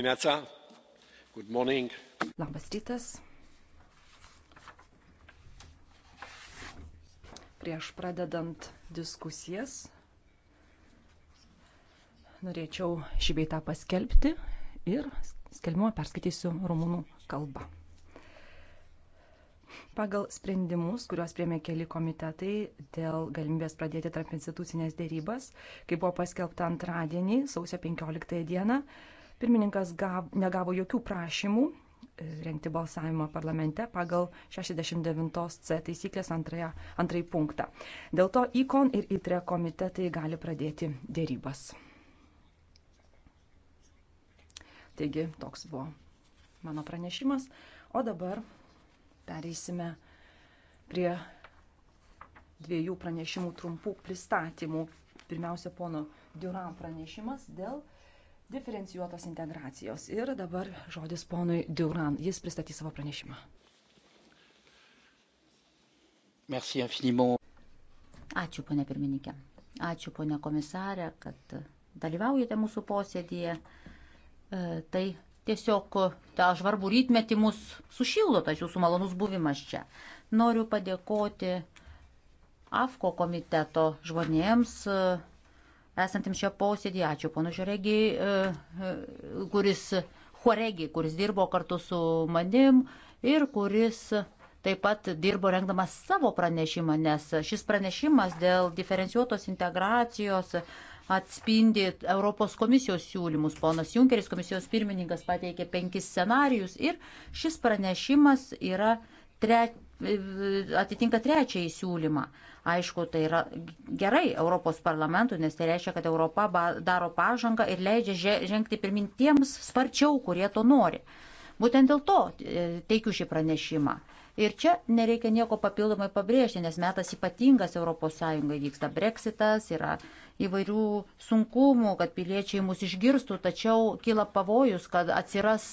dimineața. Good morning. Labas rytas. Prieš pradedant diskusijas norėčiau šį beitą paskelbti ir skelbimą perskaitysiu rumunų kalbą. Pagal sprendimus, kuriuos priemė keli komitetai dėl galimybės pradėti tarp institucinės dėrybas, kai buvo paskelbta antradienį, sausio 15 dieną, Pirmininkas gav, negavo jokių prašymų e, rengti balsavimą parlamente pagal 69c taisyklės antrąją, antrąjį punktą. Dėl to ICON ir ITRE komitetai gali pradėti dėrybas. Taigi toks buvo mano pranešimas. O dabar pereisime prie dviejų pranešimų trumpų pristatymų. Pirmiausia, pono Duran pranešimas dėl diferencijuotos integracijos. Ir dabar žodis ponui Duran. Jis pristatys savo pranešimą. Merci infiniment. Ačiū, ponė pirmininkė. Ačiū, ponė komisarė, kad dalyvaujate mūsų posėdėje. E, tai tiesiog tą žvarbų rytmetį mus sušildo tas jūsų malonus buvimas čia. Noriu padėkoti AFKO komiteto žmonėms, esantiems šio posėdį. Ačiū ponu Žoregi, e, e, kuris, Horegi, kuris dirbo kartu su manim ir kuris taip pat dirbo rengdamas savo pranešimą, nes šis pranešimas dėl diferencijuotos integracijos atspindi Europos komisijos siūlymus. Ponas Junkeris, komisijos pirmininkas, pateikė penkis scenarius ir šis pranešimas yra tre, e, atitinka trečiąjį siūlymą. Aišku, tai yra gerai Europos parlamentui, nes tai reiškia, kad Europa daro pažangą ir leidžia žengti pirmintiems sparčiau, kurie to nori. Būtent dėl to e, teikiu šį pranešimą. Ir čia nereikia nieko papildomai pabrėžti, nes metas ypatingas ES vyksta breksitas, yra įvairių sunkumų, kad piliečiai mus išgirstų, tačiau kyla pavojus, kad atsiras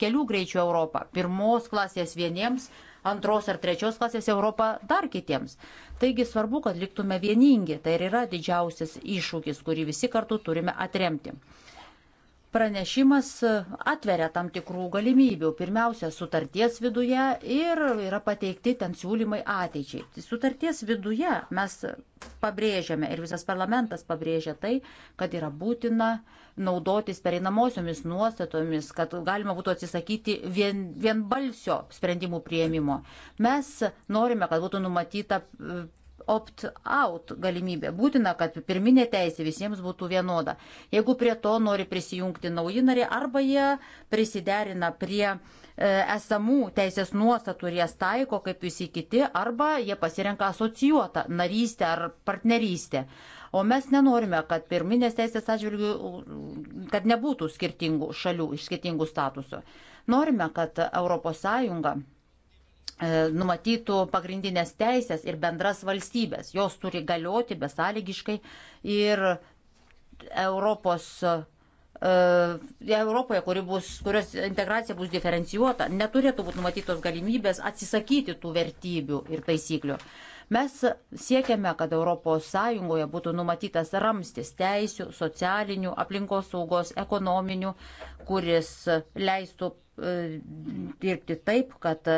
kelių greičių Europą. Pirmos klasės vieniems, antros ar trečios klasės Europą dar kitiems. Taigi svarbu, kad liktume vieningi. Tai ir yra didžiausias iššūkis, kurį visi kartu turime atremti pranešimas atveria tam tikrų galimybių. Pirmiausia, sutarties viduje ir yra pateikti ten siūlymai ateičiai. Sutarties viduje mes pabrėžiame ir visas parlamentas pabrėžia tai, kad yra būtina naudotis pereinamosiomis nuostatomis, kad galima būtų atsisakyti vien, vienbalsio sprendimų prieimimo. Mes norime, kad būtų numatyta opt-out galimybė. Būtina, kad pirminė teisė visiems būtų vienoda. Jeigu prie to nori prisijungti nauji nariai arba jie prisiderina prie e, esamų teisės nuostatų ir jas taiko kaip visi kiti, arba jie pasirenka asocijuotą narystę ar partnerystę. O mes nenorime, kad pirminės teisės atžvilgių, kad nebūtų skirtingų šalių iš skirtingų statusų. Norime, kad ES E, numatytų pagrindinės teisės ir bendras valstybės. Jos turi galioti besąlygiškai ir Europos, e, Europoje, kuri bus, kurios integracija bus diferencijuota, neturėtų būti numatytos galimybės atsisakyti tų vertybių ir taisyklių. Mes siekiame, kad ES būtų numatytas ramstis teisių, socialinių, aplinkos saugos, ekonominių, kuris leistų e, dirbti taip, kad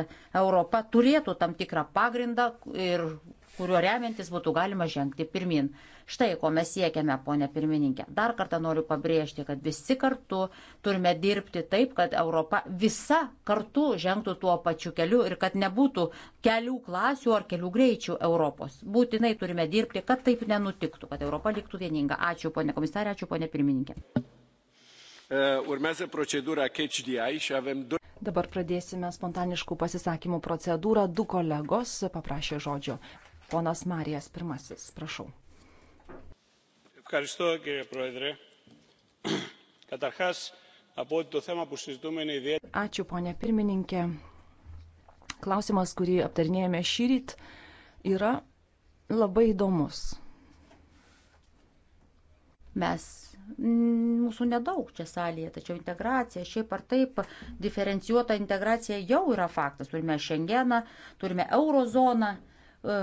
Europa turėtų tam tikrą pagrindą ir kuriuo remiantis būtų galima žengti pirmin. Štai ko mes siekiame, ponė pirmininkė. Dar kartą noriu pabrėžti, kad visi kartu turime dirbti taip, kad Europa visa kartu žengtų tuo pačiu keliu ir kad nebūtų kelių klasių ar kelių greičių Europos. Būtinai turime dirbti, kad taip nenutiktų, kad Europa liktų vieninga. Ačiū, ponė komisarė, ačiū, ponė pirmininkė. Uh, urmează procedura catch the eye și avem doi... Dabar pradėsime spontaniškų pasisakymų procedūrą. Du kolegos paprašė žodžio. Ponas Marijas pirmasis, prašau. Ευχαριστώ κύριε Πρόεδρε. Καταρχάς, από ότι το θέμα που συζητούμε είναι ιδιαίτερα... Ačiū, ponė pirmininkė. Klausimas, kurį aptarinėjame šį ryt, yra labai įdomus. Mes, mūsų nedaug čia salėje, tačiau integracija, šiaip ar taip, diferencijuota integracija jau yra faktas. Turime Šengeną, turime eurozoną, e,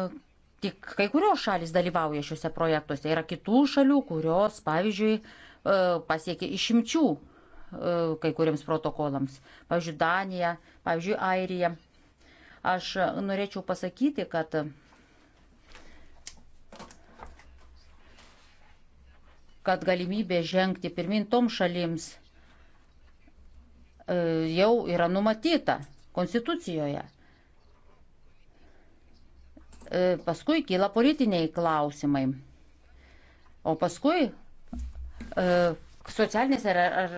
Tik kai kurios šalis dalyvauja šiuose projektuose. Yra kitų šalių, kurios, pavyzdžiui, e, pasiekė išimčių e, kai kuriems protokolams. Pavyzdžiui, Danija, pavyzdžiui, Airija. Aš norėčiau pasakyti, kad kad galimybė žengti pirmin tom šalims e, jau yra numatyta Konstitucijoje. E, paskui kyla politiniai klausimai. O paskui e, socialinės ar, ar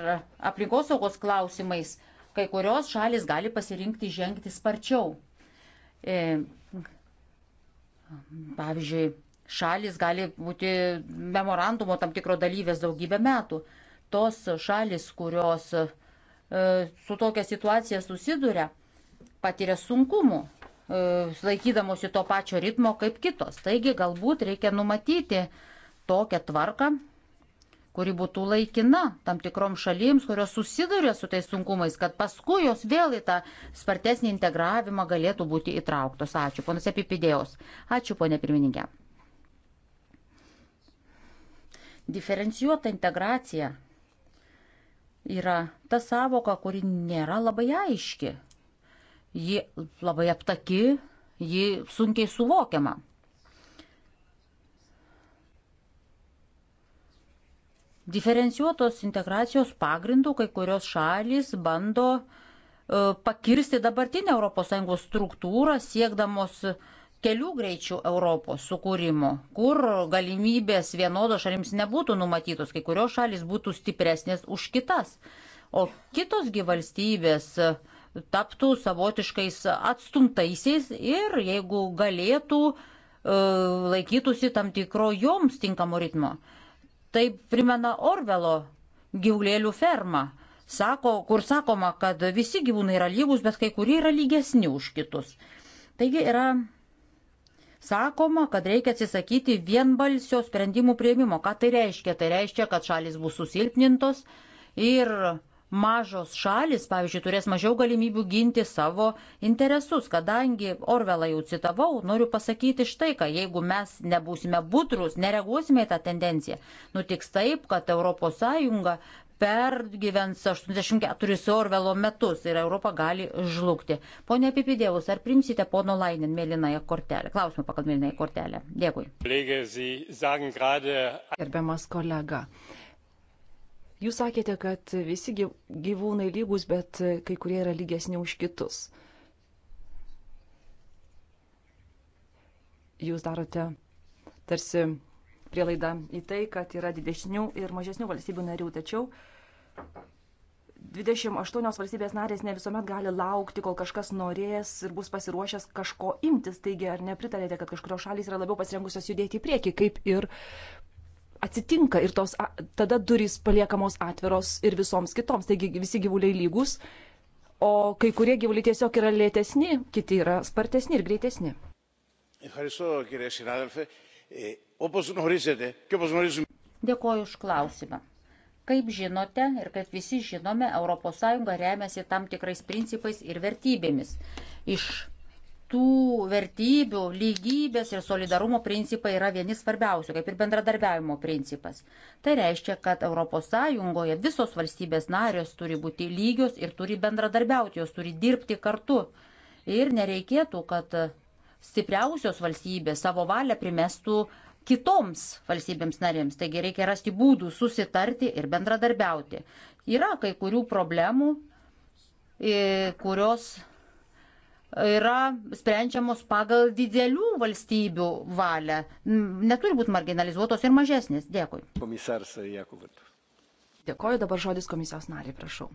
aplinkosaugos klausimais kai kurios šalis gali pasirinkti žengti sparčiau. E, pavyzdžiui, šalis gali būti memorandumo tam tikro dalyvės daugybę metų. Tos šalis, kurios su tokia situacija susiduria, patiria sunkumų. E, laikydamosi to pačio ritmo kaip kitos. Taigi galbūt reikia numatyti tokią tvarką, kuri būtų laikina tam tikrom šalims, kurios susiduria su tais sunkumais, kad paskui jos vėl į tą spartesnį integravimą galėtų būti įtrauktos. Ačiū, ponas Epipidėjos. Ačiū, ponė pirmininkė. Diferencijuota integracija yra ta savoka, kuri nėra labai aiški Ji labai aptaki, ji sunkiai suvokiama. Diferencijuotos integracijos pagrindų kai kurios šalis bando e, pakirsti dabartinę ES struktūrą, siekdamos kelių greičių Europos sukūrimo, kur galimybės vienodo šalims nebūtų numatytos, kai kurios šalis būtų stipresnės už kitas, o kitosgi valstybės uh, taptų savotiškais atstumtaisiais ir jeigu galėtų e, laikytųsi tam tikro joms tinkamo ritmo. Tai primena Orvelo gyvulėlių fermą, sako, kur sakoma, kad visi gyvūnai yra lygus, bet kai kurie yra lygesni už kitus. Taigi yra sakoma, kad reikia atsisakyti vienbalsio sprendimų prieimimo. Ką tai reiškia? Tai reiškia, kad šalis bus susilpnintos ir mažos šalis, pavyzdžiui, turės mažiau galimybių ginti savo interesus. Kadangi Orvelą jau citavau, noriu pasakyti štai ką, jeigu mes nebūsime budrus, nereaguosime į tą tendenciją, nutiks taip, kad ES pergyvens 84 Orvelo metus ir Europa gali žlugti. Pone Pipidėvus, ar primsite pono Lainin mėlynąją kortelę? Klausimą pagal mėlynąją kortelę. Dėkui. Gerbiamas kolega, Jūs sakėte, kad visi gyvūnai lygus, bet kai kurie yra lygesni už kitus. Jūs darote tarsi prielaidą į tai, kad yra didesnių ir mažesnių valstybių narių, tačiau 28 valstybės narės ne visuomet gali laukti, kol kažkas norės ir bus pasiruošęs kažko imtis. Taigi, ar nepritarėte, kad kažkurios šalys yra labiau pasirengusios judėti į priekį, kaip ir atsitinka ir tos, tada durys paliekamos atviros ir visoms kitoms. Taigi visi gyvuliai lygus, o kai kurie gyvuliai tiesiog yra lėtesni, kiti yra spartesni ir greitesni. Dėkoju už klausimą. Kaip žinote ir kaip visi žinome, ES remiasi tam tikrais principais ir vertybėmis. Iš tų vertybių, lygybės ir solidarumo principai yra vieni svarbiausių, kaip ir bendradarbiavimo principas. Tai reiškia, kad ES visos valstybės narės turi būti lygios ir turi bendradarbiauti, jos turi dirbti kartu. Ir nereikėtų, kad stipriausios valstybės savo valią primestų kitoms valstybėms narėms. Taigi reikia rasti būdų susitarti ir bendradarbiauti. Yra kai kurių problemų, kurios yra sprendžiamos pagal didelių valstybių valią. Neturi būti marginalizuotos ir mažesnės. Dėkui. Komisaras Jakubatas. Dėkoju dabar žodis komisijos nariai, prašau.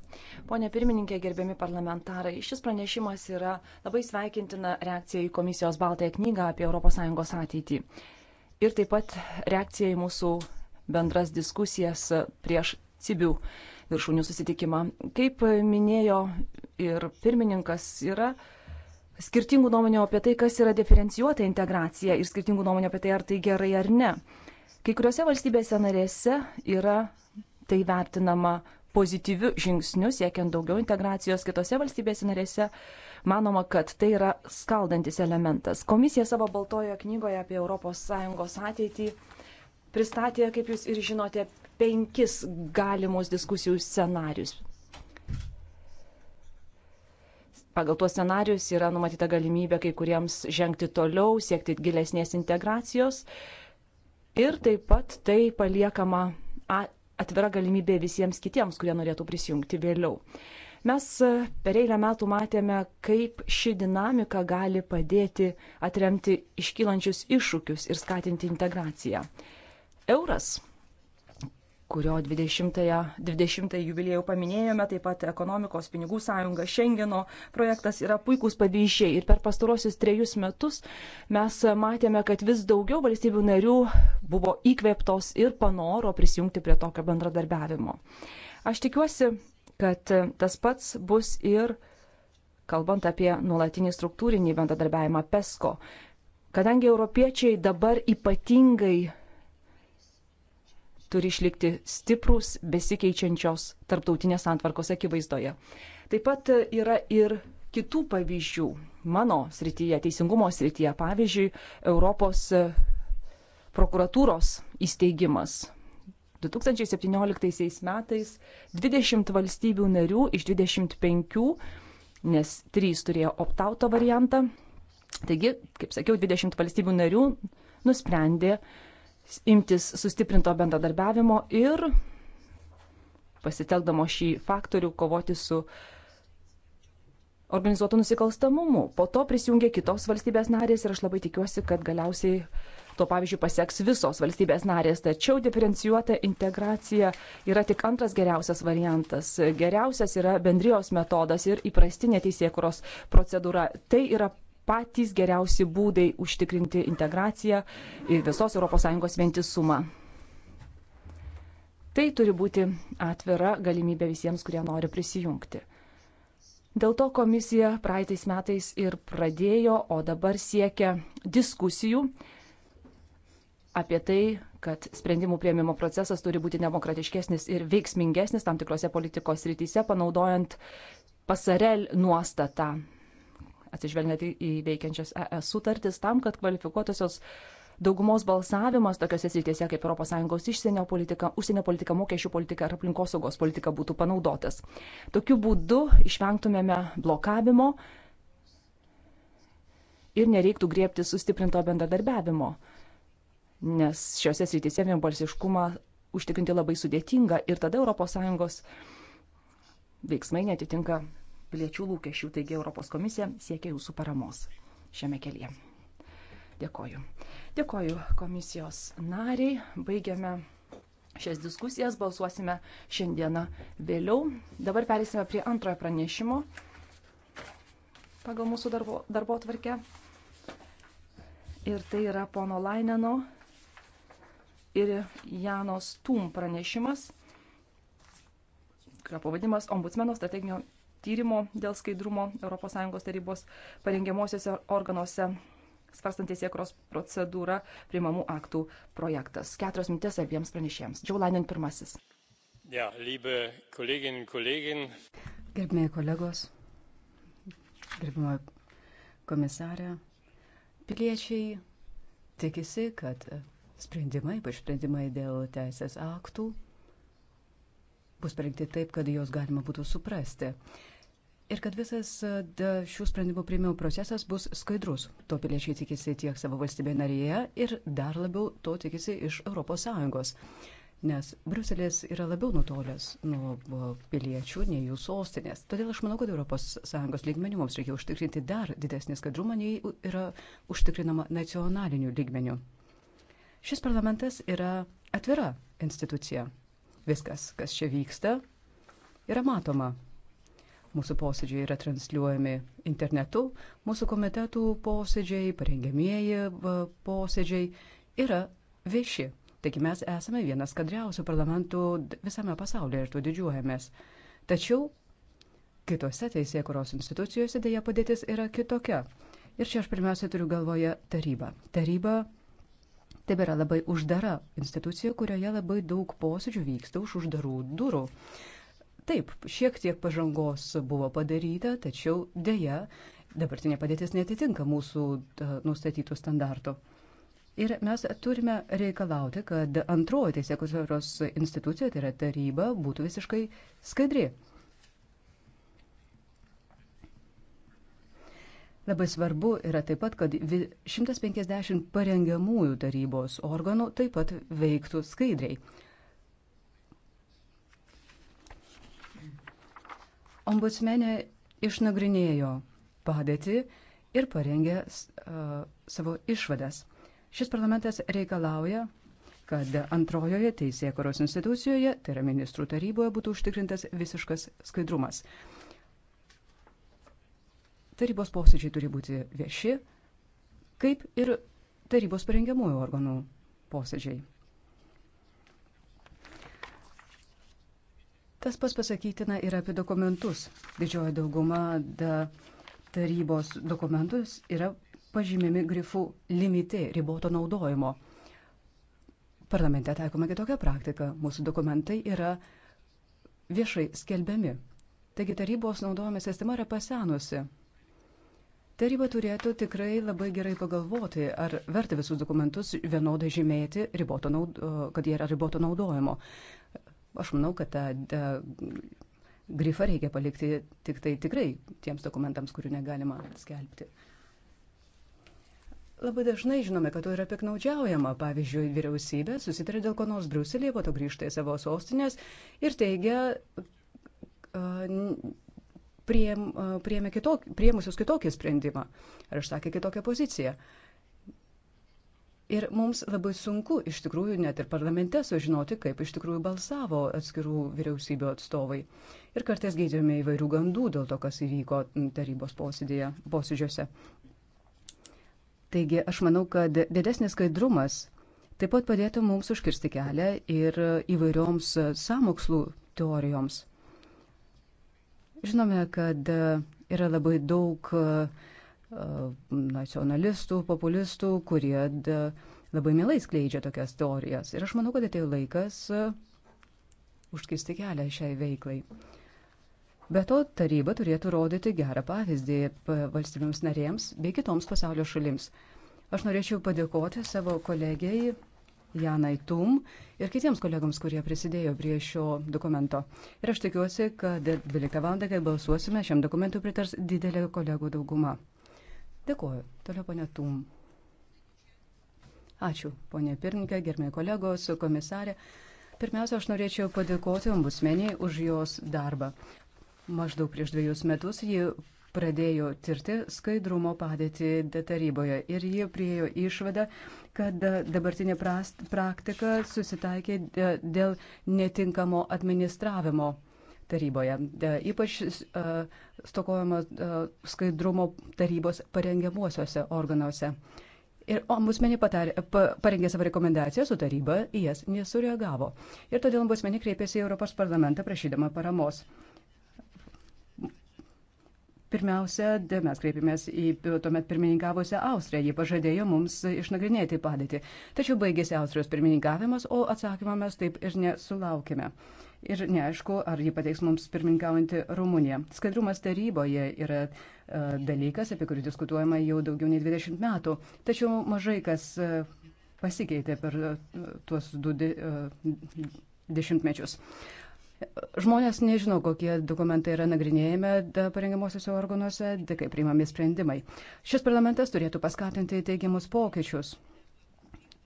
Pone pirmininkė, gerbiami parlamentarai, šis pranešimas yra labai sveikintina reakcija į komisijos baltąją knygą apie ES ateitį. Ir taip pat reakcija į mūsų bendras diskusijas prieš Cibių viršūnių susitikimą. Kaip minėjo ir pirmininkas, yra skirtingų nuomonių apie tai, kas yra diferencijuota integracija ir skirtingų nuomonių apie tai, ar tai gerai ar ne. Kai kuriuose valstybėse narėse yra tai vertinama pozityviu žingsniu, siekiant daugiau integracijos kitose valstybėse narėse, manoma, kad tai yra skaldantis elementas. Komisija savo baltojo knygoje apie ES ateitį pristatė, kaip jūs ir žinote, penkis galimus diskusijų scenarius pagal tuos scenarius yra numatyta galimybė kai kuriems žengti toliau, siekti gilesnės integracijos ir taip pat tai paliekama atvira galimybė visiems kitiems, kurie norėtų prisijungti vėliau. Mes per eilę metų matėme, kaip ši dinamika gali padėti atremti iškylančius iššūkius ir skatinti integraciją. Euras kurio 20-ąją 20 jubiliejų paminėjome, taip pat ekonomikos pinigų sąjunga Šengeno projektas yra puikūs pavyzdžiai. Ir per pastarosius trejus metus mes matėme, kad vis daugiau valstybių narių buvo įkvėptos ir panoro prisijungti prie tokio bendradarbiavimo. Aš tikiuosi, kad tas pats bus ir kalbant apie nuolatinį struktūrinį bendradarbiavimą PESCO. Kadangi europiečiai dabar ypatingai turi išlikti stiprus besikeičiančios tarptautinės santvarkos akivaizdoje. Taip pat yra ir kitų pavyzdžių mano srityje, teisingumo srityje, pavyzdžiui, Europos e, prokuratūros įsteigimas. 2017 metais 20 valstybių narių iš 25, nes 3 turėjo optauto variantą, taigi, kaip sakiau, 20 valstybių narių nusprendė uh, imtis sustiprinto bendradarbiavimo ir pasitelkdamo šį faktorių kovoti su organizuotų nusikalstamumu. Po to prisijungė kitos valstybės narės ir aš labai tikiuosi, kad galiausiai to pavyzdžių pasieks visos valstybės narės. Tačiau diferencijuota integracija yra tik antras geriausias variantas. Geriausias yra bendrijos metodas ir įprastinė teisėkuros procedūra. Tai yra patys geriausi būdai užtikrinti integraciją ir visos ES vientisumą. Tai turi būti atvira galimybė visiems, kurie nori prisijungti. Dėl to komisija praeitais metais ir pradėjo, o dabar siekia diskusijų apie tai, kad sprendimų prieimimo procesas turi būti demokratiškesnis ir veiksmingesnis tam tikrose politikos rytise, panaudojant pasarel nuostatą atsižvelgiant į veikiančias ES sutartis, tam, kad kvalifikuotosios daugumos balsavimas tokiuose srityse kaip ES išsienio politika, užsienio politika, mokesčių politika ir aplinkosaugos politika būtų panaudotas. Tokiu būdu išvengtumėme blokavimo ir nereiktų griebti sustiprinto bendradarbiavimo, nes šiuose srityse vienbalsiškumą užtikrinti labai sudėtinga ir tada ES veiksmai netitinka piliečių lūkesčių. Taigi Europos komisija siekia jūsų paramos šiame kelyje. Dėkoju. Dėkoju komisijos nariai. Baigiame šias diskusijas, balsuosime šiandieną vėliau. Dabar perėsime prie antrojo pranešimo pagal mūsų darbo, darbo tvarkę. Ir tai yra pono Laineno ir Janos Tum pranešimas, kurio pavadimas Ombudsmeno strateginio tyrimo dėl skaidrumo ES tarybos parengiamosiose organuose svarstant teisėkros procedūrą priimamų aktų projektas. Keturios mintės abiems pranešėjams. Džiaulainin pirmasis. Ja, liebe Kolleginnen und Kollegen. Gerbėjai kolegos, gerbimo komisarė, piliečiai tikisi, kad sprendimai, ypač sprendimai dėl teisės aktų, bus parengti taip, kad juos galima būtų suprasti ir kad visas e, šių sprendimų prieimimo procesas bus skaidrus. To piliečiai tikisi tiek savo valstybėje narėje ir dar labiau to tikisi iš ES. Nes Bruselis yra labiau nutolęs nuo e, piliečių nei jų sostinės. Todėl aš manau, kad ES lygmenių mums reikia užtikrinti dar didesnį skaidrumą nei yra užtikrinama nacionaliniu lygmeniu. Šis parlamentas yra atvira institucija. Viskas, kas čia vyksta, yra matoma. Mūsų posėdžiai yra transliuojami internetu, mūsų komitetų posėdžiai, parengėmieji posėdžiai yra vieši. Taigi mes esame vienas kadriausių parlamentų visame pasaulyje ir tuo didžiuojamės. Tačiau kitose teisėkuros institucijose dėja padėtis yra kitokia. Ir čia aš pirmiausia turiu galvoje tarybą. Taryba tebėra labai uždara institucija, kurioje labai daug posėdžių vyksta už uždarų durų. Taip, šiek tiek pažangos buvo padaryta, tačiau dėja dabartinė padėtis netitinka mūsų e, nustatytų standartų. Ir mes turime reikalauti, kad antroji teisėkusios institucija, tai yra taryba, būtų visiškai skaidri. Labai svarbu yra taip pat, kad 150 parengiamųjų tarybos organų taip pat veiktų skaidriai. Ombudsmenė išnagrinėjo padėtį ir parengė uh, savo išvadas. Šis parlamentas reikalauja, kad antrojoje teisėkoros institucijoje, tai yra ministrų taryboje, būtų užtikrintas visiškas skaidrumas. Tarybos posėdžiai turi būti vieši, kaip ir tarybos parengiamųjų organų posėdžiai. Tas pas pasakytina ir apie dokumentus. Didžioji dauguma da tarybos dokumentus yra pažymimi grifu limiti, riboto naudojimo. Parlamente taikoma kitokia praktika. Mūsų dokumentai yra viešai skelbiami. Taigi tarybos naudojama sistema yra pasenusi. Taryba turėtų tikrai labai gerai pagalvoti, ar verta visus dokumentus vienodai žymėti, riboto naud... kad jie yra riboto naudojimo. Aš manau, kad tą grifą reikia palikti tik tai tikrai tiems dokumentams, kurių negalima skelbti. Labai dažnai žinome, kad to yra piknaudžiaujama. Pavyzdžiui, vyriausybė susitarė dėl ko nors Briuselėje, po to grįžta į savo sostinės ir teigia, priėmė kitok, priėmusius kitokį sprendimą ar išsakė kitokią poziciją. Uh, Ir mums labai sunku iš tikrųjų net ir parlamente sužinoti, kaip iš tikrųjų balsavo atskirų vyriausybių atstovai. Ir kartais gėdėme įvairių gandų dėl to, kas įvyko tarybos posėdėje, posėdžiuose. Taigi aš manau, kad didesnis skaidrumas taip pat padėtų mums užkirsti kelią ir įvairioms samokslų teorijoms. Žinome, kad yra labai daug uh, nacionalistų, populistų, kurie labai mielai skleidžia tokias teorijas. Ir aš manau, kad atėjo laikas uh, užkisti kelią šiai veiklai. Be to, taryba turėtų rodyti gerą pavyzdį valstybėms narėms bei kitoms pasaulio šalims. Aš norėčiau padėkoti savo kolegijai Janai Tum ir kitiems kolegams, kurie prisidėjo prie šio dokumento. Ir aš tikiuosi, kad 12 val. kai balsuosime, šiam dokumentui pritars didelė kolegų dauguma. Dėkuoju. Toliau ponė Tum. Ačiū, ponė Pirmininkė, gerbėjai kolegos, komisarė. Pirmiausia, aš norėčiau padėkoti ombusmeniai už jos darbą. Maždaug prieš dviejus metus ji pradėjo tirti skaidrumo padėtį taryboje ir jie priejo išvadą, kad dabartinė prast, praktika susitaikė e, dėl netinkamo administravimo taryboje. Ypač e, stokojama e, skaidrumo tarybos parengiamuosiuose organuose. Ir ombudsmenė parengė savo rekomendacijas, o taryba į jas nesureagavo. Ir todėl ombudsmenė kreipėsi į Europos parlamentą prašydama paramos. Pirmiausia, mes kreipėmės į tuomet pirmininkavusią Austriją. Ji pažadėjo mums išnagrinėti padėtį. Tačiau baigėsi Austrijos pirmininkavimas, o atsakymą mes taip ir nesulaukėme. Uh, ir neaišku, ar jį pateiks mums pirmininkaujantį Rumuniją. Skaidrumas taryboje yra e, dalykas, apie kurį diskutuojama jau daugiau nei 20 metų, tačiau mažai kas e, pasikeitė per e, tuos du dešimtmečius. Žmonės nežino, kokie dokumentai yra nagrinėjami parengiamosiuose organuose, tai kaip priimami sprendimai. Šis parlamentas turėtų paskatinti teigiamus pokyčius.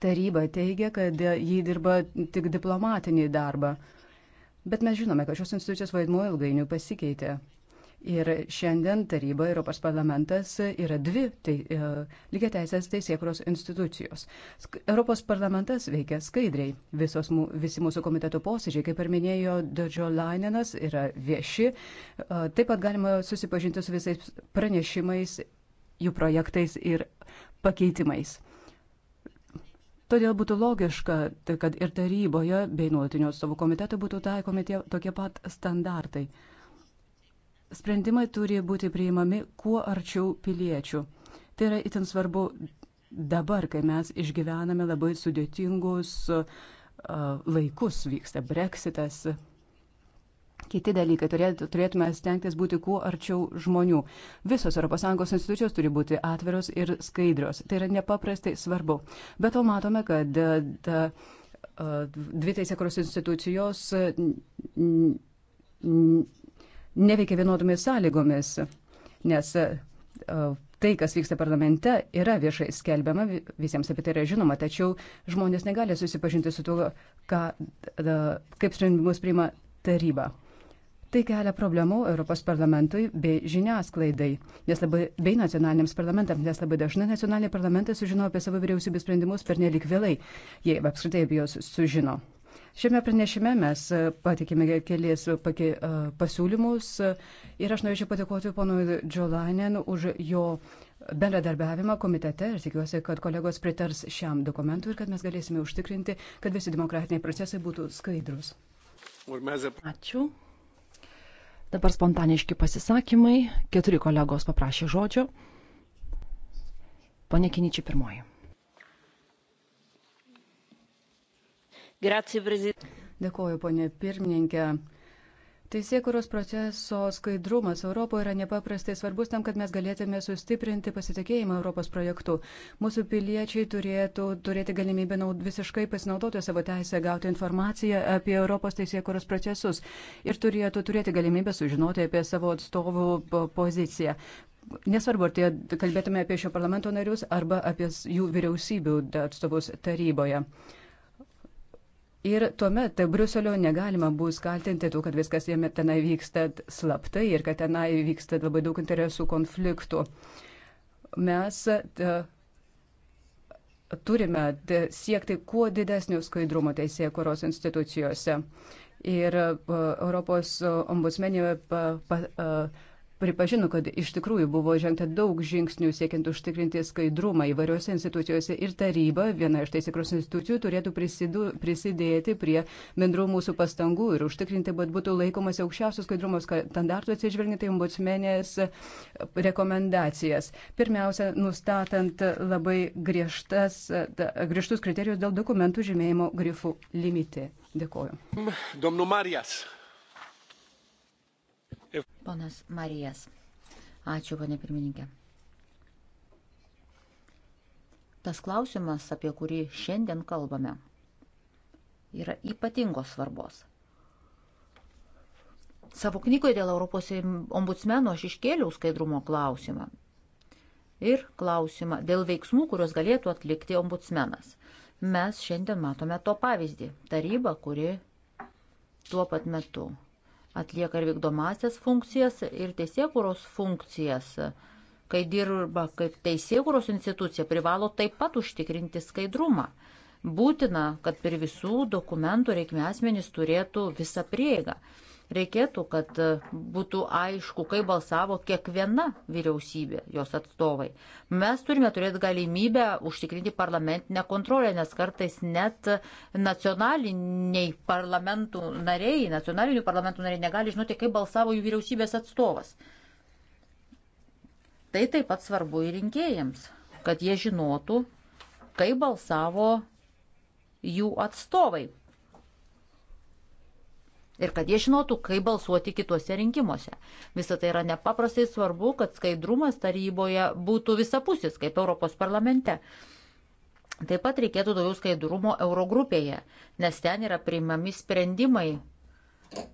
Taryba teigia, kad jį dirba tik diplomatinį darbą, Bet mes žinome, kad šios institucijos vaidmuo ilgainiui pasikeitė. Ir šiandien taryba Europos parlamentas yra dvi tai, e, lygiai teisės teisėkuros institucijos. Europos parlamentas veikia skaidriai. Visos, visi mūsų komiteto posėdžiai, kaip ir minėjo Dodžio Laininas, yra vieši. E, taip pat galima susipažinti su visais pranešimais, jų projektais ir pakeitimais. Todėl būtų logiška, kad ir taryboje bei nuolatinio atstovų komiteto būtų taikomi tie, tokie pat standartai. Sprendimai turi būti priimami kuo arčiau piliečių. Tai yra itin svarbu dabar, kai mes išgyvename labai sudėtingus laikus, vyksta breksitas, Kiti dalykai turėtume stengtis būti kuo arčiau žmonių. Visos ES institucijos turi būti atviros ir skaidrios. Tai yra nepaprastai svarbu. Bet to matome, kad da, e, da, e, dvi teisėkros institucijos e, neveikia vienodomis sąlygomis, nes tai, kas vyksta parlamente, yra viešai skelbiama, visiems apie tai yra žinoma, tačiau žmonės negali susipažinti su tuo, ką, kaip sprendimus priima taryba. Tai kelia problemų Europos parlamentui bei žiniasklaidai, nes labai, bei nacionaliniams parlamentams, nes labai dažnai nacionaliniai parlamentai sužino apie savo vyriausybės sprendimus per nelik vėlai, jei apskritai apie juos sužino. Šiame pranešime mes e, patikime kelias pake, e, pasiūlymus e, ir aš norėčiau patikoti ponui Džolainen už jo bendradarbiavimą komitete ir tikiuosi, kad kolegos pritars šiam dokumentui ir kad mes galėsime užtikrinti, kad visi demokratiniai procesai būtų skaidrus. Ačiū. Dabar spontaniški pasisakymai. Keturi kolegos paprašė žodžio. Pane Kiničiai pirmoji. Dėkuoju, ponė pirmininkė. Teisėkuros proceso skaidrumas Europoje yra nepaprastai svarbus tam, kad mes galėtume sustiprinti pasitikėjimą Europos projektu. Mūsų piliečiai turėtų turėti galimybę naud, visiškai pasinaudoti savo teisę gauti informaciją apie Europos teisėkuros procesus ir turėtų turėti galimybę sužinoti apie savo atstovų poziciją. Nesvarbu, ar tai kalbėtume apie šio parlamento narius arba apie jų vyriausybių atstovus taryboje. Ir tuomet tai Bruselio negalima bus kaltinti to, kad viskas jame tenai vyksta slaptai ir kad tenai vyksta labai daug interesų konfliktų. Mes e, turime e, siekti kuo didesnio skaidrumo teisėkuros institucijose. Ir e, Europos ombudsmenė pa, pa, pripažino, kad iš tikrųjų buvo žengta daug žingsnių siekiant užtikrinti skaidrumą įvairiose institucijose ir taryba, viena iš teisėkros institucijų, turėtų prisidu, prisidėti prie bendrų mūsų pastangų ir užtikrinti, kad būtų laikomas aukščiausios skaidrumo standartų atsižvelginti ombudsmenės rekomendacijas. Pirmiausia, nustatant labai griežtas, griežtus kriterijus dėl dokumentų žymėjimo grifų limitė. Dėkuoju. Domnu Marijas. Ponas Marijas. Ačiū, ponė pirmininkė. Tas klausimas, apie kurį šiandien kalbame, yra ypatingos svarbos. Savo knygoje dėl Europos ombudsmeno aš iškėliau skaidrumo klausimą ir klausimą dėl veiksmų, kuriuos galėtų atlikti ombudsmenas. Mes šiandien matome to pavyzdį - tarybą, kuri tuo pat metu atlieka ir vykdomasias funkcijas, ir teisėkuros funkcijas. Kai dirba kaip teisėkuros institucija, privalo taip pat užtikrinti skaidrumą. Būtina, kad per visų dokumentų reikmė asmenys turėtų visą prieigą. Reikėtų, kad būtų aišku, kaip balsavo kiekviena vyriausybė, jos atstovai. Mes turime turėti galimybę užtikrinti parlamentinę kontrolę, nes kartais net nacionaliniai parlamentų nariai, nacionalinių parlamentų nariai negali žinoti, kaip balsavo jų vyriausybės atstovas. Tai taip pat svarbu ir rinkėjams, kad jie žinotų, kaip balsavo jų atstovai ir kad jie žinotų, kaip balsuoti kitose rinkimuose. Visą tai yra nepaprastai svarbu, kad skaidrumas taryboje būtų visapusis, kaip Europos parlamente. Taip pat reikėtų daugiau skaidrumo Eurogrupėje, nes ten yra priimami sprendimai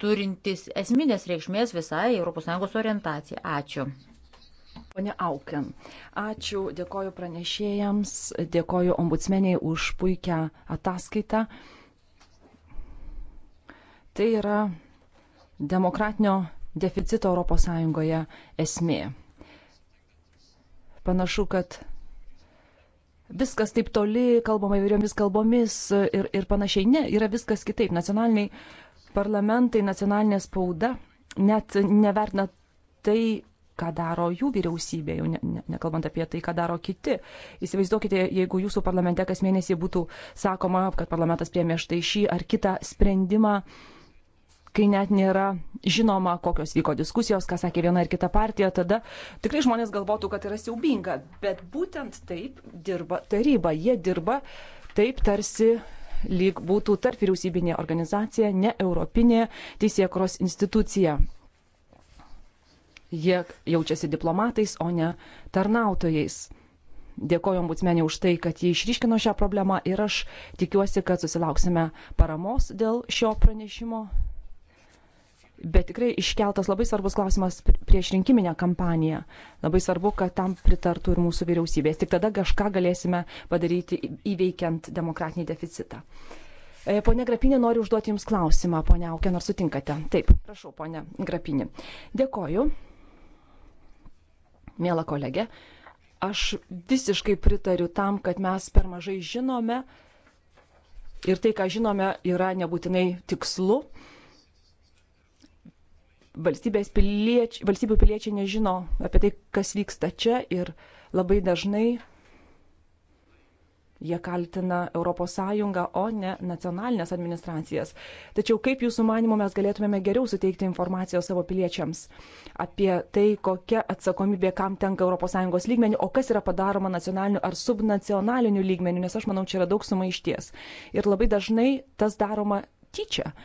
turintys esminės reikšmės visai ES orientacijai. Ačiū. Pone Aukiam, ačiū, dėkoju pranešėjams, dėkoju ombudsmeniai už puikią ataskaitą. Tai yra demokratinio deficito ES esmė. Panašu, kad viskas taip toli, kalbama įvairiomis kalbomis ir, ir panašiai. Ne, yra viskas kitaip. Nacionaliniai parlamentai, nacionalinė spauda net nevertina tai, ką daro jų vyriausybė, jau ne, ne, nekalbant apie tai, ką daro kiti. Įsivaizduokite, jeigu jūsų parlamente kas mėnesį būtų sakoma, kad parlamentas priemė štai šį ar kitą sprendimą, uh, kai net nėra žinoma, kokios vyko diskusijos, ką sakė viena ir kita partija, tada tikrai žmonės galvotų, kad yra siaubinga. Bet būtent taip dirba taryba. Jie dirba taip tarsi lyg būtų tarp vyriausybinė organizacija, ne europinė teisėkros institucija. Jie jaučiasi diplomatais, o ne tarnautojais. Dėkoju ombudsmenė už tai, kad jie išryškino šią problemą ir aš tikiuosi, kad susilauksime paramos dėl šio pranešimo Bet tikrai iškeltas labai svarbus klausimas prieš rinkiminę kampaniją. Labai svarbu, kad tam pritartų ir mūsų vyriausybės. Tik tada kažką galėsime padaryti įveikiant demokratinį deficitą. E, Pone Grapinė, noriu užduoti Jums klausimą, ponia Aukė, ar sutinkate? Taip, prašau, ponia Grapinė. Dėkoju, mėla kolegė. Aš visiškai pritariu tam, kad mes per mažai žinome ir tai, ką žinome, yra nebūtinai tikslu pilieč, valstybių piliečiai nežino apie tai, kas vyksta čia ir labai dažnai jie kaltina ES, o ne nacionalinės administracijas. Tačiau kaip jūsų manimo mes galėtumėme geriau suteikti informacijos savo piliečiams apie tai, kokia atsakomybė kam tenka ES lygmenių, o kas yra padaroma nacionaliniu ar subnacionaliniu lygmeniu, nes aš manau, čia yra daug sumaišties. Ir labai dažnai tas daroma tyčia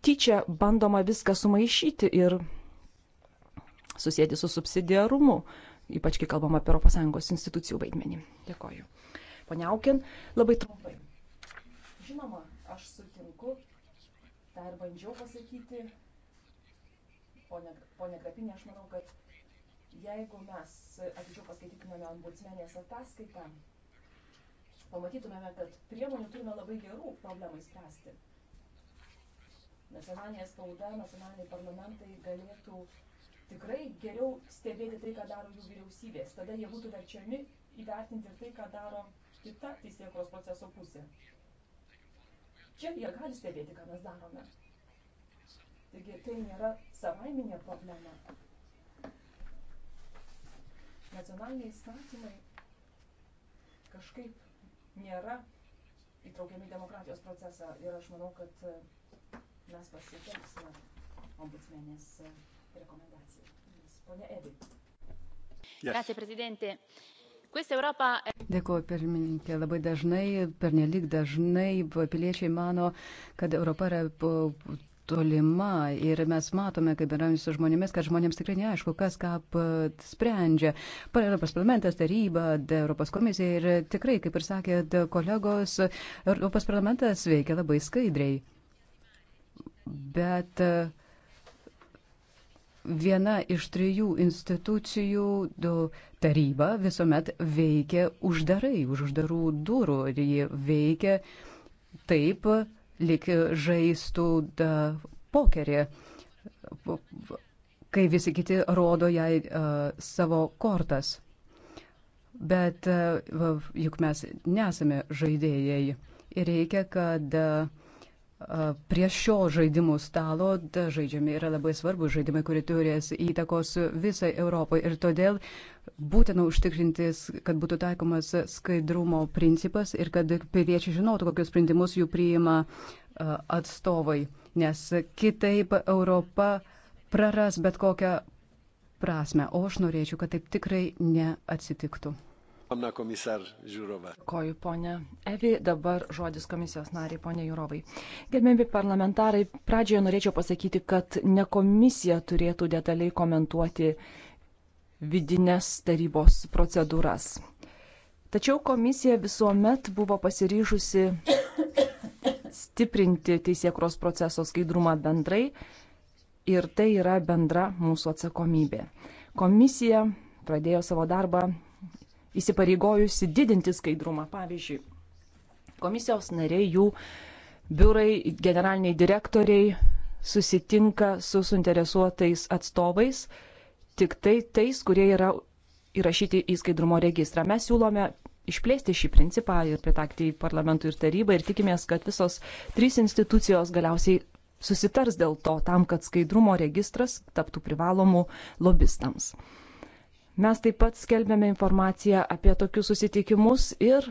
tyčia bandoma viską sumaišyti ir susėti su subsidiarumu, ypač kai kalbam apie ES institucijų vaidmenį. Dėkoju. Pone Aukin, labai trumpai. Žinoma, aš sutinku, tą ir bandžiau pasakyti. Pone, pone Grapinė, aš manau, kad jeigu mes atidžiau paskaitytumėme ombudsmenės ataskaitą, pamatytumėme, kad priemonių turime labai gerų problemai spręsti nacionalinė spauda, nacionaliniai parlamentai galėtų tikrai geriau stebėti tai, ką daro jų vyriausybės. Tada jie būtų verčiami įvertinti ir tai, ką daro kita teisėkros proceso pusė. Čia jie gali stebėti, ką mes darome. Taigi tai nėra savaiminė problema. Nacionaliniai įstatymai kažkaip nėra įtraukiami į demokratijos procesą ir aš manau, kad mes pasiekėms ombudsmenės e, rekomendacijų. Pone Evi. Yes. Grazie, prezidente. Dėkuoju, pirmininkė. Labai dažnai, pernelik dažnai piliečiai mano, kad Europa yra tolima ir mes matome, kaip bendraujame su žmonėmis, kad žmonėms tikrai neaišku, kas ką sprendžia. Europos parlamentas, taryba, Europos komisija ir tikrai, kaip ir sakė kolegos, Europos parlamentas veikia labai skaidriai bet e, viena iš trijų institucijų taryba visuomet veikia uždarai, už uždarų durų ir ji veikia taip, lik žaistų da, pokerį, kai visi kiti rodo jai uh, savo kortas. Bet uh, juk mes nesame žaidėjai ir reikia, kad uh, Prie šio žaidimų stalo žaidžiami yra labai svarbus žaidimai, kurie turės įtakos visai Europai. Ir todėl būtina užtikrintis, kad būtų taikomas skaidrumo principas ir kad piliečiai žinotų, kokius sprendimus jų priima atstovai. Nes kitaip Europa praras bet kokią prasme. O aš norėčiau, kad taip tikrai neatsitiktų. Pana komisar Žiūrova. Koju, ponė Evi, dabar žodis komisijos nariai, ponė Jūrovai. Gerbėmi parlamentarai, pradžioje norėčiau pasakyti, kad ne komisija turėtų detaliai komentuoti vidinės tarybos procedūras. Tačiau komisija visuomet buvo pasiryžusi stiprinti teisėkros proceso skaidrumą bendrai ir tai yra bendra mūsų atsakomybė. Komisija pradėjo savo darbą įsipareigojusi didinti skaidrumą. Pavyzdžiui, komisijos nariai, jų biurai, generaliniai direktoriai susitinka su suinteresuotais atstovais, tik tai tais, kurie yra įrašyti į skaidrumo registrą. Mes siūlome išplėsti šį principą ir pritaikyti parlamentui ir tarybai ir tikimės, kad visos trys institucijos galiausiai susitars dėl to, tam, kad skaidrumo registras taptų privalomu lobistams. Mes taip pat skelbėme informaciją apie tokius susitikimus ir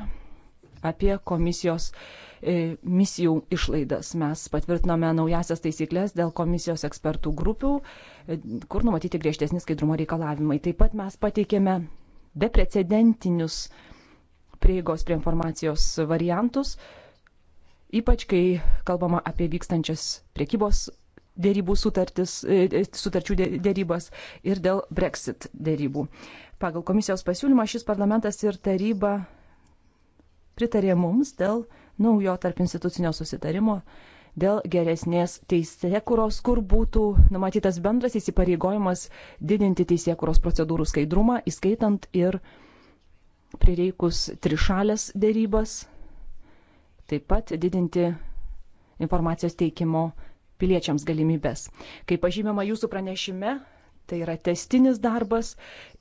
apie komisijos e, misijų išlaidas. Mes patvirtinome naujasias taisyklės dėl komisijos ekspertų grupių, e, kur numatyti griežtesni skaidrumo reikalavimai. Taip pat mes pateikėme beprecedentinius prieigos prie informacijos variantus, ypač kai kalbama apie vykstančias priekybos dėrybų sutartis, e, e, sutarčių dėrybas ir dėl Brexit dėrybų. Pagal komisijos pasiūlymą šis parlamentas ir taryba pritarė mums dėl naujo tarp institucinio susitarimo dėl geresnės teisėkuros, kur būtų numatytas bendras įsipareigojimas didinti teisėkuros procedūrų skaidrumą, įskaitant ir prireikus trišalės dėrybas, taip pat didinti informacijos teikimo piliečiams galimybės. Kaip pažymima jūsų pranešime, tai yra testinis darbas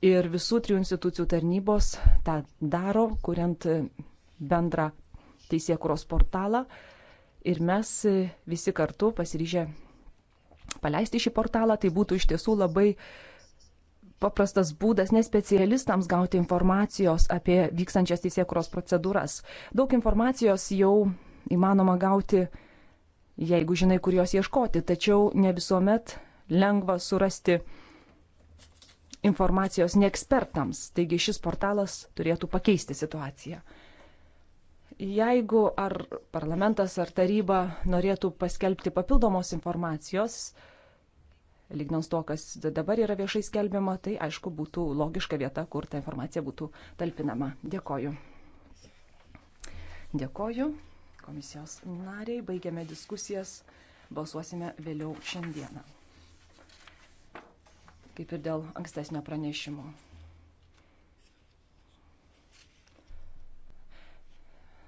ir visų trijų institucijų tarnybos tą daro, kuriant bendrą teisėkuros portalą. Ir mes visi kartu pasiryžę paleisti šį portalą, tai būtų iš tiesų labai paprastas būdas nespecialistams gauti informacijos apie vykstančias teisėkuros procedūras. Daug informacijos jau įmanoma gauti jeigu žinai, kur jos ieškoti, tačiau ne visuomet lengva surasti informacijos neekspertams. Taigi šis portalas turėtų pakeisti situaciją. Jeigu ar parlamentas ar taryba norėtų paskelbti papildomos informacijos, lygnant to, kas dabar yra viešai skelbiama, tai aišku būtų logiška vieta, kur ta informacija būtų talpinama. Dėkoju. Dėkoju komisijos nariai. Baigiame diskusijas, balsuosime vėliau šiandieną. Kaip ir dėl ankstesnio pranešimo.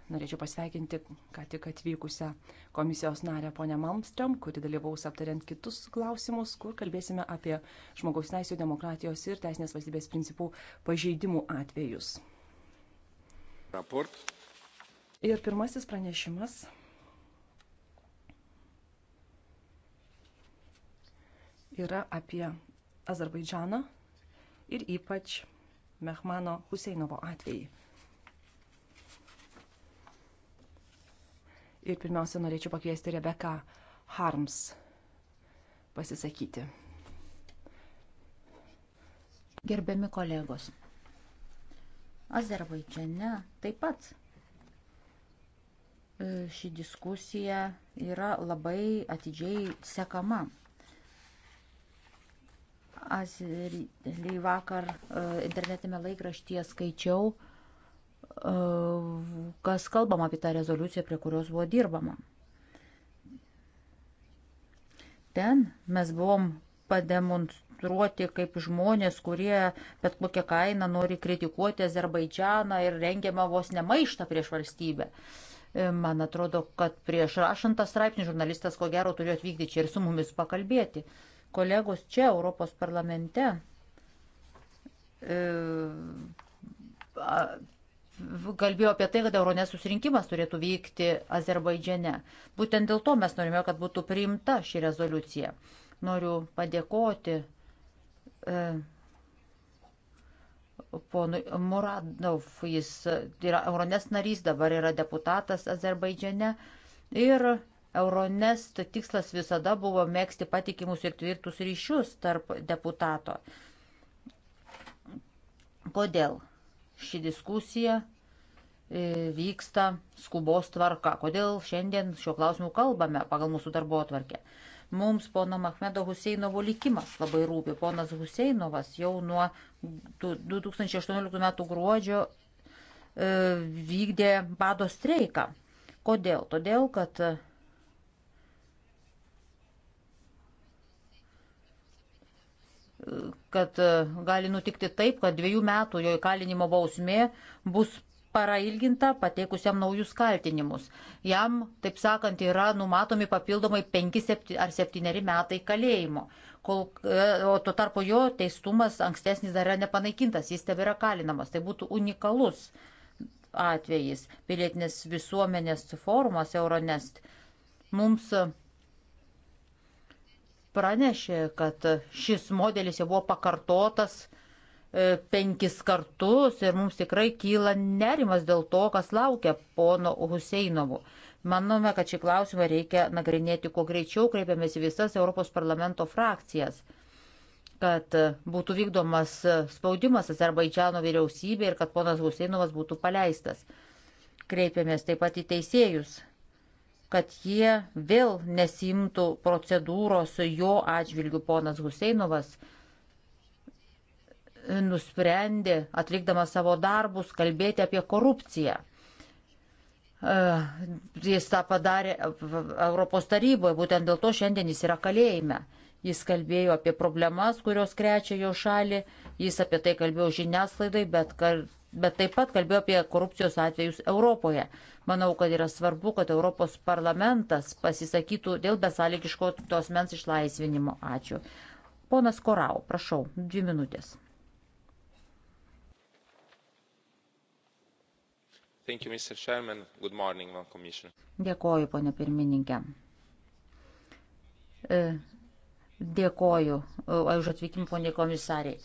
Norėčiau pasveikinti ką tik atvykusią komisijos narę ponę Malmström, kuri dalyvaus aptariant kitus klausimus, kur kalbėsime apie žmogaus teisų, demokratijos ir teisinės valstybės principų pažeidimų atvejus. Raport. Ir pirmasis pranešimas. Yra apie Azerbaidžaną ir ypač Mehmano Huseinovo atvejį. Ir pirmiausia, norėčiau pakviesti Rebeką Harms pasisakyti. Gerbiami kolegos, Azerbaidžiane taip pat ši diskusija yra labai atidžiai sekama. Azeriai vakar e, internetinėme laikraštyje skaičiau, e, kas kalbama apie tą rezoliuciją, prie kurios buvo dirbama. Ten mes buvom pademonstruoti kaip žmonės, kurie bet kokią kainą nori kritikuoti Azerbaidžianą ir rengiamą vos nemaištą prieš valstybę. Uh, Man atrodo, kad prieš rašant tą straipsnį žurnalistas ko gero turėjo atvykti čia ir su mumis pakalbėti. Kolegos čia Europos parlamente e, kalbėjo apie tai, kad Euronės susirinkimas turėtų vykti Azerbaidžiane. Būtent dėl to mes norime, kad būtų priimta ši rezoliucija. Noriu padėkoti. E, ponui Muradov. Jis yra Euronės narys, dabar yra deputatas Azerbaidžiane. Ir Euronest tikslas visada buvo mėgsti patikimus ir tvirtus ryšius tarp deputato. Kodėl ši diskusija e, vyksta skubos tvarka? Kodėl šiandien šiuo klausimu kalbame pagal mūsų darbo atvarkę? Mums pono Mahmedo Huseinovo likimas labai rūpi. Ponas Huseinovas jau nuo 2018 m. gruodžio e, vykdė bado streiką. Kodėl? Todėl, kad e, kad e, gali nutikti taip, kad dviejų metų jo įkalinimo bausmė bus para ilginta, pateikusiam naujus kaltinimus. Jam, taip sakant, yra numatomi papildomai 5 ar 7 metai kalėjimo. Kol, e, o tuo tarpu jo teistumas ankstesnis dar yra nepanaikintas, jis tebėra kalinamas. Tai būtų unikalus atvejis. Pilietinės visuomenės forumas Euronest mums pranešė, kad šis modelis jau buvo pakartotas E, penkis kartus ir mums tikrai kyla nerimas dėl to, kas laukia pono Huseinovo. Manome, kad šį klausimą reikia nagrinėti kuo greičiau, kreipiamės į visas Europos parlamento frakcijas kad būtų vykdomas spaudimas Azerbaidžiano vyriausybė ir kad ponas Huseinovas būtų paleistas. Kreipiamės taip pat į teisėjus, kad jie vėl nesimtų procedūros jo atžvilgių ponas Huseinovas nusprendė, atlikdamas savo darbus, kalbėti apie korupciją. E, jis tą padarė Europos taryboje, būtent dėl to šiandien jis yra kalėjime. Jis kalbėjo apie problemas, kurios krečia jo šalį, jis apie tai kalbėjo žiniasklaidai, bet, kar, bet taip pat kalbėjo apie korupcijos atvejus Europoje. Manau, kad yra svarbu, kad Europos parlamentas pasisakytų dėl besąlygiško tos mens išlaisvinimo. Ačiū. Ponas Korau, prašau, dvi minutės. You, morning, Dėkoju, ponė pirmininkė. E, dėkoju e, už atvykimą, ponė komisariai.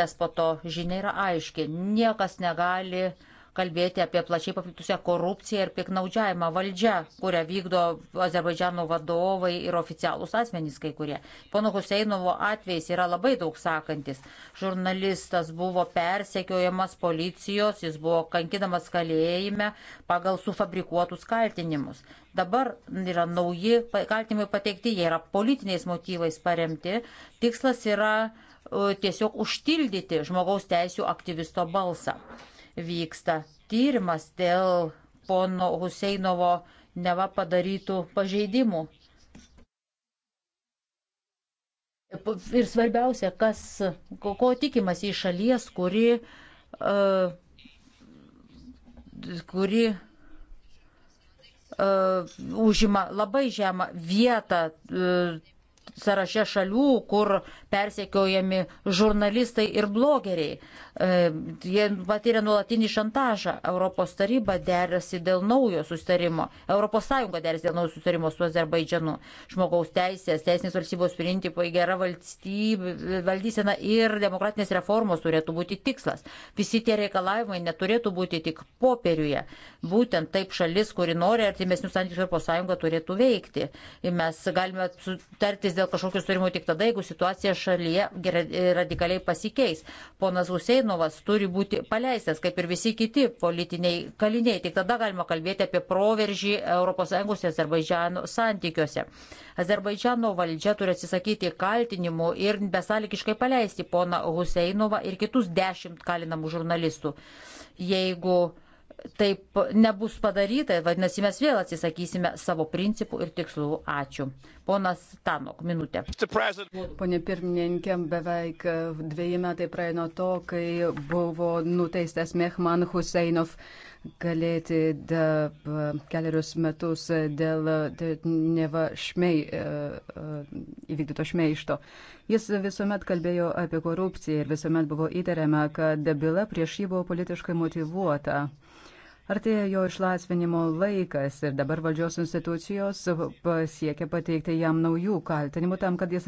Despoto e, žinia yra aiški. Niekas negali uh, kalbėti apie plačiai paplitusią korupciją ir piknaudžiavimą valdžia, kurią vykdo Azerbaidžiano vadovai ir oficialūs asmenys kai kurie. Pono Huseinovo atvejs yra labai daug sakantis. Žurnalistas buvo persekiojamas policijos, jis buvo kankinamas kalėjime pagal sufabrikuotus kaltinimus. Dabar yra nauji kaltinimai pateikti, jie yra politiniais motyvais paremti. Tikslas yra e, tiesiog užtildyti žmogaus teisų aktyvisto balsą vyksta tyrimas dėl pono Huseinovo neva padarytų pažeidimų. Ir svarbiausia, kas, ko, ko tikimas į šalies, kuri, uh, kuri uh, užima labai žemą vietą uh, sąraše šalių, kur persiekiojami žurnalistai ir blogeriai. E, jie patyrė nuolatinį šantažą. Europos taryba derasi dėl naujo sustarimo. Europos Sąjunga derasi dėl naujo sustarimo su Azerbaidžianu. Žmogaus teisės, teisinės valstybės principai, gera valstybė, valdysena ir demokratinės reformos turėtų būti tikslas. Visi tie reikalavimai neturėtų būti tik popieriuje. Būtent taip šalis, kuri nori artimesnių santykių su Europos Sąjunga, turėtų veikti. Ir mes galime sutartis dėl kažkokių sutarimų tik tada, jeigu situacija šalyje radikaliai pasikeis. Ponas Huseinovas turi būti paleistas, kaip ir visi kiti politiniai kaliniai. Tik tada galima kalbėti apie proveržį ES ir Azerbaidžiano santykiuose. Azerbaidžiano valdžia turi atsisakyti kaltinimų ir besalikiškai paleisti poną Huseinovą ir kitus dešimt kalinamų žurnalistų. Jeigu taip nebus padaryta, vadinasi, mes vėl atsisakysime savo principų ir tikslų. Ačiū. Ponas Tanok, minutė. Pone pirmininkė, beveik dviejai metai praėjo nuo to, kai buvo nuteistas Mehman Huseinov galėti keliarius metus dėl neva šmei, e, e, įvykdyto šmeišto. Jis visuomet kalbėjo apie korupciją ir visuomet buvo įtariama, kad byla prieš jį buvo politiškai motivuota. Artėja jo išlaisvinimo laikas ir dabar valdžios institucijos pasiekia pateikti jam naujų kaltinimų tam, kad jis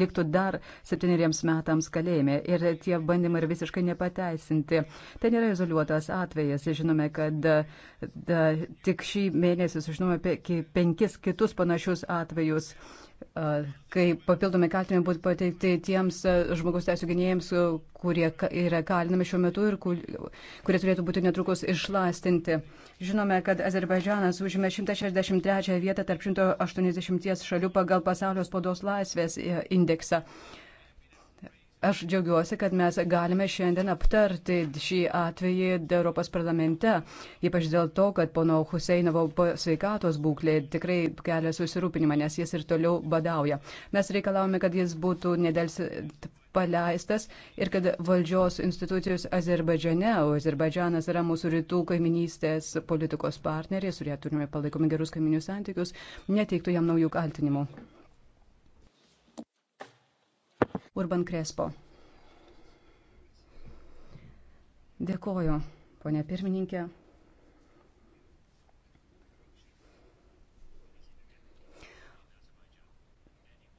liktų dar septyneriems metams kalėjime. Ir tie bandymai yra visiškai nepateisinti. Tai nėra izoliuotas atvejas. Žinome, kad da, tik šį mėnesį sužinome apie penkis kitus panašius atvejus kai papildomi kaltinimai būtų pateikti tiems e, žmogaus teisų gynėjams, e, kurie yra kalinami šiuo metu ir kurie turėtų būti netrukus išlastinti. Žinome, kad Azerbaidžanas užėmė 163 vietą tarp 180 šalių pagal pasaulio spaudos laisvės e, indeksą. Aš džiaugiuosi, kad mes galime šiandien aptarti šį atvejį Europos parlamente, ypač dėl to, kad pono Huseinovo sveikatos būklė tikrai kelia susirūpinimą, nes jis ir toliau badauja. Mes reikalavome, kad jis būtų nedelsi paleistas ir kad valdžios institucijos Azerbaidžiane, o Azerbaidžanas yra mūsų rytų kaiminystės politikos partneriai, su kuria turime palaikomi gerus kaiminius santykius, neteiktų jam naujų kaltinimų. Urban Krespo. Dėkoju, ponė pirmininkė.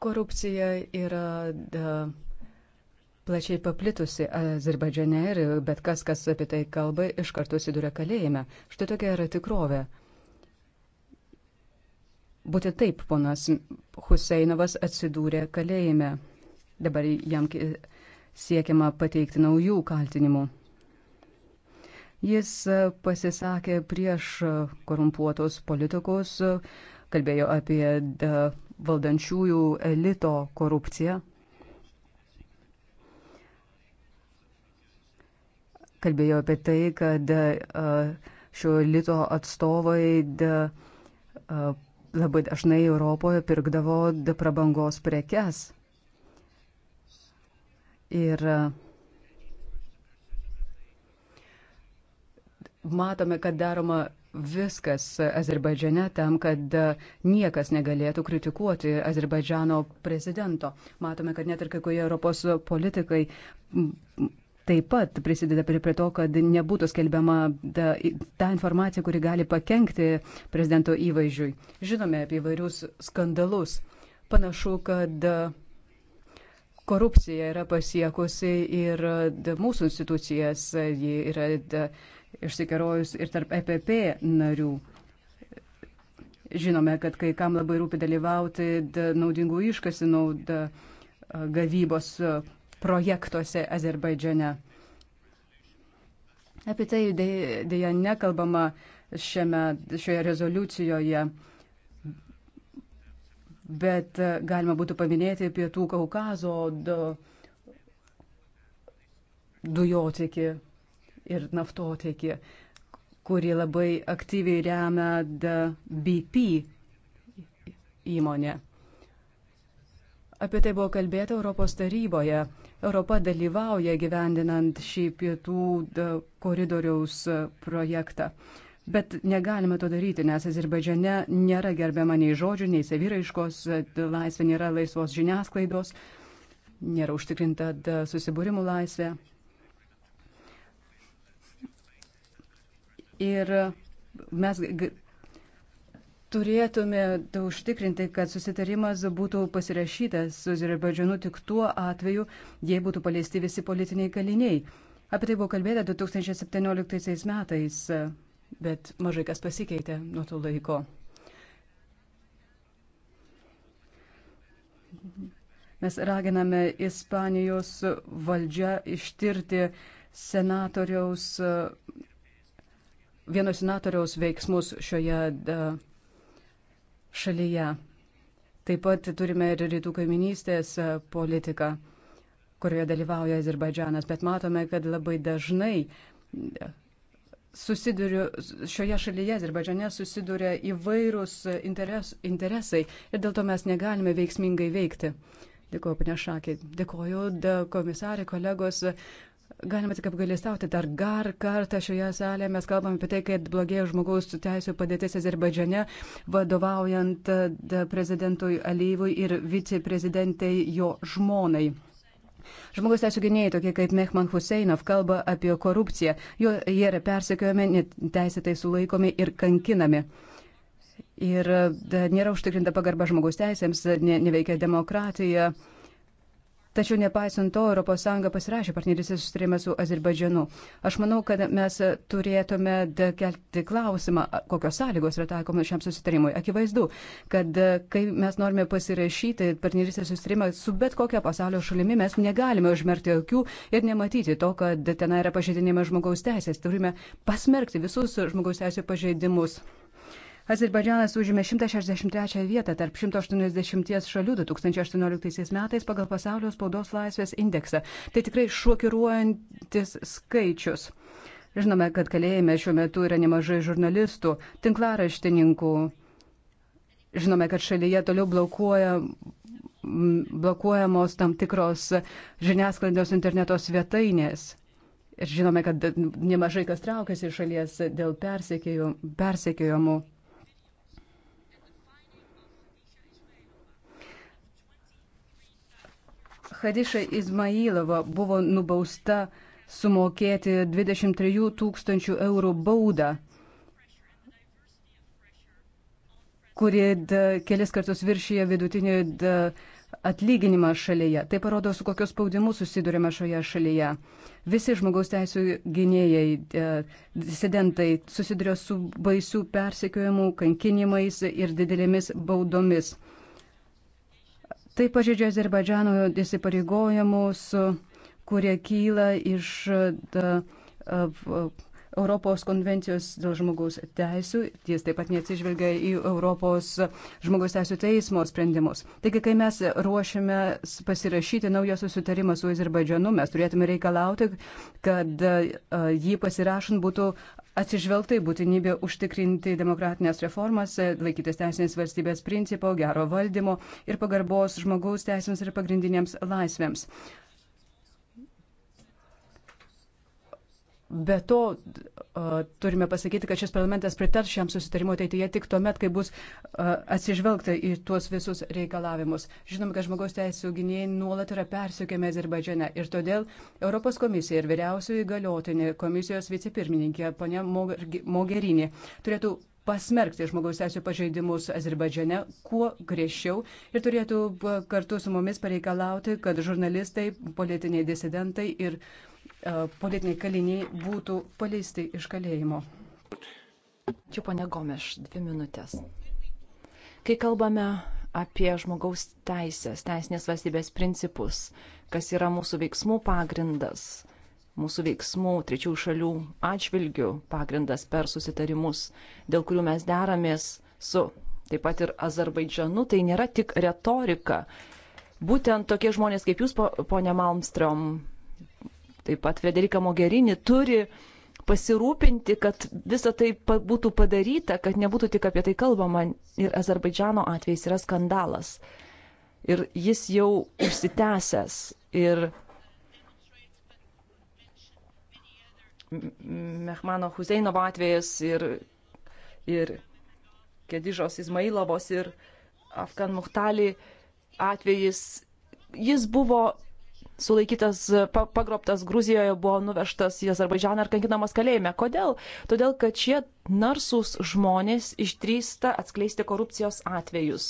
Korupcija yra da, plačiai paplitusi Azerbaidžiane ir bet kas, kas apie tai kalba, iš karto siduria kalėjime. Štai tokia yra tikrovė. Būtent taip ponas Huseinovas atsidūrė kalėjime. Dabar jam siekiama pateikti naujų kaltinimų. Jis e, pasisakė prieš e, korumpuotos politikus, e, kalbėjo apie valdančiųjų elito korupciją. Kalbėjo apie tai, kad šio elito atstovai labai dažnai Europoje pirkdavo prabangos prekes. Ir e, matome, kad daroma viskas Azerbaidžiane tam, kad e, niekas negalėtų kritikuoti Azerbaidžiano prezidento. Matome, kad net ir kai kurie Europos politikai taip pat prisideda prie, prie to, kad nebūtų skelbiama ta, ta informacija, kuri gali pakengti prezidento įvaizdžiui. Žinome apie įvairius skandalus. Panašu, kad uh, korupcija yra pasiekusi ir mūsų institucijas, ji yra išsikerojus ir tarp EPP narių. Žinome, kad kai kam labai rūpi dalyvauti naudingų iškasinų gavybos projektuose Azerbaidžiane. Apie tai dėja nekalbama šiame, šioje rezoliucijoje bet e, galima būtų paminėti Pietų Kaukazo dujotekį ir naftotekį, kuri labai aktyviai remia BP įmonę. Apie tai buvo kalbėta Europos taryboje. Europa dalyvauja gyvendinant šį pietų koridoriaus projektą. Bet negalime to daryti, nes Azerbaidžiane nėra gerbiama nei žodžių, nei saviraiškos, laisvė nėra laisvos žiniasklaidos, nėra užtikrinta susibūrimų laisvė. Ir mes turėtume užtikrinti, kad susitarimas būtų pasirašytas su Azerbaidžianu tik tuo atveju, jei būtų paleisti visi politiniai kaliniai. Apie tai buvo kalbėta 2017 metais bet mažai kas pasikeitė nuo to laiko. Mes raginame Ispanijos valdžią ištirti senatoriaus, vieno senatoriaus veiksmus šioje šalyje. Taip pat turime ir rytų kaiminystės e, politiką, kurioje dalyvauja Azerbaidžianas, bet matome, kad labai dažnai e, susiduriu, šioje šalyje, Azerbaidžiane, susiduria įvairūs interes, interesai ir dėl to mes negalime veiksmingai veikti. Dėkuoju, panė Šakė. Dėkuoju, komisarė, kolegos. Galima tik apgailestauti, dar gar kartą šioje salėje mes kalbame apie tai, kad blogėja žmogaus teisų padėtis Azerbaidžiane, vadovaujant prezidentui Alyvui ir viceprezidentai jo žmonai. Žmogus teisų gynėjai, tokie kaip Mehman Huseinov, kalba apie korupciją. Jo, jie yra persekiojami, neteisėtai sulaikomi ir kankinami. Ir da, e, nėra užtikrinta pagarba žmogaus teisėms, ne, neveikia demokratija. Uh, Tačiau nepaisant to, ES pasirašė partnerystės sustarimą su Azerbaidžianu. Aš manau, kad mes turėtume kelti klausimą, kokios sąlygos yra taikomos šiam sustarimui. Akivaizdu, kad e, kai mes norime pasirašyti partnerystės sustarimą su bet kokia pasaulio šalimi, mes negalime užmerkti akių ir nematyti to, kad ten yra pažeidinėjimas žmogaus teisės. Turime pasmerkti visus žmogaus teisės pažeidimus. Azerbaidžanas užėmė 163 vietą tarp 180 šalių 2018 metais pagal pasaulio spaudos laisvės indeksą. Tai tikrai šokiruojantis skaičius. Žinome, kad kalėjime šiuo metu yra nemažai žurnalistų, tinklaraštininkų. Žinome, kad šalyje toliau blokuoja, blokuojamos tam tikros žiniasklaidos interneto svetainės. Ir žinome, kad nemažai kas traukiasi iš šalies dėl persekiojimų Hadiša Izmailova buvo nubausta sumokėti 23 tūkstančių eurų baudą, kuri kelis kartus viršyje vidutinį atlyginimą šalyje. Tai parodo, su kokiu spaudimu susidurime šioje šalyje. Visi žmogaus teisų gynėjai, disidentai susiduria su baisių persekiojimu, kankinimais ir didelėmis baudomis. Tai pažeidžia Azerbaidžiano įsipareigojimus, kurie kyla iš da, Europos konvencijos dėl žmogaus teisų, jis taip pat neatsižvelgia į Europos žmogaus teisų teismo sprendimus. Taigi, kai mes ruošiame pasirašyti naują susitarimą su Azerbaidžianu, mes turėtume reikalauti, kad e, jį pasirašant būtų atsižvelgtai būtinybė užtikrinti demokratinės reformas, laikytis teisinės valstybės principo, gero valdymo ir pagarbos žmogaus teisėms ir pagrindinėms laisvėms. Be to, turime pasakyti, kad šis parlamentas pritars šiam susitarimu ateityje tik tuo met, kai bus atsižvelgta į tuos visus reikalavimus. Žinome, kad žmogaus teisų gynėjai nuolat yra persiūkiami Azerbaidžiane ir todėl Europos komisija ir vyriausioji galiotinė komisijos vicepirmininkė ponia Mogerinė turėtų pasmerkti žmogaus teisų pažeidimus Azerbaidžiane kuo griežčiau ir turėtų kartu su mumis pareikalauti, kad žurnalistai, politiniai disidentai ir uh, E, politiniai kaliniai būtų paleisti iš kalėjimo. Čia pane Gomeš, dvi minutės. Kai kalbame apie žmogaus teisės, teisinės valstybės principus, kas yra mūsų veiksmų pagrindas, mūsų veiksmų trečių šalių atžvilgių pagrindas per susitarimus, dėl kurių mes deramės su taip pat ir Azerbaidžianu, tai nėra tik retorika. Būtent tokie žmonės kaip jūs, ponė Malmstrom, taip pat Federika Mogherini turi pasirūpinti, kad visa tai būtų padaryta, kad nebūtų tik apie tai kalbama. Ir Azerbaidžiano atvejs yra skandalas. Ir jis jau užsitęsęs. Ir Mehmano Huseinovo atvejas ir, ir Kedižos Izmailovos ir Afgan Muhtali atvejis, jis buvo sulaikytas, pagrobtas Gruzijoje, buvo nuvežtas į Azerbaidžaną ar kankinamas kalėjime. Kodėl? Todėl, kad šie narsūs žmonės išdrįsta atskleisti korupcijos atvejus.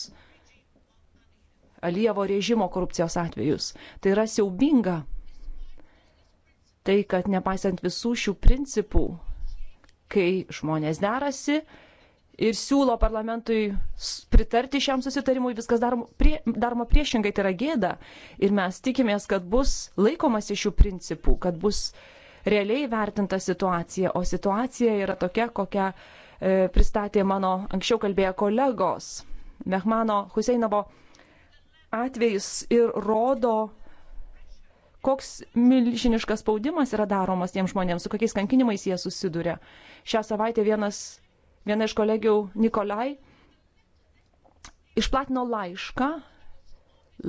Alievo režimo korupcijos atvejus. Tai yra siaubinga. Tai, kad nepaisant visų šių principų, kai žmonės derasi, ir siūlo parlamentui pritarti šiam susitarimui, viskas daroma, prie, daroma priešingai, tai yra gėda. Ir mes tikimės, kad bus laikomasi šių principų, kad bus realiai vertinta situacija, o situacija yra tokia, kokią e, pristatė mano anksčiau kalbėję kolegos. Mehmano Huseinovo atvejis ir rodo, koks milžiniškas spaudimas yra daromas tiems žmonėms, su kokiais kankinimais jie susiduria. Šią savaitę vienas viena iš kolegių Nikolai išplatino laišką,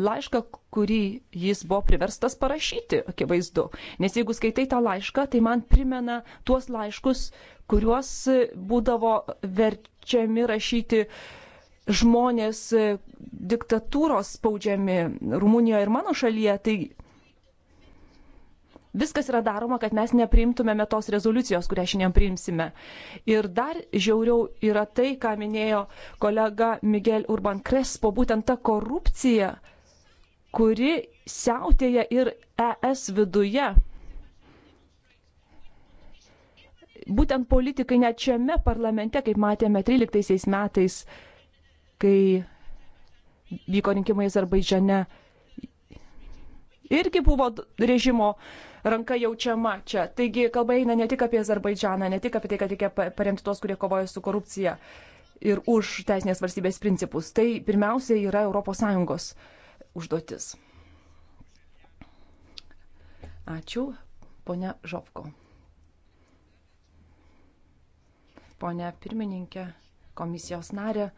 laišką, kurį jis buvo priverstas parašyti, akivaizdu. Nes jeigu skaitai tą laišką, tai man primena tuos laiškus, kuriuos būdavo verčiami rašyti žmonės diktatūros spaudžiami Rumunijoje ir mano šalyje. Tai Viskas yra daroma, kad mes neprimtumėme tos rezoliucijos, kurią šiandien priimsime. Ir dar žiauriau yra tai, ką minėjo kolega Miguel Urban Crespo, būtent ta korupcija, kuri siautėja ir ES viduje. Būtent politikai net šiame parlamente, kaip matėme 13 metais, kai vyko rinkimai Azerbaidžiane, irgi buvo režimo ranka jaučiama čia. Taigi kalba eina ne tik apie Azerbaidžaną, ne tik apie tai, kad reikia paremti tos, kurie kovoja su korupcija ir už teisinės valstybės principus. Tai pirmiausia yra ES užduotis. Ačiū, ponia Žopko. Pone pirmininkė, komisijos narė,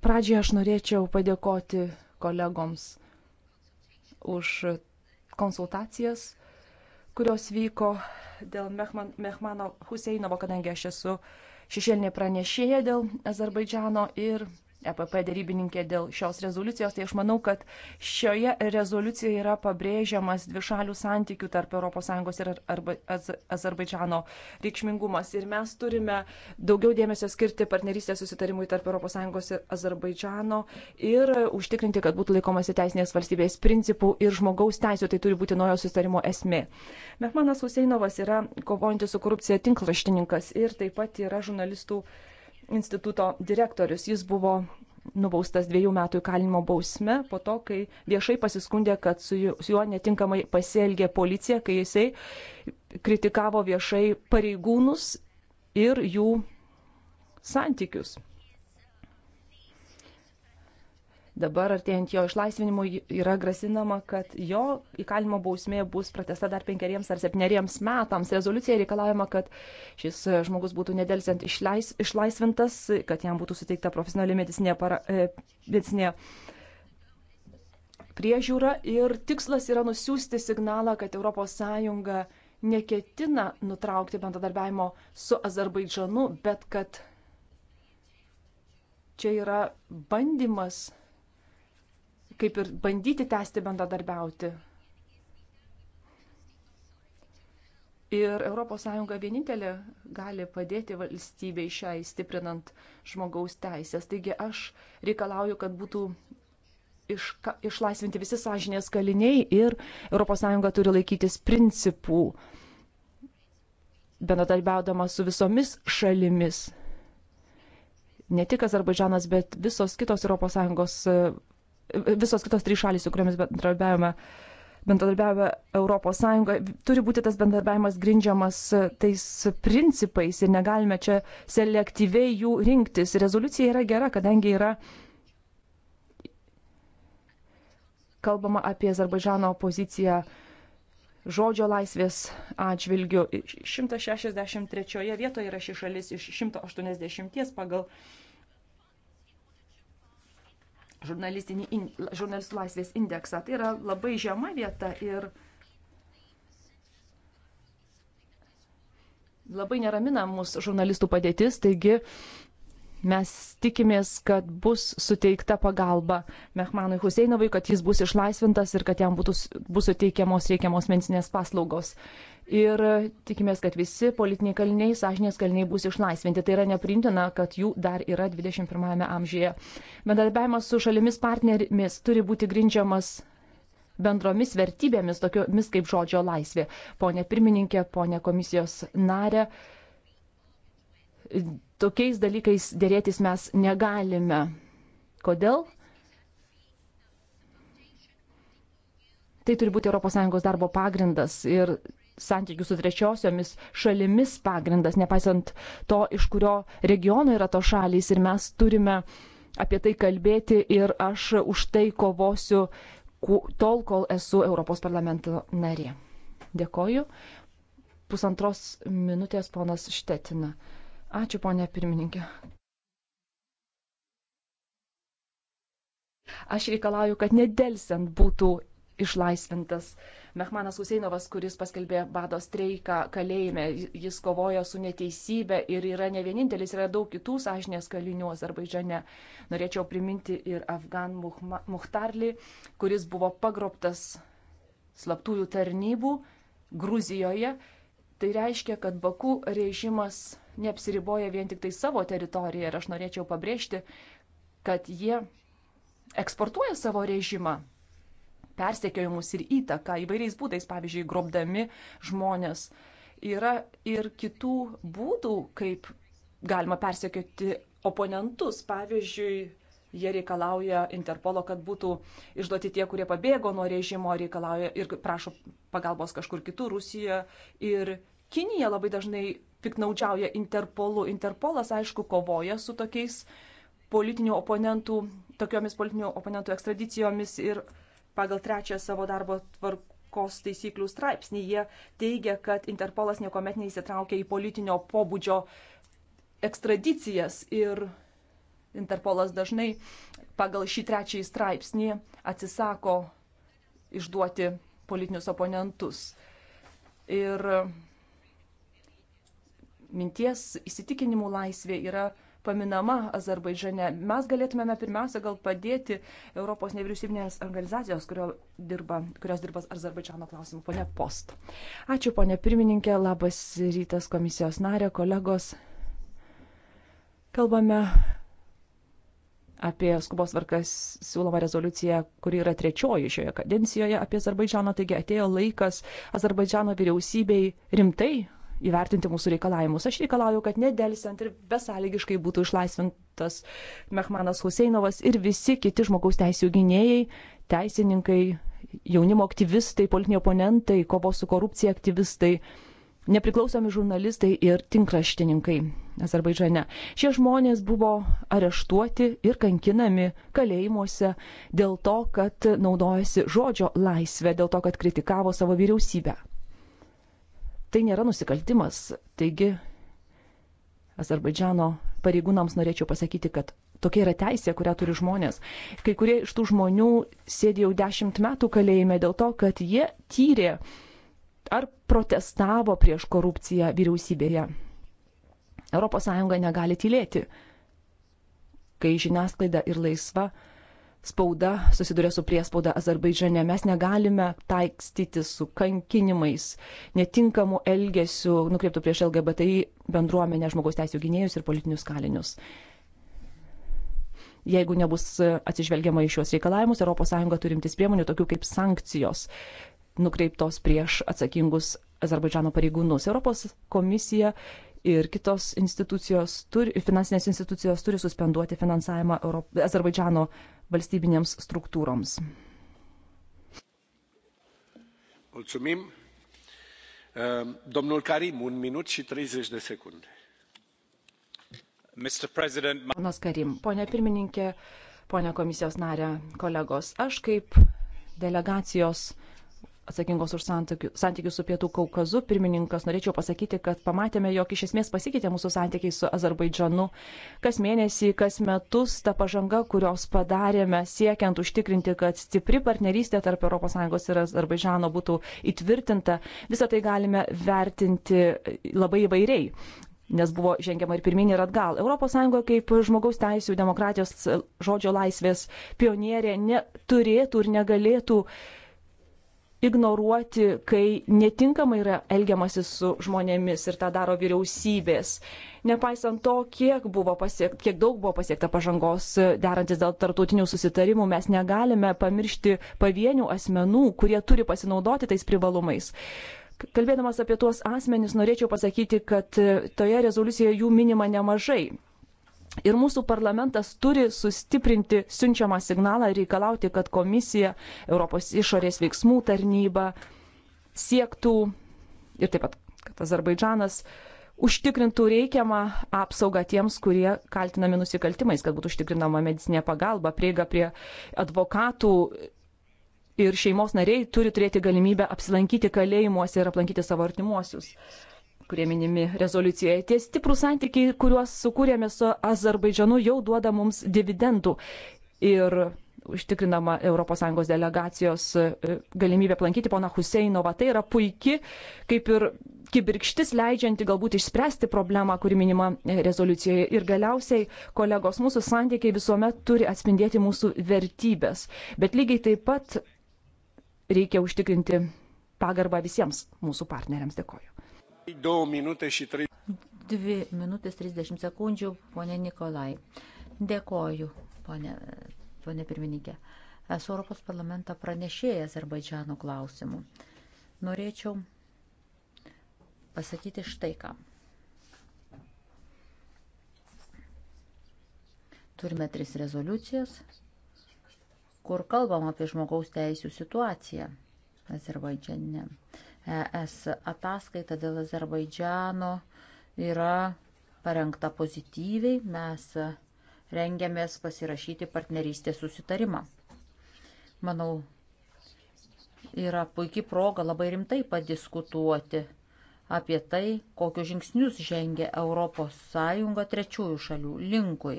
pradžioje aš norėčiau padėkoti kolegoms už konsultacijas, kurios vyko dėl Mehman, Mehmano Huseinovo, kadangi aš esu šešėlinė pranešėja dėl Azerbaidžiano ir EPP darybininkė dėl šios rezoliucijos, tai aš manau, kad šioje rezoliucijoje yra pabrėžiamas dvišalių santykių tarp ES ir Azerbaidžiano reikšmingumas. Ir mes turime daugiau dėmesio skirti partnerystės susitarimui tarp ES ir Azerbaidžiano ir užtikrinti, kad būtų laikomasi teisinės valstybės principų ir žmogaus teisų. Tai turi būti naujo susitarimo esmė. Mehmanas Huseinovas yra kovojantis su korupcija tinklaštininkas ir taip pat yra žurnalistų instituto direktorius. Jis buvo nubaustas dviejų metų įkalinimo bausme po to, kai viešai pasiskundė, kad su juo netinkamai pasielgė policija, kai jisai kritikavo viešai pareigūnus ir jų santykius. Dabar artėjant jo išlaisvinimu yra grasinama, kad jo įkalinimo bausmė bus pratesta dar penkeriems ar septyneriems metams. Rezoliucija reikalavima, kad šis žmogus būtų nedelsiant išleis, išlaisvintas, kad jam būtų suteikta profesionali medicinė, para, e, medicinė priežiūra ir tikslas yra nusiųsti signalą, kad ES neketina nutraukti bendradarbiavimo su Azerbaidžanu, bet kad čia yra bandymas kaip ir bandyti tęsti bendradarbiauti. Ir ES vienintelė gali padėti valstybei šiai stiprinant žmogaus teisės. Taigi aš reikalauju, kad būtų iš, ka, išlaisvinti visi sąžinės kaliniai ir ES turi laikytis principų, bendradarbiaudama su visomis šalimis ne tik Azerbaidžanas, bet visos kitos ES visos kitos trys šalys, su kuriomis bendradarbiavome, bendradarbiavę Europos Sąjungą, turi būti tas bendradarbiavimas grindžiamas tais principais ir negalime čia selektyviai jų rinktis. Rezoliucija yra gera, kadangi yra kalbama apie Azerbaidžano poziciją žodžio laisvės atžvilgiu. 163 vietoje yra ši šalis iš 180 pagal žurnalistinį, in, žurnalistų laisvės indeksą. Tai yra labai žema vieta ir labai neramina mūsų žurnalistų padėtis, taigi Mes tikimės, kad bus suteikta pagalba Mehmanui Huseinovui, kad jis bus išlaisvintas ir kad jam būtų, bus suteikiamos reikiamos medicinės paslaugos. Ir tikimės, kad visi politiniai kaliniai, sąžinės kaliniai bus išlaisvinti. Tai yra neprintina, kad jų dar yra 21-ame amžiuje. Bendarbiavimas su šalimis partnerėmis turi būti grindžiamas bendromis vertybėmis, tokiomis kaip žodžio laisvė. Pone pirmininkė, pone komisijos narė, tokiais dalykais dėrėtis mes negalime. Kodėl? Tai turi būti ES darbo pagrindas ir santykių su trečiosiomis šalimis pagrindas, nepaisant to, iš kurio regiono yra to šalys. Ir mes turime apie tai kalbėti ir aš už tai kovosiu tol, kol esu Europos parlamento narė. Dėkoju. Pusantros minutės ponas Štetina. Ačiū, ponė pirmininkė. Aš reikalauju, kad nedelsiant būtų išlaisvintas Mehmanas Huseinovas, kuris paskelbė bado streiką kalėjime. Jis kovojo su neteisybė ir yra ne vienintelis, yra daug kitų sąžinės kalinių Azerbaidžiane. Norėčiau priminti ir Afgan Muhtarlį, kuris buvo pagrobtas slaptųjų tarnybų Gruzijoje. Tai reiškia, kad Baku režimas neapsiriboja vien tik tai savo teritoriją ir aš norėčiau pabrėžti, kad jie eksportuoja savo režimą, persekiojimus ir įtaką įvairiais būdais, pavyzdžiui, grobdami žmonės. Yra ir kitų būdų, kaip galima persekioti oponentus. Pavyzdžiui, jie reikalauja Interpolo, kad būtų išduoti tie, kurie pabėgo nuo režimo, reikalauja ir prašo pagalbos kažkur kitur Rusijoje. Ir Kinija labai dažnai piknaudžiauja Interpolu. Interpolas, aišku, kovoja su tokiais politinių oponentų, tokiomis politinių oponentų ekstradicijomis ir pagal trečią savo darbo tvarkos taisyklių straipsnį jie teigia, kad Interpolas niekuomet neįsitraukia į politinio pobūdžio ekstradicijas ir Interpolas dažnai pagal šį trečiąjį straipsnį atsisako išduoti politinius oponentus. Ir minties įsitikinimų laisvė yra paminama Azerbaidžane. Mes galėtumėme pirmiausia gal padėti Europos nevyriausybinės organizacijos, kurio dirba, kurios dirba Azerbaidžano klausimu, ponė Post. Ačiū, ponė pirmininkė, labas rytas komisijos narė, kolegos. Kalbame apie skubos varkas siūlomą rezoliuciją, kuri yra trečioji šioje kadencijoje apie Azerbaidžaną, taigi atėjo laikas Azerbaidžano vyriausybei rimtai įvertinti mūsų reikalavimus. Aš reikalauju, kad nedelsiant ir besąlygiškai būtų išlaisvintas Mehmanas Huseinovas ir visi kiti žmogaus teisų gynėjai, teisininkai, jaunimo aktyvistai, politiniai oponentai, kovos su korupcija aktyvistai, nepriklausomi žurnalistai ir tinkraštininkai Azerbaidžane. Šie žmonės buvo areštuoti ir kankinami kalėjimuose dėl to, kad naudojasi žodžio laisvę, dėl to, kad kritikavo savo vyriausybę. Tai nėra nusikaltimas. Taigi, Azerbaidžiano pareigūnams norėčiau pasakyti, kad tokia yra teisė, kurią turi žmonės. Kai kurie iš tų žmonių sėdė jau dešimt metų kalėjime dėl to, kad jie tyrė ar protestavo prieš korupciją vyriausybėje. ES negali tylėti, kai žiniasklaida ir laisva spauda susiduria su priespauda Azerbaidžane. Mes negalime taikstyti su kankinimais, netinkamu elgesiu nukreiptų prieš LGBTI bendruomenę, žmogaus teisų gynėjus ir politinius kalinius. Jeigu nebus atsižvelgiama į šios reikalavimus, ES turimtis priemonių tokių kaip sankcijos nukreiptos prieš atsakingus Azerbaidžano pareigūnus. Europos komisija ir kitos institucijos turi, finansinės institucijos turi suspenduoti finansavimą Europ... Azerbaidžiano valstybinėms struktūroms. Mulțumim. Ehm, domnul Karim, un minut și 30 de secunde. Ponas Karim, ponė pirmininkė, ponė komisijos narė, kolegos, aš kaip delegacijos atsakingos už santykius su Pietų Kaukazu pirmininkas, norėčiau pasakyti, kad pamatėme, jog iš esmės pasikeitė mūsų santykiai su Azerbaidžanu. Kas mėnesį, kas metus ta pažanga, kurios padarėme siekiant užtikrinti, kad stipri partnerystė tarp ES ir Azerbaidžano būtų įtvirtinta, visą tai galime vertinti labai įvairiai nes buvo žengiama ir pirmin ir atgal. ES kaip žmogaus teisų, demokratijos, žodžio laisvės pionierė neturėtų ir negalėtų uh, ignoruoti, kai netinkamai yra elgiamasi su žmonėmis ir tą daro vyriausybės. Nepaisant to, kiek, pasiekt, kiek daug buvo pasiekta pažangos e, derantis dėl tartutinių susitarimų, mes negalime pamiršti pavienių asmenų, kurie turi pasinaudoti tais privalumais. Kalbėdamas apie tuos asmenys, norėčiau pasakyti, kad e, toje rezoliucijoje jų minima nemažai. Ir mūsų parlamentas turi sustiprinti siunčiamą signalą ir reikalauti, kad komisija, Europos išorės veiksmų tarnyba siektų ir taip pat, kad Azerbaidžanas užtikrintų reikiamą apsaugą tiems, kurie kaltinami nusikaltimais, kad būtų užtikrinama medicinė pagalba, prieiga prie advokatų ir šeimos nariai turi turėti galimybę apsilankyti kalėjimuose ir aplankyti savo artimuosius kurie minimi rezoliucijoje. Tie stiprų santykiai, kuriuos sukūrėme su Azerbaidžianu, jau duoda mums dividendų. Ir užtikrinama ES delegacijos e, galimybė aplankyti poną Huseinovą. Tai yra puiki, kaip ir kibirkštis leidžianti galbūt išspręsti problemą, kuri minima e, rezoliucijoje. Ir galiausiai, kolegos, mūsų santykiai visuomet turi atspindėti mūsų vertybės. Bet lygiai taip pat reikia užtikrinti pagarbą visiems mūsų partneriams. Dėkoju. Dvi minutės 30 sekundžių, ponė Nikolai. Dėkoju, ponė, ponė pirmininkė. Esu Europos parlamento pranešėjai Azerbaidžiano klausimų. Norėčiau pasakyti štai ką. Turime tris rezoliucijas, kur kalbam apie žmogaus teisų situaciją Azerbaidžiane. ES ataskaita dėl Azerbaidžiano yra parengta pozityviai. Mes rengiamės pasirašyti partnerystės susitarimą. Manau, yra puikiai proga labai rimtai padiskutuoti apie tai, kokius žingsnius žengia ES trečiųjų šalių linkui.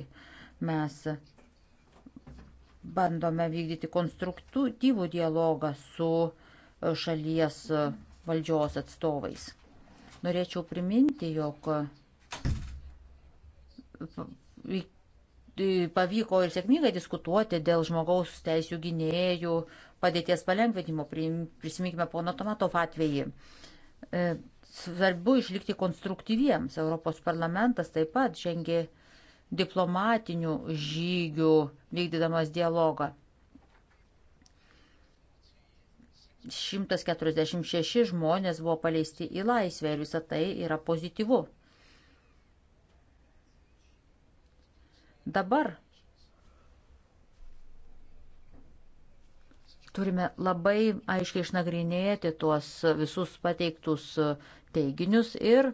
Mes bandome vykdyti konstruktyvų dialogą su šalies valdžios atstovais. Norėčiau priminti, jog pavyko ir sėkmingai diskutuoti dėl žmogaus teisų gynėjų padėties palengvinimo. Prisiminkime pono Tomatov atvejį. E, svarbu išlikti konstruktyviems. Europos parlamentas taip pat žengė diplomatinių žygių vykdydamas dialogą. 146 žmonės buvo paleisti į laisvę ir visa tai yra pozityvu. Dabar turime labai aiškiai išnagrinėti tuos visus pateiktus teiginius ir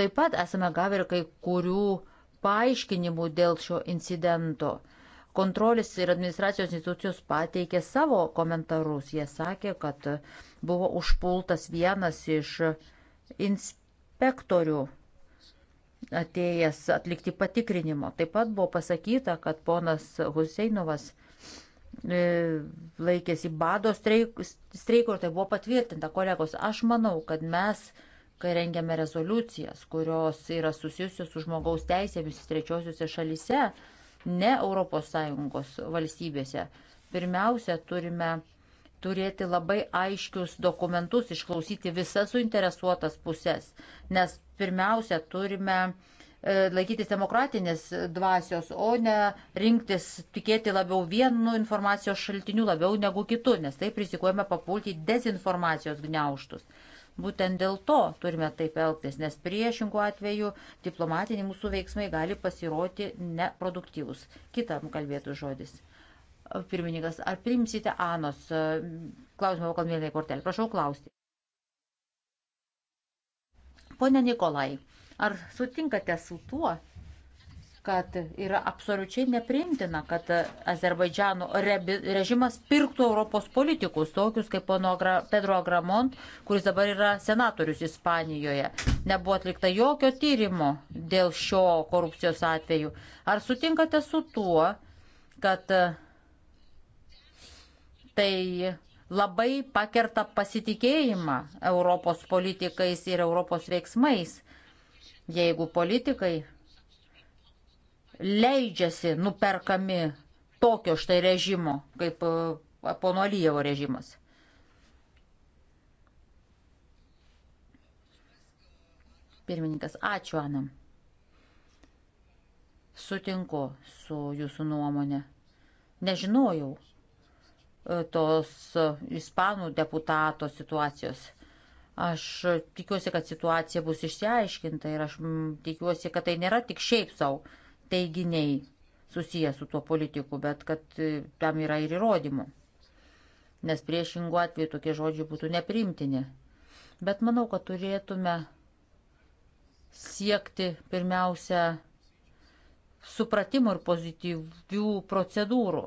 taip pat esame gavę ir kai kurių paaiškinimų dėl šio incidento. Kontrolės ir administracijos institucijos pateikė savo komentarus. Jie sakė, kad buvo užpultas vienas iš inspektorių atėjęs atlikti patikrinimo. Taip pat buvo pasakyta, kad ponas Huseinovas e, laikėsi bado streiko, streiko ir tai buvo patvirtinta. Kolegos, aš manau, kad mes, kai rengiame rezoliucijas, kurios yra susijusios su žmogaus teisėmis trečiosiuose šalyse, ne ES valstybėse. Pirmiausia, turime turėti labai aiškius dokumentus, išklausyti visas suinteresuotas pusės, nes pirmiausia, turime e, laikytis demokratinės dvasios, o ne rinktis, tikėti labiau vienu informacijos šaltiniu labiau negu kitu, nes taip rizikuojame papulti į dezinformacijos gniauštus. Būtent dėl to turime taip elgtis, nes priešingų atveju diplomatiniai mūsų veiksmai gali pasirodyti neproduktyvus. Kitam kalbėtų žodis. Pirmininkas, ar primsite Anos e, klausimą, kol mėlynai kortelį? Prašau klausti. Pone Nikolai, ar sutinkate su tuo, kad yra absoliučiai neprimtina, kad Azerbaidžiano režimas pirktų Europos politikus, tokius kaip Pedro Agramont, kuris dabar yra senatorius Ispanijoje. Nebuvo atlikta jokio tyrimo dėl šio korupcijos atveju. Ar sutinkate su tuo, kad tai labai pakerta pasitikėjimą Europos politikais ir Europos veiksmais, jeigu politikai leidžiasi nuperkami tokio štai režimo, kaip e, pono Alyjevo režimas. Pirmininkas, ačiū Anam. Sutinku su jūsų nuomonė. Nežinojau e, tos e, ispanų deputato situacijos. Aš tikiuosi, kad situacija bus išsiaiškinta ir aš tikiuosi, kad tai nėra tik šiaip savo teiginiai susijęs su tuo politiku, bet kad e, tam yra ir įrodymų. Nes priešingų atveju tokie žodžiai būtų neprimtini. Bet manau, kad turėtume siekti pirmiausia supratimo ir pozityvių procedūrų.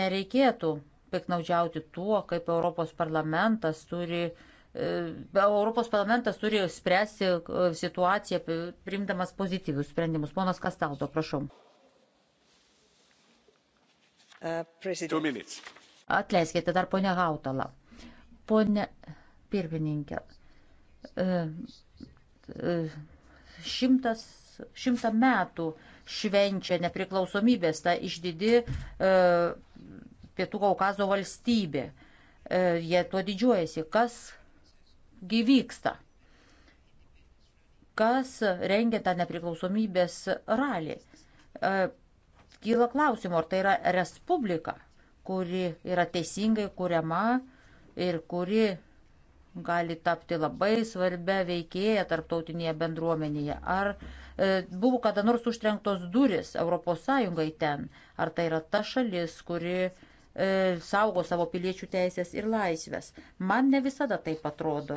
Nereikėtų piknaudžiauti tuo, kaip Europos parlamentas turi uh, E, Europos parlamentas turi spręsti e, situaciją, priimdamas pozityvius sprendimus. Ponas Kastaldo, prašau. Uh, president. Atleiskite dar ponia Hautala. Pone pirmininkė, e, šimtas, šimtą metų švenčia nepriklausomybės ta išdidi Pietų Kaukazo valstybė. Jie tuo didžiuojasi. Kas gyvyksta. Kas rengia tą nepriklausomybės ralį? E, kyla klausimų, ar tai yra respublika, kuri yra teisingai kuriama ir kuri gali tapti labai svarbia veikėja tarptautinėje bendruomenėje. Ar e, buvo kada nors užtrenktos duris ES ten? Ar tai yra ta šalis, kuri e, saugo savo piliečių teisės ir laisvės. Man ne visada taip atrodo,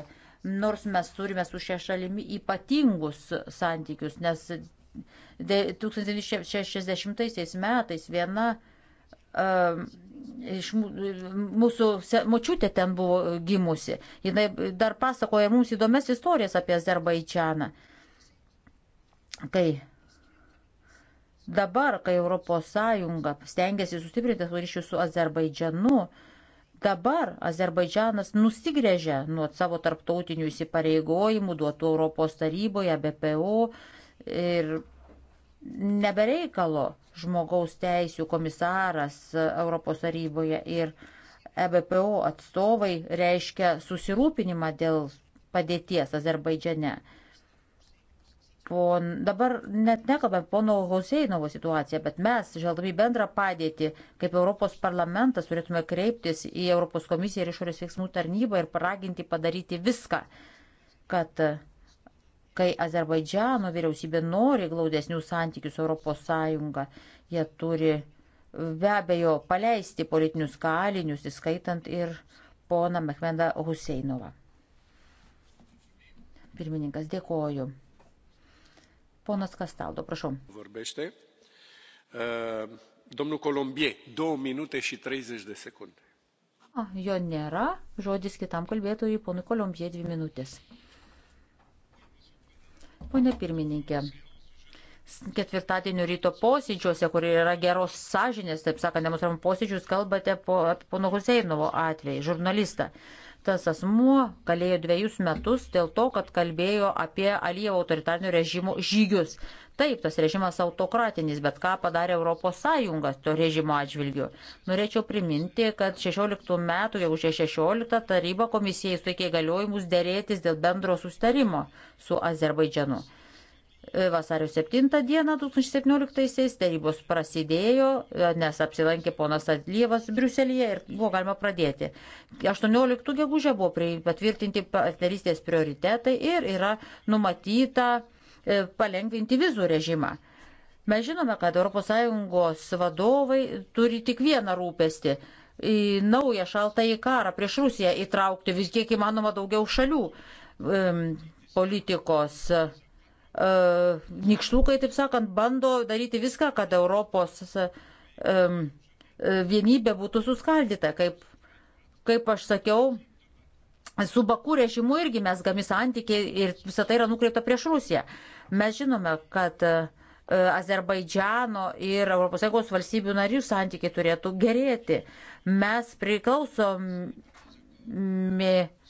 nors mes turime su šia šalimi ypatingus santykius, nes 1960 metais viena e, iš mūsų močiutė ten buvo gimusi. Jis dar pasakoja mums įdomias istorijas apie Azerbaidžianą. Kai Dabar, kai ES stengiasi sustiprinti savo ryšius su Azerbaidžianu, dabar Azerbaidžianas nusigrėžia nuo savo tarptautinių įsipareigojimų duotų Europos taryboje, BPO ir nebereikalo žmogaus teisų komisaras Europos taryboje ir EBPO atstovai reiškia susirūpinimą dėl padėties Azerbaidžiane pon, dabar net nekalbame pono Hoseinovo situaciją, bet mes, žvelgdami bendrą padėtį, kaip Europos parlamentas turėtume kreiptis į Europos komisiją ir išorės veiksmų tarnybą ir paraginti padaryti viską, kad kai Azerbaidžiano vyriausybė nori glaudesnių santykių su ES, jie turi be abejo paleisti politinius kalinius, įskaitant ir poną Mehmedą Huseinovą. Pirmininkas, dėkoju. Ponas Kastaldo, prašau. Vorbește. E, domnul Kolumbie, 2 minutės ir 30 sekundės. Jo nėra. Žodis kitam kalbėtojui, ponui Kolumbijai, 2 minutės. Pone pirmininkė, ketvirtadienio ryto posėdžiuose, kur yra geros sąžinės, taip sakant, demonstravimo posėdžius, kalbate po, apie pono Huseinovo atvejį, žurnalistą. Uh, Tas asmuo kalėjo dviejus metus dėl to, kad kalbėjo apie Alijevo autoritarnio režimo žygius. Taip, tas režimas autokratinis, bet ką padarė ES to režimo atžvilgiu? Norėčiau priminti, kad 16 metų, jau už 16, taryba komisijai suteikė galiojimus dėrėtis dėl bendro sustarimo su Azerbaidžianu. E, vasario 7 dieną 2017-aisiais tarybos prasidėjo, e, nes apsilankė ponas Atlievas Briuselėje ir buvo galima pradėti. 18 gegužė buvo patvirtinti partnerystės prioritetai ir yra numatyta e, palengvinti vizų režimą. Mes žinome, kad ES vadovai turi tik vieną rūpestį į naują šaltąjį karą prieš Rusiją įtraukti vis kiek įmanoma daugiau šalių politikos uh, nikštukai, taip sakant, bando daryti viską, kad Europos um, vienybė būtų suskaldyta. Kaip, kaip aš sakiau, su Baku režimu irgi mes gami santykiai ir visą tai yra nukreipta prieš Rusiją. Mes žinome, kad uh, e, Azerbaidžiano ir ES valstybių narių santykiai turėtų gerėti. Mes priklausomi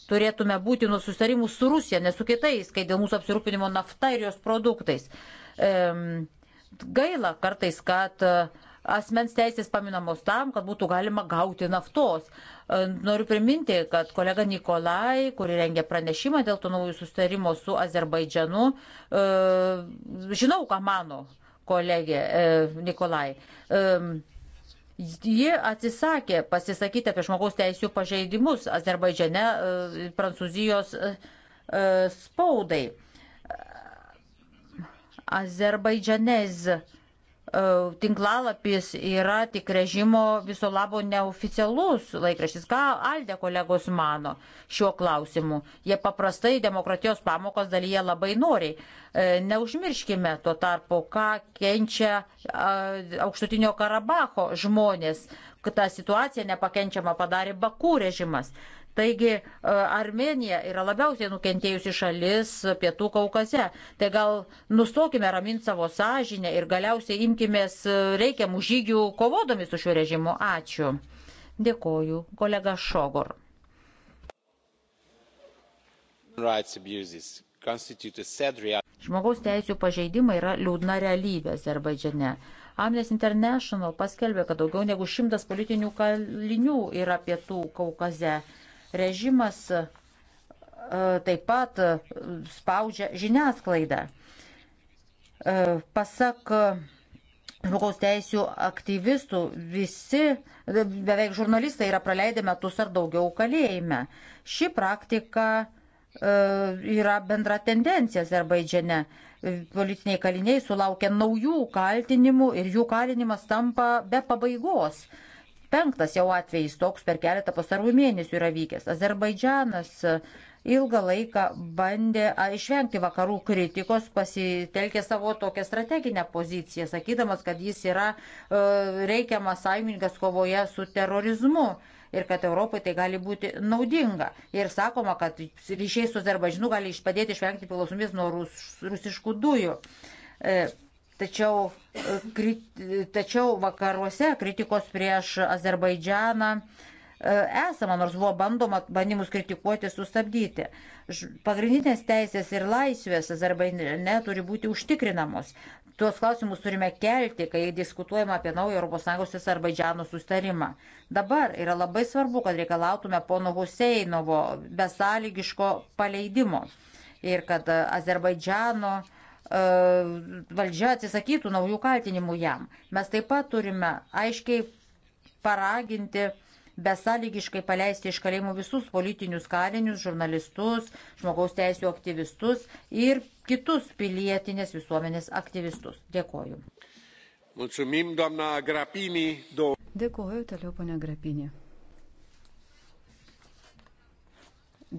turėtume būti nuo sustarimų su Rusija, ne su kitais, kai dėl mūsų apsirūpinimo nafta ir jos produktais. Gaila kartais, kad e, asmens teisės paminamos tam, kad būtų galima gauti naftos. E, noriu priminti, kad kolega Nikolai, kuri rengė pranešimą dėl to naujų sustarimo su Azerbaidžianu, e, žinau, ką mano kolegė Nikolai. Ji atsisakė pasisakyti apie žmogaus teisų pažeidimus Azerbaidžiane e, Prancūzijos e, e, spaudai. Azerbaidžanez E, tinklalapis yra tik režimo viso labo neoficialus laikraštis. Ką Aldė kolegos mano šiuo klausimu? Jie paprastai demokratijos pamokos dalyje labai noriai. E, neužmirškime tuo tarpu, ką kenčia e, aukštutinio Karabacho žmonės, kad tą situaciją nepakenčiamą padarė Bakų režimas. Taigi e, Armenija yra labiausiai nukentėjusi šalis Pietų Kaukaze. Tai gal nustokime raminti savo sąžinę ir galiausiai imkimės e, reikiamų žygių kovodami su šiuo režimu. Ačiū. Dėkoju, kolega Šogor. Žmogaus teisų pažeidimai yra liūdna realybė Azerbaidžiane. Amnesty International paskelbė, kad daugiau negu šimtas politinių kalinių yra pietų Kaukaze. Režimas e, taip pat e, spaudžia žiniasklaidą. E, pasak žmogaus teisų aktyvistų visi, beveik žurnalistai yra praleidę metus ar daugiau kalėjime. Ši praktika yra bendra tendencija Azerbaidžiane. Politiniai kaliniai sulaukia naujų kaltinimų ir jų kalinimas tampa be pabaigos penktas jau atvejis toks per keletą pastarųjų mėnesių yra vykęs. Azerbaidžianas ilgą laiką bandė išvengti vakarų kritikos, pasitelkė savo tokią strateginę poziciją, sakydamas, kad jis yra e, reikiamas sąjungininkas kovoje su terorizmu. Ir kad Europai tai gali būti naudinga. Ir sakoma, kad ryšiai su Azerbaidžinu gali padėti išvengti priklausomybės nuo rus, rusiškų dujų. E, Tačiau, e, krit, tačiau vakaruose kritikos prieš Azerbaidžianą e, esama, nors buvo bandoma bandymus kritikuoti, sustabdyti. Pagrindinės teisės ir laisvės Azerbaidžane turi būti užtikrinamos. Tuos klausimus turime kelti, kai diskutuojama apie naują ES Azerbaidžiano sustarimą. Dabar yra labai svarbu, kad reikalautume pono Huseinovo besąlygiško paleidimo ir kad Azerbaidžiano uh, E, valdžia atsisakytų naujų kaltinimų jam. Mes taip pat turime aiškiai paraginti besąlygiškai paleisti iš kalėjimų visus politinius kalinius, žurnalistus, žmogaus teisų aktyvistus ir kitus pilietinės visuomenės aktyvistus. Dėkoju. Mulțumim, doamna Grapini. Do... Dėkoju, toliau ponia Grapini.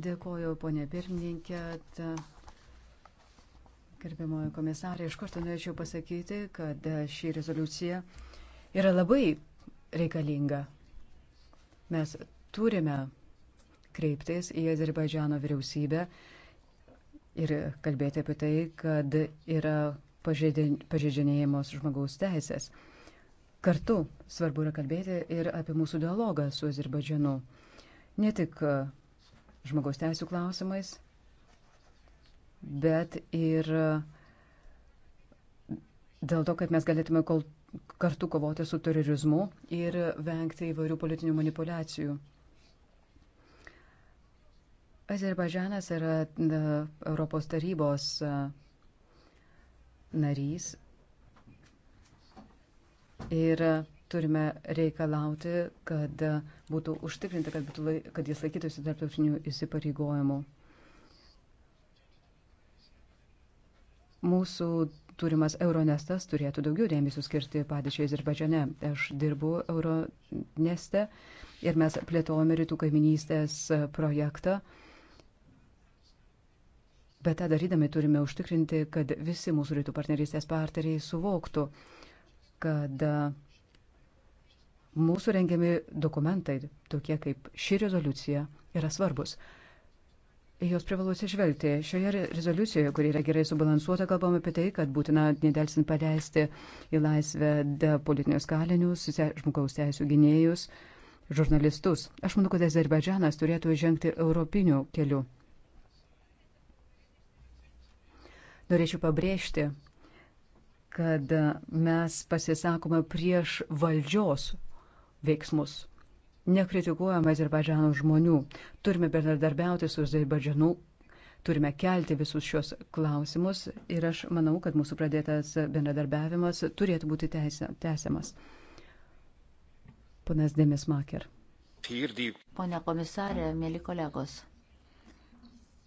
Dėkoju, ponia pirmininkė. Ta... Gerbiamoji komisarė, iš karto norėčiau pasakyti, kad e, ši rezoliucija yra labai reikalinga. Mes turime kreiptis į Azerbaidžiano vyriausybę ir kalbėti apie tai, kad yra pažeidinėjimos žmogaus teisės. Kartu svarbu yra kalbėti ir apie mūsų dialogą su Azerbaidžianu. Ne tik e, žmogaus teisų klausimais, bet ir dėl to, kad mes galėtume kol, kartu kovoti su terorizmu ir vengti įvairių politinių manipulacijų. Azerbaidžanas yra Europos tarybos narys ir turime reikalauti, kad būtų užtikrinta, kad, būtų, kad jis laikytųsi tarptautinių įsipareigojimų. Mūsų turimas Euronestas turėtų daugiau dėmesio skirti padėčiai Azerbaidžiane. Aš dirbu Euroneste ir mes plėtojame rytų kaiminystės projektą. Bet tą darydami turime užtikrinti, kad visi mūsų rytų partnerystės partneriai suvoktų, kad e, mūsų rengiami dokumentai, tokie kaip ši rezoliucija, yra svarbus. Jos privalu atsižvelgti. Šioje rezoliucijoje, kuri yra gerai subalansuota, kalbame apie tai, kad būtina nedelsint paleisti į laisvę politinius kalinius, žmogaus teisų gynėjus, žurnalistus. Aš manau, kad Azerbaidžanas turėtų žengti europiniu keliu. Norėčiau pabrėžti, kad mes pasisakome prieš valdžios veiksmus nekritikuojame Azerbaidžiano žmonių. Turime bendradarbiauti su Azerbaidžianu, turime kelti visus šios klausimus ir aš manau, kad mūsų pradėtas bendradarbiavimas turėtų būti tęsiamas. Ponas Demis Maker. Pone komisarė, mėly kolegos,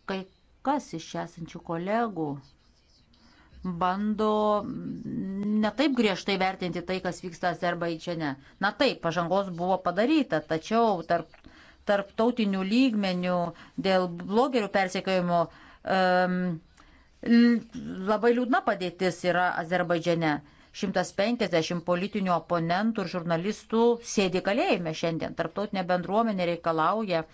kai kas iš esančių kolegų bando netaip griežtai vertinti tai, kas vyksta Azerbaidžiane. Na taip, pažangos buvo padaryta, tačiau tarp, tarptautinių lygmenių dėl blogerių persekiojimo um, labai liūdna padėtis yra Azerbaidžiane. 150 politinių oponentų ir žurnalistų sėdi kalėjime šiandien. Tarptautinė bendruomenė reikalauja,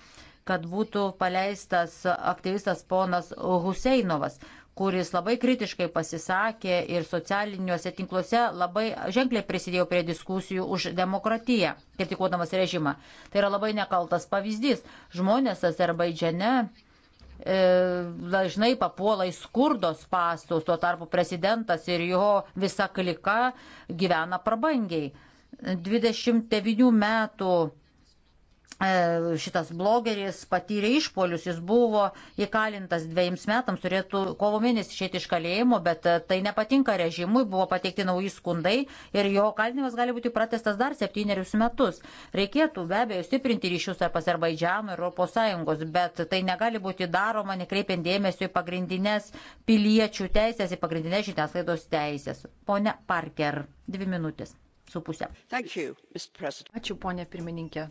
kad būtų paleistas aktyvistas ponas Huseinovas kuris labai kritiškai pasisakė ir socialiniuose tinkluose labai ženkliai prisidėjo prie diskusijų už demokratiją, kritikuodamas režimą. Tai yra labai nekaltas pavyzdys. Žmonės Azerbaidžiane e, dažnai papuola į skurdos pastus, tuo tarpu prezidentas ir jo visa klika gyvena prabangiai. 29 metų E, šitas blogeris patyrė išpolius, jis buvo įkalintas dviejams metams, turėtų kovo mėnesį išėti iš kalėjimo, bet e, tai nepatinka režimui, buvo pateikti nauji skundai ir jo kaltinimas gali būti pratestas dar septynerius metus. Reikėtų be abejo stiprinti ryšius tarp Azerbaidžiano ir ES, bet tai negali būti daroma nekreipiant dėmesio į pagrindinės piliečių teisės, į pagrindinės žiniasklaidos teisės. Pone Parker, dvi minutės. Su pusė. You, Ačiū, ponė pirmininkė.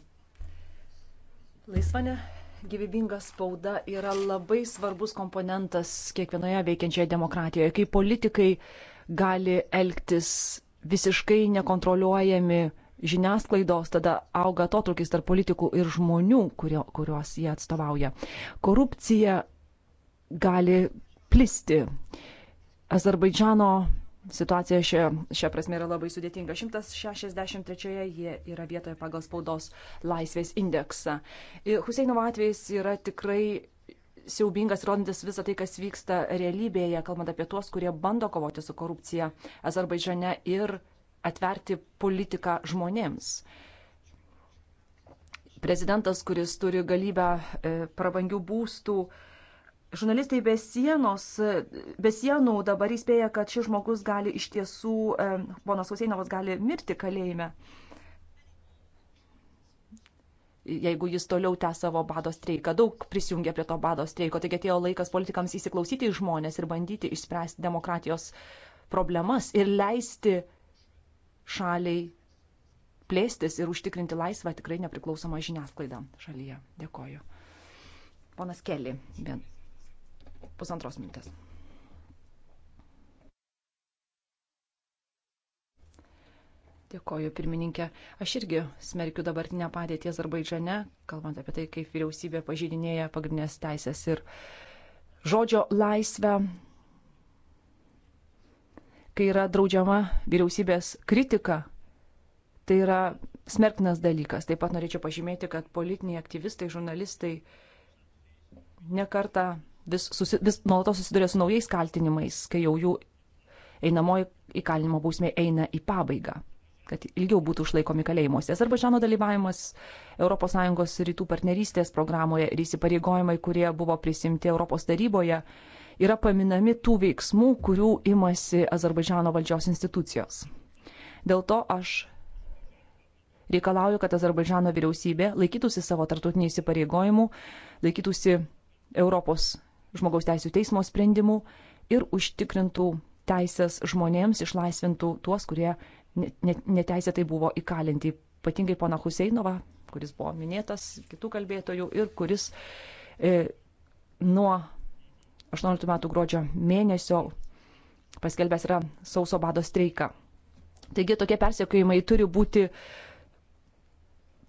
Laisva ne gyvybinga spauda yra labai svarbus komponentas kiekvienoje veikiančioje demokratijoje, kai politikai gali elgtis visiškai nekontroliuojami žiniasklaidos, tada auga atotrukis tarp politikų ir žmonių, kurio, kuriuos jie atstovauja. Korupcija gali plisti. Azerbaidžiano situacija šia, šia prasme yra labai sudėtinga. 163-oje jie yra vietoje pagal spaudos laisvės indeksą. Huseinovo atvejs yra tikrai siaubingas, rodantis visą tai, kas vyksta realybėje, kalbant apie tuos, kurie bando kovoti su korupcija Azerbaidžane ir atverti politiką žmonėms. Prezidentas, kuris turi galybę e, prabangių būstų, Žurnalistai be, sienos, be sienų dabar įspėja, kad šis žmogus gali iš tiesų, ponas Huseinovas gali mirti kalėjime, jeigu jis toliau tę savo bado streiką. Daug prisijungia prie to bado streiko, taigi atėjo laikas politikams įsiklausyti į žmonės ir bandyti išspręsti demokratijos problemas ir leisti šaliai plėstis ir užtikrinti laisvą tikrai nepriklausomą žiniasklaidą šalyje. Dėkoju. Ponas Kelly, vien pusantros minutės. Dėkoju, pirmininkė. Aš irgi smerkiu dabartinę padėtį Azerbaidžane, kalbant apie tai, kaip vyriausybė pažydinėja pagrindinės teisės ir žodžio laisvę, kai yra draudžiama vyriausybės kritika. Tai yra smerktinas dalykas. Taip pat norėčiau pažymėti, kad politiniai aktyvistai, žurnalistai nekarta vis, susi, vis nuolatos susiduria su naujais kaltinimais, kai jau jų einamoji įkalinimo bausmė eina į pabaigą kad ilgiau būtų išlaikomi kalėjimuose. Azerbaidžano dalyvavimas ES rytų partnerystės programoje ir įsipareigojimai, kurie buvo prisimti Europos taryboje, yra paminami tų veiksmų, kurių imasi Azerbaidžano valdžios institucijos. Dėl to aš reikalauju, kad Azerbaidžano vyriausybė laikytųsi savo tartutinių įsipareigojimų, laikytųsi Europos žmogaus teisų teismo sprendimų ir užtikrintų teisės žmonėms, išlaisvintų tuos, kurie neteisėtai buvo įkalinti. Ypatingai pana Huseinova, kuris buvo minėtas kitų kalbėtojų ir kuris e, nuo 18 metų gruodžio mėnesio paskelbęs yra sauso bado streiką. Taigi tokie persiekojimai turi būti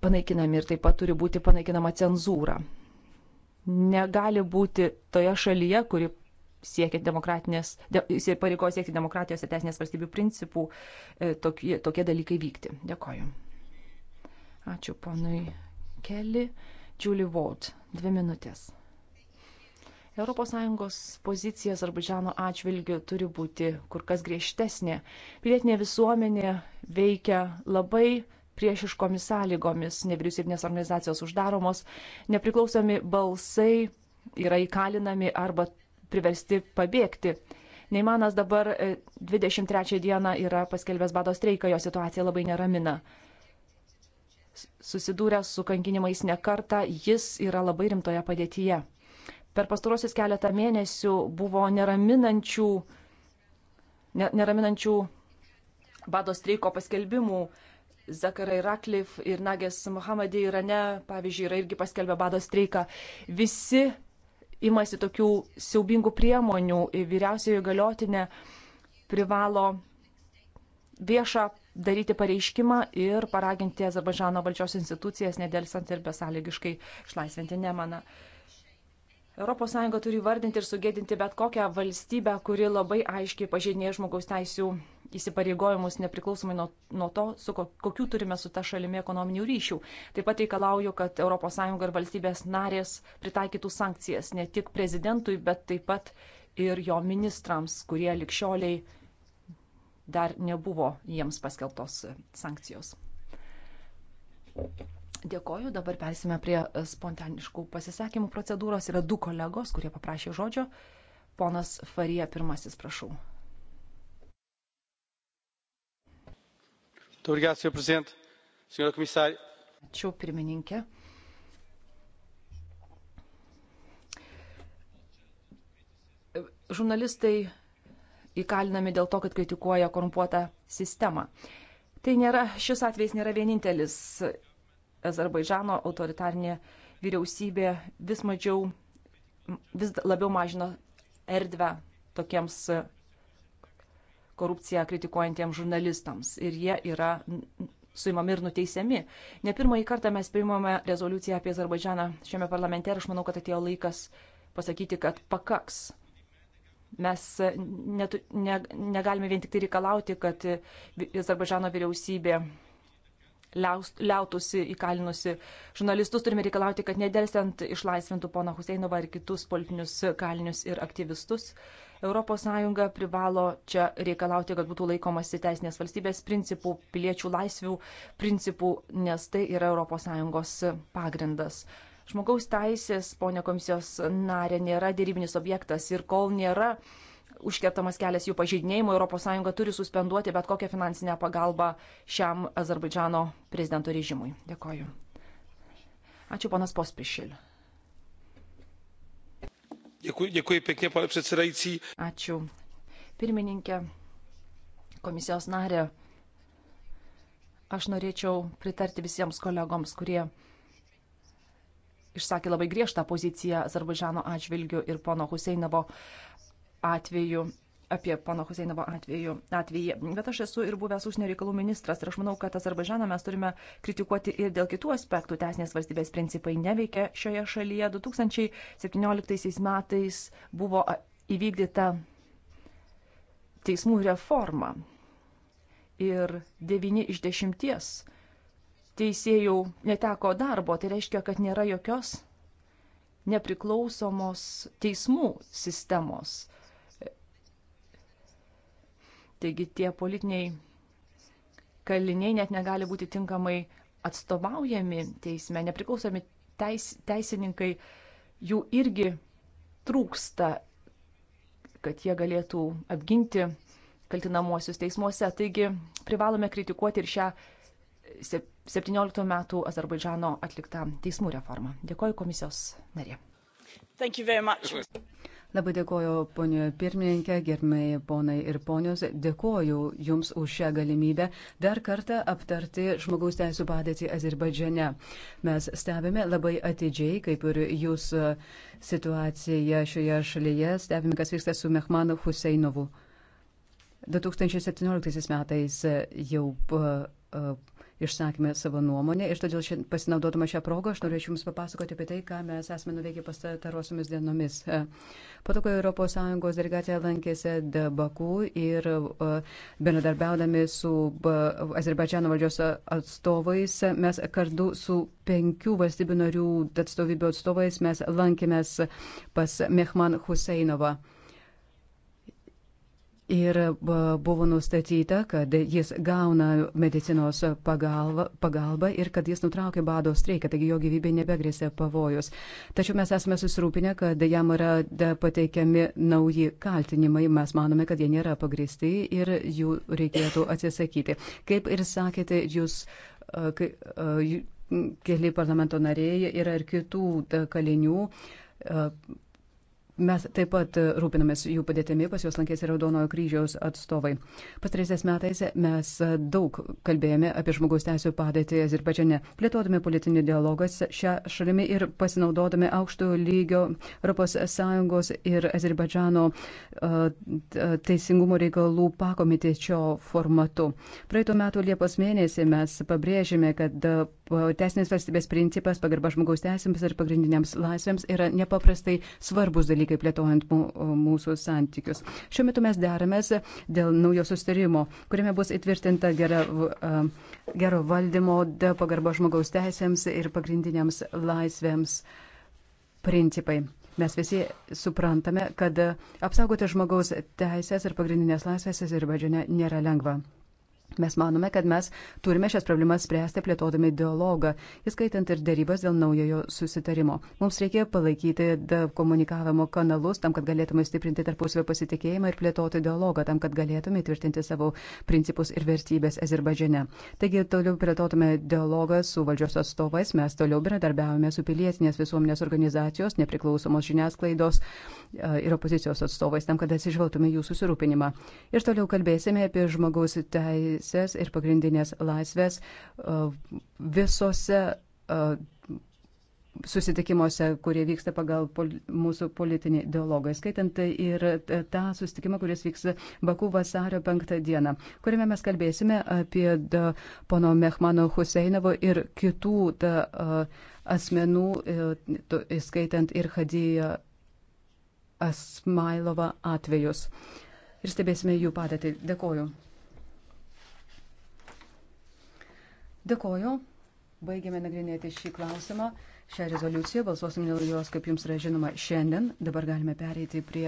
panaikinami ir taip pat turi būti panaikinama cenzūra negali būti toje šalyje, kuri siekia demokratinės, de, pareigoja siekti demokratijos ir teisinės valstybių principų, e, tokie, tokie dalykai vykti. Dėkoju. Ačiū ponui Kelly. Julie Ward, dvi minutės. ES pozicija Azerbaidžiano atžvilgiu turi būti kur kas griežtesnė. Pilietinė visuomenė veikia labai priešiškomis sąlygomis, nevyriausybinės organizacijos uždaromos, nepriklausomi balsai yra įkalinami arba priversti pabėgti. Neimanas dabar 23 e, dieną yra paskelbęs bado streiką, jo situacija labai neramina. Susidūręs su kankinimais nekarta, jis yra labai rimtoje padėtyje. Per pastarosius keletą mėnesių buvo neraminančių, neraminančių bado streiko paskelbimų Zakarai Raklif ir Nagės Mohamedė Irane, pavyzdžiui, yra irgi paskelbę bado streiką. Visi imasi tokių siaubingų priemonių. Vyriausiojo galiotinė privalo viešą daryti pareiškimą ir paraginti Azerbaidžano valdžios institucijas nedėlsant ir besąlygiškai išlaisvinti Nemaną. ES turi vardinti ir sugėdinti bet kokią valstybę, kuri labai aiškiai pažeidinėja žmogaus teisų įsipareigojimus nepriklausomai nuo, nuo to, su ko, kokiu turime su ta šalimi ekonominių ryšių. Taip pat reikalauju, kad ES ir valstybės narės pritaikytų sankcijas ne tik prezidentui, bet taip pat ir jo ministrams, kurie likščioliai dar nebuvo jiems paskelbtos sankcijos. Dėkoju, dabar persime prie spontaniškų pasisakymų procedūros. Yra du kolegos, kurie paprašė žodžio. Ponas Farija pirmasis, prašau. senhor presidente senhora comissária ačiū pirmininke žurnalistai įkalinami dėl to kad kritikuoja korumpuotą sistemą tai nėra šis atvejis nėra vienintelis azerbaidžano autoritarinė vyriausybė vis mažiau vis labiau mažina erdvę tokiems korupciją kritikuojantiems žurnalistams. Ir jie yra suimami ir nuteisiami. Ne pirmąjį kartą mes priimame rezoliuciją apie Azerbaidžianą šiame parlamente ir aš manau, kad atėjo laikas pasakyti, kad pakaks. Mes e, netu, ne, negalime vien tik tai reikalauti, kad Azerbaidžano vyriausybė liautusi įkalinusi žurnalistus, turime reikalauti, kad nedelsiant išlaisvintų poną Huseinovą ir kitus politinius kalinius ir aktyvistus. ES privalo čia reikalauti, kad būtų laikomasi teisinės valstybės principų, piliečių laisvių principų, nes tai yra ES pagrindas. Žmogaus teisės, ponė komisijos narė, nėra dėrybinis objektas ir kol nėra užkertamas kelias jų pažeidinėjimui, ES turi suspenduoti bet kokią finansinę pagalbą šiam Azerbaidžano prezidento režimui. Dėkoju. Ačiū, ponas Pospišil. Dėkui, dėkui pekne, pane predsedajcy. Ačiū. Pirmininkė, komisijos narė, aš norėčiau pritarti visiems kolegoms, kurie išsakė labai griežtą poziciją Azerbaidžano atžvilgiu ir pono Huseinovo atveju apie pono Huseinovo atveju, atvejį. Bet aš esu ir buvęs užsienio reikalų ministras ir aš manau, kad Azerbaidžaną mes turime kritikuoti ir dėl kitų aspektų. Teisinės valstybės principai neveikia šioje šalyje. 2017 metais buvo įvykdyta teismų reforma ir 9 iš 10 teisėjų neteko darbo. Tai reiškia, kad nėra jokios nepriklausomos teismų sistemos Taigi tie politiniai kaliniai net negali būti tinkamai atstovaujami teisme, nepriklausomi teis, teisininkai, jų irgi trūksta, kad jie galėtų apginti kaltinamuosius teismuose. Taigi privalome kritikuoti ir šią 17 metų Azerbaidžano atliktą teismų reformą. Dėkoju komisijos narė. Labai dėkoju, ponio pirmininkė, gerbėjai ponai ir ponios. Dėkoju Jums už šią galimybę dar kartą aptarti žmogaus teisų padėtį Azerbaidžiane. Mes stebime labai atidžiai, kaip ir Jūs situaciją šioje šalyje, stebime, kas vyksta su Mehmanu Huseinovu. 2017 metais jau. Uh, uh, išsakėme savo nuomonę ir todėl šiandien pasinaudodama šią progą aš norėčiau Jums papasakoti apie tai, ką mes esame nuveikę pastarosiomis dienomis. Po to, kai ES delegacija lankėsi Baku ir bendradarbiaudami su Azerbaidžiano valdžios atstovais, mes kartu su penkių valstybių narių atstovybių atstovais mes lankėmės pas Mehman Huseinovą. Ir buvo nustatyta, kad jis gauna medicinos pagalbą, pagalbą ir kad jis nutraukė bado streiką, taigi jo gyvybė nebegrėsė pavojus. Tačiau mes esame susirūpinę, kad jam yra pateikiami nauji kaltinimai. Mes manome, kad jie nėra pagristi ir jų reikėtų atsisakyti. Kaip ir sakėte, jūs. Keli parlamento nariai yra ir kitų kalinių Mes taip pat rūpinamės jų padėtimi, pas juos lankėsi Raudonojo kryžiaus atstovai. Pastarysiais metais mes daug kalbėjome apie žmogaus teisų padėtį Azerbaidžiane, plėtodami politinį dialogą šią šalimi ir pasinaudodami aukštų lygio ES ir Azerbaidžano teisingumo reikalų pakomitečio formatu. Praeitų metų Liepos mėnesį mes pabrėžėme, kad teisinės valstybės principas, pagarba žmogaus teisėms ir pagrindiniams laisvėms yra nepaprastai svarbus dalykas dalykai plėtojant mūsų santykius. Šiuo metu mes deramės dėl naujo sustarimo, kuriame bus įtvirtinta gera, gero valdymo, pagarba žmogaus teisėms ir pagrindiniams laisvėms principai. Mes visi suprantame, kad apsaugoti žmogaus teisės ir pagrindinės laisvės Azerbaidžiane nėra lengva. Mes manome, kad mes turime šias problemas spręsti plėtodami dialogą, įskaitant ir dėrybas dėl naujojo susitarimo. Mums reikia palaikyti komunikavimo kanalus tam, kad galėtume stiprinti tarpusavio pasitikėjimą ir plėtoti dialogą, tam, kad galėtume įtvirtinti savo principus ir vertybės Azerbaidžiane. Taigi toliau plėtotume dialogą su valdžios atstovais, mes toliau bendradarbiavome su pilietinės visuomenės organizacijos, nepriklausomos žiniasklaidos ir opozicijos atstovais, tam, kad atsižvelgtume jų susirūpinimą. Ir toliau kalbėsime apie žmogaus teisės teises ir pagrindinės laisvės e, visose e, susitikimuose, kurie vyksta pagal pol, mūsų politinį dialogą, skaitant tai ir tą susitikimą, kuris vyks Baku vasario penktą dieną, kuriame mes kalbėsime apie da, pono Mehmano Huseinovo ir kitų da, e, asmenų, skaitant ir Hadiją Asmailovą atvejus. Ir stebėsime jų padėtį. Dėkoju. Dėkoju. Baigėme nagrinėti šį klausimą, šią rezoliuciją. Balsuosim dėl jos, kaip jums yra žinoma, šiandien. Dabar galime pereiti prie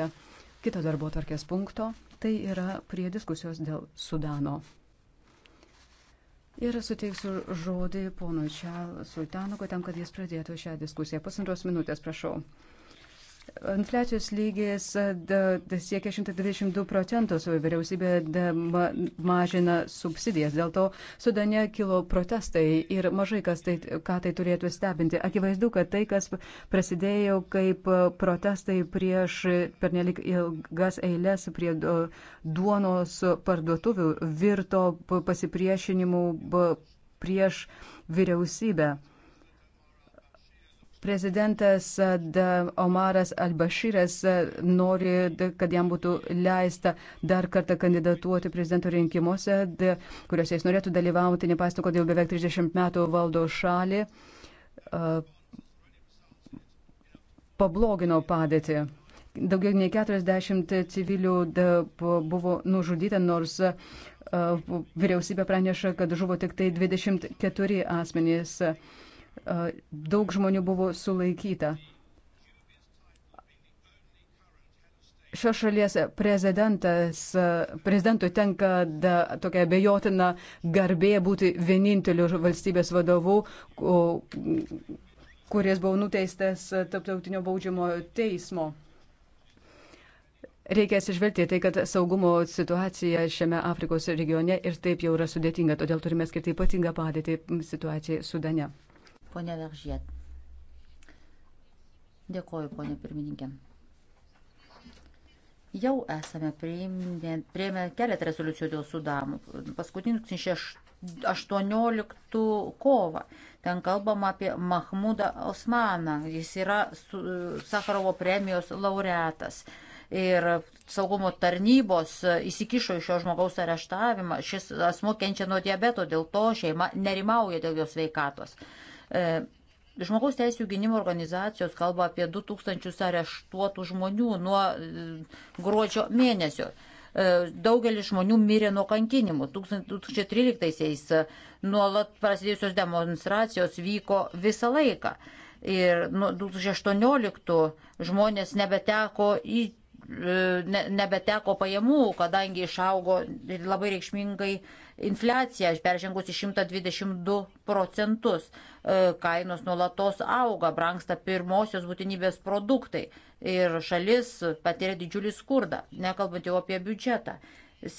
kito darbo tarkės punkto. Tai yra prie diskusijos dėl Sudano. Ir suteiksiu žodį ponui Čia Sultanu, tam, kad jis pradėtų šią diskusiją. Pusantros minutės, prašau. Infliacijos lygis siekia 122 procentus, o vyriausybė mažina subsidijas. Dėl to Sudane kilo protestai ir mažai kas tai, ką tai turėtų stebinti. Akivaizdu, kad tai, kas prasidėjo kaip protestai prieš pernelik ilgas eilės prie duonos parduotuvių, virto pasipriešinimu prieš vyriausybę. Prezidentas Omaras Albašyras nori, kad jam būtų leista dar kartą kandidatuoti prezidento rinkimuose, kuriuose jis norėtų dalyvauti, nepaisto, kad jau beveik 30 metų valdo šalį, pablogino padėtį. Daugiau nei 40 civilių buvo nužudyta, nors vyriausybė praneša, kad žuvo tik tai 24 asmenys daug žmonių buvo sulaikyta. Šios šalies prezidentui tenka da, tokia bejotina garbė būti vieninteliu valstybės vadovu, kuris buvo nuteistas Taptautinio baudžiamo teismo. Reikia atsižvelgti tai, kad saugumo situacija šiame Afrikos regione ir taip jau yra sudėtinga, todėl turime skirti ypatingą padėtį situacijai Sudane. Pone Veržėt. Dėkoju, ponė pirmininkė. Jau esame prieėmę keletą rezoliucijų dėl Sudamų. Paskutinius 2018 kovą. Ten kalbama apie Mahmudą Osmaną. Jis yra Sakarovo premijos laureatas ir saugumo tarnybos įsikišo į šio žmogaus areštavimą. Šis asmo kenčia nuo diabeto, dėl to šeima nerimauja dėl jos veikatos. E, žmogaus teisų gynimo organizacijos kalba apie 2000 areštuotų žmonių nuo e, gruodžio mėnesio. E, daugelis žmonių mirė nuo kankinimų. 2013-aisiais nuolat prasidėjusios demonstracijos vyko visą laiką. Ir nuo 2018 žmonės nebeteko į nebeteko pajamų, kadangi išaugo labai reikšmingai infliacija peržengusi 122 procentus, e, kainos nuolatos auga, branksta pirmosios būtinybės produktai ir šalis patiria didžiulį skurdą, nekalbant jau apie biudžetą.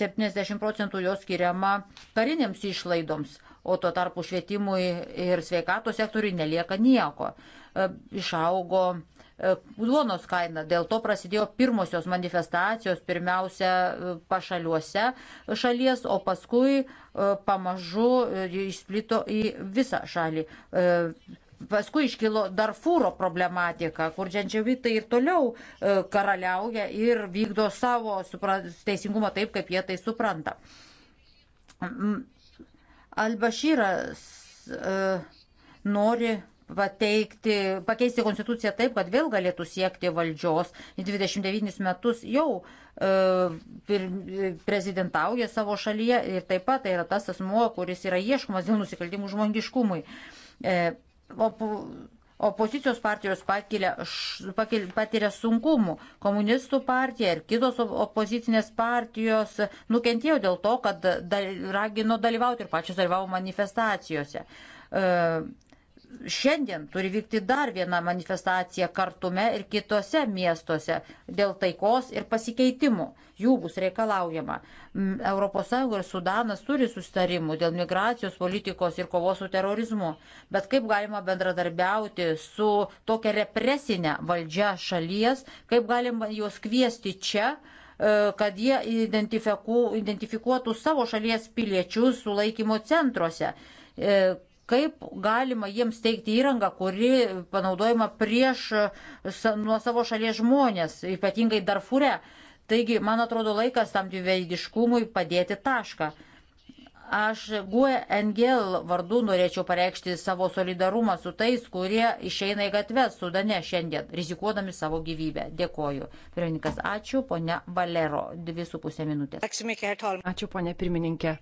70 procentų jos skiriama karinėms išlaidoms, o tuo tarpu švietimui ir sveikato sektoriui nelieka nieko. E, išaugo E, duonos kaina. Dėl to prasidėjo pirmosios manifestacijos, pirmiausia e, pašaliuose šalies, o paskui e, pamažu išplito į visą šalį. Paskui iškilo Darfūro problematika, kur Džendžiavitai ir toliau karaliauja ir vykdo savo teisingumą taip, kaip jie tai supranta. Albašyras nori pateikti, pakeisti konstituciją taip, kad vėl galėtų siekti valdžios. 29 metus jau e, prezidentauja savo šalyje ir taip pat tai yra tas asmuo, kuris yra ieškomas dėl nusikaltimų žmogiškumui. E, op, opozicijos partijos patiria, pakil, patiria sunkumų. Komunistų partija ir kitos opozicinės partijos nukentėjo dėl to, kad dal, ragino dalyvauti ir pačios dalyvavo manifestacijose. E, šiandien turi vykti dar viena manifestacija kartume ir kitose miestuose dėl taikos ir pasikeitimų. Jų bus reikalaujama. ES ir Sudanas turi sustarimų dėl migracijos politikos ir kovos su terorizmu. Bet kaip galima bendradarbiauti su tokia represinė valdžia šalies, kaip galima juos kviesti čia, e, kad jie identifikuotų savo šalies piliečius sulaikymo centruose e, Kaip galima jiems teikti įrangą, kuri panaudojama prieš nuo savo šalies žmonės, ypatingai Darfure. Taigi, man atrodo, laikas tam dviveidiškumui padėti tašką. Aš GUE NGL vardu norėčiau pareikšti savo solidarumą su tais, kurie išeina į gatves Sudane šiandien, rizikuodami savo gyvybę. Dėkoju. Pirmininkas, ačiū, ponia Valero, dvi su pusė minutės. Ačiū, ponia pirmininkė.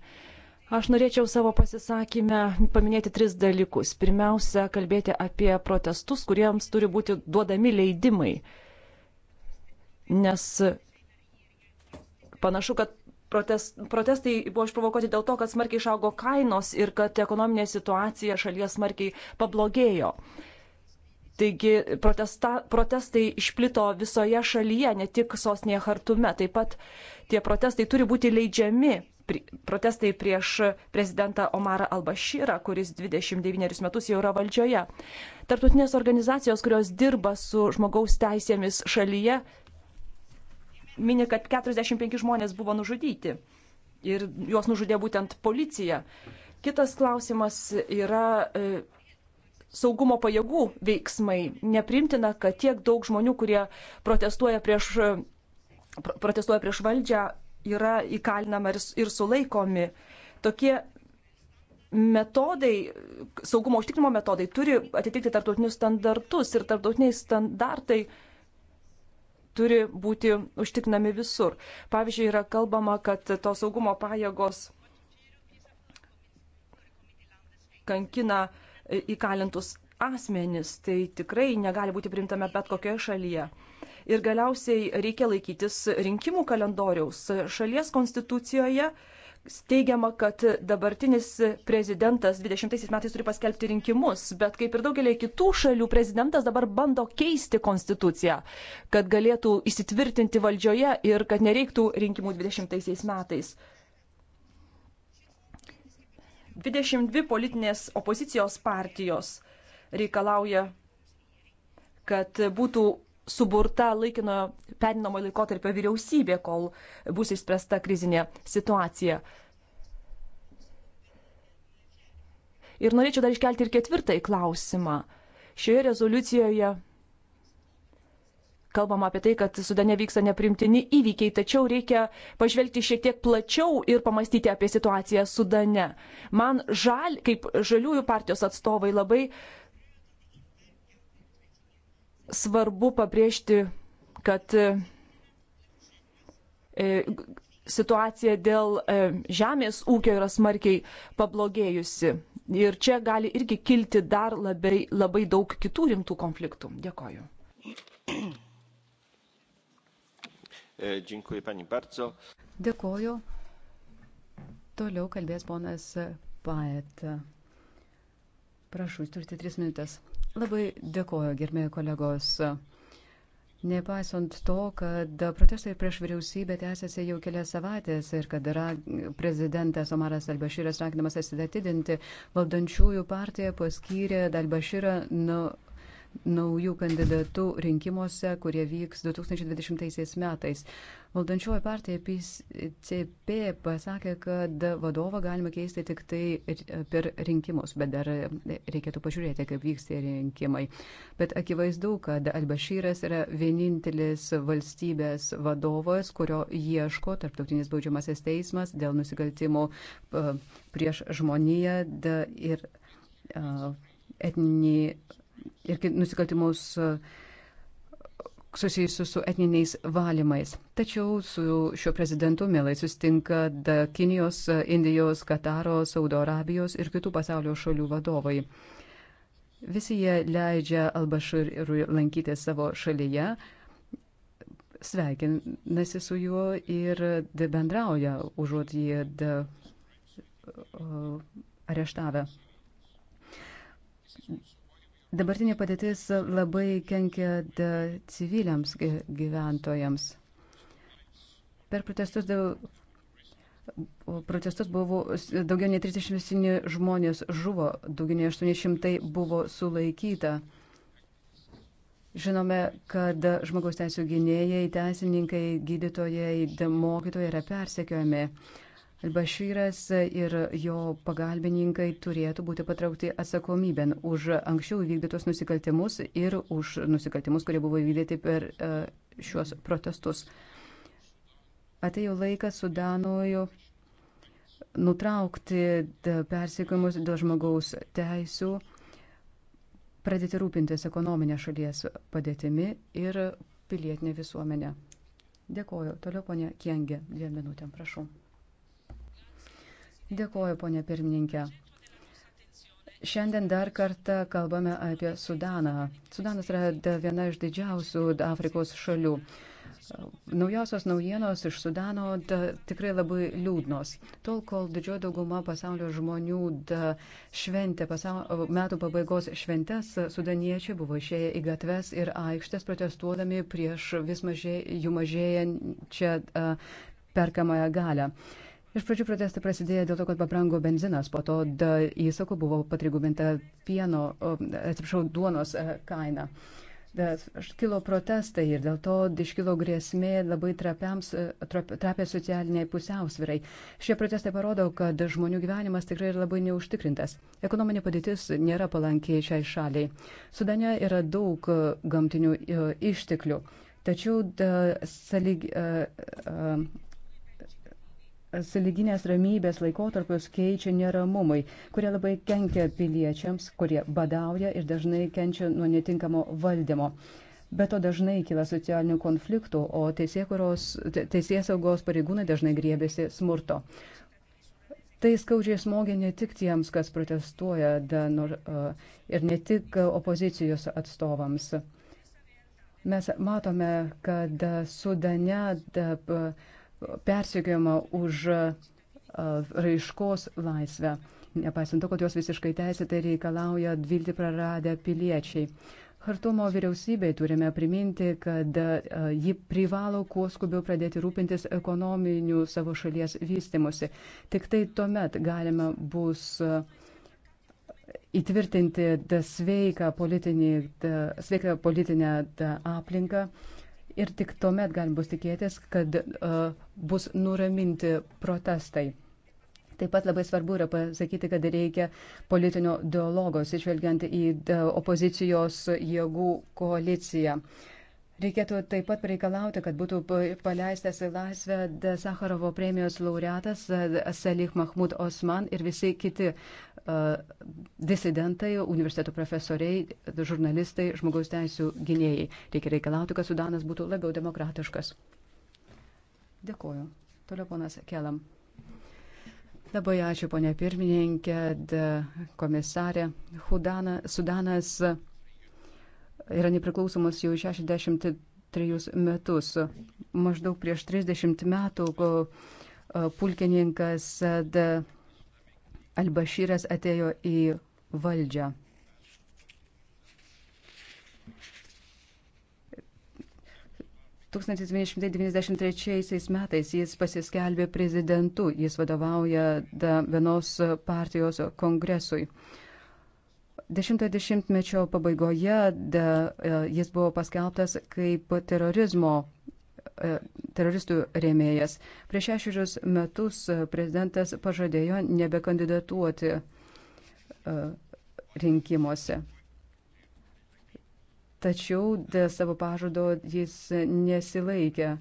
Aš norėčiau savo pasisakymę paminėti tris dalykus. Pirmiausia, kalbėti apie protestus, kuriems turi būti duodami leidimai. Nes panašu, kad protest, protestai buvo išprovokuoti dėl to, kad smarkiai išaugo kainos ir kad ekonominė situacija šalyje smarkiai pablogėjo. Taigi protesta, protestai išplito visoje šalyje, ne tik sostinėje Hartume. Taip pat tie protestai turi būti leidžiami protestai prieš prezidentą Omarą Albašyrą, kuris 29 metus jau yra valdžioje. Tartutinės organizacijos, kurios dirba su žmogaus teisėmis šalyje, mini, kad 45 žmonės buvo nužudyti ir juos nužudė būtent policija. Kitas klausimas yra e, saugumo pajėgų veiksmai. Neprimtina, kad tiek daug žmonių, kurie protestuoja prieš, e, protestuoja prieš valdžią, yra įkalinama ir, ir sulaikomi. Tokie metodai, saugumo užtikrimo metodai turi atitikti tarptautinius standartus ir tarptautiniai standartai turi būti užtikrinami visur. Pavyzdžiui, yra kalbama, kad to saugumo pajėgos kankina įkalintus asmenis, tai tikrai negali būti primtame bet kokioje šalyje. Ir galiausiai reikia laikytis rinkimų kalendoriaus. Šalies konstitucijoje teigiama, kad dabartinis prezidentas 20 metais turi paskelbti rinkimus, bet kaip ir daugelį kitų šalių prezidentas dabar bando keisti konstituciją, kad galėtų įsitvirtinti valdžioje ir kad nereiktų rinkimų 20 metais. 22 politinės opozicijos partijos reikalauja, kad būtų suburta laikino perinamo laikotarpio vyriausybė, kol bus išspręsta krizinė situacija. Ir norėčiau dar iškelti ir ketvirtąjį klausimą. Šioje rezoliucijoje kalbama apie tai, kad Sudane vyksta neprimtini įvykiai, tačiau reikia pažvelgti šiek tiek plačiau ir pamastyti apie situaciją Sudane. Man žal, kaip žaliųjų partijos atstovai labai svarbu pabrėžti, kad e, e, situacija dėl e, žemės ūkio yra smarkiai pablogėjusi. Ir čia gali irgi kilti dar labai, labai daug kitų rimtų konfliktų. Dėkoju. Dziękuję pani bardzo. Dėkoju. Toliau kalbės ponas Paet. Prašau, jūs turite tris minutės. Labai dėkoju, gerbėjai kolegos. Nepaisant to, kad protestai prieš vyriausybę tęsiasi jau kelias savaitės ir kad yra prezidentas Omaras Albašyras raginamas atidinti, valdančiųjų partija paskyrė Albašyrą nu, naujų kandidatų rinkimuose, kurie vyks 2020 metais. Valdančioji partija PCP pasakė, kad vadovą galima keisti tik tai per rinkimus, bet dar reikėtų pažiūrėti, kaip vyks tie rinkimai. Bet akivaizdu, kad Albašyras yra vienintelis valstybės vadovas, kurio ieško tarptautinis baudžiamasis teismas dėl nusikaltimų e, prieš žmoniją ir e, etninį ir nusikaltimus e, susijusius su etniniais valymais. Tačiau su šiuo prezidentu mielai sustinka da Kinijos, e, Indijos, Kataro, Saudo Arabijos ir kitų pasaulio šalių vadovai. Visi jie leidžia Albaširui lankyti savo šalyje, sveikinasi su juo ir bendrauja, užuot jį e, areštavę. Dabartinė padėtis labai kenkia civiliams gyventojams. Per protestus, dėl, protestus buvo daugiau nei 30 žmonės žuvo, daugiau nei 800 buvo sulaikyta. Žinome, kad žmogaus teisų gynėjai, teisininkai, gydytojai, mokytojai yra persekiojami. Bašyras ir jo pagalbininkai turėtų būti patraukti atsakomybėn už anksčiau įvykdytus nusikaltimus ir už nusikaltimus, kurie buvo įvykdyti per e, šiuos protestus. Atėjo laikas Sudanojų nutraukti persiekimus dėl žmogaus teisų, pradėti rūpintis ekonominę šalies padėtimi ir pilietinę visuomenę. Dėkoju. Toliau ponia Kengė, dviem minutėm, prašau. Dėkuoju, ponė pirmininkė. Šiandien dar kartą kalbame apie Sudaną. Sudanas yra viena iš didžiausių Afrikos šalių. Naujausios naujienos iš Sudano da, tikrai labai liūdnos. Tol, kol didžioji dauguma pasaulio žmonių da, šventė pasaulio, metų pabaigos šventes, sudaniečiai buvo išėję į gatves ir aikštės protestuodami prieš vis mažė, jų mažėjančią perkamąją galę. A, Iš pradžių protestai prasidėjo dėl to, kad pabrango benzinas, po to įsakų buvo patrigubinta pieno, atsiprašau, duonos e, kaina. Kilo protestai ir dėl to iškilo grėsmė labai trapiams, e, trapia socialiniai pusiausvirai. Šie protestai parodo, kad žmonių gyvenimas tikrai yra labai neužtikrintas. Ekonominė padėtis nėra palankiai šiai šaliai. Sudane yra daug e, gamtinių išteklių, tačiau da, salig, a, a, saliginės ramybės laikotarpius keičia neramumai, kurie labai kenkia piliečiams, kurie badauja ir dažnai kenčia nuo netinkamo valdymo. Be to dažnai kyla socialinių konfliktų, o teisės saugos pareigūnai dažnai griebėsi smurto. Tai skaudžiai smogia ne tik tiems, kas protestuoja danur, e, ir ne tik opozicijos atstovams. Mes matome, kad Sudane persiekiama už raiškos laisvę, nepaisant to, kad jos visiškai teisėtai reikalauja vilti praradę piliečiai. Hartumo vyriausybei turime priminti, kad ji privalo kuo skubiau pradėti rūpintis ekonominių savo šalies vystimusi. Tik tai tuomet galima bus įtvirtinti sveiką, politinį, sveiką politinę aplinką ir tik tuomet galim bus tikėtis, kad uh, bus nuraminti protestai. Taip pat labai svarbu yra pasakyti, kad reikia politinio dialogos, išvelgiant į opozicijos jėgų koaliciją. Uh, Reikėtų taip pat reikalauti, kad būtų paleistas į laisvę Sakarovo premijos laureatas e, Salih Mahmud Osman ir visi kiti uh, disidentai, universitetų profesoriai, žurnalistai, žmogaus teisų gynėjai. Reikia reikalauti, kad Sudanas būtų labiau demokratiškas. Dėkuoju. Toliau ponas Kelam. Labai ačiū, ponė pirmininkė, komisarė. Hudana, Sudanas yra nepriklausomas jau 63 metus. Maždaug prieš 30 metų pulkininkas Albašyras atėjo į valdžią. Tūkstantis 1993 metais jis pasiskelbė prezidentu, jis vadovauja vienos partijos kongresui. Uh, Dešimtojo dešimtmečio pabaigoje de, jis buvo paskelbtas kaip terorizmo e, teroristų rėmėjas. Prieš šešerius metus prezidentas pažadėjo nebekandidatuoti e, rinkimuose. Tačiau dėl savo pažado jis nesilaikė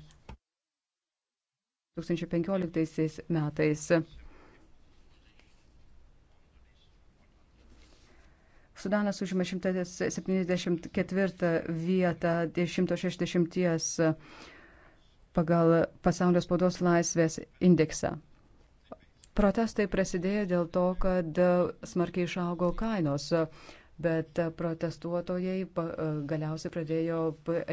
2015 metais. Sudanas užima 174 vietą 160 pagal pasaulio spaudos laisvės indeksą. Protestai prasidėjo dėl to, kad smarkiai išaugo kainos, bet protestuotojai e, galiausiai pradėjo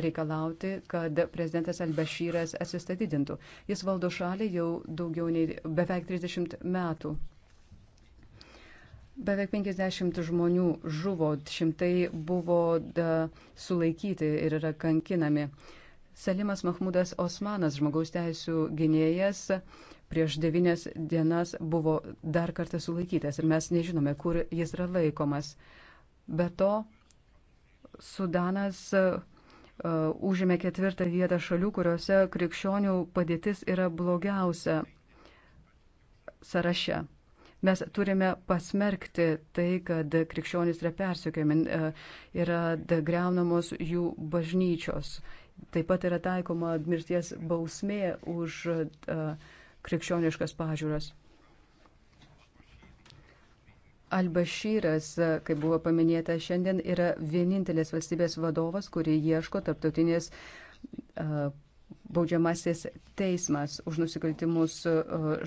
reikalauti, kad prezidentas Albašyras atsistatydintų. Jis valdo šalį jau daugiau nei beveik 30 metų. Beveik 50 žmonių žuvo, šimtai buvo da, sulaikyti ir yra kankinami. Salimas Mahmudas Osmanas, žmogaus teisų gynėjas, prieš devynias dienas buvo dar kartą sulaikytas ir mes nežinome, kur jis yra laikomas. Be to, Sudanas uh, užėmė ketvirtą vietą šalių, kuriuose krikščionių padėtis yra blogiausia sąraše. Mes turime pasmerkti tai, kad krikščionys yra persiūkiami, e, yra greunamos jų bažnyčios. Taip pat yra taikoma mirties bausmė už e, krikščioniškas pažiūras. Albašyras, kaip buvo paminėta šiandien, yra vienintelės valstybės vadovas, kuri ieško tarptautinės e, baudžiamasis teismas už nusikaltimus e,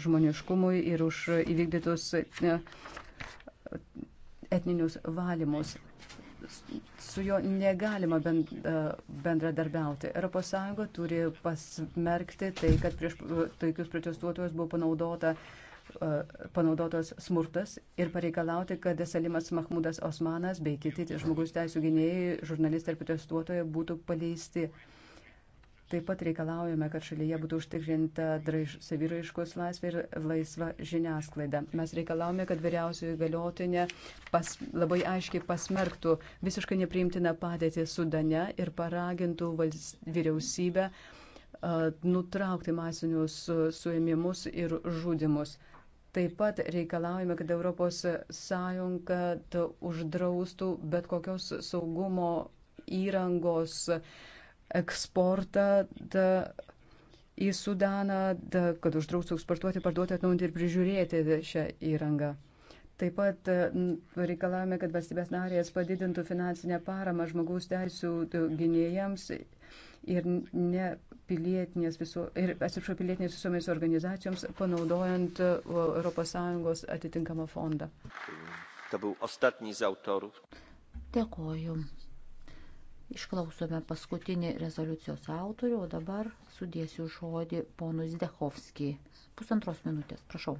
žmoniškumui ir už įvykdytus e, etninius valymus. Su juo negalima e, bendradarbiauti. ES turi pasmerkti tai, kad prieš taikius protestuotojus buvo panaudota panaudotas smurtas ir pareikalauti, kad Salimas Mahmudas Osmanas bei kiti žmogus teisų gynėjai, žurnalistai ir protestuotojai būtų paleisti. Uh, Taip pat reikalaujame, kad šalyje būtų užtikrinta saviraiškos laisvė ir laisva žiniasklaida. Mes reikalaujame, kad vyriausioji galiotinė pas, labai aiškiai pasmerktų visiškai nepriimtiną padėtį Sudane ir paragintų vals, vyriausybę uh, nutraukti masinius uh, suėmimus ir žudimus. Taip pat reikalaujame, kad Europos Sąjunga uždraustų bet kokios saugumo įrangos uh, eksportą da, į Sudaną, da, kad uždraustų eksportuoti, parduoti, atnaujinti ir prižiūrėti šią įrangą. Taip pat reikalavome, kad valstybės narės padidintų finansinę paramą žmogaus teisų gynėjams ir ne pilietinės, visu, ir, atsiprašau, pilietinės visuomenės organizacijoms, panaudojant ES atitinkamą fondą. Tai buvo paskutinis autorų. Dėkoju. Išklausome paskutinį rezoliucijos autorių, o dabar sudėsiu žodį ponui Zdechovskijai. Pusantros minutės, prašau.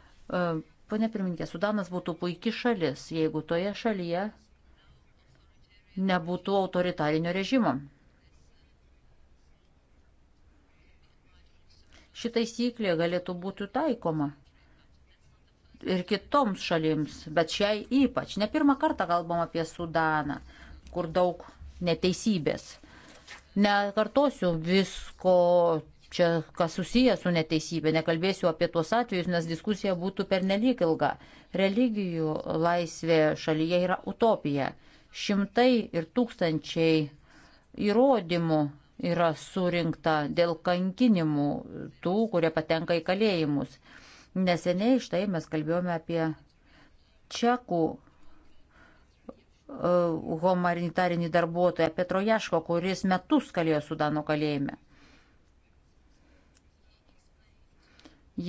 E, Pane pirmininkė, Sudanas būtų puikia šalis, jeigu toje šalyje nebūtų autoritarinio režimo. Šitaisyklė galėtų būti taikoma ir kitoms šalims, bet šiai ypač. Ne pirmą kartą kalbam apie Sudaną, kur daug neteisybės. Nekartosiu visko čia, kas susijęs su neteisybė, nekalbėsiu apie tuos atvejus, nes diskusija būtų pernelyg ilga. Religijų laisvė šalyje yra utopija. Šimtai ir tūkstančiai įrodymų yra surinkta dėl kankinimų tų, kurie patenka į kalėjimus. Neseniai štai mes kalbėjome apie čekų e, humanitarinį darbuotoją Petrojaško, kuris metus kalėjo Sudano kalėjime.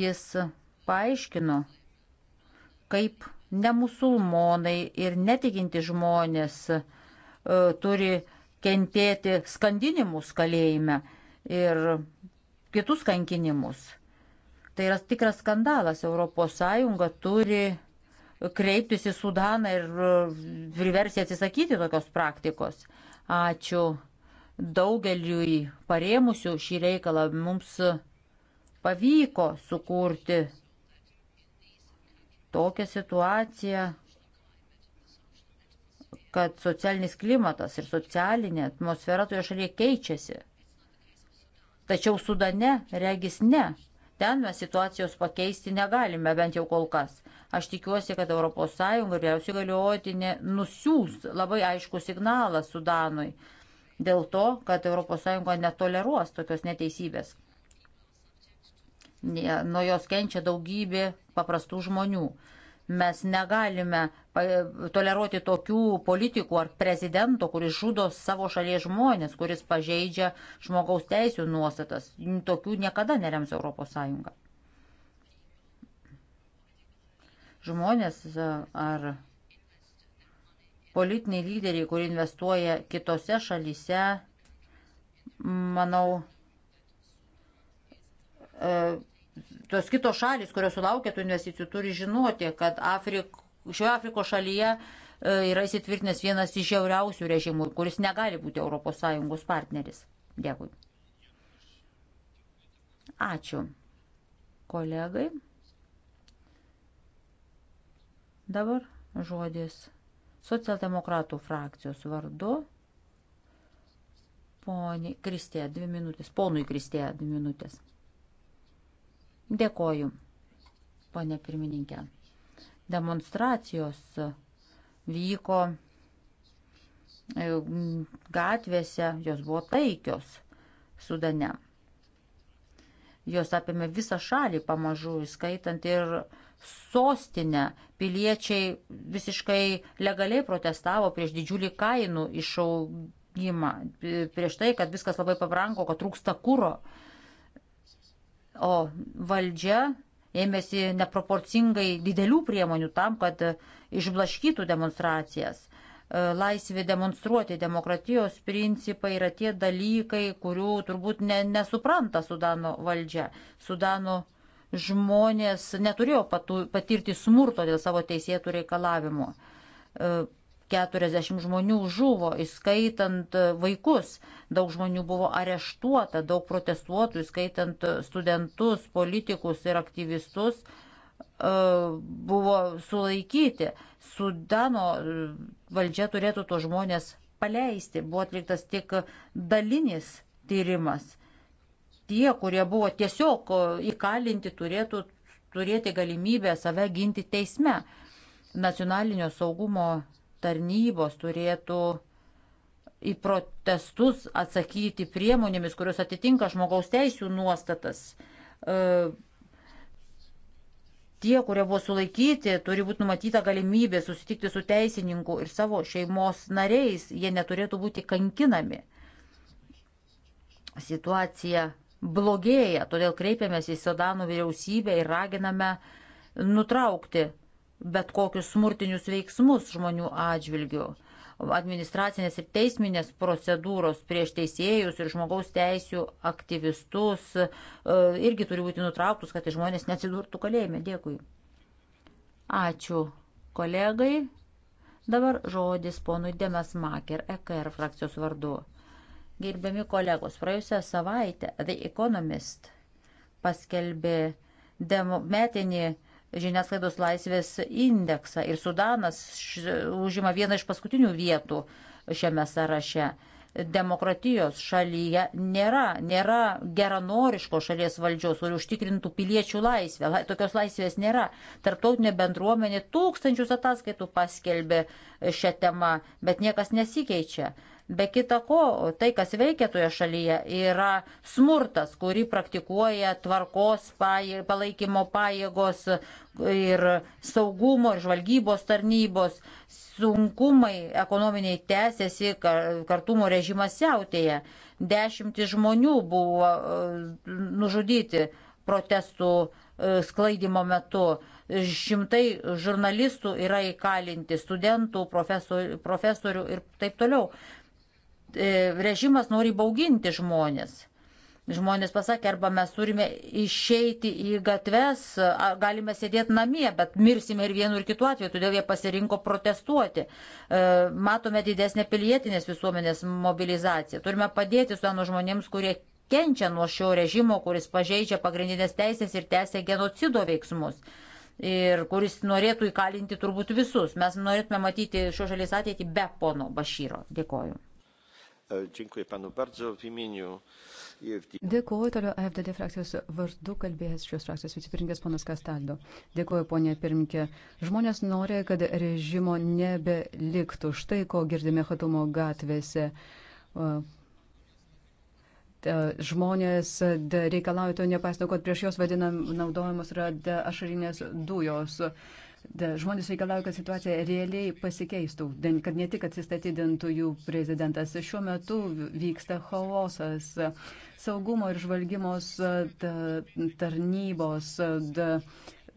Jis paaiškino, kaip nemusulmonai ir netikinti žmonės e, turi kentėti skandinimus kalėjime ir kitus kankinimus. Tai yra tikras skandalas. ES turi kreiptis į Sudaną ir priversi e, atsisakyti tokios praktikos. Ačiū daugeliui paremusių šį reikalą. Mums pavyko sukurti tokią situaciją, kad socialinis klimatas ir socialinė atmosfera toje šalyje keičiasi. Tačiau Sudane regis ne. Ten mes situacijos pakeisti negalime, bent jau kol kas. Aš tikiuosi, kad ES ir vyriausių galiojotinė nusiūs labai aišku signalą Sudanui dėl to, kad ES netoleruos tokios neteisybės. Nuo jos kenčia daugybė paprastų žmonių. Mes negalime toleruoti tokių politikų ar prezidento, kuris žudo savo šalies žmonės, kuris pažeidžia žmogaus teisų nuostatas. Tokių niekada nerems ES. Žmonės e, ar politiniai lyderiai, kurie investuoja kitose šalyse, manau, e, tos kitos šalis, kurios sulaukia tų investicijų, turi žinoti, kad Afrik, šioje Afrikos šalyje e, yra įsitvirtinęs vienas iš žiauriausių režimų, kuris negali būti ES partneris. Dėkui. Ačiū kolegai. Dabar žodis socialdemokratų frakcijos vardu. Poniai Kristė, dvi minutės. Ponui Kristė, dvi minutės. Dėkoju, ponė pirmininkė. Demonstracijos vyko e, gatvėse, jos buvo taikios Sudane. Jos apėmė visą šalį pamažu, įskaitant ir sostinę. Piliečiai visiškai legaliai protestavo prieš didžiulį kainų išaugimą, prieš tai, kad viskas labai pabrango, kad trūksta kūro o valdžia ėmėsi neproporcingai didelių priemonių tam, kad išblaškytų demonstracijas. E, laisvė demonstruoti demokratijos principai yra tie dalykai, kurių turbūt ne, nesupranta Sudano valdžia. Sudano žmonės neturėjo patirti smurto dėl savo teisėtų reikalavimų. E, 40 žmonių žuvo, įskaitant e, vaikus, daug žmonių buvo areštuota, daug protestuotų, įskaitant e, studentus, politikus ir aktyvistus, e, buvo sulaikyti. Sudano valdžia turėtų tuos žmonės paleisti. Buvo atliktas tik dalinis tyrimas. Tie, kurie buvo tiesiog įkalinti, turėtų turėti galimybę save ginti teisme. Nacionalinio saugumo tarnybos turėtų į protestus atsakyti priemonėmis, kurios atitinka žmogaus teisų nuostatas. E, tie, kurie buvo sulaikyti, turi būti numatyta galimybė susitikti su teisininku ir savo šeimos nariais. Jie neturėtų būti kankinami. Situacija blogėja, todėl kreipiamės į Sudano vyriausybę ir raginame nutraukti bet kokius smurtinius veiksmus žmonių atžvilgių. Administracinės ir teisminės procedūros prieš teisėjus ir žmogaus teisų aktyvistus e, irgi turi būti nutrauktus, kad žmonės neatsidurtų kalėjime. Dėkui. Ačiū kolegai. Dabar žodis ponui Demes Maker, EKR frakcijos vardu. Gerbiami kolegos, praėjusią savaitę The Economist paskelbė metinį žiniasklaidos laisvės indeksą ir Sudanas užima vieną iš paskutinių vietų šiame sąraše. Demokratijos šalyje nėra, nėra geranoriško šalies valdžios, kuri užtikrintų piliečių laisvę. Tokios laisvės nėra. Tarptautinė bendruomenė tūkstančius ataskaitų paskelbė šią temą, bet niekas nesikeičia. Be kita ko, tai, kas veikia toje šalyje, yra smurtas, kurį praktikuoja tvarkos palaikymo pajėgos ir saugumo ir žvalgybos tarnybos. Sunkumai ekonominiai tęsiasi, kartumo režimas siautėje. Dešimtis žmonių buvo e, nužudyti protestų e, sklaidimo metu. Šimtai žurnalistų yra įkalinti, studentų, profesorių ir taip toliau. E, režimas nori bauginti žmonės. Žmonės pasakė, arba mes turime išeiti į gatves, galime sėdėti namie, bet mirsime ir vienu ir kitu atveju, todėl jie pasirinko protestuoti. E, matome didesnę pilietinės visuomenės mobilizaciją. Turime padėti su anu žmonėms, kurie kenčia nuo šio režimo, kuris pažeidžia pagrindinės teisės ir tęsia genocido veiksmus. Ir kuris norėtų įkalinti turbūt visus. Mes norėtume matyti šio šalies ateitį be pono Bašyro. Dėkoju. E Dėkuoju toliau e FDD frakcijos vardu kalbėjęs šios frakcijos vicepirinkas ponas Kastaldo. Dėkuoju ponė pirmininkė. Žmonės nori, kad režimo nebeliktų. Štai ko girdime Hatumo gatvėse. Žmonės reikalauja to nepasakot, prieš juos vadinam naudojamos yra ašarinės dujos. Da, žmonės reikalauja, kad situacija realiai pasikeistų, kad ne tik atsistatydintų jų prezidentas. Šiuo metu vyksta chaosas, saugumo ir žvalgymos da, tarnybos, da,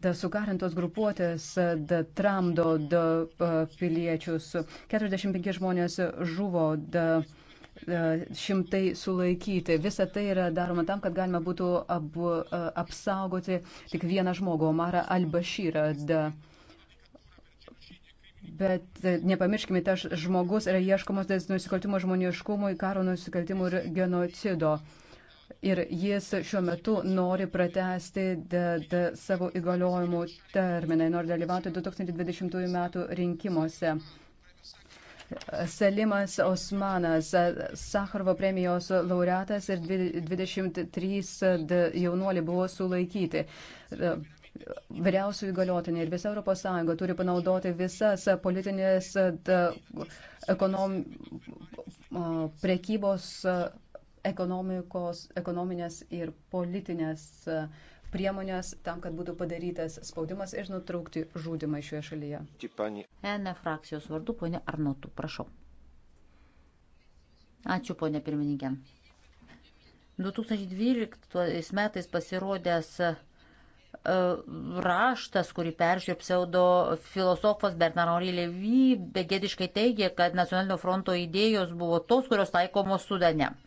da, sukarintos grupuotės da, tramdo da, piliečius. 45 žmonės žuvo. Da, šimtai sulaikyti. Visa tai yra daroma tam, kad galima būtų ab, apsaugoti tik vieną žmogų, Omarą Albašyrą. Bet e, nepamirškime, tas žmogus yra ieškomas dėl nusikaltimo žmoniškumui, karo nusikaltimų ir genocido. Ir jis šiuo metu nori pratesti de, de savo įgaliojimų terminą, nori dalyvauti 2020 m. rinkimuose. Salimas Osmanas, Sakharovo premijos laureatas ir 23 jaunuoliai buvo sulaikyti vyriausių įgaliotinė ir visa ES turi panaudoti visas politinės ekonom, prekybos, ekonomikos, ekonominės ir politinės priemonės tam, kad būtų padarytas spaudimas ir nutraukti žudimą šioje šalyje. ENE frakcijos vardu, ponė Arnotų, prašau. Ačiū, ponė pirmininkė. 2012 metais pasirodęs E, raštas, kurį peržiūrė pseudo filosofas Bernarori Levy, begėdiškai teigė, kad nacionalinio fronto idėjos buvo tos, kurios taikomos Sudane.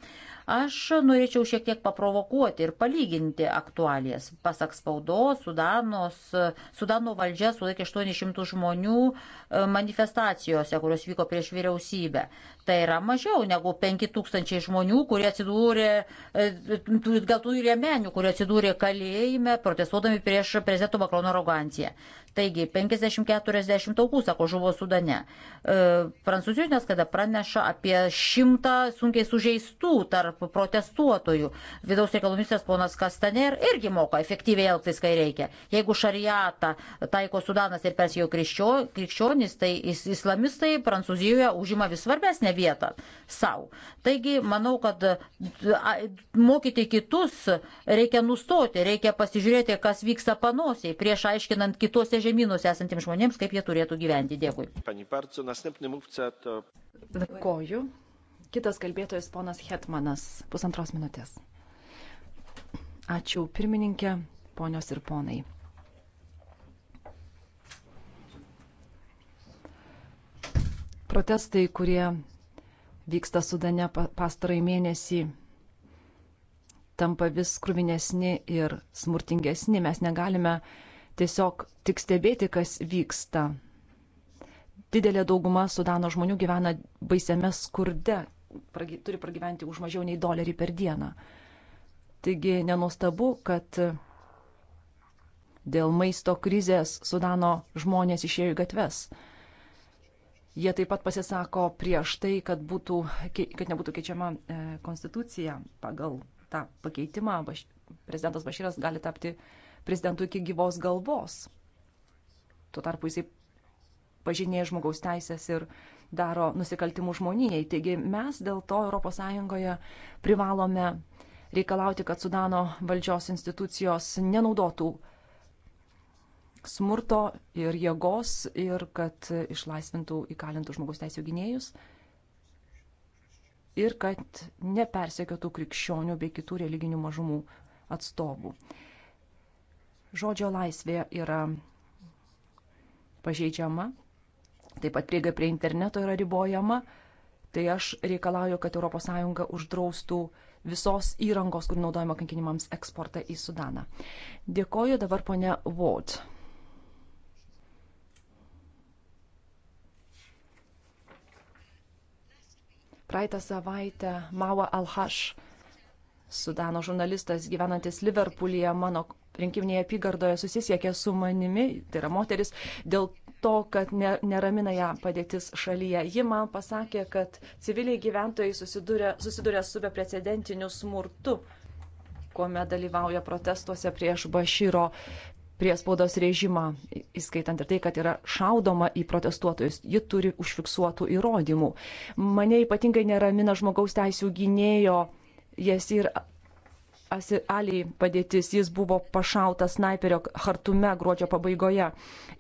Aš norėčiau šiek tiek paprovokuoti ir palyginti aktualijas. Pasak spaudos, Sudanos, Sudano valdžia sulaikė 800 žmonių e, manifestacijose, kurios vyko prieš vyriausybę. Tai yra mažiau negu 5000 žmonių, kurie atsidūrė, gal e, tų rėmenių, kurie atsidūrė kalėjime, protestuodami prieš prezidento Makrono aroganciją. Taigi 50-40 taukų, sako, žuvo Sudane. E, Prancūzijos neskada praneša apie šimtą sunkiai sužeistų tarp protestuotojų. Vidaus reikalų ministras ponas Kastaner irgi moka efektyviai elgtis, kai reikia. Jeigu šariatą taiko Sudanas ir persijų krikščionys, tai islamistai Prancūzijoje užima vis svarbesnę vietą savo. Taigi, manau, kad mokyti kitus reikia nustoti, reikia pasižiūrėti, kas vyksta panosiai prieš aiškinant kitose žemėse žemynuose esantiems žmonėms, kaip jie turėtų gyventi. Dėkui. Dėkoju. Kitas kalbėtojas ponas Hetmanas, pusantros minutės. Ačiū pirmininkė, ponios ir ponai. Protestai, kurie vyksta Sudane pastarai mėnesį, tampa vis kruvinesni ir smurtingesni. Mes negalime tiesiog tik stebėti, kas vyksta. Didelė dauguma Sudano žmonių gyvena baisiame skurde, pragi, turi pragyventi už mažiau nei dolerį per dieną. Taigi nenuostabu, kad dėl maisto krizės Sudano žmonės išėjo į gatves. Jie taip pat pasisako prieš tai, kad, būtų, kad nebūtų keičiama e, konstitucija pagal tą pakeitimą. Prezidentas Baširas gali tapti uh, prezidentu iki gyvos galvos. Tuo tarpu jisai pažinėja žmogaus teisės ir daro nusikaltimų žmonijai. Taigi mes dėl to ES privalome reikalauti, kad Sudano valdžios institucijos nenaudotų smurto ir jėgos ir kad išlaisvintų įkalintų žmogaus teisų gynėjus ir kad nepersekiotų krikščionių bei kitų religinių mažumų atstovų. Žodžio laisvė yra pažeidžiama, taip pat prieiga prie interneto yra ribojama. Tai aš reikalauju, kad ES uždraustų visos įrangos, kur naudojama kankinimams eksportą į Sudaną. Dėkoju dabar ponia Ward. Praeitą savaitę Mawa Al-Hash Sudano žurnalistas gyvenantis Liverpoolyje mano rinkiminėje apygardoje susisiekė su manimi, tai yra moteris, dėl to, kad ne, neramina ją padėtis šalyje. Ji man pasakė, kad civiliai gyventojai susiduria, susiduria su beprecedentiniu smurtu, kuomet dalyvauja protestuose prieš Bašyro priespaudos režimą, įskaitant ir tai, kad yra šaudoma į protestuotojus, ji turi užfiksuotų įrodymų. Mane ypatingai neramina žmogaus teisų gynėjo Jesir Ali padėtis, jis buvo pašautas snaiperio hartume gruodžio pabaigoje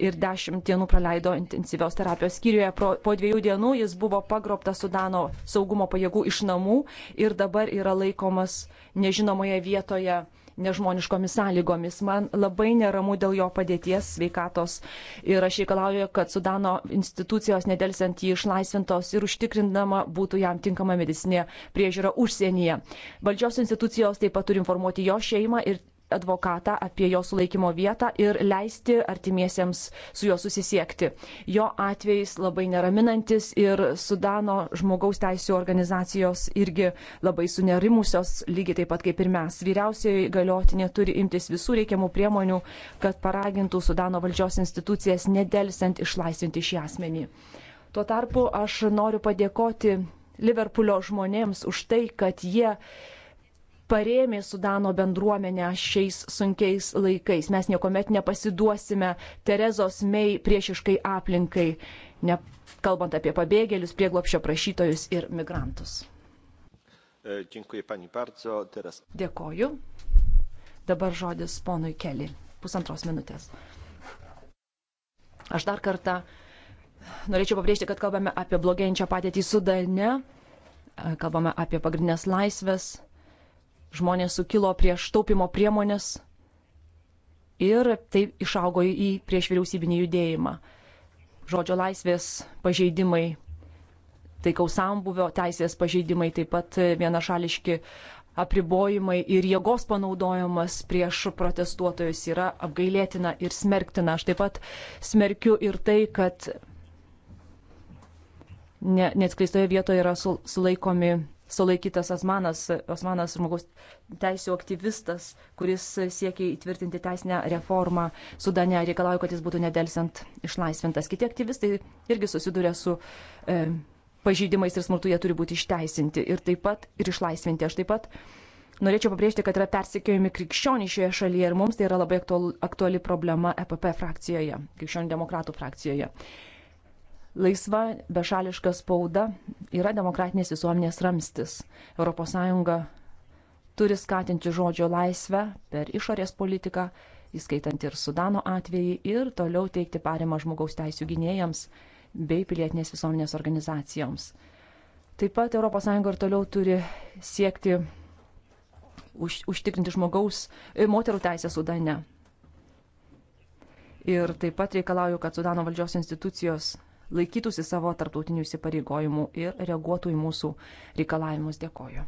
ir dešimt dienų praleido intensyvios terapijos skyriuje. Po dviejų dienų jis buvo pagrobtas Sudano saugumo pajėgų iš namų ir dabar yra laikomas nežinomoje vietoje nežmoniškomis sąlygomis. Man labai neramu dėl jo padėties sveikatos ir aš reikalauju, kad Sudano institucijos nedelsiant jį išlaisvintos ir užtikrindama būtų jam tinkama medicinė priežiūra užsienyje. Valdžios institucijos taip pat turi informuoti jo šeimą ir advokatą apie jo sulaikymo vietą ir leisti artimiesiems su juo susisiekti. Jo atvejais labai neraminantis ir Sudano žmogaus teisų organizacijos irgi labai sunerimusios, lygiai taip pat kaip ir mes. Vyriausiai galiotinė turi imtis visų reikiamų priemonių, kad paragintų Sudano valdžios institucijas nedelsiant išlaisvinti šį asmenį. Tuo tarpu aš noriu padėkoti Liverpulio žmonėms už tai, kad jie parėmė Sudano bendruomenę šiais sunkiais laikais. Mes niekuomet nepasiduosime Terezos mei priešiškai aplinkai, ne, kalbant apie pabėgėlius, prieglopšio prašytojus ir migrantus. E, dziękuję pani bardzo. Teraz... Dėkoju. Dabar žodis ponui Keli. Pusantros minutės. Aš dar kartą norėčiau pabrėžti, kad kalbame apie blogėjančią padėtį Sudane, e, kalbame apie pagrindinės laisvės, Žmonės sukilo prieš taupimo priemonės ir tai išaugo į prieš vyriausybinį judėjimą. Žodžio laisvės pažeidimai, taikaus sambuvio teisės pažeidimai, taip pat vienašališki apribojimai ir jėgos panaudojimas prieš protestuotojus yra apgailėtina ir smerktina. Aš taip pat smerkiu ir tai, kad ne, neatskleistoje vietoje yra sulaikomi sulaikytas Osmanas, Osmanas žmogaus teisų aktyvistas, kuris siekia įtvirtinti teisinę reformą Sudane, reikalauja, kad jis būtų nedelsiant išlaisvintas. Kiti aktyvistai irgi susiduria su e, pažydimais ir smurtu, jie turi būti išteisinti ir taip pat ir išlaisvinti. Aš taip pat norėčiau pabrėžti, kad yra persekiojami krikščioniai šioje šalyje ir mums tai yra labai aktuali problema EPP frakcijoje, krikščionių demokratų frakcijoje. Laisva bešališka spauda yra demokratinės visuomenės ramstis. ES turi skatinti žodžio laisvę per išorės politiką, įskaitant ir Sudano atvejį, ir toliau teikti parimą žmogaus teisų gynėjams bei pilietinės visuomenės organizacijoms. Taip pat ES ir toliau turi siekti už, užtikrinti žmogaus e, moterų teisę Sudane. Ir taip pat reikalauju, kad Sudano valdžios institucijos laikytųsi savo tarptautinių įsipareigojimų ir reaguotų į mūsų reikalavimus. Dėkoju.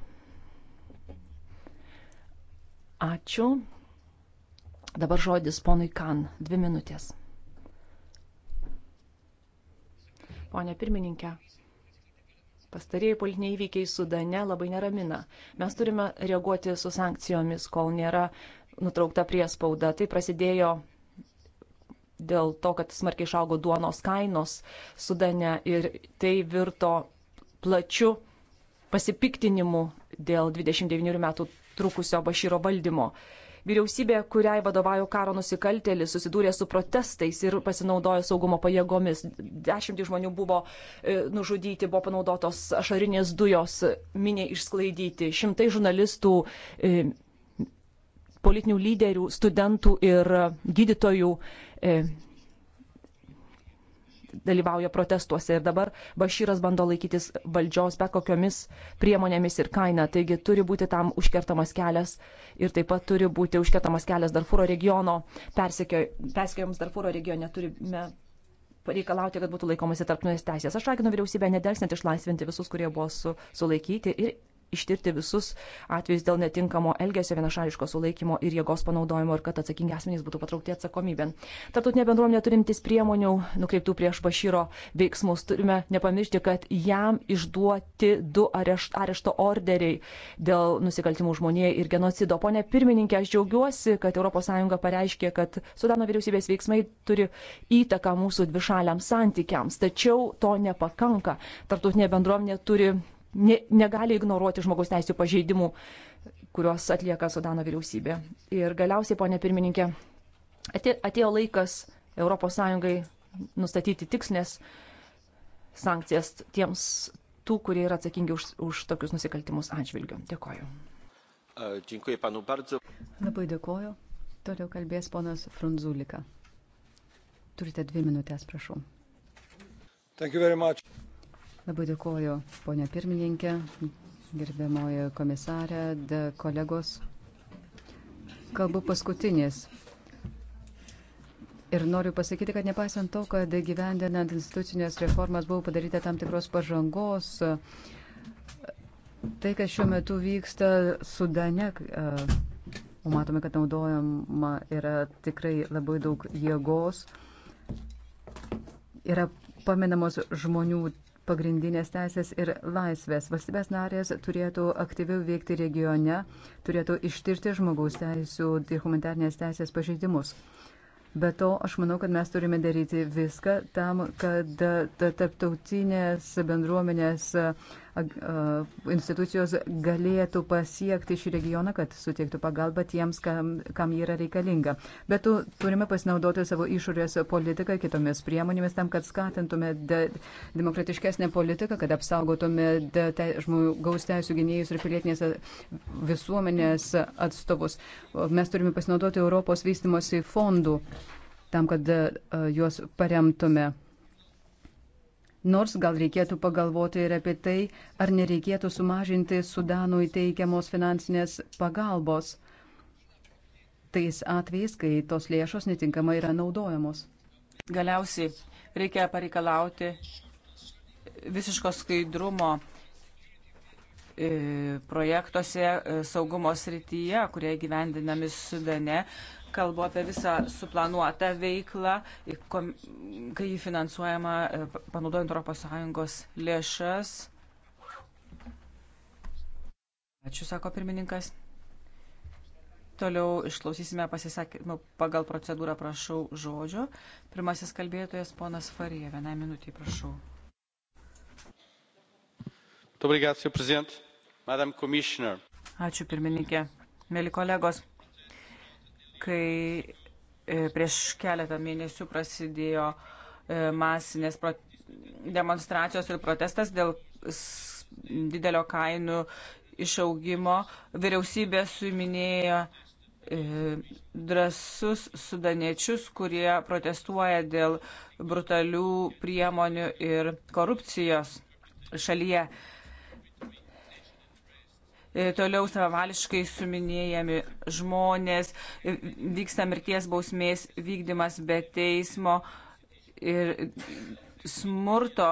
Ačiū. Dabar žodis ponui Kan. Dvi minutės. Pone pirmininkė, pastarėjai politiniai įvykiai Sudane labai neramina. Mes turime reaguoti su sankcijomis, kol nėra nutraukta priespauda. Tai prasidėjo dėl to, kad smarkiai išaugo duonos kainos Sudane ir tai virto plačiu pasipiktinimu dėl 29 metų trukusio Bašyro valdymo. Vyriausybė, kuriai vadovavo karo nusikaltėlis, susidūrė su protestais ir pasinaudojo saugumo pajėgomis. Dešimtį žmonių buvo e, nužudyti, buvo panaudotos ašarinės dujos, miniai išsklaidyti, šimtai žurnalistų, e, politinių lyderių, studentų ir gydytojų E, dalyvauja protestuose ir dabar Bašyras bando laikytis valdžios bet kokiomis priemonėmis ir kaina. Taigi turi būti tam užkertamas kelias ir taip pat turi būti užkertamas kelias Darfūro regiono persekiojimus Darfūro regione turime reikalauti, kad būtų laikomasi tarptautinės teisės. Aš raginu vyriausybę nedelsinti išlaisvinti visus, kurie buvo su, sulaikyti ir ištirti visus atvejus dėl netinkamo elgesio, vienašališko sulaikymo ir jėgos panaudojimo ir kad atsakingi asmenys būtų patraukti atsakomybėn. Tartutinė bendruomenė turimtis priemonių nukreiptų prieš Bašyro veiksmus. Turime nepamiršti, kad jam išduoti du arešt, arešto orderiai dėl nusikaltimų žmonėje ir genocido. Pone pirmininkė, aš džiaugiuosi, kad ES pareiškė, kad Sudano vyriausybės veiksmai turi įtaką mūsų dvišaliams santykiams. Tačiau to nepakanka. Tartutinė bendruomenė turi ne, negali ignoruoti žmogaus teisų pažeidimų, kuriuos atlieka Sudano vyriausybė. Ir galiausiai, ponė pirmininkė, atėjo laikas ES nustatyti tiksnės sankcijas tiems tų, kurie yra atsakingi už, už tokius nusikaltimus atžvilgiu. Dėkoju. Dėkui, panu Barcu. Labai dėkoju. Toliau kalbės ponas Frunzulika. Turite dvi minutės, prašau. Thank you very much. Labai dėkoju, ponia pirmininkė, gerbiamoji komisarė, kolegos. Kalbu paskutinis. Ir noriu pasakyti, kad nepaisant to, kad gyvendinant institucinės reformas buvo padaryta tam tikros pažangos, tai, kas šiuo metu vyksta Sudane, o matome, kad naudojama yra tikrai labai daug jėgos, yra paminamos žmonių pagrindinės teisės ir laisvės. Valstybės narės turėtų aktyviau veikti regione, turėtų ištirti žmogaus teisų ir humanitarnės teisės pažeidimus. Be to, aš manau, kad mes turime daryti viską tam, kad tarptautinės bendruomenės uh, institucijos galėtų pasiekti šį regioną, kad suteiktų pagalbą tiems, kam, kam yra reikalinga. Bet tu, turime pasinaudoti savo išorės politiką kitomis priemonėmis tam, kad skatintume de, demokratiškesnę politiką, kad apsaugotume de, te, žmogaus teisų gynėjus ir pilietinės visuomenės atstovus. Mes turime pasinaudoti Europos vystimosi fondų tam, kad uh, juos paremtume. Nors gal reikėtų pagalvoti ir apie tai, ar nereikėtų sumažinti Sudanui teikiamos finansinės pagalbos tais atvejais, kai tos lėšos netinkamai yra naudojamos. Galiausiai reikia pareikalauti visiško skaidrumo e, projektuose e, saugumo srityje, kurie gyvendinami Sudane, Kalbu apie visą suplanuotą veiklą, kai jį finansuojama e, panaudojant ES lėšas. Ačiū, sako pirmininkas. Toliau išklausysime pasisakymą pagal procedūrą, prašau, žodžio. Pirmasis kalbėtojas, ponas Farija, vieną minutį, prašau. Ačiū, pirmininkė. Mėly kolegos, kai e, prieš keletą mėnesių prasidėjo e, masinės demonstracijos ir protestas dėl didelio kainų išaugimo. Vyriausybė suiminėjo e, drasus sudaniečius, kurie protestuoja dėl brutalių priemonių ir korupcijos šalyje. E, toliau savavališkai suminėjami žmonės, e, vyksta mirties bausmės vykdymas be teismo ir smurto,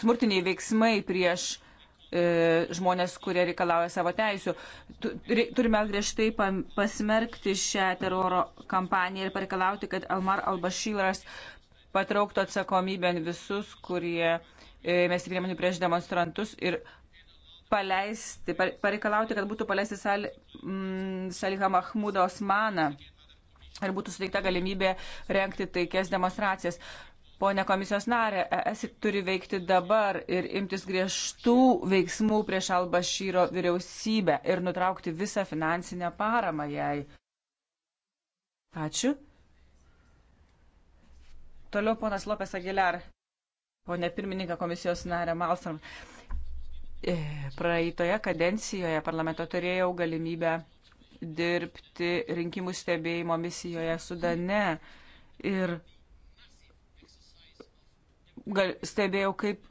smurtiniai veiksmai prieš e, žmonės, kurie reikalauja savo teisų. Turime griežtai pasmerkti šią teroro kampaniją ir pareikalauti, kad Almar Albašyras patrauktų atsakomybę visus, kurie mes priemonių prieš demonstrantus ir paleisti, pareikalauti, kad būtų paleisti Sal, mm, Salihą Mahmudą Osmaną ir būtų suteikta galimybė renkti taikės demonstracijas. Pone komisijos narė, ES turi veikti dabar ir imtis griežtų veiksmų prieš Albašyro vyriausybę ir nutraukti visą finansinę paramą jai. Ačiū. Toliau ponas Lopes Aguilar. Pone pirmininką komisijos narė Malstrom. E, praeitoje kadencijoje parlamento turėjau galimybę dirbti rinkimų stebėjimo misijoje Sudane ir gal, stebėjau, kaip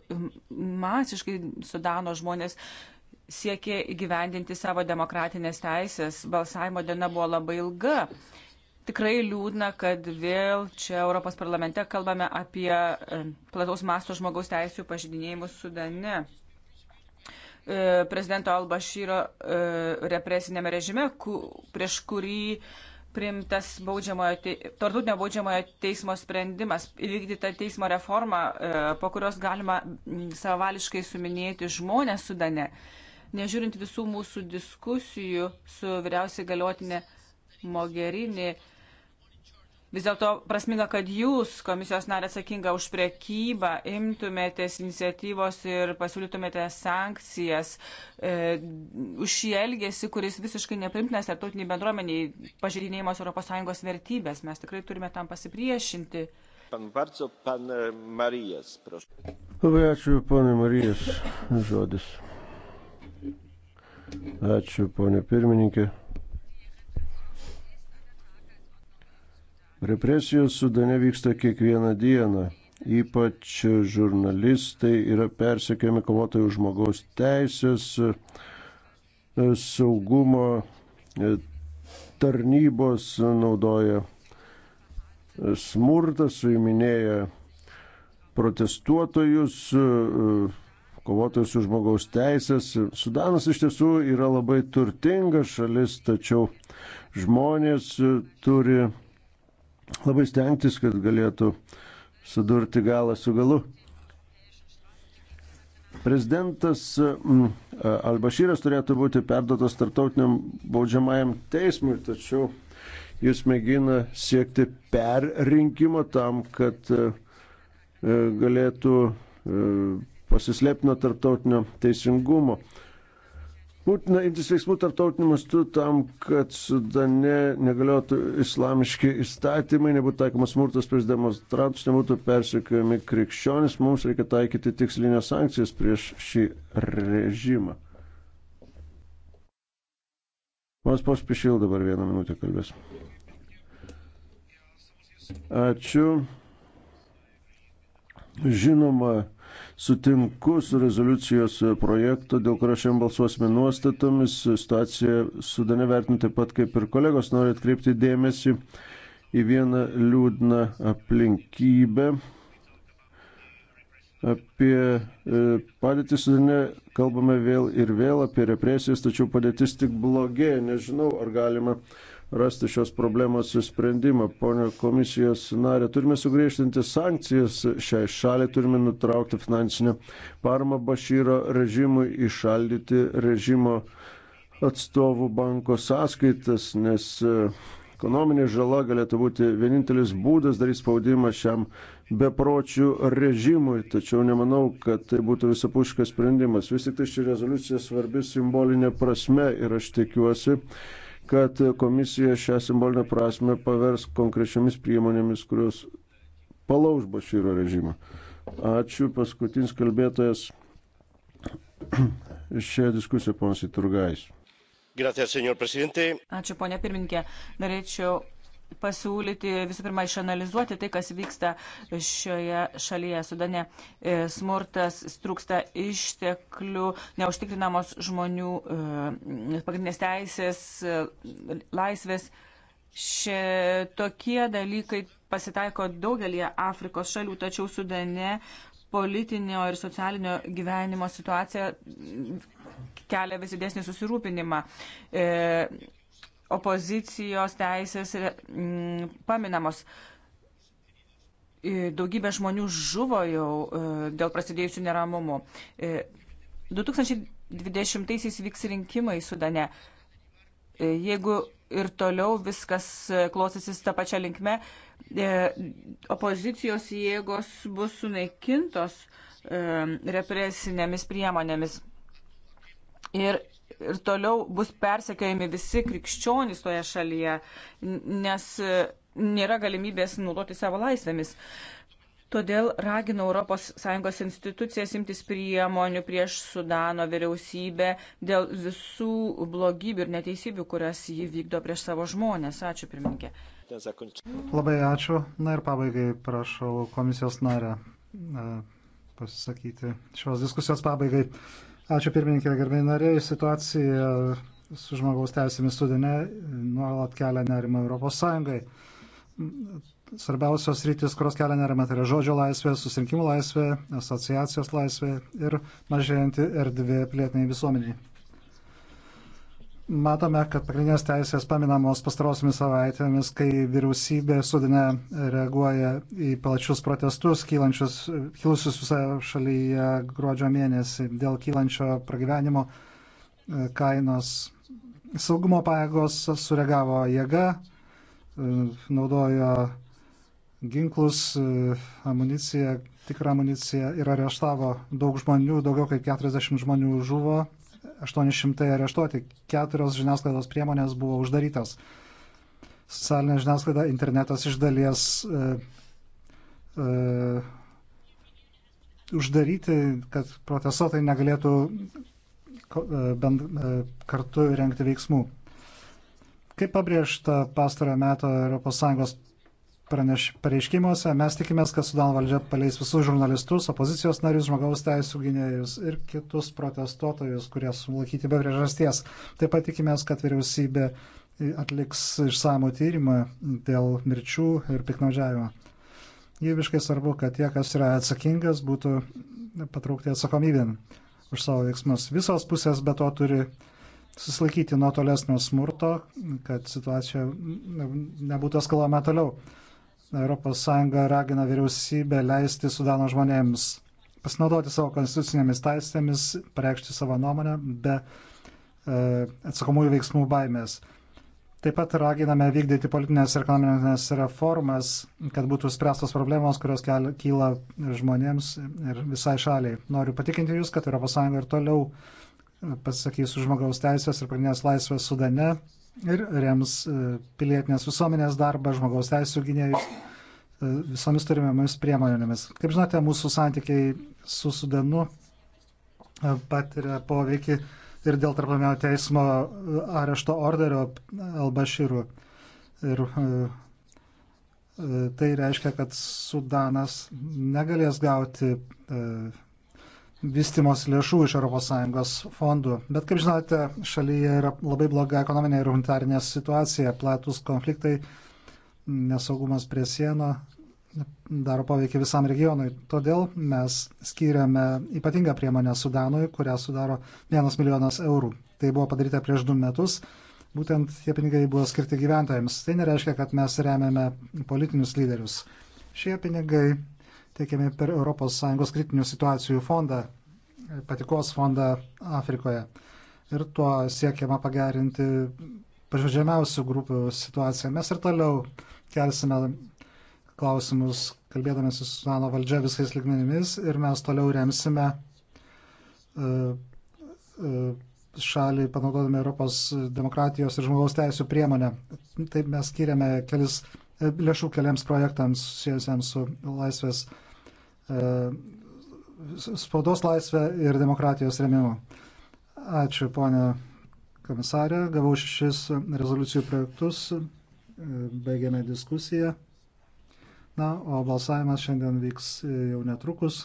masiškai Sudano žmonės siekė įgyvendinti savo demokratinės teisės. Balsavimo diena buvo labai ilga. Tikrai liūdna, kad vėl čia Europos parlamente kalbame apie e, plataus masto žmogaus teisų pažydinėjimus Sudane. E, prezidento Albašyro e, represinėme režime, prieš kurį priimtas tartutinio baudžiamojo teismo sprendimas, įvykdyta teismo reforma, e, po kurios galima savališkai suminėti žmonės Sudane. Nežiūrint visų mūsų diskusijų su vyriausiai galiotinė Mogherini, Vis dėlto prasminga, kad jūs, komisijos narė atsakinga už priekybą, imtumėtės iniciatyvos ir pasiūlytumėte sankcijas e, už šį elgesį, kuris visiškai neprimtinas tarptautiniai bendruomeniai pažeidinėjimas ES vertybės. Mes tikrai turime tam pasipriešinti. Pan Varco, pan e, Marijas, prašau. Labai ačiū, ponė Marijas, žodis. Ačiū, ponė pirmininkė. Represijos sudane vyksta kiekvieną dieną. Ypač žurnalistai yra persekiami kovotojų žmogaus teisės, saugumo tarnybos naudoja smurtą, suiminėja protestuotojus, kovotojus už žmogaus teisės. Sudanas iš tiesų yra labai turtinga šalis, tačiau žmonės turi labai stengtis, kad galėtų sudurti galą su galu. Prezidentas mm, Albašyras turėtų būti perdotas tarptautiniam baudžiamajam teismui, tačiau jis mėgina siekti perrinkimo tam, kad galėtų pasislėpti nuo tarptautinio teisingumo. Būtina imtis veiksmų tarptautiniu mastu tam, kad Sudane negaliotų islamiški įstatymai, nebūtų taikomas smurtas prieš demonstrantus, nebūtų persekiojami krikščionis, mums reikia taikyti tikslinės sankcijas prieš šį režimą. Mas pospišil dabar vieną minutę kalbės. Ačiū. Žinoma, Sutinku su rezoliucijos projektu, dėl kurio šiandien balsuosime nuostatomis. Situaciją sudane vertinu taip pat kaip ir kolegos. Noriu atkreipti dėmesį į vieną liūdną aplinkybę. Apie e, padėtį sudane kalbame vėl ir vėl apie represijas, tačiau padėtis tik blogėja. Nežinau, ar galima uh, rasti šios problemos sprendimą. Pone komisijos narė, turime sugriežtinti sankcijas šiai šaliai, turime nutraukti finansinę paramą Bašyro režimui, išaldyti režimo atstovų banko sąskaitas, nes e, ekonominė žala galėtų būti vienintelis būdas daryti spaudimą šiam bepročių režimui, tačiau nemanau, kad tai būtų visapuškas sprendimas. Vis tik tai ši rezoliucija svarbi simbolinė prasme ir aš tikiuosi, kad komisija šią simbolinę prasme pavers konkrečiomis priemonėmis, kurios palauž Bašyro režimą. Ačiū, paskutinis kalbėtojas šią diskusiją, ponas Iturgais. Gracias, señor presidente. Ačiū, ponia pirmininkė. Norėčiau pasiūlyti visų pirma išanalizuoti tai, kas vyksta šioje šalyje sudane. E, smurtas, trūksta išteklių, neužtikrinamos žmonių e, pagrindinės teisės, e, laisvės. Šie tokie dalykai pasitaiko daugelie Afrikos šalių, tačiau sudane politinio ir socialinio gyvenimo situacija kelia vis didesnį susirūpinimą. E, opozicijos teisės mm, paminamos. E, daugybė žmonių žuvo jau e, dėl prasidėjusių neramumų. 2020-aisiais e, vyks rinkimai Sudane. Jeigu ir toliau viskas klostysis tą pačią linkmę, opozicijos jėgos bus sunaikintos represinėmis priemonėmis. Ir ir toliau bus persekiojami visi krikščionys toje šalyje, nes e, nėra galimybės naudoti savo laisvėmis. Todėl raginu ES institucijas imtis priemonių prieš Sudano vyriausybę dėl visų blogybių ir neteisybių, kurias jį vykdo prieš savo žmonės. Ačiū, pirmininkė. Labai ačiū. Na ir pabaigai prašau komisijos narę e, pasisakyti šios diskusijos pabaigai. Ačiū pirmininkė, gerbėjai nariai. Situacija su žmogaus teisėmis sudane nuolat kelia nerimą Europos Sąjungai. Svarbiausios rytis, kurios kelia nerimą, tai yra žodžio laisvė, susirinkimų laisvė, asociacijos laisvė ir mažėjanti erdvė plėtiniai visuomeniai. Matome, kad pagrindinės teisės paminamos pastarosiomis savaitėmis, kai vyriausybė sudinė reaguoja į plačius protestus, kilusius visoje šalyje gruodžio mėnesį dėl kylančio pragyvenimo e, kainos. Saugumo pajėgos sureagavo jėga, e, naudojo ginklus, e, amuniciją, tikrą amuniciją ir areštavo daug žmonių, daugiau kaip 40 žmonių žuvo 800 areštuoti, keturios žiniasklaidos priemonės buvo uždarytos. Socialinė žiniasklaida, internetas iš dalies e, e, uždaryti, kad protestuotojai negalėtų e, bend, e, kartu rengti veiksmų. Kaip pabrėžta pastarojo meto ES praneš, pareiškimuose. Mes tikimės, kad Sudano valdžia paleis visus žurnalistus, opozicijos narius, žmogaus teisų gynėjus ir kitus protestuotojus, kurie sulaikyti be priežasties. Taip pat tikimės, kad vyriausybė atliks išsamų tyrimą dėl mirčių ir piknaudžiavimo. Gyviškai svarbu, kad tie, kas yra atsakingas, būtų patraukti atsakomybėn už savo veiksmus. Visos pusės be to turi susilaikyti nuo tolesnio smurto, kad situacija nebūtų eskalama toliau. ES ragina vyriausybę leisti Sudano žmonėms pasinaudoti savo konstitucinėmis taisėmis, pareikšti savo nuomonę be e, atsakomųjų veiksmų baimės. Taip pat raginame vykdyti politinės ir ekonominės reformas, kad būtų spręstos problemos, kurios kyla žmonėms ir visai šaliai. Noriu patikinti Jūs, kad ES ir toliau pasakys už žmogaus teisės ir pagrindinės laisvės Sudane, ir rems e, pilietinės visuomenės darbą, žmogaus teisų gynėjus e, visomis turimomis priemonėmis. Kaip žinote, mūsų santykiai su Sudanu e, patiria poveikį ir dėl tarplamio teismo arešto orderio Albaširų. Ir tai reiškia, kad Sudanas negalės gauti vystimos lėšų iš ES fondų. Bet kaip žinote, šalyje yra labai bloga ekonominė ir humanitarinė situacija, platus konfliktai, nesaugumas prie sieno daro poveikį visam regionui. Todėl mes skiriame ypatingą priemonę Sudanui, kurią sudaro 1 milijonas eurų. Tai buvo padaryta prieš du metus. Būtent tie pinigai buvo skirti gyventojams. Tai nereiškia, kad mes remiame politinius lyderius. Šie pinigai teikiami per ES kritinių situacijų fondą, patikos fondą Afrikoje. Ir tuo siekiama pagerinti pažodžiamiausių grupių situaciją. Mes ir toliau kelsime klausimus, kalbėdami su Sudano valdžia visais ligmenimis ir mes toliau remsime e, e, šalį panaudodami Europos demokratijos ir žmogaus teisų priemonę. Taip mes skiriame kelis e, lėšų keliams projektams susijusiems su laisvės E, spaudos laisvę ir demokratijos remimu. Ačiū, ponė komisarė. Gavau šešis rezoliucijų projektus. E, baigėme diskusiją. Na, o balsavimas šiandien vyks e, jau netrukus.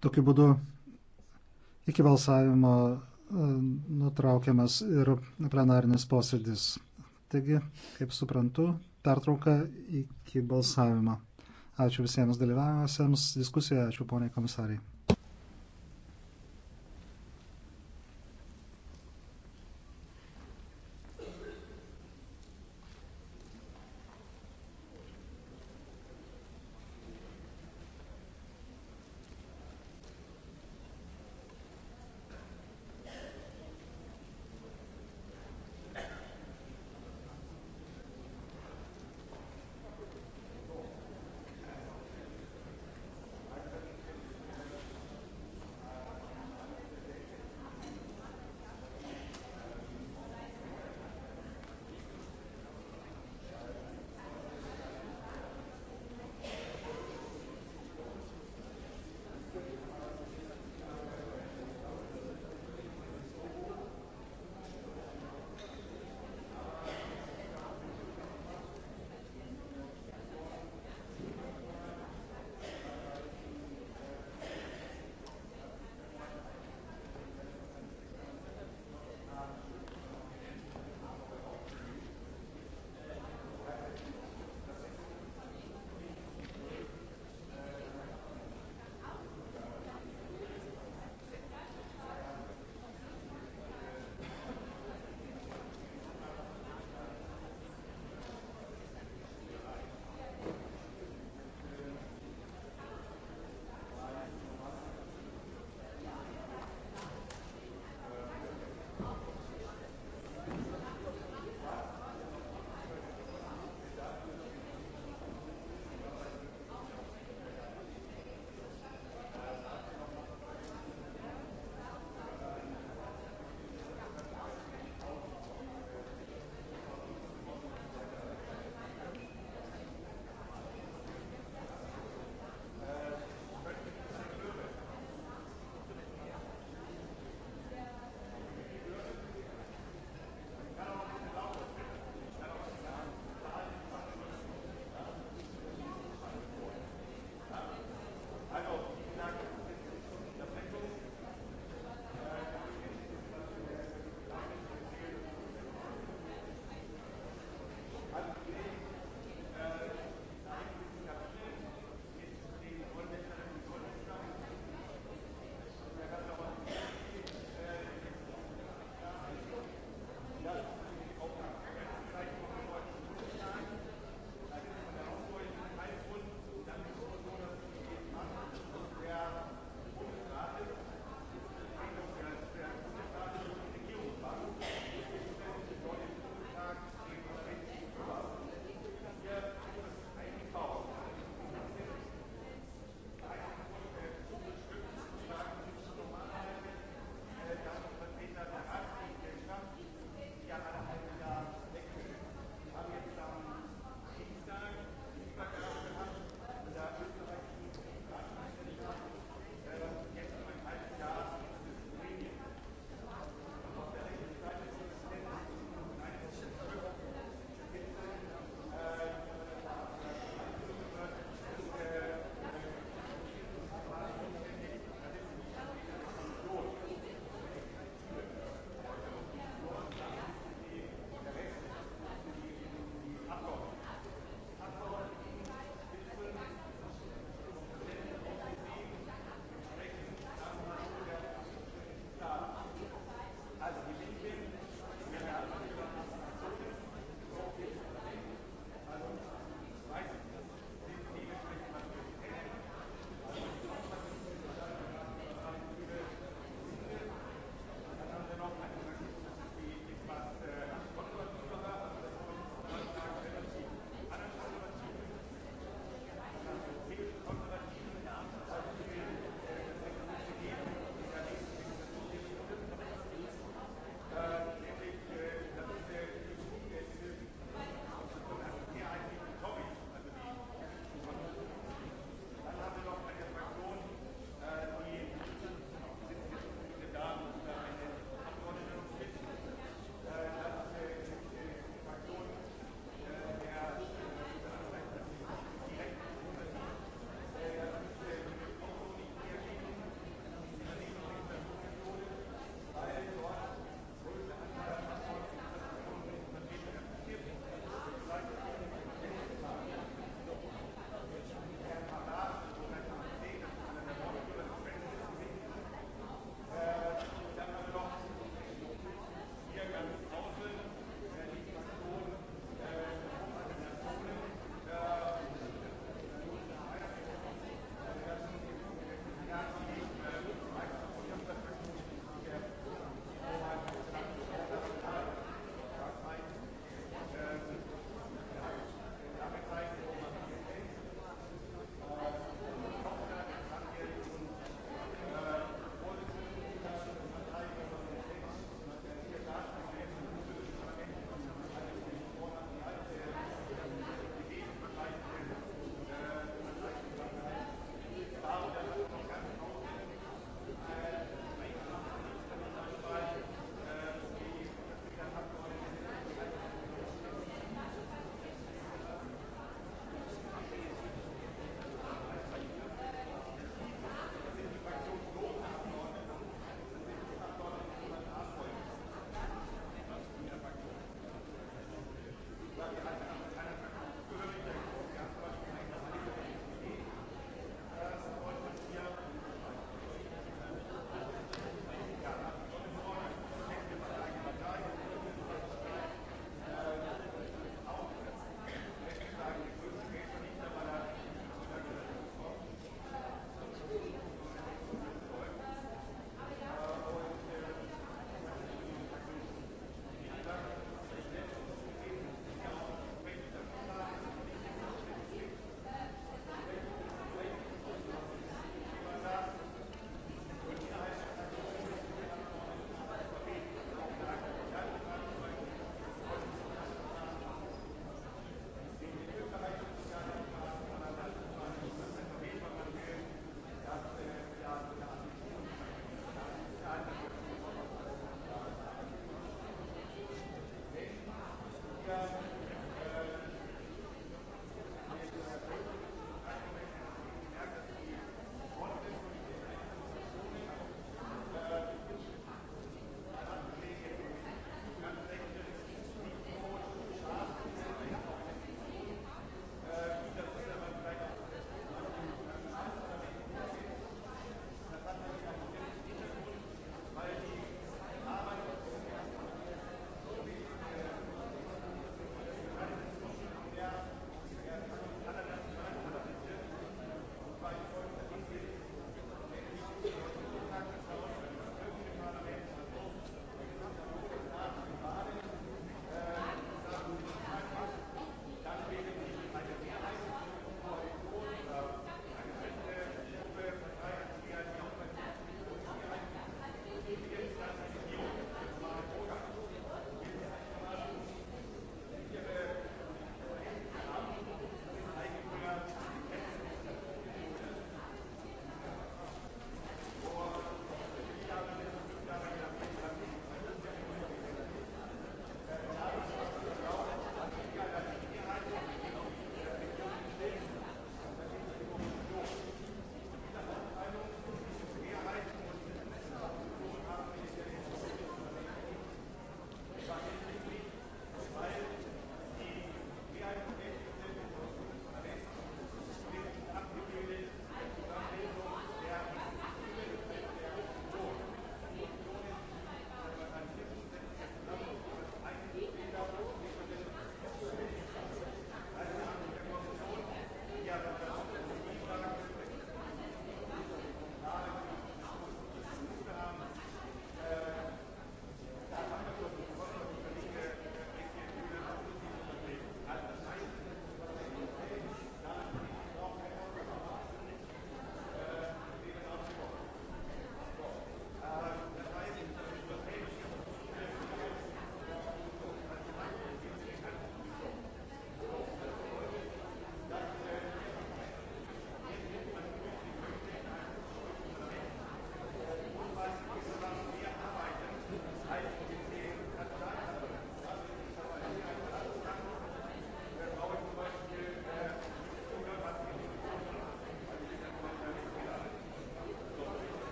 Tokiu būdu iki balsavimo nutraukiamas ir plenarinis posėdis. Taigi, kaip suprantu, pertrauka iki balsavimo. Ačiū visiems dalyvavusiems diskusijoje, ačiū poniai komisariai.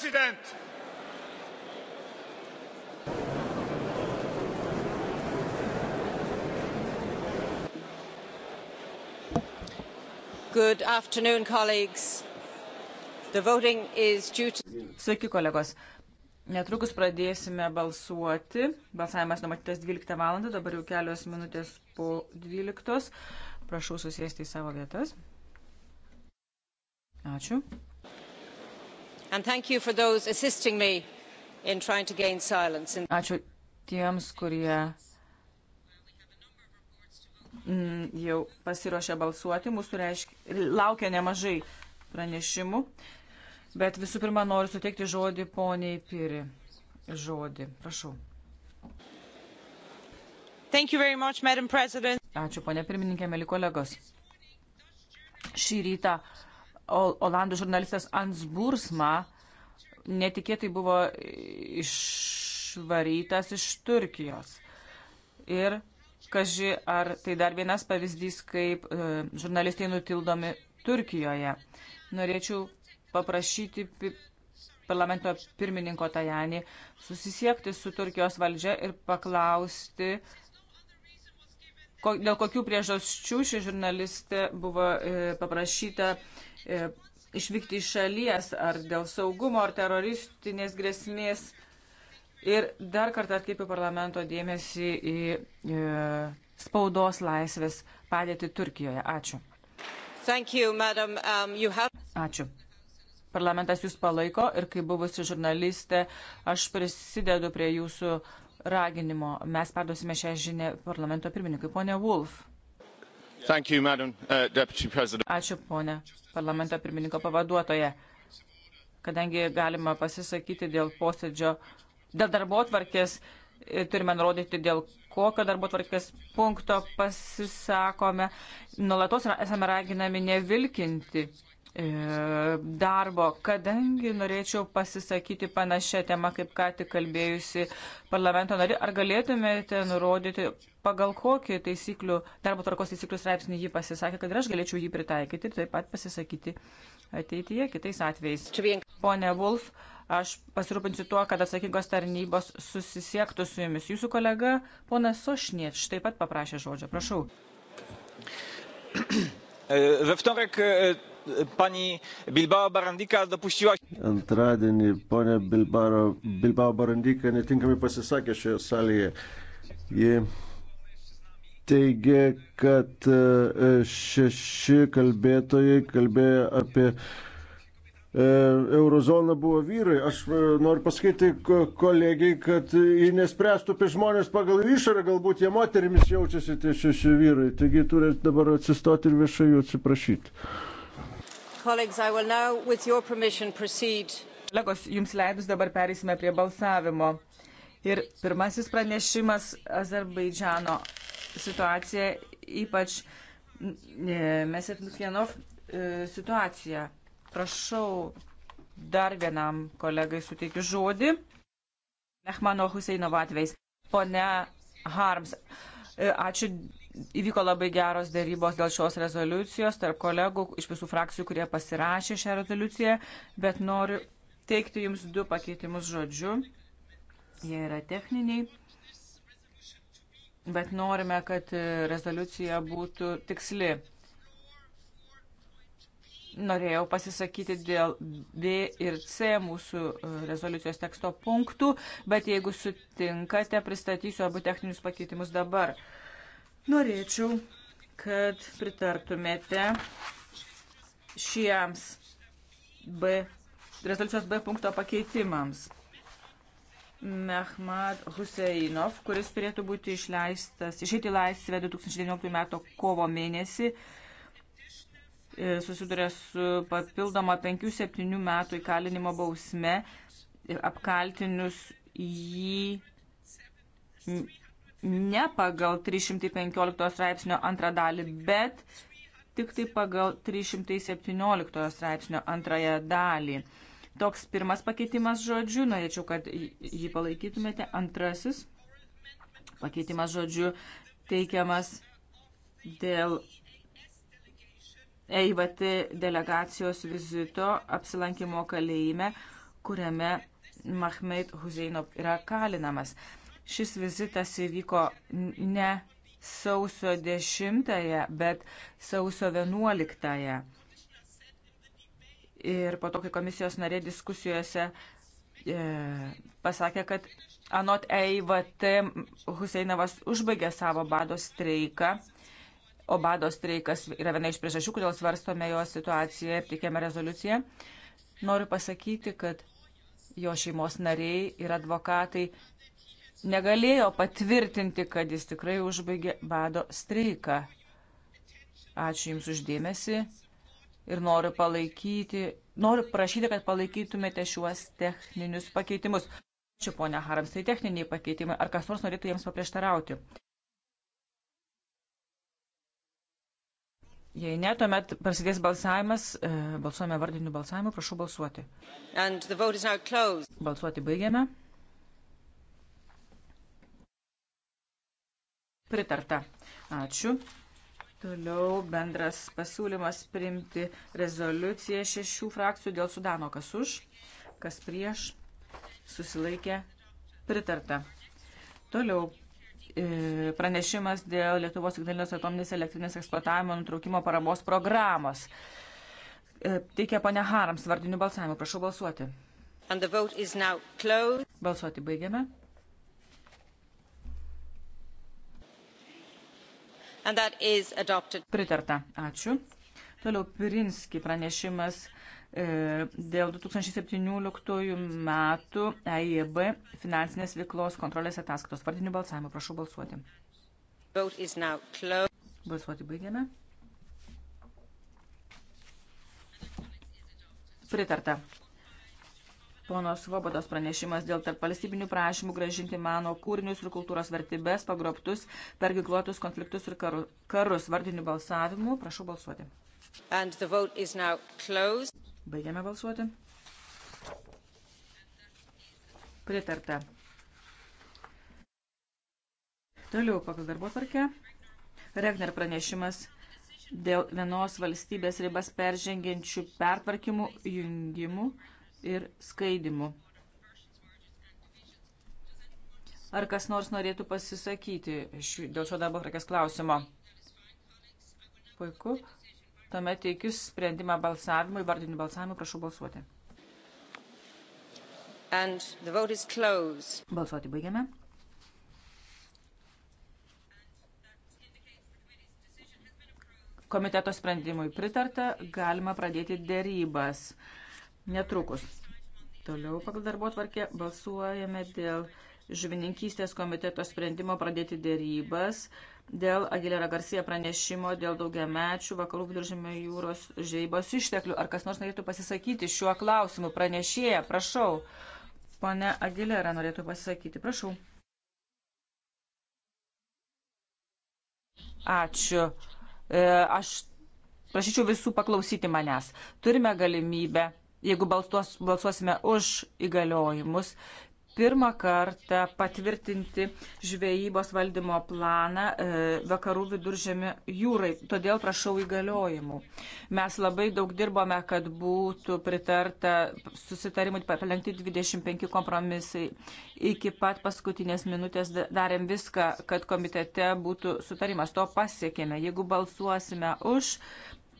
president! Good afternoon, colleagues. The voting is due to... Sveiki, kolegos. Netrukus pradėsime balsuoti. Balsavimas numatytas 12 val. dabar jau kelios minutės po 12. Prašau susėsti į savo vietas. Ačiū and thank you for those assisting me in trying to gain silence. In... Ačiū tiems, kurie mm, jau pasiruošė balsuoti. Mūsų reiškia, laukia nemažai pranešimų, bet visų pirma noriu suteikti žodį poniai Piri. Žodį, prašau. Much, Ačiū, ponė pirmininkė, mėly kolegos. Šį rytą uh, olandų žurnalistas Ans Bursma netikėtai buvo išvarytas iš Turkijos. Ir kaži, ar tai dar vienas pavyzdys, kaip e, žurnalistai nutildomi Turkijoje. Norėčiau paprašyti pi parlamento pirmininko Tajanį susisiekti su Turkijos valdžia ir paklausti, ko, dėl kokių priežasčių ši žurnalistė buvo e, paprašyta E, išvykti iš šalies ar dėl saugumo ar teroristinės grėsmės. Ir dar kartą atkreipiu parlamento dėmesį į e, spaudos laisvės padėtį Turkijoje. Ačiū. Thank you, madam. um, you have... Ačiū. Parlamentas jūs palaiko ir kaip buvusi žurnalistė, aš prisidedu prie jūsų raginimo. Mes perduosime šią žinę parlamento pirmininkui, ponė Wolf. Thank you, madam, uh, Ačiū, ponė parlamento pirmininko pavaduotoje, kadangi galima pasisakyti dėl posėdžio, dėl darbo atvarkės, e, turime nurodyti, dėl kokio darbo tvarkės punkto pasisakome. Nulatos esame raginami nevilkinti E, darbo, kadangi norėčiau pasisakyti panašią temą, kaip ką tik kalbėjusi parlamento nari, ar galėtumėte nurodyti, pagal kokį taisyklių, darbo tvarkos taisyklių straipsnį jį pasisakė, kad ir aš galėčiau jį pritaikyti ir taip pat pasisakyti ateityje kitais atvejais. Pone Wolf, aš pasirūpinsiu tuo, kad atsakingos tarnybos susisiektų su jumis. Jūsų kolega, ponas Sošniec, taip pat paprašė žodžio. Prašau. E, we wtorek e, pani Bilbao Barandika dopuściła się. Antradienį ponia Bilbao, Bilbao Barandika netinkamai pasisakė šioje salėje. Ji teigia, kad e, šeši kalbėtojai kalbėjo apie e, Eurozona buvo vyrai. Aš e, noriu pasakyti kolegijai, kad jį nespręstų apie žmonės pagal išorę, galbūt jie moterimis jaučiasi tie šeši vyrai. Taigi turėt dabar atsistoti ir viešai jų atsiprašyti. Kolegos, jums leidus dabar perėsime prie balsavimo. Ir pirmasis pranešimas Azerbaidžiano situacija, ypač e, Mesef Lukjanov e, situacija. Prašau, dar vienam kolegai suteikiu žodį. Mehmano Huseinovo atvejs. Pone Harms, e, ačiū Įvyko labai geros dėrybos dėl šios rezoliucijos tarp kolegų iš visų frakcijų, kurie pasirašė šią rezoliuciją, bet noriu teikti jums du pakeitimus žodžiu. Jie yra techniniai, bet norime, kad rezoliucija būtų tiksli. Norėjau pasisakyti dėl B ir C mūsų e, rezoliucijos teksto punktų, bet jeigu sutinkate, pristatysiu abu techninius pakeitimus dabar. Norėčiau, kad pritartumėte šiems B, rezoliucijos B punkto pakeitimams. Mehmad Huseinov, kuris turėtų būti išleistas, išėti laisvę 2019 m. kovo mėnesį, e, susiduria su papildoma 5-7 metų įkalinimo bausme, apkaltinus jį ne pagal 315 straipsnio antrą dalį, bet tik tai pagal 317 straipsnio antrąją dalį. Toks pirmas pakeitimas žodžiu, norėčiau, kad jį palaikytumėte. Antrasis pakeitimas žodžiu teikiamas dėl EIVT delegacijos vizito apsilankimo kalėjime, kuriame Mahmed Huseino yra kalinamas. Šis vizitas įvyko ne sausio 10-ąją, bet sausio 11-ąją. Ir po to, kai komisijos narė diskusijose e, pasakė, kad anot EIVT Huseinavas užbaigė savo bado streiką, o bado streikas yra viena iš priežasčių, kodėl svarstome jo situaciją ir tikėme rezoliuciją, noriu pasakyti, kad jo šeimos nariai ir advokatai negalėjo patvirtinti, kad jis tikrai užbaigė bado streiką. Ačiū Jums uždėmesi ir noriu palaikyti, noriu prašyti, kad palaikytumėte šiuos techninius pakeitimus. Ačiū, ponia Harams, tai techniniai pakeitimai. Ar kas nors norėtų jiems paprieštarauti? Jei ne, tuomet prasidės balsavimas. E, balsuojame vardiniu balsavimu. Prašau balsuoti. Balsuoti baigiame. Pritarta. Ačiū. Toliau bendras pasiūlymas priimti rezoliuciją šešių frakcijų dėl Sudano. Kas už, kas prieš, susilaikė, pritarta. Toliau e, pranešimas dėl Lietuvos Ignalinos atominės elektrinės eksploatavimo nutraukimo paramos programos. E, teikia ponia Harams vardinių balsavimų. Prašau balsuoti. Balsuoti baigiame. Pritarta. Ačiū. Toliau Pirinski pranešimas e, dėl 2017 metų EIB e finansinės veiklos kontrolės ataskaitos. Vardinių balsavimų prašau balsuoti. Balsuoti baigiame. Pritarta. Pono Svobodos pranešimas dėl tarp valstybinių prašymų gražinti mano kūrinius ir kultūros vertybės pagrobtus per ginkluotus konfliktus ir karu, karus vardinių balsavimų. Prašau balsuoti. Baigiame balsuoti. Pritarta. Toliau pagal darbo tvarkę. Regner pranešimas dėl vienos valstybės ribas peržengiančių pertvarkymų, jungimų ir skaidimu. Ar kas nors norėtų pasisakyti ši, dėl šio darbo trakės klausimo? Puiku. Tuomet teikiu sprendimą balsavimui, vardinį balsavimą, prašau balsuoti. Balsuoti baigiame. Komiteto sprendimui pritarta, galima pradėti dėrybas netrukus. Toliau pagal darbo tvarkę balsuojame dėl žuvininkystės komiteto sprendimo pradėti dėrybas dėl Agilera Garcia pranešimo dėl daugiamečių vakarų viduržėmio jūros žvejybos išteklių. Ar kas nors norėtų pasisakyti šiuo klausimu? Pranešėja, prašau. Pone Agilera norėtų pasisakyti, prašau. Ačiū. E, aš prašyčiau visų paklausyti manęs. Turime galimybę jeigu balsuos, balsuosime už įgaliojimus, pirmą kartą patvirtinti žvejybos valdymo planą e, vakarų viduržėmi jūrai. Todėl prašau įgaliojimų. Mes labai daug dirbome, kad būtų pritarta susitarimui palengti 25 kompromisai. Iki pat paskutinės minutės darėm viską, kad komitete būtų sutarimas. To pasiekėme. Jeigu balsuosime už,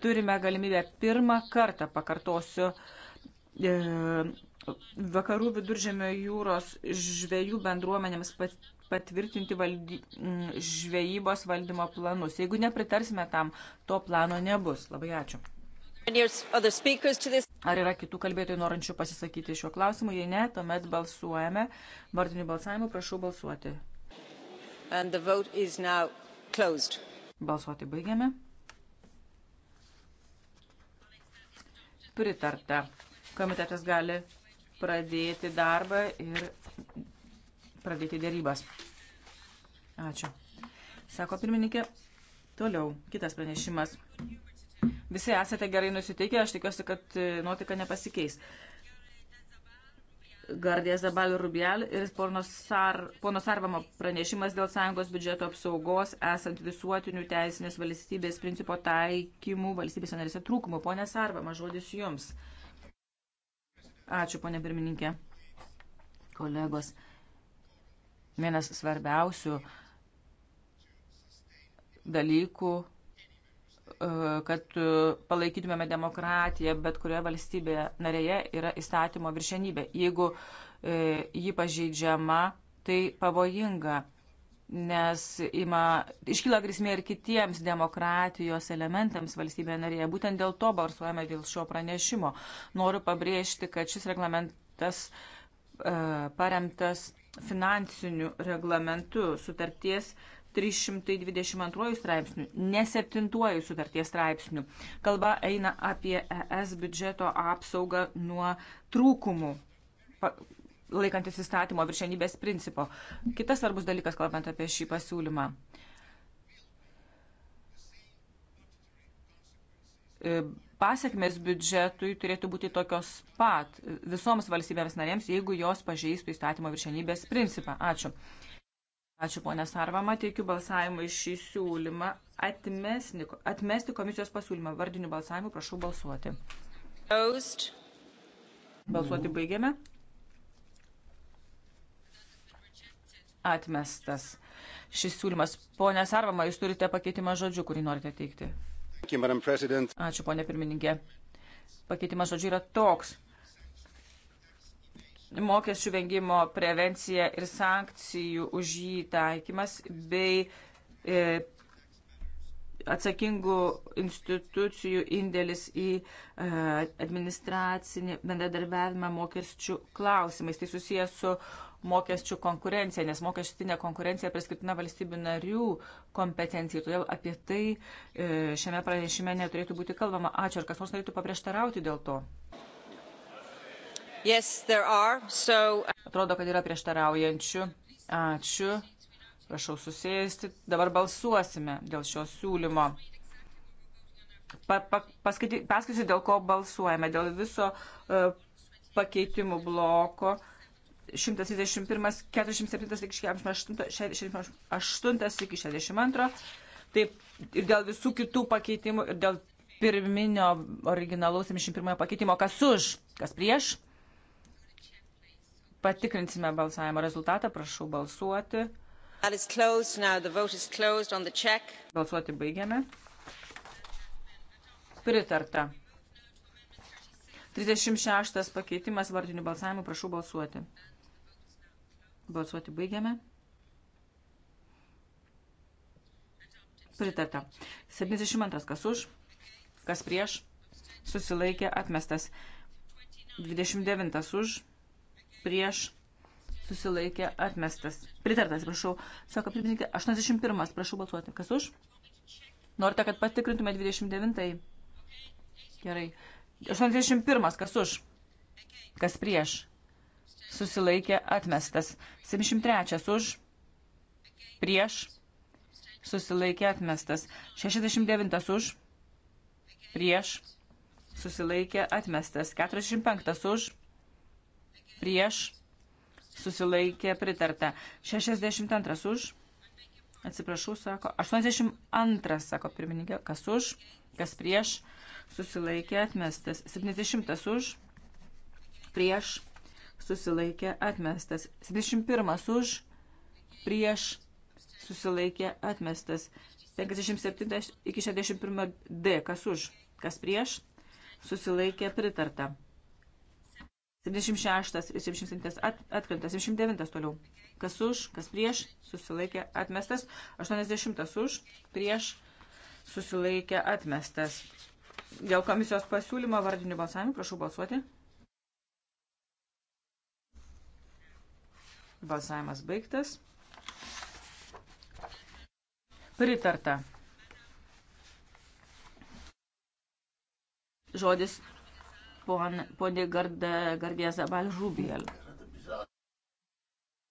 turime galimybę pirmą kartą, pakartosiu, E, vakarų viduržėmio jūros žvėjų bendruomenėms patvirtinti valdy, žvėjybos valdymo planus. Jeigu nepritarsime tam, to plano nebus. Labai ačiū. Ar yra kitų kalbėtojų norinčių pasisakyti šiuo klausimu? Jei ne, tuomet balsuojame. Vardiniu balsavimu prašau balsuoti. Balsuoti baigiame. Pritarta komitetas gali pradėti darbą ir pradėti dėrybas. Ačiū. Sako pirmininkė, toliau kitas pranešimas. Visi esate gerai nusiteikę, aš tikiuosi, kad e, nuotika nepasikeis. Gardė Zabal Rubiel ir pono, Sar, pono Sarvamo pranešimas dėl sąjungos biudžeto apsaugos esant visuotinių teisinės valstybės principo taikymų valstybės narėse trūkumų. Pone Sarvama, žodis jums. Ačiū, ponė pirmininkė. Kolegos, vienas svarbiausių dalykų, e, kad e, palaikytumėme demokratiją, bet kurioje valstybėje narėje yra įstatymo viršenybė. Jeigu e, ji pažeidžiama, tai pavojinga nes ima, iškyla grėsmė ir kitiems demokratijos elementams valstybėje narėje. Būtent dėl to balsuojame dėl šio pranešimo. Noriu pabrėžti, kad šis reglamentas e, paremtas finansiniu reglamentu sutarties 322 straipsnių, ne 7 sutarties straipsnių. Kalba eina apie ES biudžeto apsaugą nuo trūkumų laikantis įstatymo viršenybės principo. Kitas svarbus dalykas, kalbant apie šį pasiūlymą. E, Pasiekmes biudžetui turėtų būti tokios pat visoms valstybėms narėms, jeigu jos pažeistų įstatymo viršenybės principą. Ačiū. Ačiū, ponė Sarvama, teikiu balsavimui šį siūlymą. Atmesni, atmesti komisijos pasiūlymą vardiniu balsavimu, prašau balsuoti. Balsuoti baigiame. atmestas šis siūlymas. Pone Sarvama, jūs turite pakeitimą žodžiu, kurį norite teikti. Ačiū, ponė pirmininkė. Pakeitimas žodžiu yra toks. Mokesčių vengimo prevencija ir sankcijų už jį taikymas bei e, atsakingų institucijų indėlis į e, administracinį bendradarbiavimą mokesčių klausimais. Tai susijęs su e, mokesčių konkurenciją, nes mokesčių konkurencija priskirtina valstybių narių kompetencijai. Todėl apie tai e, šiame pranešime neturėtų būti kalbama. Ačiū. Ar kas nors norėtų paprieštarauti dėl to? Yes, are, so... Atrodo, kad yra prieštaraujančių. Ačiū. Prašau susėsti. Dabar balsuosime dėl šio siūlymo. Pa, pa, Paskaitysiu, dėl ko balsuojame. Dėl viso uh, pakeitimų bloko. Uh, 131, 47 iki 68, 68 iki 62. Taip ir dėl visų kitų pakeitimų, ir dėl pirminio originalaus 71 pakeitimo, kas už, kas prieš. Patikrinsime balsavimo rezultatą, prašau balsuoti. Balsuoti baigiame. Pritarta. 36 pakeitimas vardinių balsavimų, prašau balsuoti. Balsuoti baigiame. Pritarta. 72. Kas už? Kas prieš? Susilaikė atmestas. 29. Už? Prieš? Susilaikė atmestas. Pritartas, prašau. Sako, pirmininkė, 81. Prašau balsuoti. Kas už? Norite, kad patikrintume 29. Gerai. 81. Kas už? Kas prieš? susilaikė atmestas. 73 už, prieš, susilaikė atmestas. 69 už, prieš, susilaikė atmestas. 45 už, prieš, susilaikė pritarta. 62 už, atsiprašau, sako, 82 sako pirmininkė, kas už, kas prieš, susilaikė atmestas. 70 už, prieš, susilaikė atmestas. 71 už, prieš, susilaikė atmestas. 57 iki 61 D, kas už, kas prieš, susilaikė pritarta. 76 ir 77 at, atkrenta, 79 toliau. Kas už, kas prieš, susilaikė atmestas. 80 už, prieš, susilaikė atmestas. Dėl komisijos pasiūlymo vardinių balsavimų prašau balsuoti. Balsavimas baigtas. Pritarta. Žodis pon, ponė Garbė Zabal Žubėl.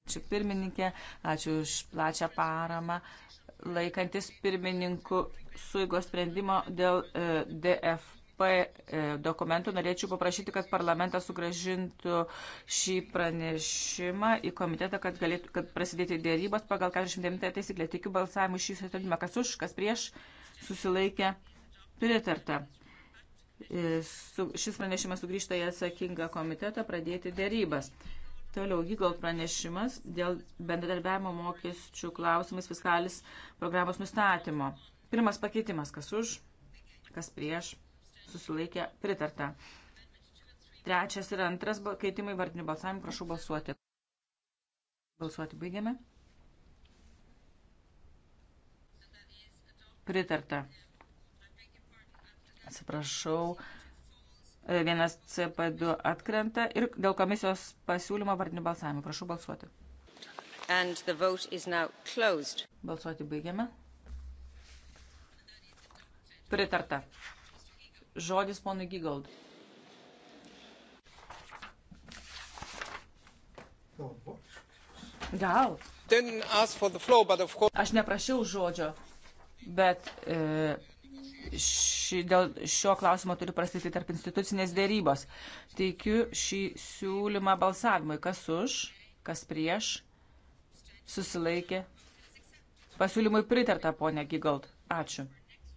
Ačiū pirmininkė, ačiū už plačią paramą laikantis pirmininkų suigos sprendimo dėl e, DF TFP e, dokumentų, norėčiau paprašyti, kad parlamentas sugražintų šį pranešimą į komitetą, kad, galėtų, kad prasidėti dėrybos pagal 49 taisyklę. Tikiu balsavimu šį sutarimą, kas už, kas prieš, susilaikė pritarta. E, su, šis pranešimas sugrįžta į atsakingą komitetą pradėti dėrybas. Toliau Gigol pranešimas dėl bendradarbiavimo mokesčių klausimais fiskalis programos nustatymo. Pirmas pakeitimas, kas už, kas prieš, susilaikė pritarta. Trečias ir antras keitimai vardinių balsavimų. Prašau balsuoti. Balsuoti baigiame. Pritarta. Atsiprašau. E, vienas CP2 atkrenta ir dėl komisijos pasiūlymo vardinių balsavimų. Prašau balsuoti. Balsuoti baigiame. Pritarta. Žodis ponui Gigold. Gal. Aš neprašiau žodžio, bet e, ši, dėl šio klausimo turi prasidėti tarp institucinės dėrybos. Teikiu šį siūlymą balsavimui. Kas už, kas prieš, susilaikė. Pasiūlymui pritarta, ponia Gigold. Ačiū.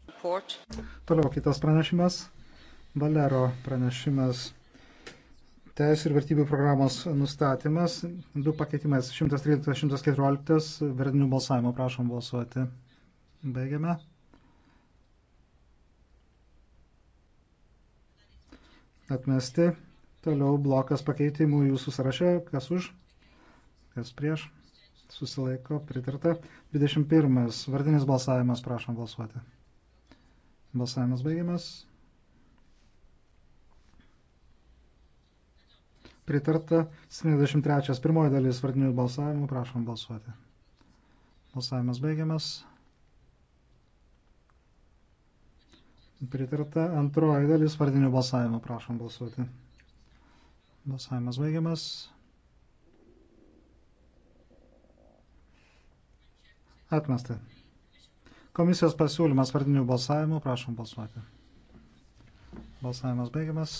Report. Toliau kitas pranešimas. Valero pranešimas. Teisų ir vertybių programos nustatymas. Du pakeitimais. 113-114. Verdinių balsavimo prašom balsuoti. Baigiame. Atmesti. Toliau blokas pakeitimų jūsų sąraše. Kas už? Kas prieš? Susilaiko. Pritarta. 21. Vardinis balsavimas. Prašom balsuoti. Balsavimas baigiamas. Pritarta 73. Pirmoji dalis vardinių balsavimų. Prašom balsuoti. Balsavimas baigiamas. Pritarta antroji dalis vardinių balsavimų. Prašom balsuoti. Balsavimas baigiamas. Atmesta. Komisijos pasiūlymas vardinių balsavimų. Prašom balsuoti. Balsavimas baigiamas.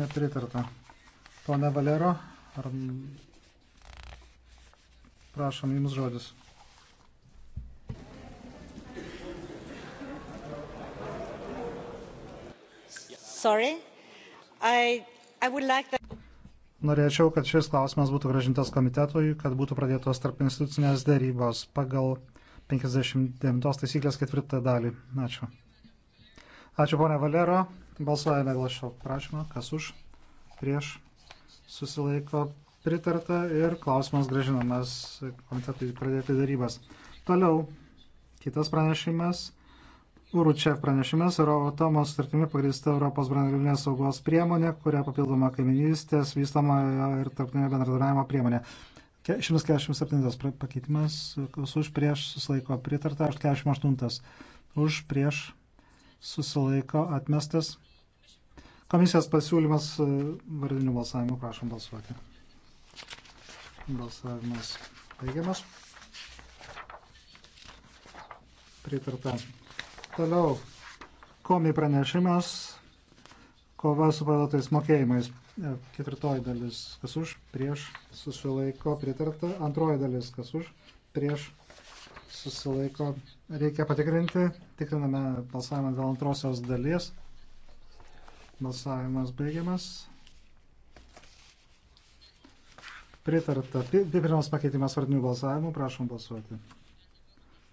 Nepritarta. Pone Valero, ar... prašom jums žodis. Sorry. I, I would like that... Norėčiau, kad šis klausimas būtų gražintas komitetui, kad būtų pradėtos tarp institucinės dėrybos pagal 59 taisyklės ketvirtą dalį. Ačiū. Ačiū ponia Valero. Balsuojame dėl šio prašymo. Kas už? Prieš? Susilaiko pritarta ir klausimas gražinamas komitetui pradėti darybas. Toliau kitas pranešimas. Uručev pranešimas Euroatomos sutartimi pagrįsta Europos branduolinės saugos priemonė, kuria papildoma kaiminystės, vystoma ir tarptautinio bendradarbiavimo priemonė. 147 pakeitimas, kas už prieš susilaiko pritarta, 48 už prieš susilaiko atmestas. Komisijos pasiūlymas e, vardinių balsavimų, prašom balsuoti. Balsavimas baigiamas. Pritarta Toliau, komi pranešimas, kova su pavėluotais mokėjimais. E, ketvirtoji dalis, kas už, prieš, susilaiko, pritarta. Antroji dalis, kas už, prieš, susilaiko. Reikia patikrinti. Tikriname balsavimą dėl antrosios dalies. Balsavimas baigiamas. Pritarta. Pirmas pakeitimas vardinių balsavimų. Prašom balsuoti.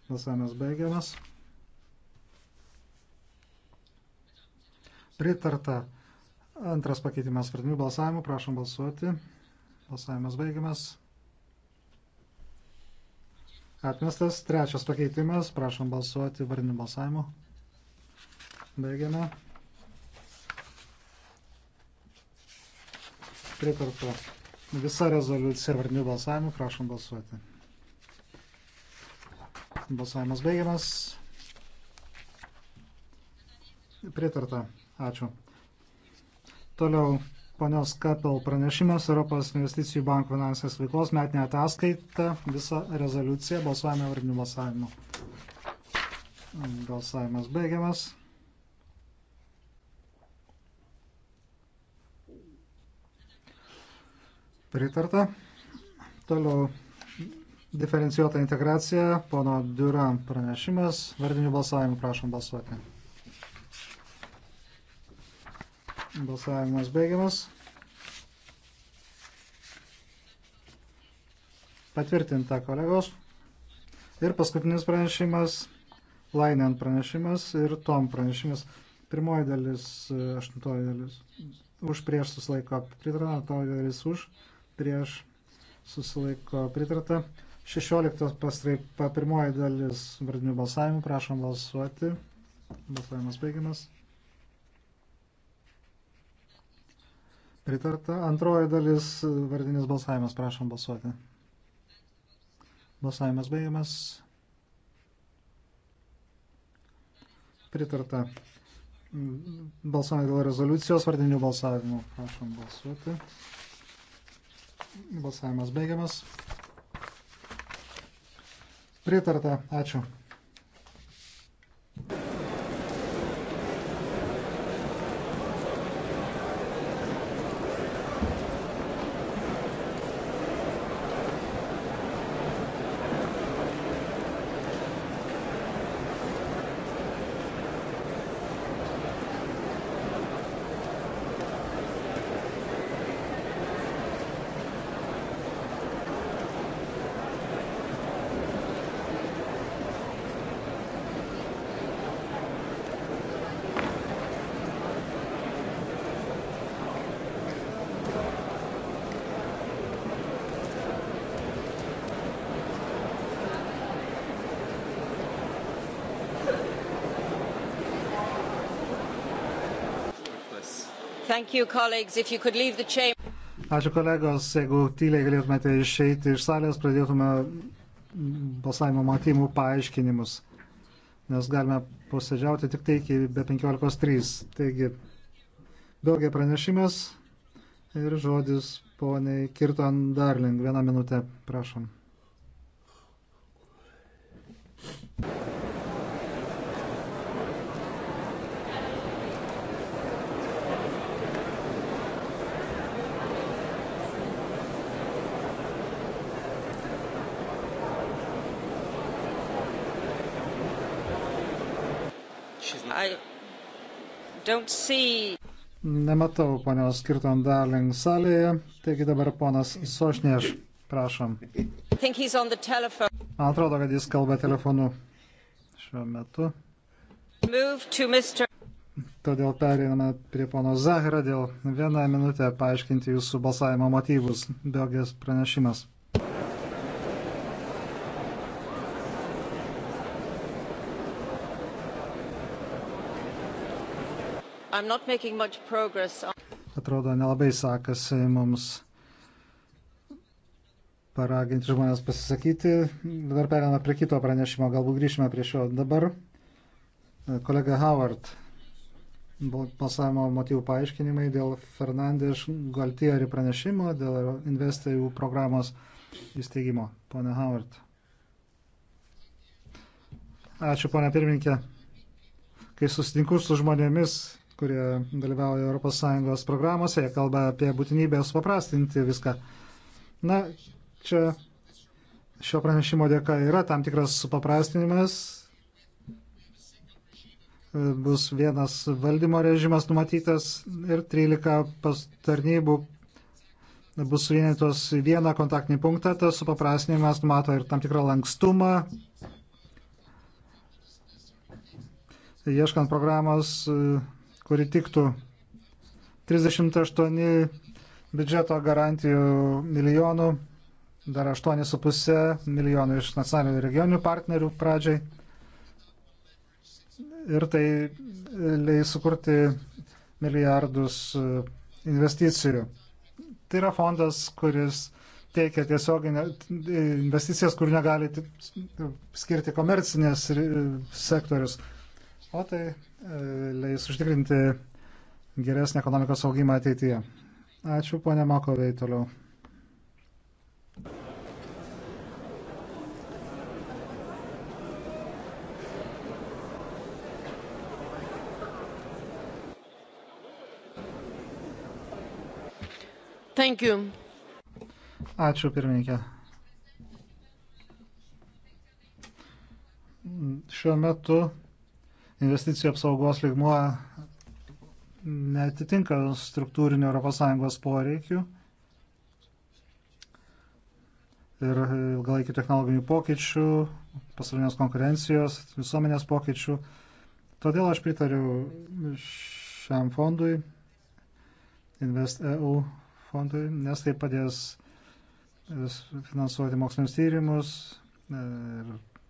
Balsavimas baigiamas. pritarta. Antras pakeitimas vardinių balsavimų. Prašom balsuoti. Balsavimas baigiamas. Atmestas. Trečias pakeitimas. Prašom balsuoti vardinių balsavimų. Baigiame. Pritarta. Visa rezoliucija vardinių balsavimų. Prašom balsuoti. Balsavimas baigiamas. Pritarta. Ačiū. Toliau ponios Kapel pranešimas Europos investicijų banko finansinės veiklos metinė ataskaita, visa rezoliucija, balsuojame vardiniu balsavimu. Balsavimas baigiamas. Pritarta. Toliau diferencijuota integracija, pono Diura pranešimas, vardiniu balsavimu prašom balsuoti. Balsavimas baigiamas. Patvirtinta kolegos. Ir paskutinis pranešimas, Lainen pranešimas ir Tom pranešimas. Pirmoji dalis, aštuntoji dalis. Už prieš susilaiko pritarta, antroji dalis už prieš susilaiko pritarta. 16 pastraipa, pirmoji dalis vardinių balsavimų, prašom balsuoti. Balsavimas baigiamas. Pritarta. Antroji dalis vardinis balsavimas. Prašom balsuoti. Balsavimas baigiamas. Pritarta. Balsuojame dėl rezoliucijos vardinių balsavimų. Prašom balsuoti. Balsavimas baigiamas. Pritarta. Ačiū. You, Ačiū kolegos, jeigu tyliai galėtumėte išeiti iš salės, pradėtume balsavimo matymų paaiškinimus, nes galime posėdžiauti tik tai iki be 15.3. Taigi, daugia pranešimas ir žodis poniai Kirton Darling. Vieną minutę, prašom. Thank you. See... Nematau ponios skirton darling salėje, taigi dabar ponas Sošnieš, prašom. Man atrodo, kad jis kalba telefonu šiuo metu. Todėl pereiname prie pono Zahra dėl vieną minutę paaiškinti jūsų balsavimo motyvus. Belgijos pranešimas. Atrodo, nelabai sakasi mums paraginti žmonės pasisakyti. Dabar perėmame prie kito pranešimo, galbūt grįšime prie šio. Dabar e, kolega Howard, balsavimo motyvų paaiškinimai dėl Fernandės Galtieri pranešimo, dėl investijų programos įsteigimo. Pone Howard. Ačiū, ponė pirmininkė. Kai susitinku su žmonėmis, kurie dalyvauja ES programuose, jie kalba apie būtinybę supaprastinti viską. Na, čia šio pranešimo dėka yra tam tikras supaprastinimas, bus vienas valdymo režimas numatytas ir 13 tarnybų bus suvienytos vieną kontaktinį punktą, tas supaprastinimas numato ir tam tikrą lankstumą. Ieškant programos kuri tiktų 38 biudžeto garantijų milijonų, dar 8,5 milijonų iš nacionalinių regionių partnerių pradžiai. Ir tai leis sukurti milijardus investicijų. Tai yra fondas, kuris teikia tiesiog investicijas, kur negali skirti komercinės sektorius o tai e, leis užtikrinti geresnį ekonomikos augimą ateityje. Ačiū, ponė Makovei, toliau. Thank you. Ačiū pirmininkė. Šiuo metu investicijų apsaugos ligmuo netitinka struktūrinio ES poreikių ir ilgalaikių technologinių pokyčių, pasaulinės konkurencijos, visuomenės pokyčių. Todėl aš pritariu šiam fondui, InvestEU fondui, nes tai padės finansuoti mokslinius tyrimus e, ir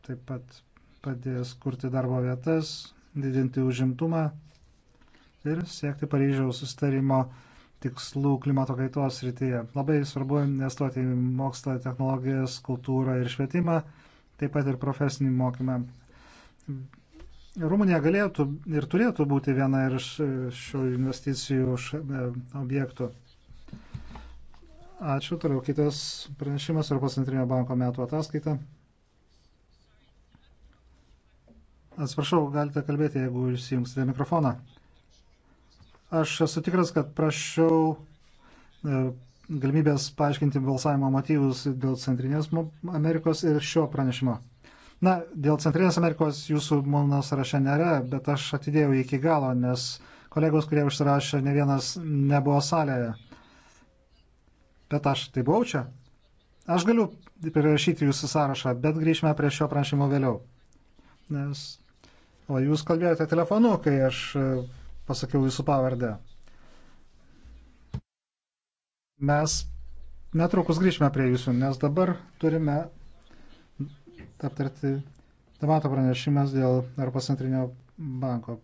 taip pat padės kurti darbo vietas, didinti užimtumą ir siekti Paryžiaus sustarimo tikslų klimato kaitos srityje. Labai svarbu investuoti į mokslą, technologijas, kultūrą ir švietimą, taip pat ir profesinį mokymą. Rumunija galėtų ir turėtų būti viena iš šių investicijų e, objektų. Ačiū. Toliau kitas pranešimas Europos centrinio banko metų ataskaita. Atsiprašau, galite kalbėti, jeigu įsijungsite mikrofoną. Aš esu tikras, kad prašiau e, galimybės paaiškinti balsavimo motyvus dėl Centrinės Amerikos ir šio pranešimo. Na, dėl Centrinės Amerikos jūsų mano sąraše nėra, bet aš atidėjau iki galo, nes kolegos, kurie užsirašė, ne vienas nebuvo salėje. Bet aš tai buvau čia. Aš galiu prirašyti jūsų sąrašą, bet grįžime prie šio pranešimo vėliau. Nes O jūs kalbėjote telefonu, kai aš e, pasakiau jūsų pavardę. Mes netrukus grįžime prie jūsų, nes dabar turime aptarti Damato pranešimas dėl Europos centrinio banko.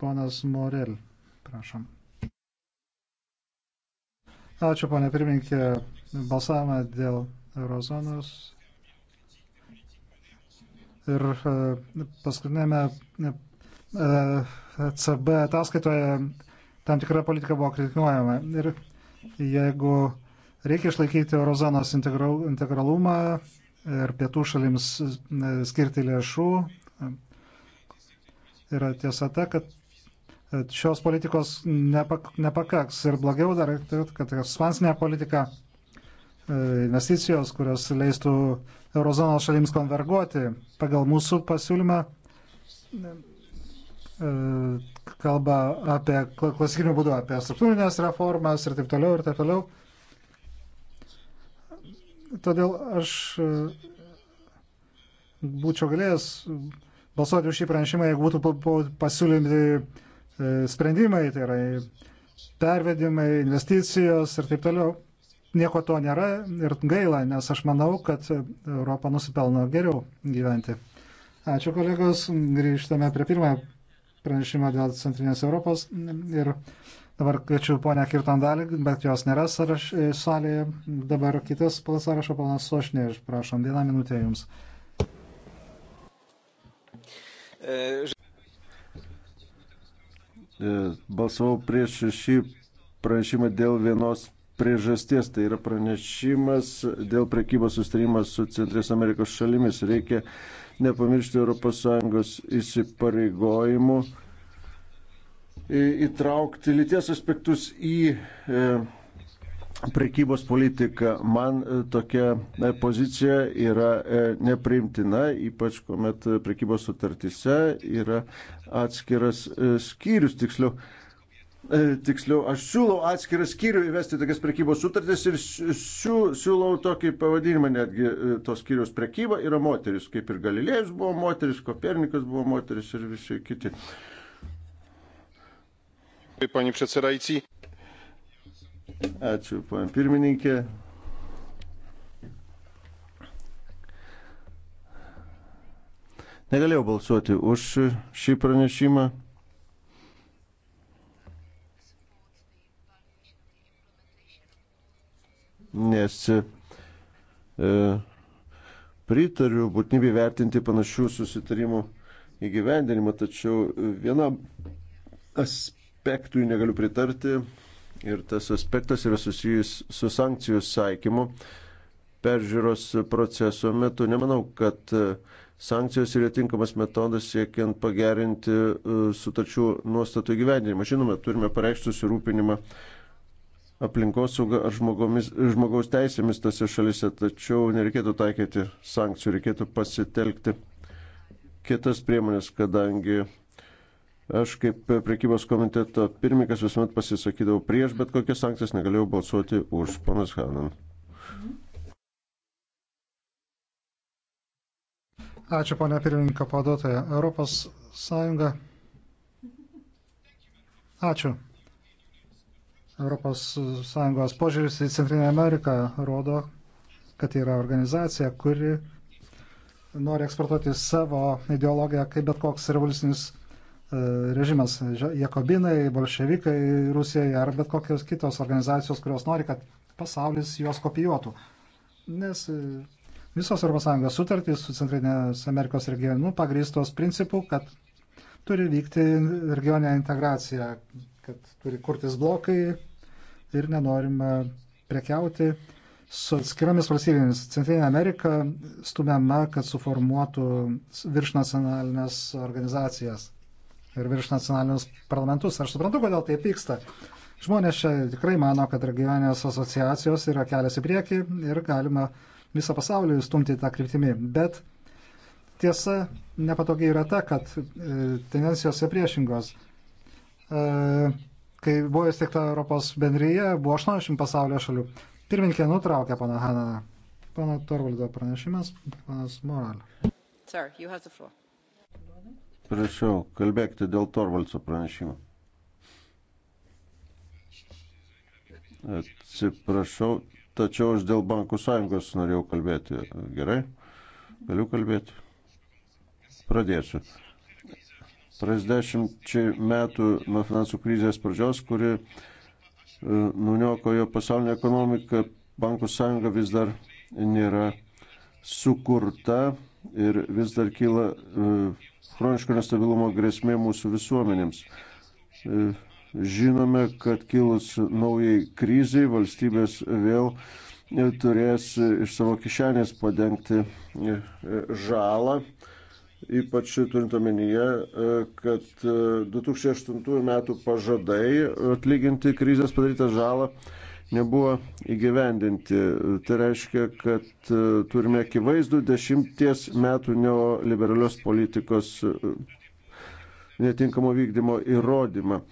Ponas Morel, prašom. Ačiū, ponė pirmininkė, balsavimą dėl eurozonos Ir e, paskutinėme ECB e, e ataskaitoje tam tikra politika buvo kritikuojama. Ir jeigu reikia išlaikyti eurozonos integralumą ir pietų šalims skirti lėšų, yra tiesa ta, kad šios politikos nepakaks. Ir blogiau dar, kad ekspansinė politika E, investicijos, kurios leistų eurozonos šalims konverguoti. Pagal mūsų pasiūlymą e, kalba apie klasikinių būdų, apie struktūrinės reformas ir taip toliau ir taip toliau. Todėl aš e, būčiau galėjęs balsuoti už šį pranešimą, jeigu būtų pasiūlyti sprendimai, tai yra pervedimai, investicijos ir taip toliau nieko to nėra ir gaila, nes aš manau, kad Europa nusipelno geriau gyventi. Ačiū kolegos, grįžtame prie pirmojo pranešimo dėl Centrinės Europos ir dabar kviečiu ponę Kirtandalį, bet jos nėra sąraš, salėje. Dabar kitas sąrašo ponas Sošnė, prašom, vieną minutę jums. E, balsavau prieš šį pranešimą dėl vienos priežasties, tai yra pranešimas dėl prekybos sustarimas su Centrės Amerikos šalimis. Reikia nepamiršti ES įsipareigojimų įtraukti lyties aspektus į e, prekybos politiką. Man e, tokia e, pozicija yra nepriimtina, ypač kuomet prekybos sutartyse yra atskiras skyrius, tiksliau E, tiksliau, aš siūlau atskirą skyrių įvesti tokias prekybos sutartis ir siūlau tokį pavadinimą netgi e, tos skyrius prekyba yra moteris, kaip ir Galilėjus buvo moteris, Kopernikas buvo moteris ir visi kiti. Pani predsedajci. Ačiū, pan pirmininkė. Negalėjau balsuoti už šį pranešimą. nes e, pritariu būtinybį vertinti panašių susitarimų įgyvendinimą, tačiau vienam aspektui negaliu pritarti ir tas aspektas yra susijęs su sankcijų saikymu peržiūros proceso metu. Nemanau, kad e, sankcijos yra tinkamas metodas siekiant pagerinti e, sutarčių nuostatų gyvendinimą. Žinoma, turime pareikšti susirūpinimą aplinkosauga ar žmogomis, žmogaus teisėmis tose šalise, tačiau nereikėtų taikyti sankcijų, reikėtų pasitelkti kitas priemonės, kadangi aš kaip prekybos komiteto pirmininkas visuomet pasisakydavau prieš, bet kokias sankcijas negalėjau balsuoti už. Ponas Hanan. Ačiū, ponia pirmininko pavaduotoja. Europos Sąjunga. Ačiū. ES požiūris į Centrinę Ameriką rodo, kad tai yra organizacija, kuri nori eksportuoti savo ideologiją kaip bet koks revoliucinis e, režimas, jakobinai, bolševikai Rusijoje ar bet kokios kitos organizacijos, kurios nori, kad pasaulis juos kopijuotų. Nes e, visos ES sutartys su Centrinės Amerikos regionu pagrįstos principu, kad turi vykti regioninė integracija, kad turi kurtis blokai ir nenorima prekiauti su atskiromis valstybėmis. Centrinė Amerika stumiama, kad suformuotų viršnacionalinės organizacijas ir viršnacionalinius parlamentus. Aš suprantu, kodėl tai pyksta. Žmonės čia tikrai mano, kad regioninės asociacijos yra kelias į priekį ir galima visą pasaulį stumti tą kryptimį. Bet tiesa nepatogiai yra ta, kad e, tendencijos yra priešingos. E, kai buvo įsteigta Europos bendryje, buvo 80 pasaulio šalių. Pirminkė nutraukė pana Hananą. Pana Torvaldo pranešimas, panas Moral. Sir, you have the floor. Prašau, kalbėkite dėl Torvaldo pranešimo. Atsiprašau, tačiau aš dėl bankų sąjungos norėjau kalbėti. Gerai, galiu kalbėti. Pradėsiu prieš dešimčiai metų nuo finansų krizės pradžios, kuri e, nuniokojo pasaulinę ekonomiką, bankų sąjunga vis dar nėra sukurta ir vis dar kyla e, chroniško nestabilumo grėsmė mūsų visuomenėms. E, žinome, kad kilus naujai kriziai valstybės vėl turės iš savo kišenės padengti žalą Ypač turint omenyje, e, kad 2008 e, metų pažadai atlyginti krizės padarytą žalą nebuvo įgyvendinti. Tai reiškia, kad e, turime akivaizdų dešimties metų neoliberalios politikos netinkamo vykdymo įrodymą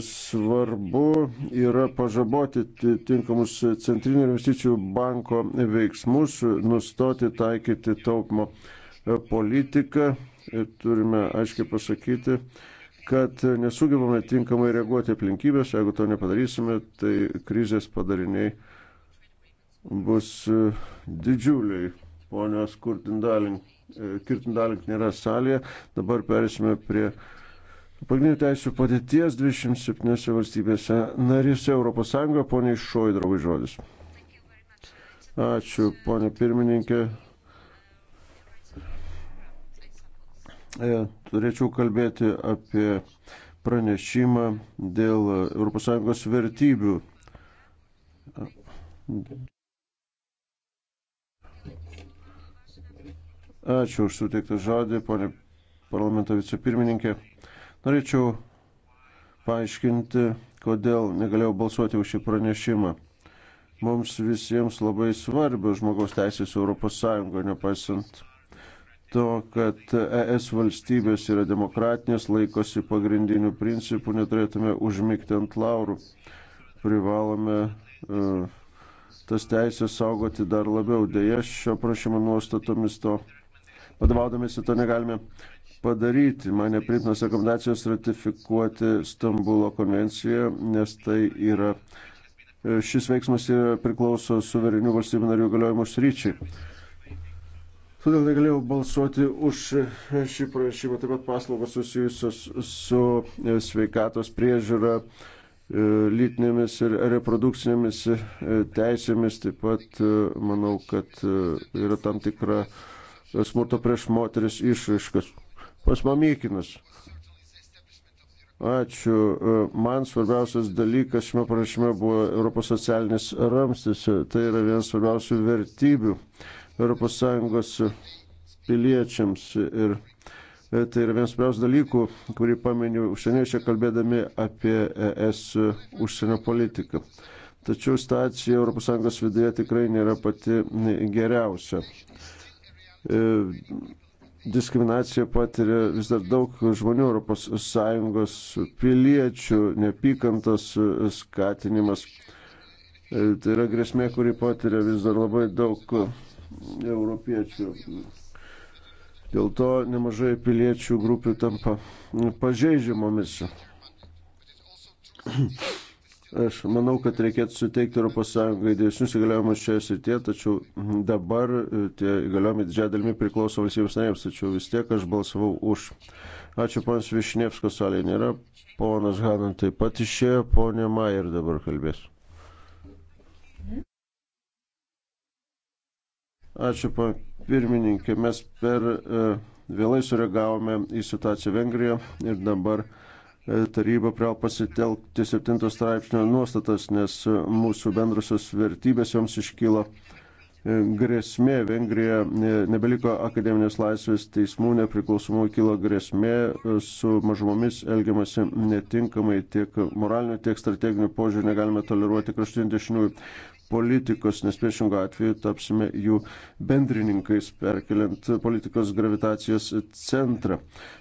svarbu yra pažaboti tinkamus Centrinio investicijų banko veiksmus, nustoti taikyti taupimo e, politiką ir turime aiškiai pasakyti, kad nesugebame tinkamai reaguoti aplinkybės, jeigu to nepadarysime, tai krizės padariniai bus e, didžiuliai. Ponios Kirtindalink e, nėra salėje, dabar perėsime prie Pagrindinių teisų padėties 27 valstybėse narėse ES, poniai Šoidrovai žodis. Ačiū, ponė pirmininkė. E, turėčiau kalbėti apie pranešimą dėl ES vertybių. Ačiū už suteiktą žodį, ponė parlamento vicepirmininkė. Norėčiau paaiškinti, kodėl negalėjau balsuoti už šį pranešimą. Mums visiems labai svarbios žmogaus teisės Europos Sąjungoje, nepaisant to, kad ES valstybės yra demokratinės, laikosi pagrindinių principų, neturėtume užmygti ant laurų. Privalome uh, tas teisės saugoti dar labiau. Deja, šio prašymo nuostatomis to, vadovaudamėsi to negalime padaryti. Man neprimtinos rekomendacijos ratifikuoti Stambulo konvenciją, nes tai yra, e, šis veiksmas yra priklauso suverenių valstybių narių galiojimus ryčiai. Todėl negalėjau balsuoti už e, šį prašymą, taip pat paslaugos susijusios su e, sveikatos priežiūra, lytinėmis ir reprodukcinėmis teisėmis. Taip pat manau, kad yra tam tikra smurto prieš moteris išraiškas. Pas Mamykinas. Ačiū. E, man svarbiausias dalykas šiame prašyme buvo Europos socialinis ramstis. Tai yra vienas svarbiausių vertybių ES piliečiams. Ir e, tai yra vienas svarbiausių dalykų, kurį paminiu užsieniečiai kalbėdami apie ES užsienio politiką. Tačiau stacija ES viduje tikrai nėra pati geriausia e, diskriminaciją patiria vis dar daug žmonių ES piliečių, nepykantos skatinimas. Tai yra grėsmė, kuri patiria vis dar labai daug europiečių. Dėl to nemažai piliečių grupių tampa pažeidžiamomis. Aš manau, kad reikėtų suteikti ES didesnius įgaliojimus šioje srityje, tačiau dabar e, tie įgaliojimai didžiąją dalimi priklauso valstybės narėms, tačiau vis tiek aš balsavau už. Ačiū, ponas Višnievsko salėje nėra, ponas Hanan taip pat išėjo, ponė Maier dabar kalbės. Ačiū, ponė pirmininkė, mes per e, vėlai sureagavome į situaciją Vengrijoje ir dabar uh, taryba privalo pasitelkti 7 straipsnio nuostatas, nes mūsų bendrusios vertybės joms iškyla e, grėsmė. Vengrija e, nebeliko akademinės laisvės, teismų nepriklausomų kilo grėsmė, e, su mažumomis elgiamasi netinkamai tiek moralinio, tiek strateginio požiūrį negalime toleruoti kraštutinių dešiniųjų politikos, nes priešingų atveju tapsime jų bendrininkais, perkeliant politikos gravitacijos centrą.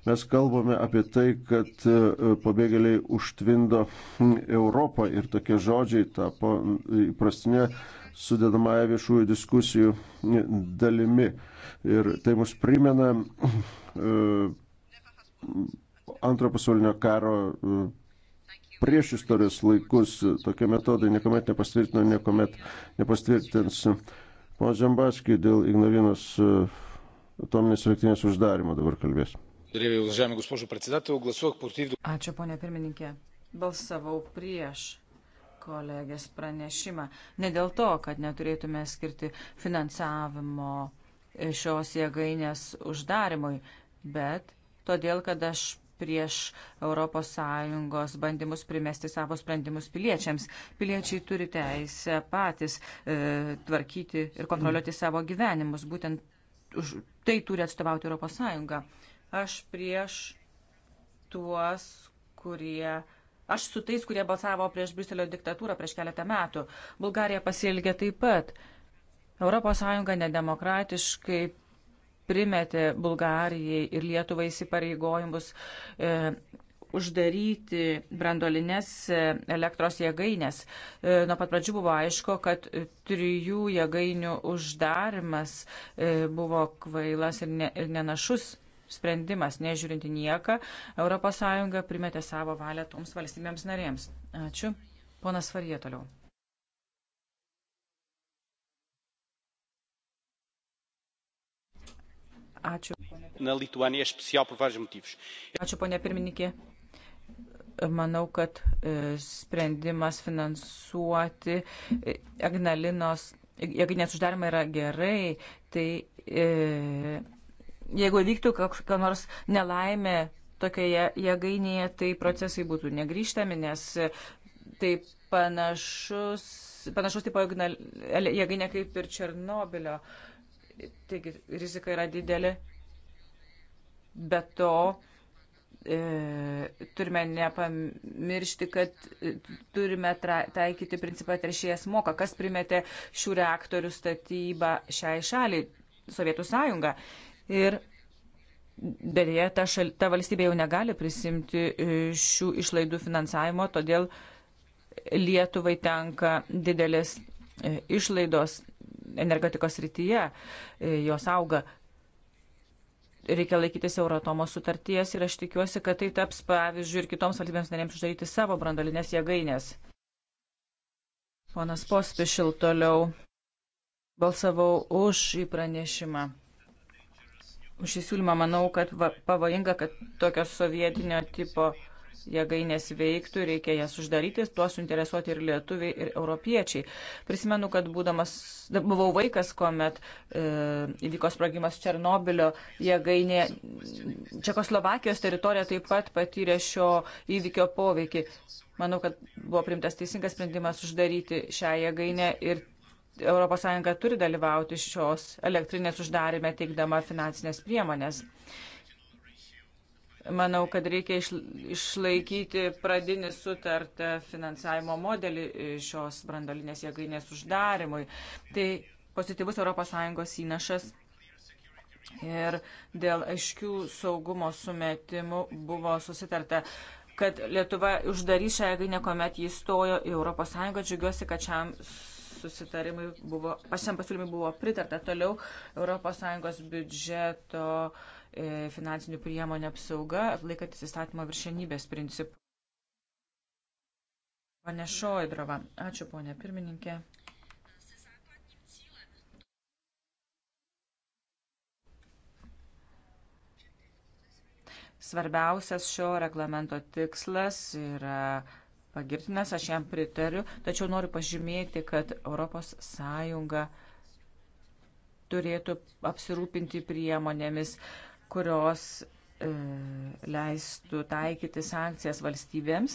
Mes kalbame apie tai, kad e, pabėgėliai užtvindo Europą ir tokie žodžiai tapo įprastinė sudėdamąją viešųjų diskusijų dalimi. Ir tai mus primena e, antrojo pasaulinio karo e, prieš istorijos laikus. Tokie metodai niekuomet nepastvirtino, niekuomet nepastvirtins. Pana Žambaškiai dėl Ignalinos e, atominės elektrinės uždarimo dabar kalbės. Ačiū, ponė pirmininkė. Balsavau prieš kolegės pranešimą. Ne dėl to, kad neturėtume skirti finansavimo šios jėgainės uždarimui, bet todėl, kad aš prieš ES bandymus primesti savo sprendimus piliečiams. Piliečiai turi teisę patys e, tvarkyti ir kontroliuoti savo gyvenimus. Būtent už tai turi atstovauti ES. Aš prieš tuos, kurie. Aš su tais, kurie balsavo prieš Briuselio diktatūrą prieš keletą metų. Bulgarija pasielgė taip pat. ES nedemokratiškai primetė Bulgarijai ir Lietuvai įsipareigojimus e, uždaryti brandolinės e, elektros jėgainės. E, nuo pat pradžių buvo aišku, kad trijų jėgainių uždarimas e, buvo kvailas ir, ne, ir nenašus sprendimas, nežiūrinti nieką. ES primetė savo valią toms valstybėms narėms. Ačiū. Ponas Varija toliau. Ačiū. Ačiū, ponė pirmininkė. Manau, kad e, sprendimas finansuoti Agnalinos, e, jeigu net uždarima yra gerai, tai e, jeigu vyktų kokia nors nelaimė tokioje jėgainėje, tai procesai būtų negryžtami, nes tai panašus, panašus tipo jėgainė kaip ir Černobilio. Uh, Taigi rizika yra didelė. Be to, e, turime nepamiršti, kad e, turime tra, taikyti principą teršėjas moka, kas primetė šių reaktorių statybą šiai šaliai, Sovietų sąjunga. Ir dėlėje ta, šal, ta valstybė jau negali prisimti e, šių išlaidų finansavimo, todėl Lietuvai tenka didelis E, išlaidos energetikos rytyje, e, jos auga. Reikia laikytis Euratomo sutarties ir aš tikiuosi, kad tai taps pavyzdžių ir kitoms valstybėms narėms uždaryti savo brandolinės jėgainės. Ponas Pospišil toliau balsavau už šį pranešimą. Už šį siūlymą manau, kad va, pavojinga, kad tokios sovietinio tipo uh, jėgainės veiktų, reikia jas uždaryti, tuo suinteresuoti ir lietuviai, ir europiečiai. Prisimenu, kad būdamas, buvau vaikas, kuomet e, įvyko sprogimas Černobilio jėgainė, Čekoslovakijos teritorija taip pat patyrė šio įvykio poveikį. Manau, kad buvo primtas teisingas sprendimas uždaryti šią jėgainę ir ES turi dalyvauti šios elektrinės uždarime teikdama finansinės priemonės. E, Manau, kad reikia išlaikyti pradinį sutartą finansavimo modelį e, šios brandolinės jėgainės uždarimui. Tai pozityvus ES įnašas ir dėl aiškių saugumo sumetimų buvo susitarta kad Lietuva uždarys šią jėgainę, kuomet jį stojo į ES. Džiugiuosi, kad šiam susitarimui buvo, šiam pasiūlymui buvo pritarta. Toliau ES biudžeto uh, E, finansinių priemonių apsauga, laikantis įstatymo viršenybės principų. Pane Šoidrova, ačiū ponė pirmininkė. Svarbiausias šio reglamento tikslas yra pagirtinas, aš jam pritariu, tačiau noriu pažymėti, kad ES turėtų apsirūpinti priemonėmis, uh, kurios e, leistų taikyti sankcijas valstybėms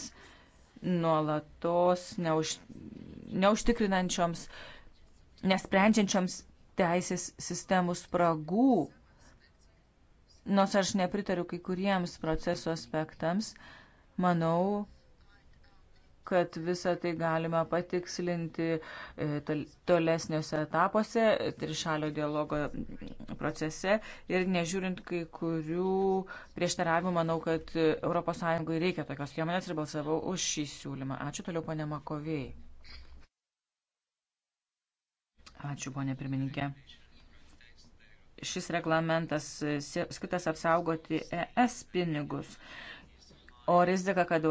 nuolatos neuž, neužtikrinančioms, nesprendžiančioms teisės sistemų spragų. Nors aš nepritariu kai kuriems proceso aspektams, manau, kad visą tai galima patikslinti e, tolesniuose etapuose, trišalio dialogo procese ir nežiūrint kai kurių prieštaravimų, manau, kad ES reikia tokios priemonės ir balsavau už šį siūlymą. Ačiū toliau, ponė Makovėjai. Ačiū, ponė pirmininkė. Šis reglamentas skirtas apsaugoti ES pinigus O rizika, kad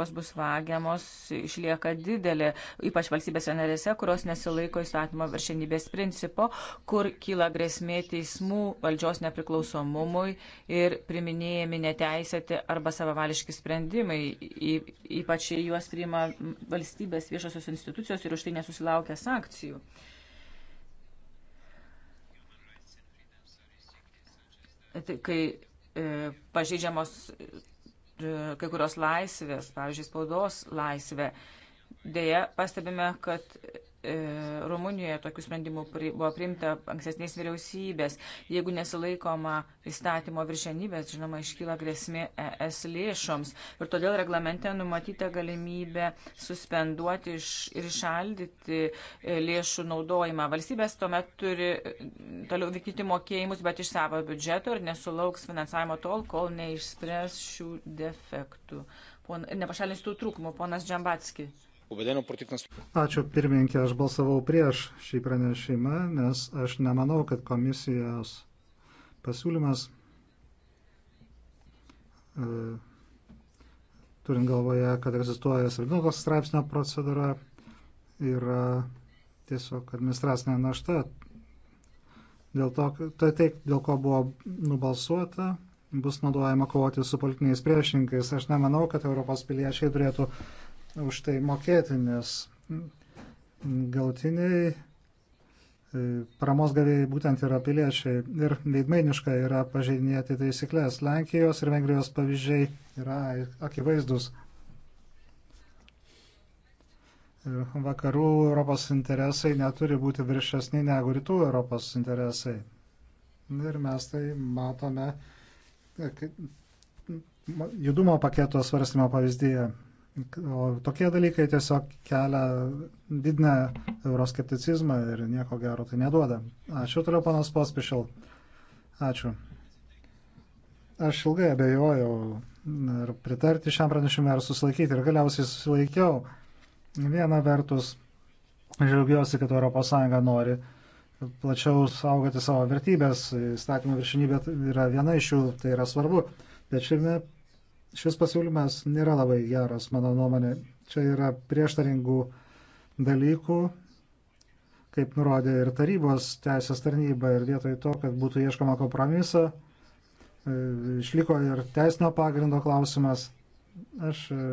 ES bus vagiamos, išlieka didelė, ypač valstybėse narėse, kurios nesilaiko įstatymo viršenybės principo, kur kyla grėsmė teismų valdžios nepriklausomumui ir priminėjami neteisėti arba savavališki sprendimai, ypač juos priima valstybės viešosios institucijos ir už tai nesusilaukia sankcijų. Tai kai e, pažeidžiamos E, kai kurios laisvės, pavyzdžiui, spaudos laisvė. Deja, pastebime, kad E, Rumunijoje tokių sprendimų buvo priimta ankstesnės vyriausybės. Jeigu nesilaikoma įstatymo viršenybės, žinoma, iškyla grėsmė ES lėšoms. Ir todėl reglamente numatyta galimybė suspenduoti ir išaldyti e, lėšų naudojimą. Valstybės tuomet turi e, toliau vykdyti mokėjimus, bet iš savo biudžeto ir nesulauks finansavimo tol, kol neišspręs šių defektų. Pon, nepašalins tų trūkumų, ponas Džambatski. Ačiū pirmininkė, aš balsavau prieš šį pranešimą, nes aš nemanau, kad komisijos pasiūlymas, e, turint galvoje, kad egzistuoja savininkas straipsnio procedūra, yra tiesiog administracinė našta. Dėl to, tai taip, dėl ko buvo nubalsuota, bus naudojama kovoti su politiniais priešininkais. Aš nemanau, kad Europos piliečiai turėtų už tai mokėti, nes galtiniai e, paramos gavėjai būtent yra piliečiai ir veidmainiška yra pažeidinėti taisyklės. Lenkijos ir Vengrijos pavyzdžiai yra akivaizdus. E, vakarų Europos interesai neturi būti viršesni negu rytų Europos interesai. Ir mes tai matome e, judumo paketo svarstymo pavyzdyje. O tokie dalykai tiesiog kelia, didina euroskepticizmą ir nieko gero tai neduoda. Ačiū toliau, panas Pospišil. Ačiū. Aš ilgai abejojau ir pritarti šiam pranešimui ar susilaikyti ir galiausiai susilaikiau. Viena vertus, žiaugiuosi, kad ES nori plačiau saugoti savo vertybės, įstatymo viršinybė yra viena iš jų, tai yra svarbu. Bet šiame Šis pasiūlymas nėra labai geras, mano nuomonė. Čia yra prieštaringų dalykų, kaip nurodė ir tarybos teisės tarnyba. Ir vietoj to, kad būtų ieškoma kompromiso, e, išliko ir teisinio pagrindo klausimas. Aš e,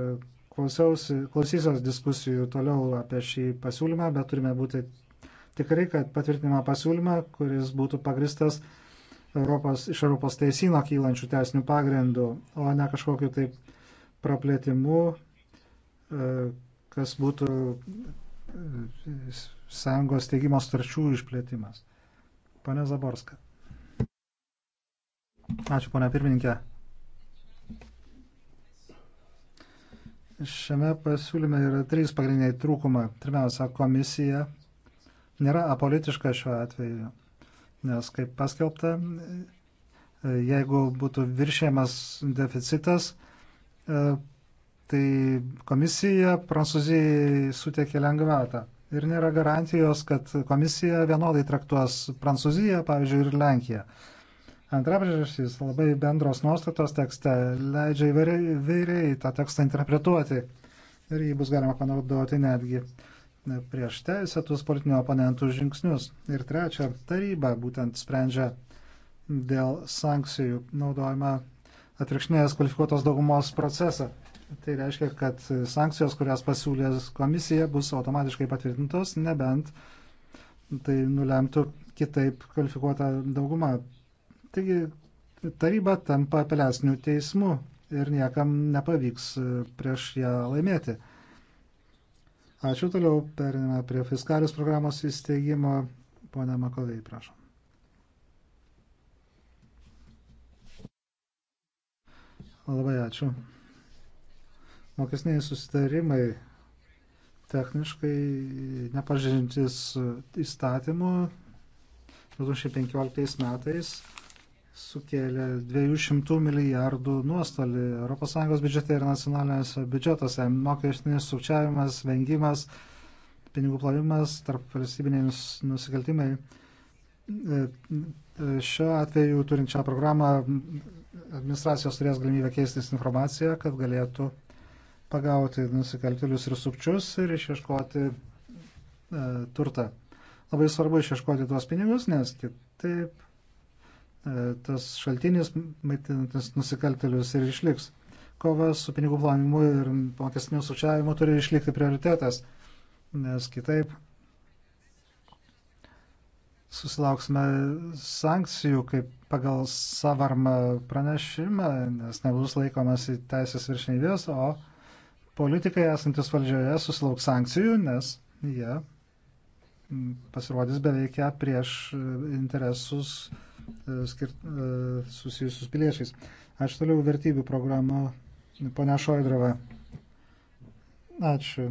klausysios diskusijų toliau apie šį pasiūlymą, bet turime būti tikrai, kad patvirtinimą pasiūlymą, kuris būtų pagristas Europos, iš Europos teisino kylančių teisinių pagrindų, o ne kažkokiu taip praplėtimu, e, kas būtų e, sąjungos teigimo starčių išplėtimas. Pane Zaborska. Ačiū, ponia pirmininkė. Šiame pasiūlyme yra trys pagrindiniai trūkumai. Pirmiausia, komisija nėra apolitiška šiuo atveju nes kaip paskelbta, jeigu būtų viršėjamas deficitas, e, tai komisija Prancūzijai suteikė lengvatą. Ir nėra garantijos, kad komisija vienodai traktuos Prancūziją, pavyzdžiui, ir Lenkiją. Antra priežastis - labai bendros nuostatos tekste leidžia įvairiai tą tekstą interpretuoti ir jį bus galima panaudoti netgi prieš teisėtus politinio oponentų žingsnius. Ir trečia, taryba būtent sprendžia dėl sankcijų naudojimą atvirkšnės kvalifikuotos daugumos procesą. Tai reiškia, kad sankcijos, kurias pasiūlės komisija, bus automatiškai patvirtintos, nebent tai nulemtų kitaip kvalifikuotą daugumą. Taigi taryba tampa apeliacinių teismų ir niekam nepavyks prieš ją laimėti. Ačiū toliau, periname prie fiskalius programos įsteigimo. Pone Makovai, prašom. Labai ačiū. Mokesniai susitarimai techniškai nepažintis įstatymų 2015 metais sukėlė 200 milijardų nuostolį ES biudžete ir nacionalinėse biudžetuose. Mokestinis sukčiavimas, vengimas, pinigų plovimas, tarp valstybiniai nusikaltimai. E, e, šiuo atveju turinčią programą administracijos turės galimybę keistis informaciją, kad galėtų pagauti nusikaltėlius ir sukčius ir išieškoti e, turtą. Labai svarbu išieškoti tuos pinigus, nes kitaip E, tas šaltinis maitinantis nusikaltelius ir išliks. Kova su pinigų planimu ir mokestiniu sučiavimu turi išlikti prioritetas, nes kitaip susilauksime sankcijų kaip pagal savarmą pranešimą, nes nebus laikomas į teisės viršinybės, o politikai esantis valdžioje susilauks sankcijų, nes jie pasirodys beveikia prieš e, interesus e, skirt, e, susijusius piliečiais. Ačiū toliau vertybių programą, ponia Šoidrova. Ačiū.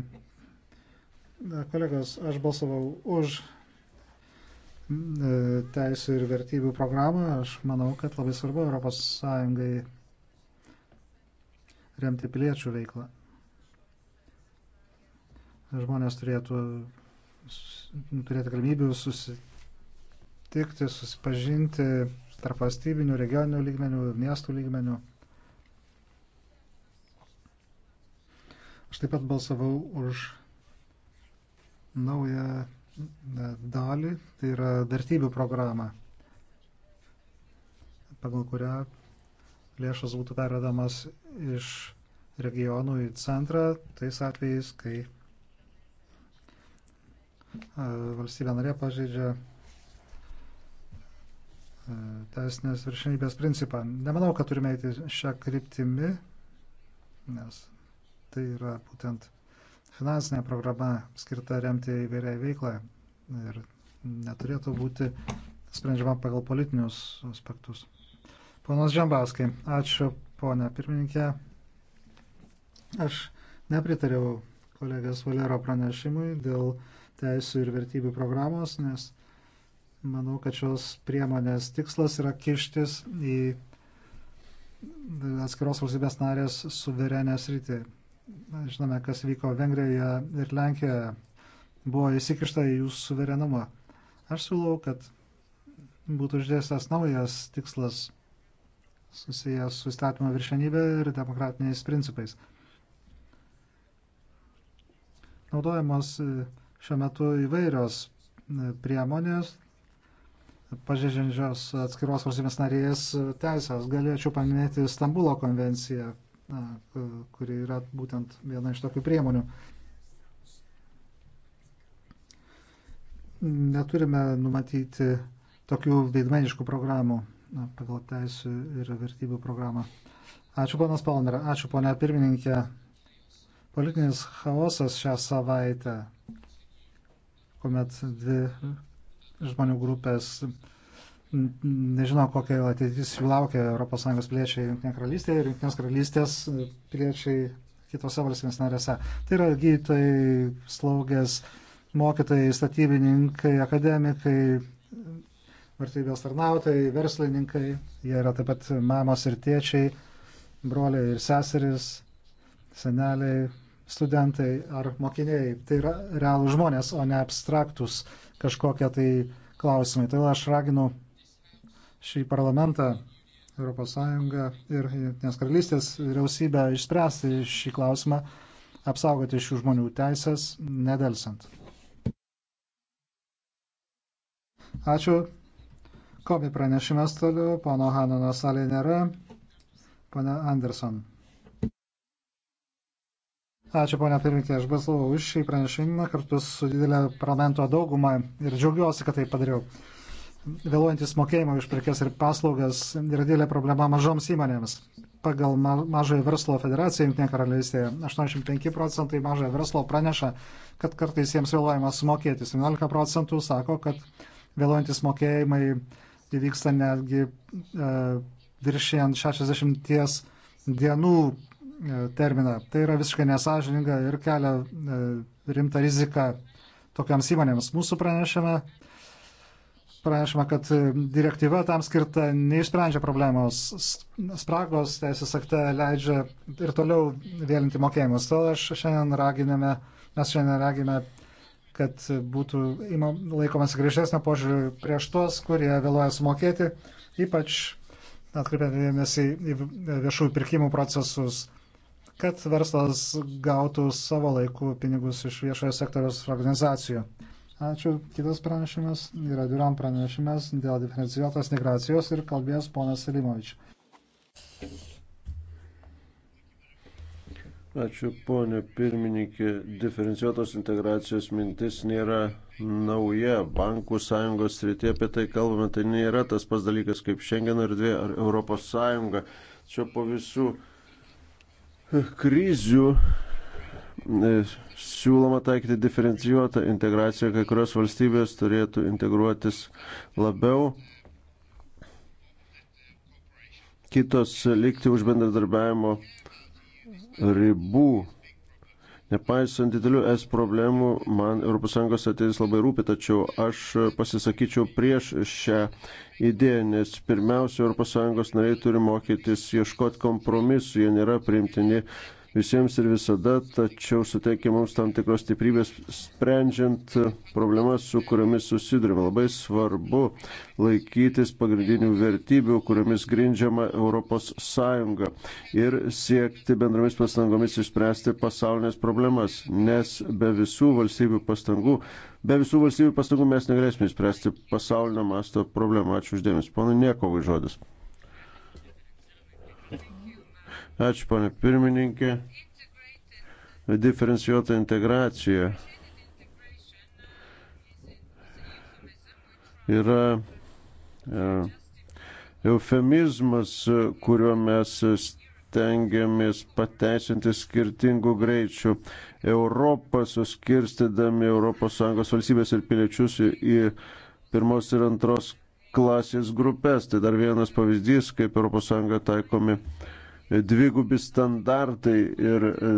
Kolegos, aš balsavau už teisų ir vertybių programą. Aš manau, kad labai svarbu ES remti piliečių veiklą. Žmonės turėtų Nu, turėti galimybių susitikti, susipažinti tarp valstybinių, regioninių lygmenių, miestų lygmenių. Aš taip pat balsavau už naują dalį, tai yra vertybių programą, pagal kurią lėšos būtų pervedamas iš regionų į centrą tais atvejais, kai valstybė narė pažeidžia teisinės viršinybės principą. Nemanau, kad turime eiti šią kryptimį, nes tai yra būtent finansinė programa skirta remti įvairiai veiklai ir neturėtų būti sprendžiama pagal politinius aspektus. Ponas Žambaskai, ačiū ponė pirmininkė. Aš nepritariau kolegės Valero pranešimui dėl uh, teisų ir vertybių programos, nes manau, kad šios priemonės tikslas yra kištis į atskiros valstybės narės suverenę sritį. Žinome, kas vyko Vengrijoje ir Lenkijoje. Buvo įsikišta į jūsų suverenumą. Aš siūlau, kad būtų uždėstas naujas tikslas susijęs su įstatymo viršenybė ir demokratiniais principais. Naudojamos šiuo metu įvairios e, priemonės, pažeidžiančios atskiros valstybės narės teisės. Galėčiau paminėti Stambulo konvenciją, kuri yra būtent viena iš tokių priemonių. Neturime numatyti tokių veidmeniškų programų pagal teisų ir vertybių programą. Ačiū ponas Palmer, ačiū ponia pirmininkė. Politinis chaosas šią savaitę kuomet dvi žmonių grupės nežino, kokia ateitis jų laukia ES piliečiai Junktinė karalystė ir Junktinės karalystės piliečiai kitose valstybės narėse. Tai yra gydytojai, slaugės, mokytojai, statybininkai, akademikai, vartybės tarnautojai, verslininkai, jie yra taip pat mamos ir tėčiai, broliai ir seserys, seneliai, studentai ar mokiniai. Tai yra realų žmonės, o ne abstraktus kažkokie tai klausimai. Tai aš raginu šį parlamentą, ES ir Junktinės karalystės vyriausybę išspręsti šį klausimą, apsaugoti šių žmonių teisės nedelsant. Ačiū. Komi pranešimas toliau, pono Hanono salėje nėra, pone Anderson. Ačiū, ponia pirmininkė, aš balsavau už šį pranešimą kartu su didelė parlamento dauguma ir džiaugiuosi, kad tai padariau. Vėluojantis mokėjimai už prekes ir paslaugas yra didelė problema mažoms įmonėms. Pagal mažojo verslo federaciją Junktinė karalystėje 85 procentai mažojo verslo praneša, kad kartais jiems vėluojama sumokėti. 17 procentų sako, kad vėluojantis mokėjimai įvyksta netgi e, viršijant 60 dienų E, terminą. Tai yra visiškai nesažininga ir kelia e, rimtą riziką tokiams įmonėms. Mūsų pranešime, pranešime, kad e, direktyva tam skirta neišsprendžia problemos. Spragos teisės akte leidžia ir toliau vėlinti mokėjimus. Todėl aš šiandien raginame, mes šiandien raginame kad būtų laikomas griežtesnio požiūrių prieš tuos, kurie vėluoja sumokėti, ypač atkreipiant dėmesį į viešųjų pirkimų procesus kad verslas gautų savo laikų pinigus iš viešojo sektoriaus organizacijų. Ačiū. Kitas pranešimas yra Duran pranešimas dėl diferencijuotos migracijos ir kalbės ponas Selimovič. Ačiū, ponė pirmininkė. Diferencijuotos integracijos mintis nėra nauja. Bankų sąjungos srityje apie tai kalbame. Tai nėra tas pats dalykas kaip Schengen erdvė ar Europos sąjunga. Čia po visų krizių e, siūloma taikyti diferencijuotą integraciją, kai kurios valstybės turėtų integruotis labiau, kitos likti už bendradarbiavimo ribų. Nepaisant didelių es problemų, man ES ateitis labai rūpi, tačiau aš pasisakyčiau prieš šią idėją, nes pirmiausia, ES nariai turi mokytis ieškoti kompromisų, jie nėra priimtini visiems ir visada, tačiau suteikia mums tam tikros stiprybės sprendžiant problemas, su kuriomis susidurime. Labai svarbu laikytis pagrindinių vertybių, kuriomis grindžiama ES ir siekti bendromis pastangomis išspręsti pasaulinės problemas, nes be visų valstybių pastangų be visų valstybių pastangų mes negalėsime išspręsti pasaulinio masto problemą. Ačiū uždėmesi. Pana Niekovai žodis. Ačiū, ponė pirmininkė. Diferencijuota integracija yra e, eufemizmas, kuriuo mes stengiamės pateisinti skirtingų greičių Europą, suskirstydami ES valstybės ir piliečius į pirmos ir antros klasės grupės. Tai dar vienas pavyzdys, kaip ES taikomi dvigubi standartai ir e,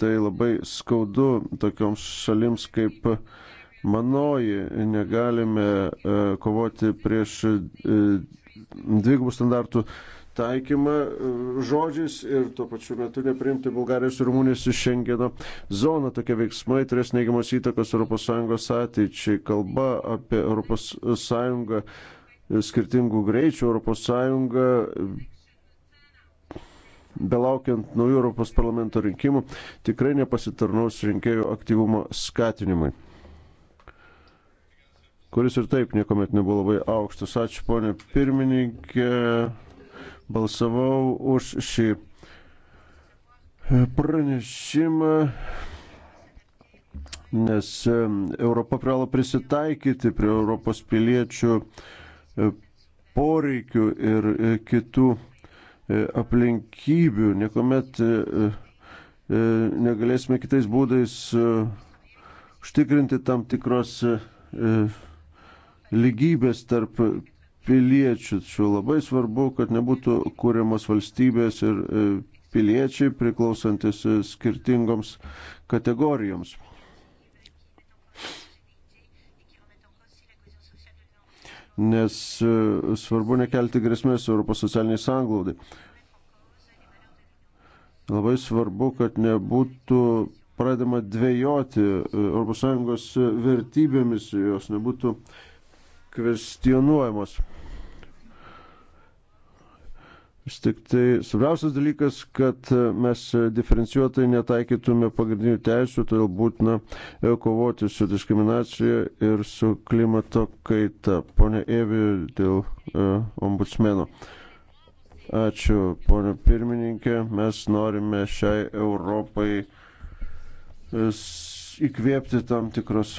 tai labai skaudu tokioms šalims kaip manoji. Negalime e, kovoti prieš e, dvigubų standartų taikymą žodžiais ir tuo pačiu metu neprimti Bulgarijos ir Rumunijos iš Šengeno zoną. Tokie veiksmai turės neigiamos įtakos ES ateičiai. Kalba apie ES skirtingų greičių ES belaukiant naujų Europos parlamento rinkimų, tikrai nepasitarnaus rinkėjų aktyvumo skatinimui kuris ir taip niekuomet nebuvo labai aukštas. Ačiū, ponė pirmininkė. Balsavau už šį pranešimą, nes Europa privalo prisitaikyti prie Europos piliečių poreikių ir e, kitų E, aplinkybių, niekuomet e, e, negalėsime kitais būdais užtikrinti tam tikros lygybės tarp piliečių. Tačiau labai svarbu, kad nebūtų kūriamos valstybės ir piliečiai priklausantis skirtingoms kategorijoms. nes e, svarbu nekelti grėsmės Europos socialiniai sanglaudai. Labai svarbu, kad nebūtų pradama dvėjoti ES vertybėmis, jos nebūtų kvestionuojamos. Vis tik tai svarbiausias dalykas, kad e, mes e, diferencijuotai netaikytume pagrindinių teisų, todėl būtina e, kovoti su diskriminacija ir su klimato kaita. Pone Evi, dėl e, ombudsmeno. Ačiū, ponio pirmininkė. Mes norime šiai Europai įkvėpti tam tikros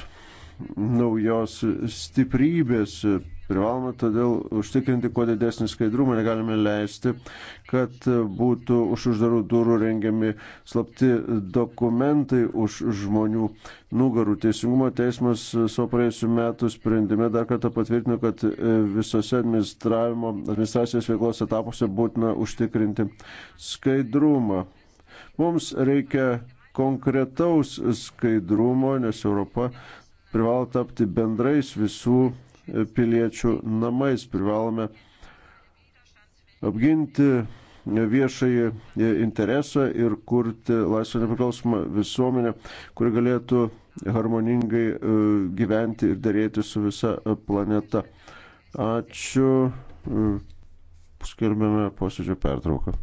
naujos stiprybės Privalome todėl užtikrinti kuo didesnį skaidrumą, negalime leisti, kad būtų už uždarų durų rengiami slapti dokumentai už žmonių nugarų. Teisingumo teismas savo praėjusiu metu sprendime dar kartą patvirtino, kad visose administravimo, administracijos veiklos etapuose būtina užtikrinti skaidrumą. Mums reikia konkretaus skaidrumo, nes Europa privalo tapti bendrais visų piliečių namais. Privalome apginti viešai interesą ir kurti laisvą nepriklausomą visuomenę, kuri galėtų harmoningai e, gyventi ir dėrėti su visa planeta. Ačiū. E, Skelbėme posėdžio pertrauką.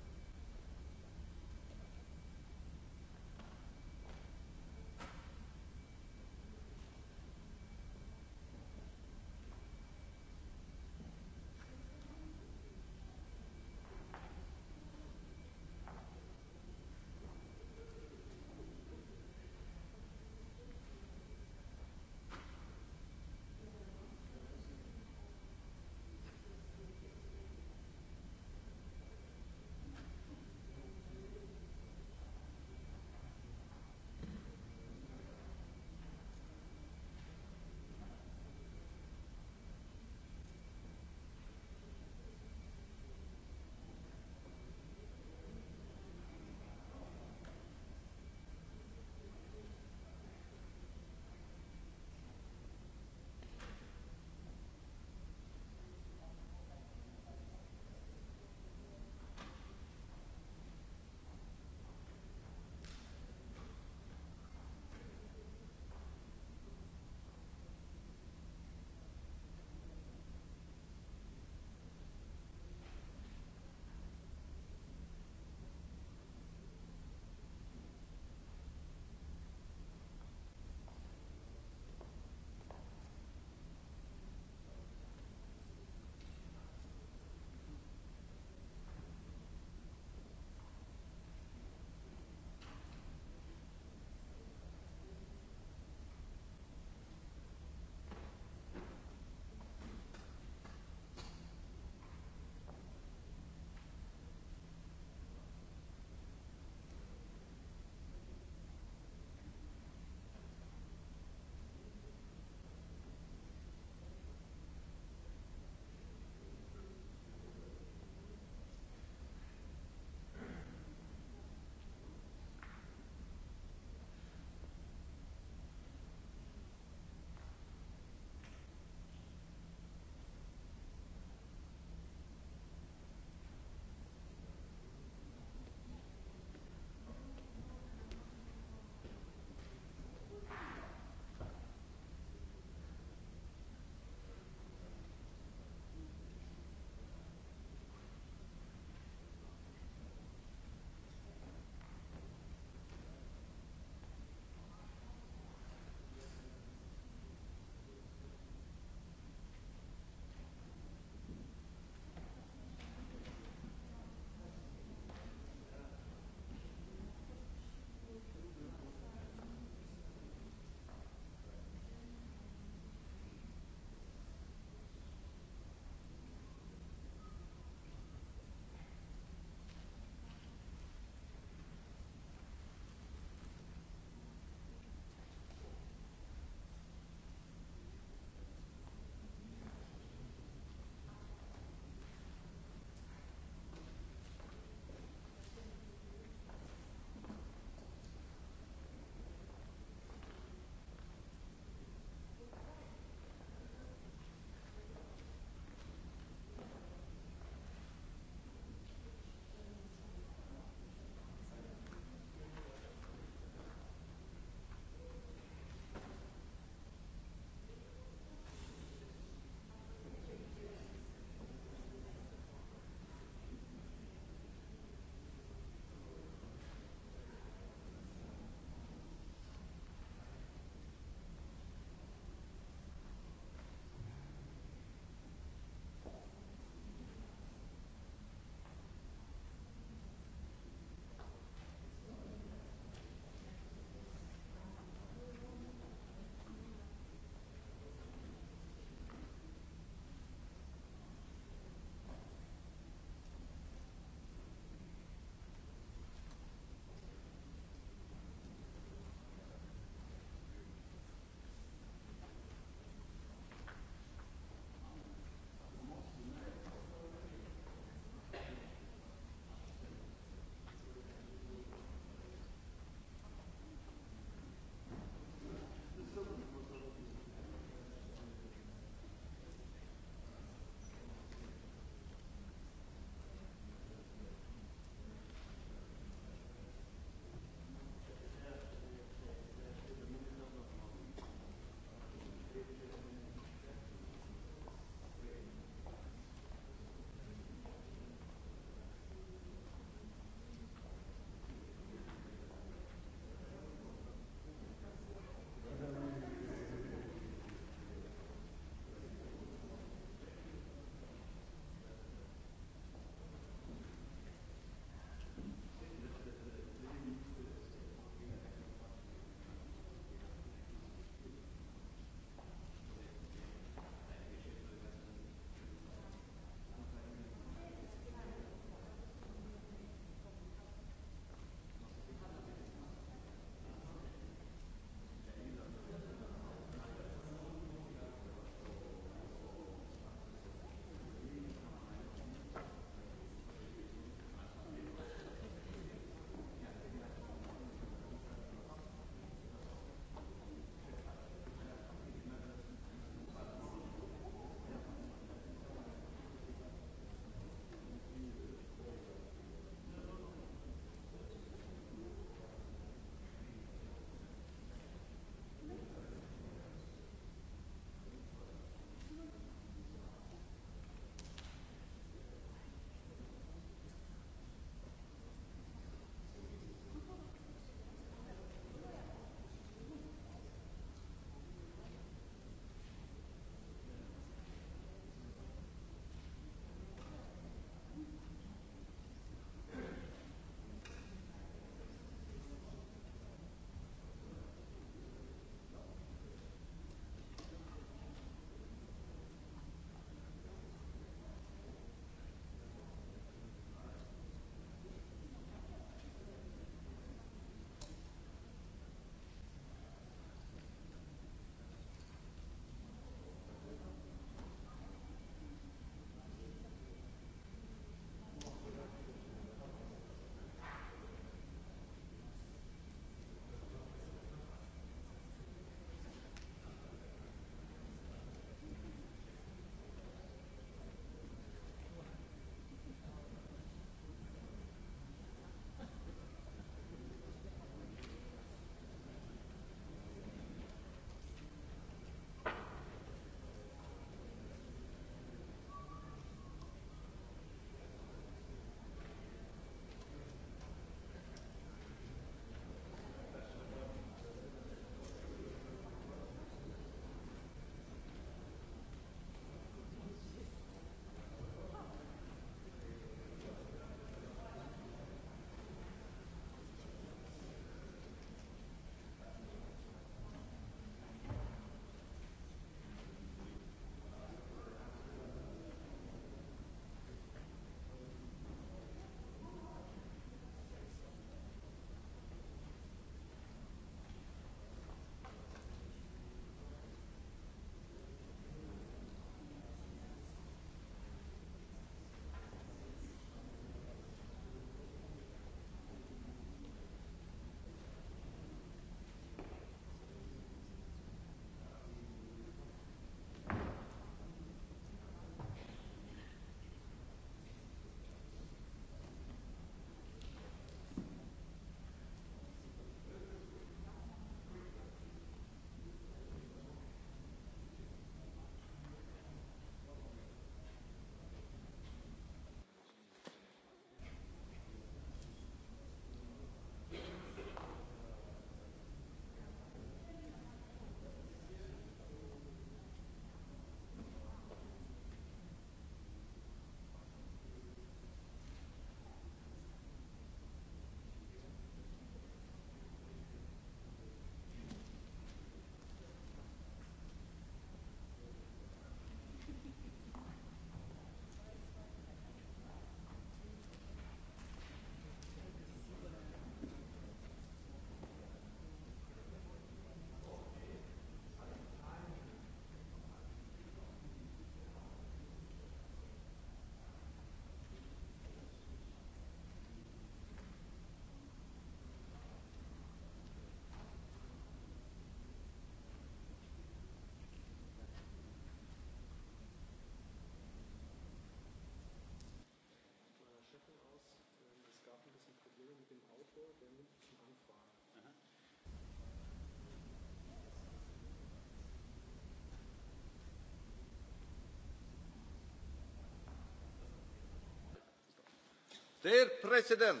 Der Präsident.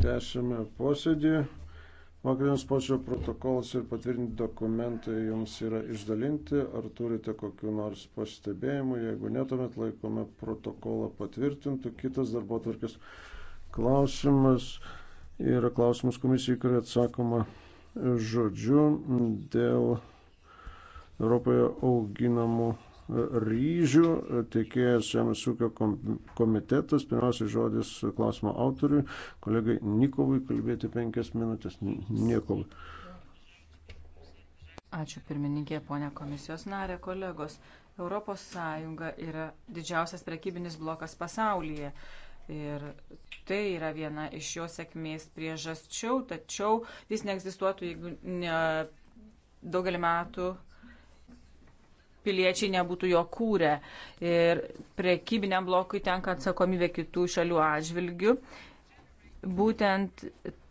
Tęsime posėdį. Vakarienės posėdžio protokolas ir patvirtinti dokumentai jums yra išdalinti. Ar turite kokiu nors pastebėjimu? Jeigu netuomet laikome protokolą patvirtintų. Kitas darbo tvarkės klausimas yra klausimas komisijai, kuria atsakoma žodžiu dėl Europoje auginamų e, ryžių, e, tiekėjas Žemės ūkio komitetas, pirmiausia žodis klausimo autoriui, kolegai Nikovui kalbėti penkias minutės. Niekovui. Ačiū pirmininkė, ponia komisijos narė, kolegos. Europos Sąjunga yra didžiausias prekybinis blokas pasaulyje. Ir tai yra viena iš jo sėkmės priežasčių, tačiau jis neegzistuotų, jeigu ne daugelį metų uh, piliečiai nebūtų jo kūrę. Ir prekybiniam blokui tenka atsakomybė kitų šalių atžvilgių. Būtent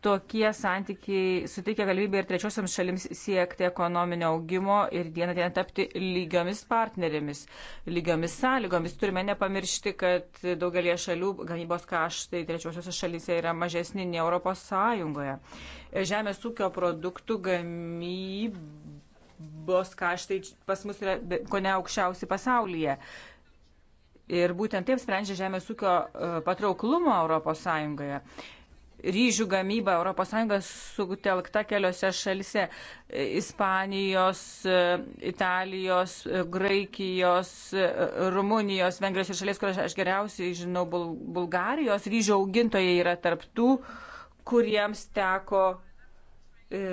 tokie santykiai suteikia galimybę ir trečiosiams šalims siekti ekonominio augimo ir dieną dieną tapti lygiomis partnerėmis, lygiomis sąlygomis. Turime nepamiršti, kad daugelie šalių gamybos kaštai trečiosiose šalyse yra mažesni nei Europos Sąjungoje. Žemės ūkio produktų gamyba gynybos kaštai pas mus yra ko ne aukščiausi pasaulyje. Ir būtent taip sprendžia žemės ūkio e, patrauklumo Europos Sąjungoje. Ryžių gamyba Europos Sąjunga sutelkta keliose šalise e, - Ispanijos, e, Italijos, Graikijos, Rumunijos, Vengrijos ir šalies, kurias aš geriausiai žinau, Bul Bulgarijos. Ryžių augintojai yra tarptų, kuriems teko e,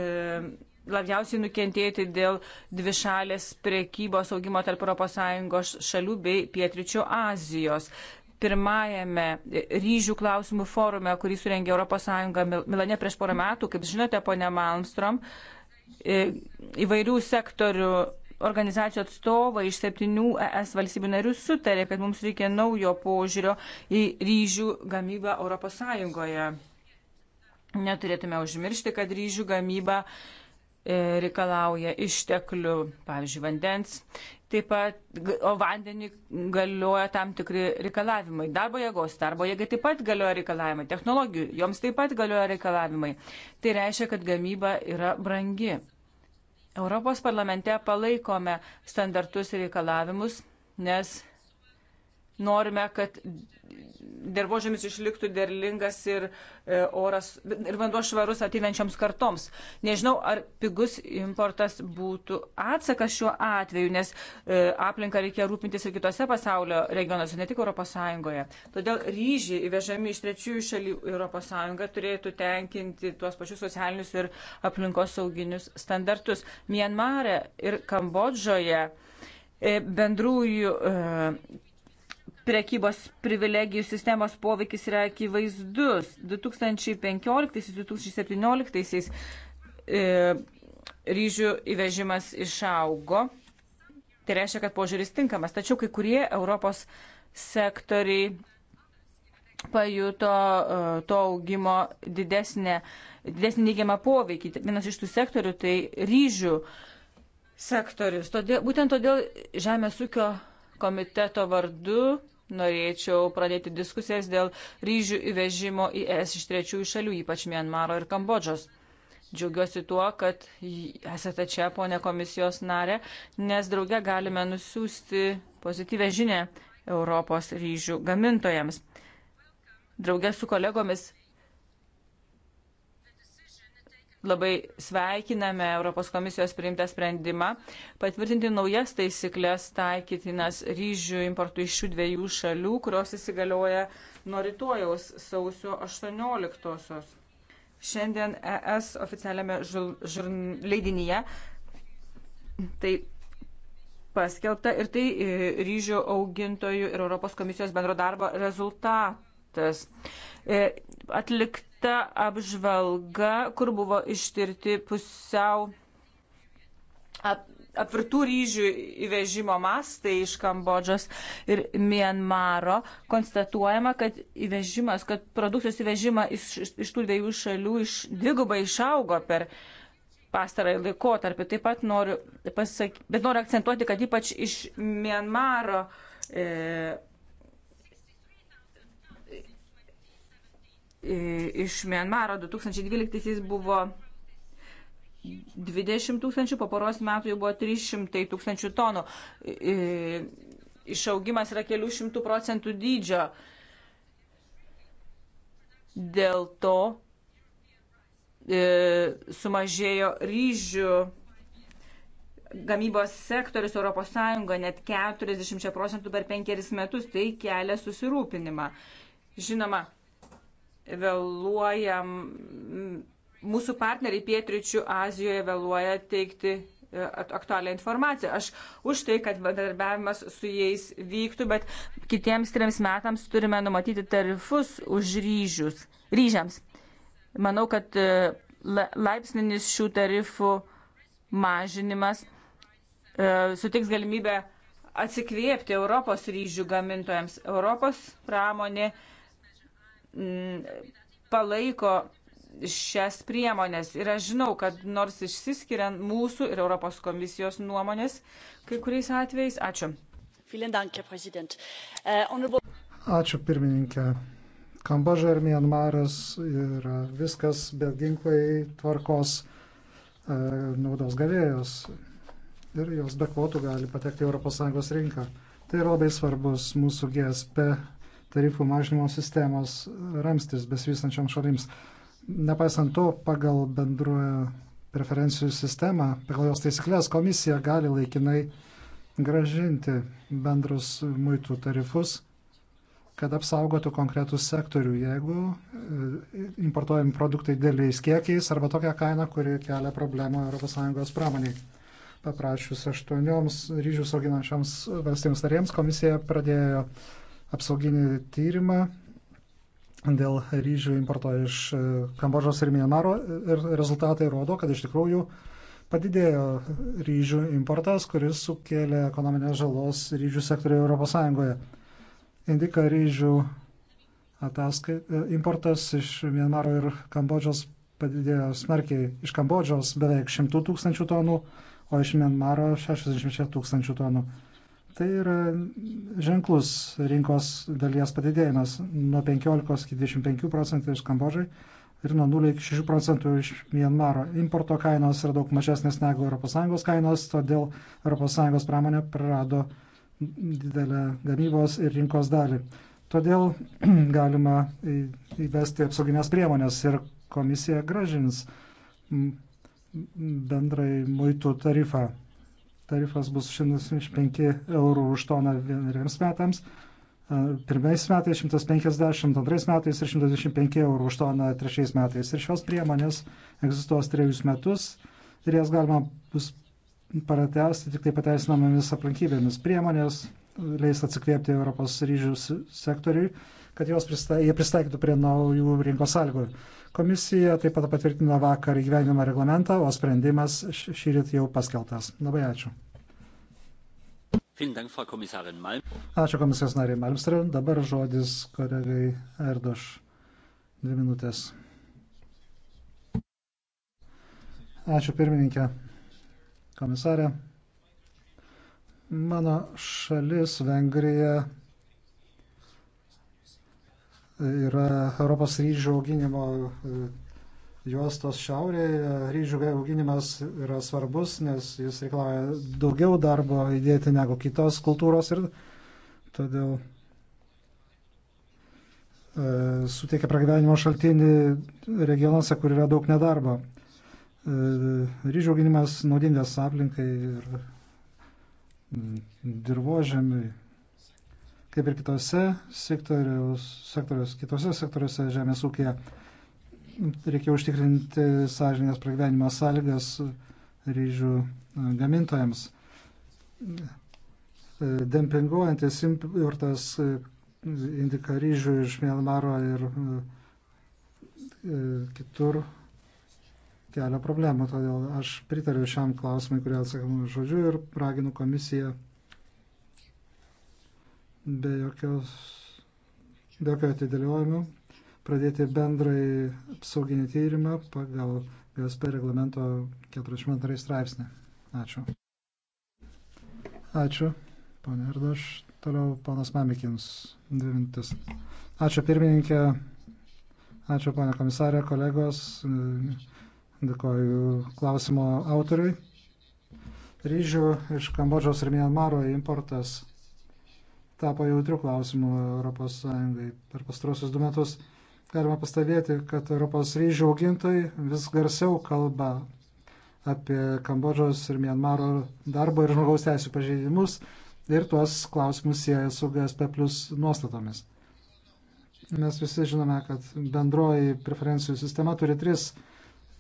labiausiai nukentėti dėl dvišalės prekybos augimo tarp ES šalių bei Pietričių Azijos. Pirmajame ryžių klausimų forume, kurį surengė ES Milane prieš porą metų, kaip žinote, ponė Malmstrom, e, įvairių sektorių organizacijų atstovai iš septynių ES valstybių narių sutarė, kad mums reikia naujo požiūrio į ryžių gamybą ES. Neturėtume užmiršti, kad ryžių gamyba uh, E, reikalauja išteklių, pavyzdžiui, vandens. Taip pat, o vandenį galioja tam tikri reikalavimai. Darbo jėgos, darbo jėgai taip pat galioja reikalavimai. Technologijų, joms taip pat galioja reikalavimai. Tai reiškia, kad gamyba yra brangi. Europos parlamente palaikome standartus ir reikalavimus, nes norime, kad dirbožėmis išliktų derlingas ir, e, oras, ir vanduo švarus ateinančioms kartoms. Nežinau, ar pigus importas būtų atsakas šiuo atveju, nes e, aplinką reikia rūpintis ir kitose pasaulio regionuose, ne tik ES. Todėl ryžiai įvežami iš trečiųjų šalių ES turėtų tenkinti tuos pačius socialinius ir aplinkos sauginius standartus. Mienmare ir Kambodžoje e, bendrųjų prekybos privilegijų sistemos poveikis yra akivaizdus. 2015-2017 e, ryžių įvežimas išaugo. Tai reiškia, kad požiūris tinkamas. Tačiau kai kurie Europos sektoriai pajuto e, to augimo didesnė, didesnį neigiamą poveikį. Vienas iš tų sektorių tai ryžių sektorius. Todėl, būtent todėl Žemės ūkio komiteto vardu norėčiau pradėti diskusijas dėl ryžių įvežimo į ES iš trečiųjų šalių, ypač Mianmaro ir Kambodžos. Džiaugiuosi tuo, kad esate čia, ponė komisijos narė, nes drauge galime nusiųsti pozityvę žinę Europos ryžių gamintojams. Drauge su kolegomis labai sveikiname Europos komisijos priimtą sprendimą patvirtinti naujas taisyklės taikytinas ryžių importui iš šių dviejų šalių, kurios įsigalioja nuo rytojaus sausio 18-osios. Šiandien ES oficialiame žur, žur, leidinyje tai paskelbta ir tai e, ryžių augintojų ir Europos komisijos bendro darbo rezultatas. E, Atlikti ta apžvalga, kur buvo ištirti pusiau ap, apvirtų ryžių įvežimo mastai iš Kambodžos ir Mienmaro, konstatuojama, kad įvežimas, kad produkcijos įvežimą iš, iš, iš tų dviejų šalių iš dvigubai išaugo per pastarąjį laikotarpį. Taip pat noriu pasakyti, bet noriu akcentuoti, kad ypač iš Mienmaro e, iš Mianmaro 2012 buvo 20 tūkstančių, po poros metų jau buvo 300 tūkstančių tonų. Išaugimas yra kelių šimtų procentų dydžio. Dėl to e, sumažėjo ryžių gamybos sektorius ES net 40 procentų per penkerius metus. Tai kelia susirūpinimą. Žinoma, vėluojam, mūsų partneriai Pietričių Azijoje vėluoja teikti e, aktualią informaciją. Aš už tai, kad bendarbiavimas su jais vyktų, bet kitiems trims metams turime numatyti tarifus už ryžius, ryžiams. Manau, kad e, laipsninis šių tarifų mažinimas e, sutiks galimybę atsikvėpti Europos ryžių gamintojams. Europos pramonė Mm, palaiko šias priemonės. Ir aš žinau, kad nors išsiskiria mūsų ir Europos komisijos nuomonės kai kuriais atvejais. Ačiū. Äh, Ačiū pirmininkė. Kamboža ir Mianmaras ir viskas be ginklai tvarkos e, naudos gavėjos ir jos be kvotų gali patekti į ES rinką. Tai yra labai svarbus mūsų GSP tarifų mažinimo sistemos ramstis besivystančioms šalims. Nepaisant to, pagal bendrojo preferencijų sistemą, pagal jos taisyklės, komisija gali laikinai gražinti bendrus muitų tarifus, kad apsaugotų konkretų sektorių, jeigu e, importuojami produktai dėliais kiekiais arba tokia kaina, kuri kelia problemą ES pramoniai. Paprašius aštuonioms ryžius auginančioms valstybėms narėms, komisija pradėjo apsauginį tyrimą dėl ryžių importo iš e, Kambodžos ir Mienaro e, ir rezultatai rodo, kad iš tikrųjų padidėjo ryžių importas, kuris sukėlė ekonominės žalos ryžių sektoriui Europos Sąjungoje. Indika ryžių ataskai, e, importas iš Mienaro ir Kambodžos padidėjo smarkiai. Iš Kambodžos beveik 100 tūkstančių tonų, o iš Mienmaro 66 tūkstančių tonų. Tai yra ženklus rinkos dalies padidėjimas nuo 15 iki 25 procentų iš Kambodžai ir nuo 0 iki 6 procentų iš Mienmaro. Importo kainos yra daug mažesnės negu ES kainos, todėl ES pramonė prarado didelę gamybos ir rinkos dalį. Todėl galima įvesti apsauginės priemonės ir komisija gražins bendrai muitų tarifą tarifas bus 105 eurų už toną vieneriems metams, pirmiais metais 150, antrais metais ir 125 eurų už toną trečiais metais. Ir šios priemonės egzistuos trejus metus ir jas galima bus paratesti tik tai pateisinamomis aplinkybėmis. Priemonės leis atsikvėpti Europos ryžių sektoriui kad jos pristai, jie pristaikytų prie naujų rinkos sąlygų. Komisija taip pat patvirtino vakar įgyvenimą reglamentą, o sprendimas šį rytį jau paskeltas. Labai ačiū. Ačiū komisijos nariai Malmström. Dabar žodis kolegai Erdoš. Dvi minutės. Ačiū pirmininkė, komisarė. Mano šalis Vengrija yra Europos ryžių auginimo e, juostos šiaurėje. Ryžių auginimas yra svarbus, nes jis reikalauja daugiau darbo įdėti negu kitos kultūros ir todėl e, suteikia pragyvenimo šaltinį regionuose, kur yra daug nedarbo. E, ryžių auginimas naudingas aplinkai ir dirbožemiui kaip ir kitose sektorius, sektorius, kitose sektoriuose žemės ūkėje. Reikia užtikrinti sąžinės pragyvenimo sąlygas ryžių e, gamintojams. E, dempinguojantis importas e, indika ryžių iš Mielmaro ir kitur kelia problemų. Todėl aš pritariu šiam klausimui, kurį atsakau žodžiu ir raginu komisiją be jokios be jokio atidėliojimų pradėti bendrai apsauginį tyrimą pagal GSP reglamento 42 straipsnį. Ačiū. Ačiū, ponė Erdaš. Toliau ponas Mamikins, dvi mintis. Ačiū pirmininkė, ačiū ponė komisarė, kolegos, dėkoju klausimo autoriui. Ryžių iš Kambodžos ir Mianmaro importas tapo jautriu klausimu ES. Per pastarosius du metus galima pastebėti, kad Europos ryžių augintojai vis garsiau kalba apie Kambodžos ir Mianmaro darbo ir žmogaus teisų pažeidimus ir tuos klausimus sieja su GSP plus nuostatomis. Mes visi žinome, kad bendroji preferencijų sistema turi tris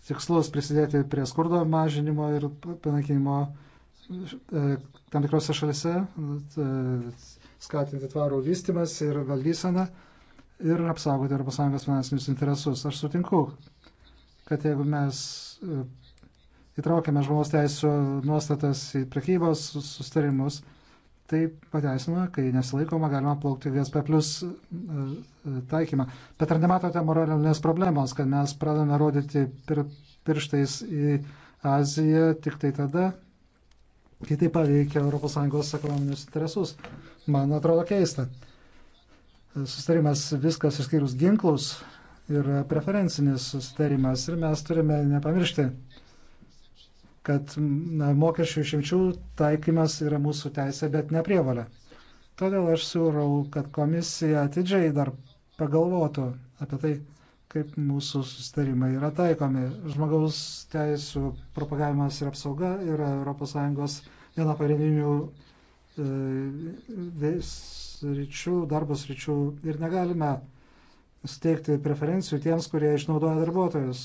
tikslus prisidėti prie skurdo mažinimo ir panaikinimo e, tam tikrose šalise, e, skatinti tvarų vystimas ir valdyseną ir apsaugoti ES finansinius interesus. Aš sutinku, kad jeigu mes e, įtraukiame žmogaus teisų nuostatas į prekybos sustarimus, tai pateisinama, kai nesilaikoma, galima plaukti GSP plus e, taikymą. Bet ar nematote moralinės problemos, kad mes pradame rodyti pir, pirštais į Aziją tik tai tada, kai tai paveikia ES ekonominius interesus. Man atrodo keista. Sustarimas viskas išskyrus ginklus yra preferencinis sustarimas ir mes turime nepamiršti, kad na, mokesčių išimčių taikymas yra mūsų teisė, bet ne prievalė. Todėl aš siūlau, kad komisija atidžiai dar pagalvotų apie tai, kaip mūsų sustarimai yra taikomi. Žmogaus teisų propagavimas ir apsauga yra ES viena pagrindinių e, sričių, darbo sričių ir negalime steigti preferencijų tiems, kurie išnaudoja darbuotojus.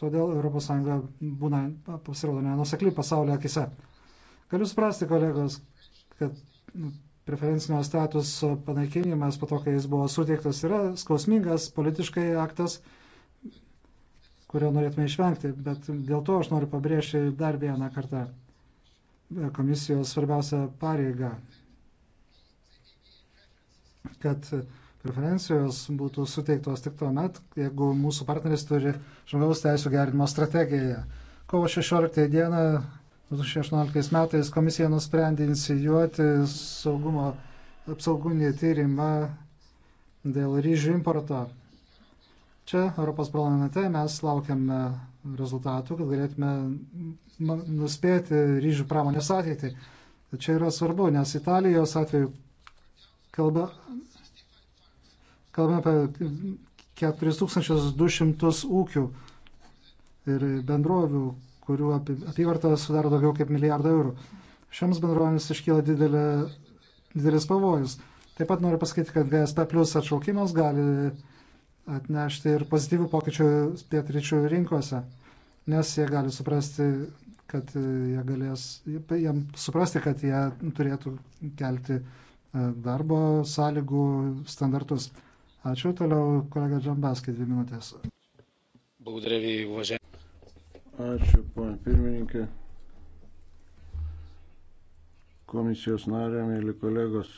Todėl ES būna pasirodo nenusekli pasaulio akise. Galiu suprasti, kolegos, kad preferencinio statuso panaikinimas po to, kai jis buvo suteiktas, yra skausmingas politiškai aktas, kurio norėtume išvengti. Bet dėl to aš noriu pabrėžti dar vieną kartą komisijos svarbiausią pareigą, kad preferencijos būtų suteiktos tik tuo met, jeigu mūsų partneris turi žmogaus teisų gerinimo strategiją. Kovo 16 dieną 2016 metais komisija nusprendė inicijuoti saugumo apsaugunį tyrimą dėl ryžių importo. Čia Europos parlamente mes laukiame rezultatų, kad galėtume nu, nuspėti ryžių pramonės ateitį. Čia yra svarbu, nes Italijos atveju kalba, kalbame apie 4200 ūkių ir bendrovių, kurių apyvarta sudaro daugiau kaip milijardą eurų. Šioms bendrovėms iškyla didelė, didelis pavojus. Taip pat noriu pasakyti, kad GSP plus atšaukimas gali atnešti ir pozityvių pokyčių pietryčių rinkose, nes jie gali suprasti, kad jie galės, jam suprasti, kad jie turėtų kelti e, darbo sąlygų standartus. Ačiū toliau, kolega Džambaskai, dvi minutės. Благодаря ви, уважаеми. Ačiū, ponė pirmininkė. Komisijos narė, mėly kolegos.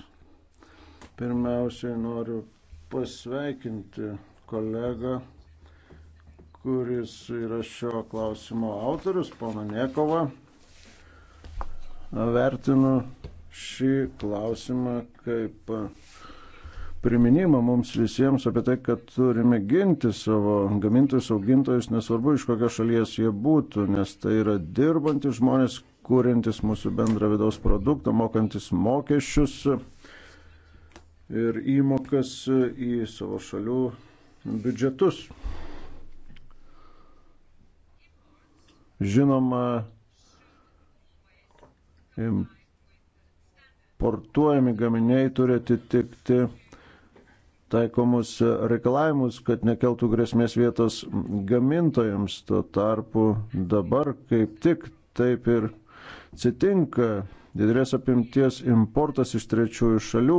Pirmiausiai noriu pasveikinti kolegą, kuris yra šio klausimo autorius, pana Nekova. Vertinu šį klausimą kaip priminimą mums visiems apie tai, kad turime ginti savo gamintojus, augintojus, nesvarbu iš kokios šalies jie būtų, nes tai yra dirbantys žmonės, kūrintis mūsų bendrą vidaus produktą, mokantis mokesčius ir įmokas į savo šalių biudžetus. Žinoma, importuojami gaminiai turi atitikti taikomus reikalavimus, kad nekeltų grėsmės vietos gamintojams. Tuo tarpu dabar kaip tik taip ir atsitinka. Didelės apimties importas iš trečiųjų šalių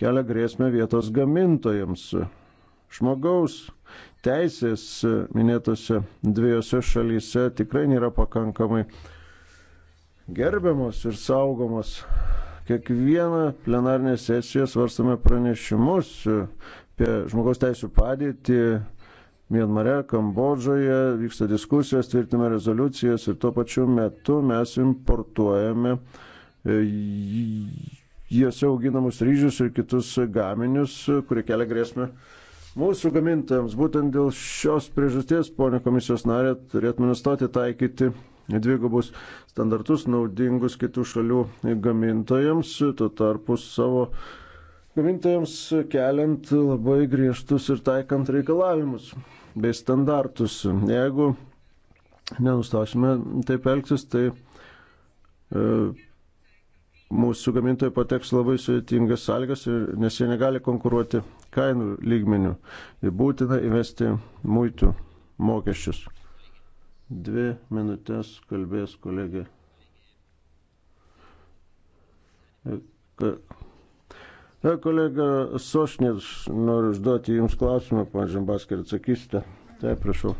kelia grėsmę vietos gamintojams. Žmogaus teisės minėtose dviejose šalyse tikrai nėra pakankamai gerbiamos ir saugomos. Kiekvieną plenarinę sesiją svarstame pranešimus apie žmogaus teisų padėtį Mienmare, Kambodžoje, vyksta diskusijos, tvirtiname rezoliucijas ir tuo pačiu metu mes importuojame e, jose auginamus ryžius ir kitus gaminius, kurie kelia grėsmę mūsų gamintams. Būtent dėl šios priežasties, ponė komisijos narė, turėtume nustoti taikyti dvigubus standartus naudingus kitų šalių gamintojams, tuo tarpu savo gamintojams keliant labai griežtus ir taikant reikalavimus bei standartus. Jeigu nenustosime taip elgtis, tai e, mūsų gamintojai pateks labai sudėtingas sąlygas, nes jie negali konkuruoti kainų lygmenių. Ir būtina įvesti muitų mokesčius. Dvi minutės kalbės kolegė. E, e, kolega Sošnės, noriu užduoti Jums klausimą, pan Žambaskė, ir atsakysite. Taip, prašau.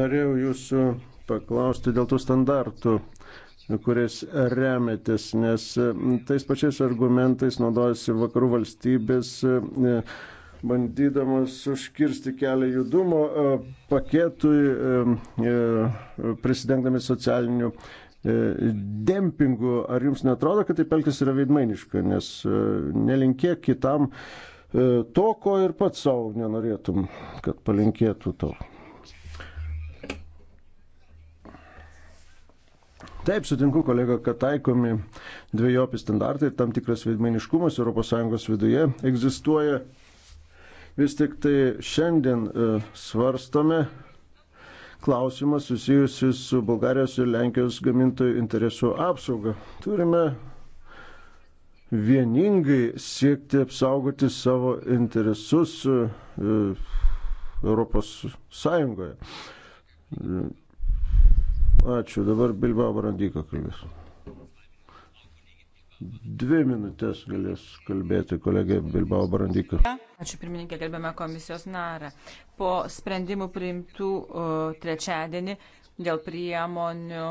Norėjau Jūsų paklausti dėl tų standartų kuriais remetės, nes tais pačiais argumentais naudojasi vakarų valstybės, e, bandydamas užkirsti kelią judumo e, paketui, e, prisidengdami socialiniu dempingu. Ar jums netrodo, kad taip elgtis yra veidmainiška, nes nelinkėk kitam to, ko ir pats savo nenorėtum, kad palinkėtų tau. Taip, sutinku, kolega, kad taikomi dviejopi standartai, tam tikras veidmainiškumas ES viduje egzistuoja. Vis tik tai šiandien e, svarstome klausimą susijusi su Bulgarijos ir Lenkijos gamintojų interesų apsauga. Turime vieningai siekti apsaugoti savo interesus e, Europos Sąjungoje Ačiū. Dabar Bilbao Brandyko kalbės. Dvi minutės galės kalbėti kolegė Bilbao Brandyka. Ačiū pirmininkė, gerbėme komisijos narą. Po sprendimų priimtų uh, trečiadienį dėl priemonių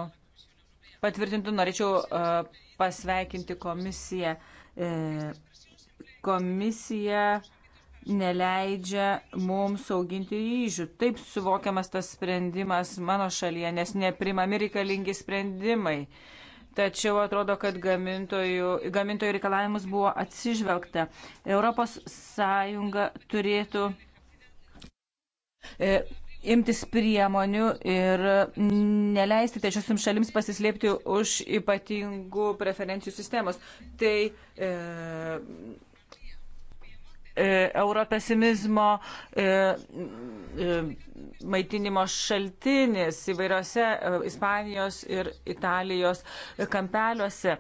patvirtintų norėčiau uh, pasveikinti komisiją. Uh, komisija uh, neleidžia mums auginti ryžių. Taip suvokiamas tas sprendimas mano šalyje, nes neprimami reikalingi sprendimai. Tačiau atrodo, kad gamintojų, gamintojų reikalavimus buvo atsižvelgta. Europos Sąjunga turėtų e, imtis priemonių ir neleisti trečiosiams šalims pasislėpti už ypatingų preferencijų sistemos. Tai e, E, europesimizmo e, e, maitinimo šaltinis įvairiose Ispanijos ir Italijos kampeliuose.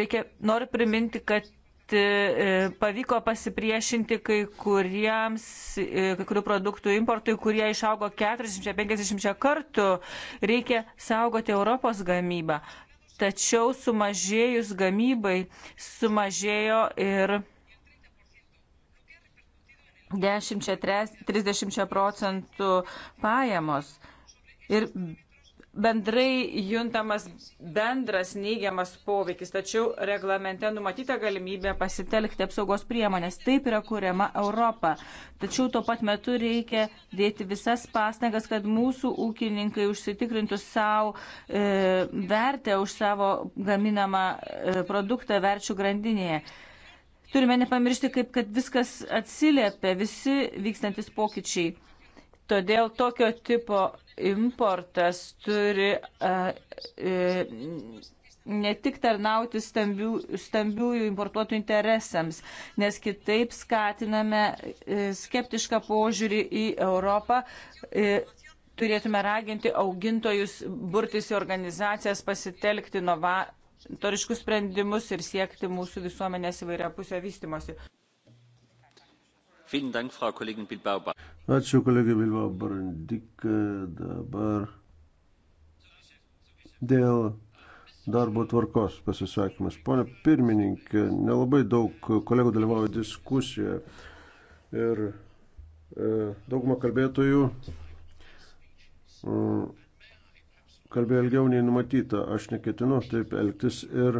Reikia, noriu priminti, kad pavyko pasipriešinti kai, kuriems, kai kurių produktų importui, kurie išaugo 40-50 kartų. Reikia saugoti Europos gamybą. Tačiau sumažėjus gamybai sumažėjo ir 10-30 procentų pajamos. Ir bendrai juntamas bendras neigiamas poveikis, tačiau reglamente numatyta galimybė pasitelkti apsaugos priemonės. Taip yra kuriama Europa. Tačiau tuo pat metu reikia dėti visas pastangas, kad mūsų ūkininkai užsitikrintų savo e, vertę už savo gaminamą e, produktą verčių grandinėje. E, turime nepamiršti, kaip kad viskas atsiliepia, visi vykstantis pokyčiai. Todėl tokio tipo importas turi uh, uh, ne tik tarnauti stambių, stambiųjų importuotų interesams, nes kitaip skatiname e, skeptišką požiūrį į Europą. E, turėtume raginti augintojus burtis į organizacijas, pasitelkti nova, toriškus sprendimus ir siekti mūsų visuomenės įvairiapusio vystimosi. Ačiū kolegai Bilbao Barandik. Dabar dėl darbo tvarkos pasisakymas. Pone pirmininkė, nelabai daug kolegų dalyvauja diskusijoje ir e, daugumą kalbėtojų e, kalbėjo ilgiau nei numatyta. Aš neketinu taip elgtis ir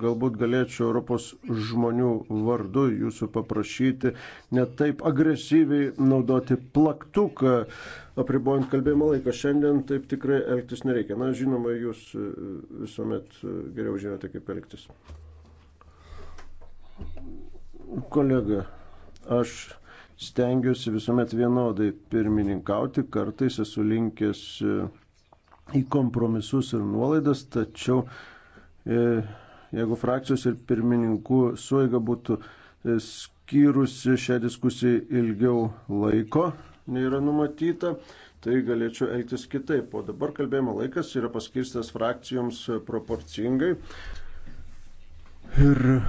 galbūt galėčiau Europos žmonių vardu jūsų paprašyti netaip agresyviai naudoti plaktuką, apribojant kalbėjimo laiką. Šiandien taip tikrai elgtis nereikia. Na, žinoma, jūs e, visuomet e, geriau žinote, kaip elgtis. Kolega, aš stengiuosi visuomet vienodai pirmininkauti, kartais esu linkęs e, į kompromisus ir nuolaidas, tačiau e, jeigu frakcijos ir pirmininkų suiga būtų e, skyrusi šią diskusiją ilgiau laiko, nei yra numatyta, tai galėčiau elgtis kitaip. O dabar kalbėjimo laikas yra paskirstas frakcijoms proporcingai. Ir e,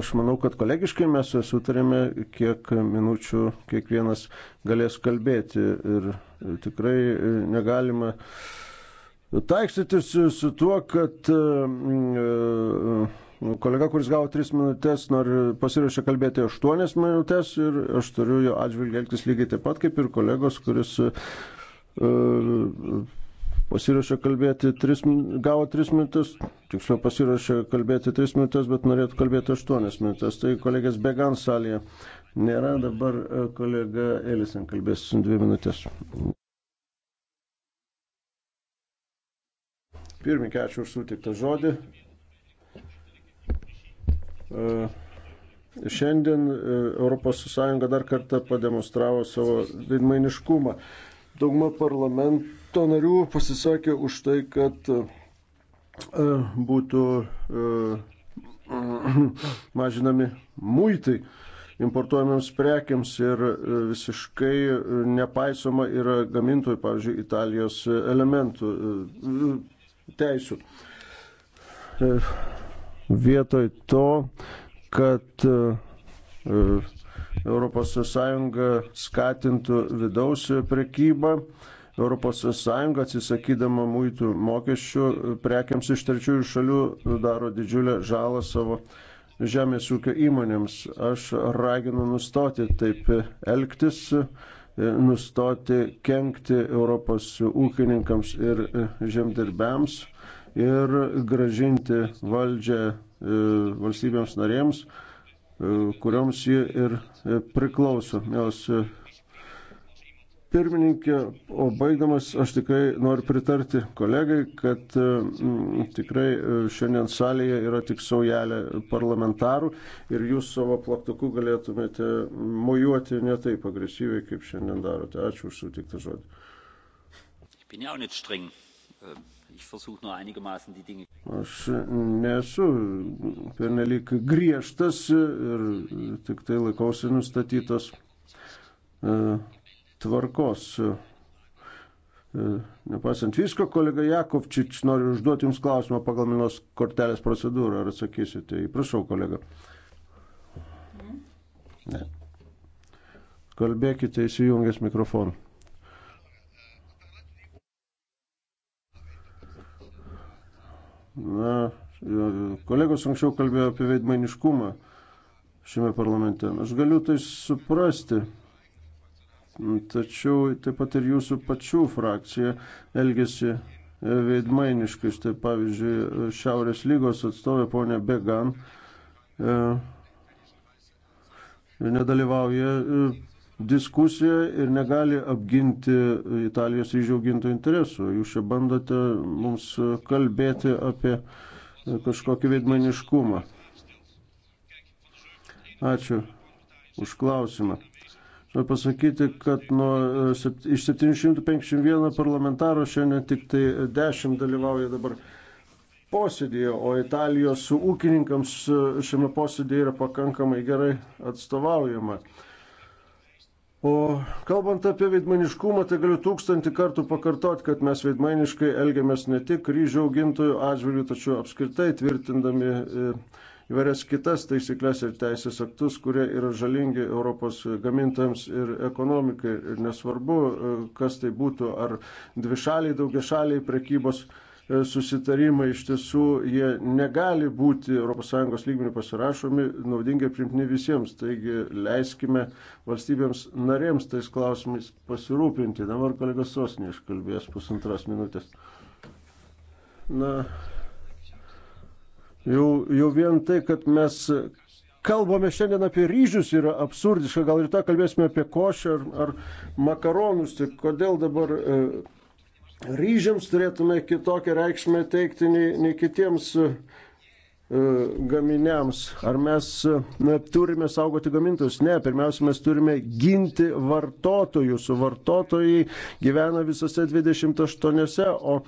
aš manau, kad kolegiškai mes sutarėme, kiek minučių kiekvienas galės kalbėti. Ir tikrai negalima uh, taikstytis su tuo, kad e, e, e, kolega, kuris gavo 3 minutės, nori pasiruošę kalbėti 8 minutės ir aš turiu jo atžvilgiu elgtis lygiai taip pat kaip ir kolegos, kuris pasiruošė kalbėti 3, gavo 3 minutės, tiksliau pasiruošė kalbėti 3 minutės, bet norėtų kalbėti 8 minutės. Tai kolegės Began salėje nėra, dabar kolega Elisen kalbės 2 minutės. Pirmininkė, ačiū už sutiktą žodį. E, šiandien ES dar kartą pademonstravo savo vidmainiškumą. Dauguma parlamento narių pasisakė už tai, kad e, būtų e, mažinami muitai importuojamiams prekiams ir visiškai nepaisoma yra gamintojų, pavyzdžiui, Italijos elementų, teisų. E, vietoj to, kad ES e, skatintų vidaus prekybą, ES atsisakydama muitų mokesčių prekiams iš trečiųjų šalių daro didžiulę žalą savo žemės ūkio įmonėms. Aš raginu nustoti taip elgtis, E, nustoti kenkti Europos ūkininkams ir e, žemdirbiams ir gražinti valdžią e, valstybėms narėms, kurioms ji ir priklauso. Jos pirmininkė, o baigdamas aš tikrai noriu pritarti kolegai, kad m, mm, tikrai e, šiandien salėje yra tik saujelė parlamentarų ir jūs savo plaktuku galėtumėte mojuoti ne taip agresyviai, kaip šiandien darote. Ačiū už sutiktą žodį. Äh, aš nesu pernelyg griežtas ir e, tik tai laikausi nustatytos e, tvarkos. E, Nepasant visko, kolega Jakovčič, noriu užduoti Jums klausimą pagal minos kortelės procedūrą. Ar atsakysite? Prašau, kolega. Ne. Kalbėkite įsijungęs mikrofoną. Na, kolegos anksčiau kalbėjo apie veidmainiškumą šiame parlamente. Aš galiu tai suprasti. Tačiau taip pat ir jūsų pačių frakcija elgesi e, veidmainiškai. Štai pavyzdžiui, e, Šiaurės lygos atstovė ponė Began e, nedalyvauja e, diskusijoje ir negali apginti Italijos ryžių augintojų interesų. Jūs čia bandote mums kalbėti apie kažkokį veidmainiškumą. Ačiū už klausimą. Noriu pasakyti, kad nuo, e, iš 751 parlamentaro šiandien tik tai 10 dalyvauja dabar posėdėje, o Italijos ūkininkams e, šiame posėdėje yra pakankamai gerai atstovaujama. O kalbant apie veidmaniškumą, tai galiu tūkstantį kartų pakartoti, kad mes veidmaniškai elgiamės ne tik ryžių augintojų atžvilgių, tačiau apskritai tvirtindami. E, įvairias kitas taisyklės ir teisės aktus, kurie yra žalingi Europos gamintojams ir ekonomikai. Ir nesvarbu, e, kas tai būtų, ar dvišaliai, daugiašaliai prekybos e, susitarimai iš tiesų jie negali būti ES lygmenių pasirašomi, naudingai primtini visiems. Taigi leiskime valstybėms narėms tais klausimais pasirūpinti. Dabar kolegas Sosnė iškalbės pusantras minutės. Na, Jau, jau vien tai, kad mes kalbame šiandien apie ryžius yra absurdiška, gal ir tą kalbėsime apie košę ar, ar makaronus, tai kodėl dabar e, ryžiams turėtume kitokią reikšmę teikti nei, nei kitiems e, E, gaminiams. Ar mes na, e, turime saugoti gamintojus? Ne, pirmiausia, mes turime ginti vartotojus. Vartotojai gyvena visose 28, o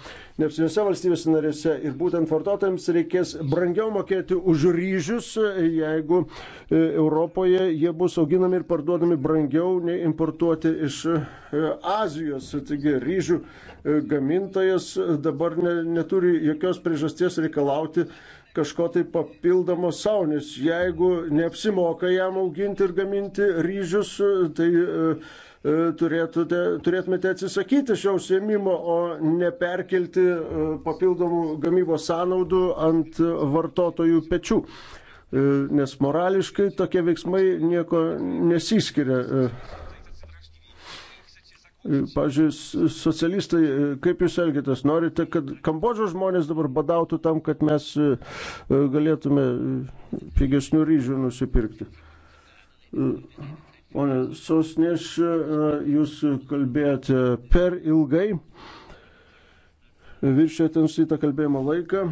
ne visose valstybės narėse. Ir būtent vartotojams reikės brangiau mokėti už ryžius, jeigu e, Europoje jie bus auginami ir parduodami brangiau nei importuoti iš Azijos. Taigi ryžių gamintojas dabar ne, neturi jokios priežasties reikalauti kažko tai papildomo savo, nes jeigu neapsimoka jam auginti ir gaminti ryžius, tai e, e, turėtumėte, turėtumėte atsisakyti šio užsiemimo, o neperkelti e, papildomų gamybos sąnaudų ant vartotojų pečių. Nes morališkai tokie veiksmai nieko nesiskiria. Pavyzdžiui, socialistai, kaip jūs elgitės? Norite, kad Kambodžos žmonės dabar badautų tam, kad mes e, e, galėtume e, pigesnių ryžių nusipirkti? Pone Sosnieš, jūs kalbėjote per ilgai, viršėte nusitytą kalbėjimo laiką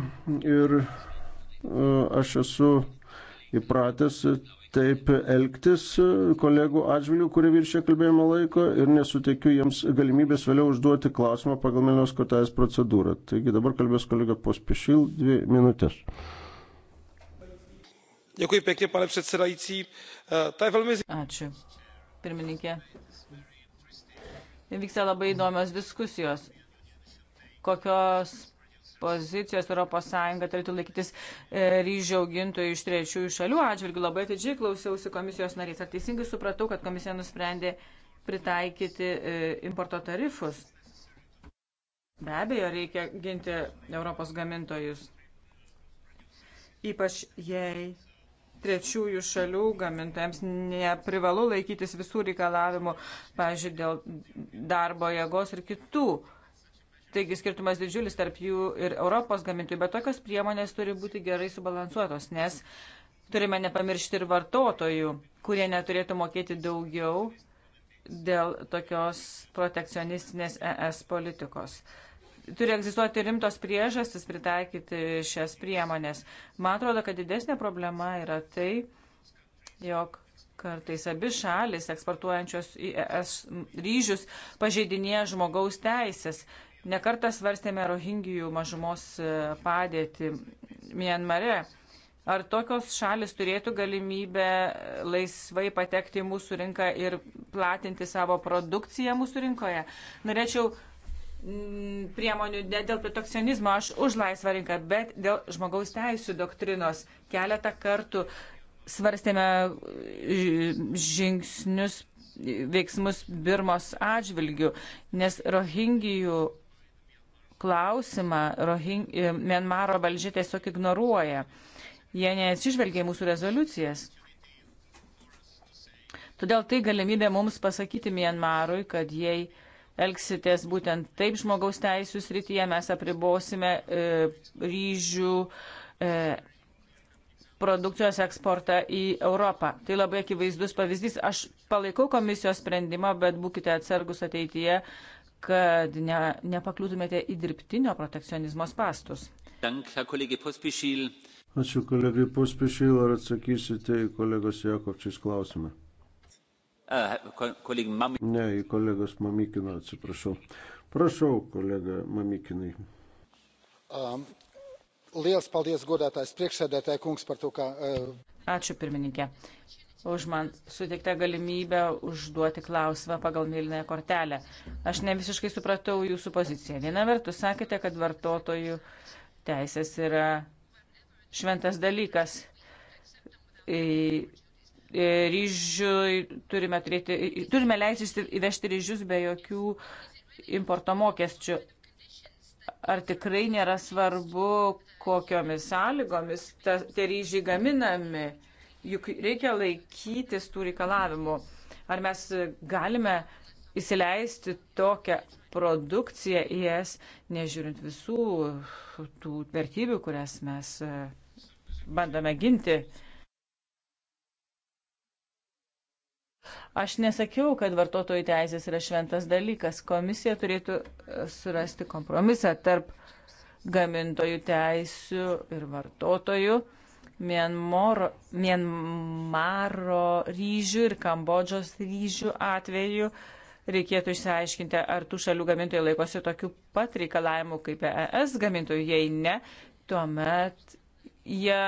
ir aš esu įpratęs taip elgtis kolegų atžvilgių, kurie viršė kalbėjimo laiko ir nesuteikiu jiems galimybės vėliau užduoti klausimą pagal Milnios kortelės procedūrą. Taigi dabar kalbės kolega Pospešil dvi minutės. Dėkui, pekė, pane předsedající. Tai velmi... Ačiū. Pirmininkė. Vyksta labai įdomios diskusijos. Kokios pozicijos ES turėtų laikytis e, ryžių augintojų iš trečiųjų šalių atžvilgių. Labai atidžiai klausiausi komisijos narys. Ar teisingai supratau, kad komisija nusprendė pritaikyti e, importo tarifus? Be abejo, reikia ginti Europos gamintojus. Ypač jei trečiųjų šalių gamintojams neprivalu laikytis visų reikalavimų, pažiūrėjau, dėl darbo jėgos ir kitų. Taigi skirtumas didžiulis tarp jų ir Europos gamintojų, bet tokios priemonės turi būti gerai subalansuotos, nes turime nepamiršti ir vartotojų, kurie neturėtų mokėti daugiau dėl tokios protekcionistinės ES politikos turi egzistuoti rimtos priežastis pritaikyti šias priemonės. Man atrodo, kad didesnė problema yra tai, jog kartais abi šalis eksportuojančios į ES ryžius pažeidinėja žmogaus teisės Nekartą svarstėme rohingijų mažumos e, padėtį Mienmare. Ar tokios šalis turėtų galimybę e, laisvai patekti į mūsų rinką ir platinti savo produkciją mūsų rinkoje? Norėčiau mm, priemonių ne dėl protekcionizmo, aš už laisvą rinką, bet dėl žmogaus teisų doktrinos. Keletą kartų svarstėme e, žingsnius veiksmus Birmos atžvilgių, nes rohingijų klausimą Rohing, e, Mienmaro valdžia tiesiog ignoruoja. Jie neatsižvelgia į mūsų rezoliucijas. Todėl tai galimybė mums pasakyti Mienmarui, kad jei elgsitės būtent taip žmogaus teisų srityje, mes apribosime e, ryžių e, produkcijos eksportą į Europą. Tai labai akivaizdus pavyzdys. Aš palaikau komisijos sprendimą, bet būkite atsargus ateityje, kad ne, nepakliūtumėte į dirbtinio protekcionizmo spastus. Ačiū kolegai Pospišyl, ar atsakysite į kolegos Jakovčiais klausimą? Ne, į kolegos Mamykiną atsiprašau. Prašau, kolega Mamykinai. Um, Lielas paldies, godātais priekšsēdētāji kungs, par to, ka. Uh... Ačiū pirmininkė už man suteiktą galimybę užduoti klausimą pagal mėlynąją kortelę. Aš ne visiškai supratau jūsų poziciją. Viena vertus sakėte, kad vartotojų teisės yra šventas dalykas. Ryžiui turime, turėti, turime leisti įvežti ryžius be jokių importo mokesčių. Ar tikrai nėra svarbu, kokiomis sąlygomis ta, tie ryžiai gaminami? Juk reikia laikytis tų reikalavimų. Ar mes galime įsileisti tokią produkciją į es, nežiūrint visų tų vertybių, kurias mes e, bandome ginti? Aš nesakiau, kad vartotojų teisės yra šventas dalykas. Komisija turėtų e, surasti kompromisą tarp gamintojų teisių ir vartotojų. Mienmoro, Mienmaro ryžių ir Kambodžos ryžių atveju reikėtų išsiaiškinti, ar tų šalių gamintojai laikosi tokių pat reikalavimų kaip ES gamintojai. Jei ne, tuomet jie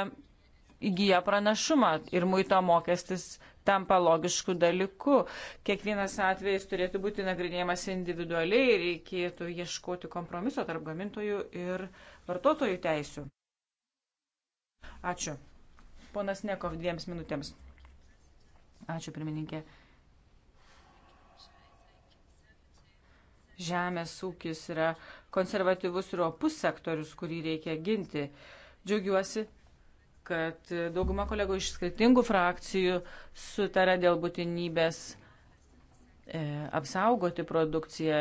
įgyja pranašumą ir muito mokestis tampa logišku dalyku. Kiekvienas atvejis turėtų būti nagrinėjamas individualiai ir reikėtų ieškoti kompromiso tarp gamintojų ir vartotojų teisių. Ačiū. Ponas Nekov dviems minutėms. Ačiū, pirmininkė. Žemės ūkis yra konservatyvus ir opus sektorius, kurį reikia ginti. Džiaugiuosi, kad dauguma kolegų iš skirtingų frakcijų sutara dėl būtinybės e, apsaugoti produkciją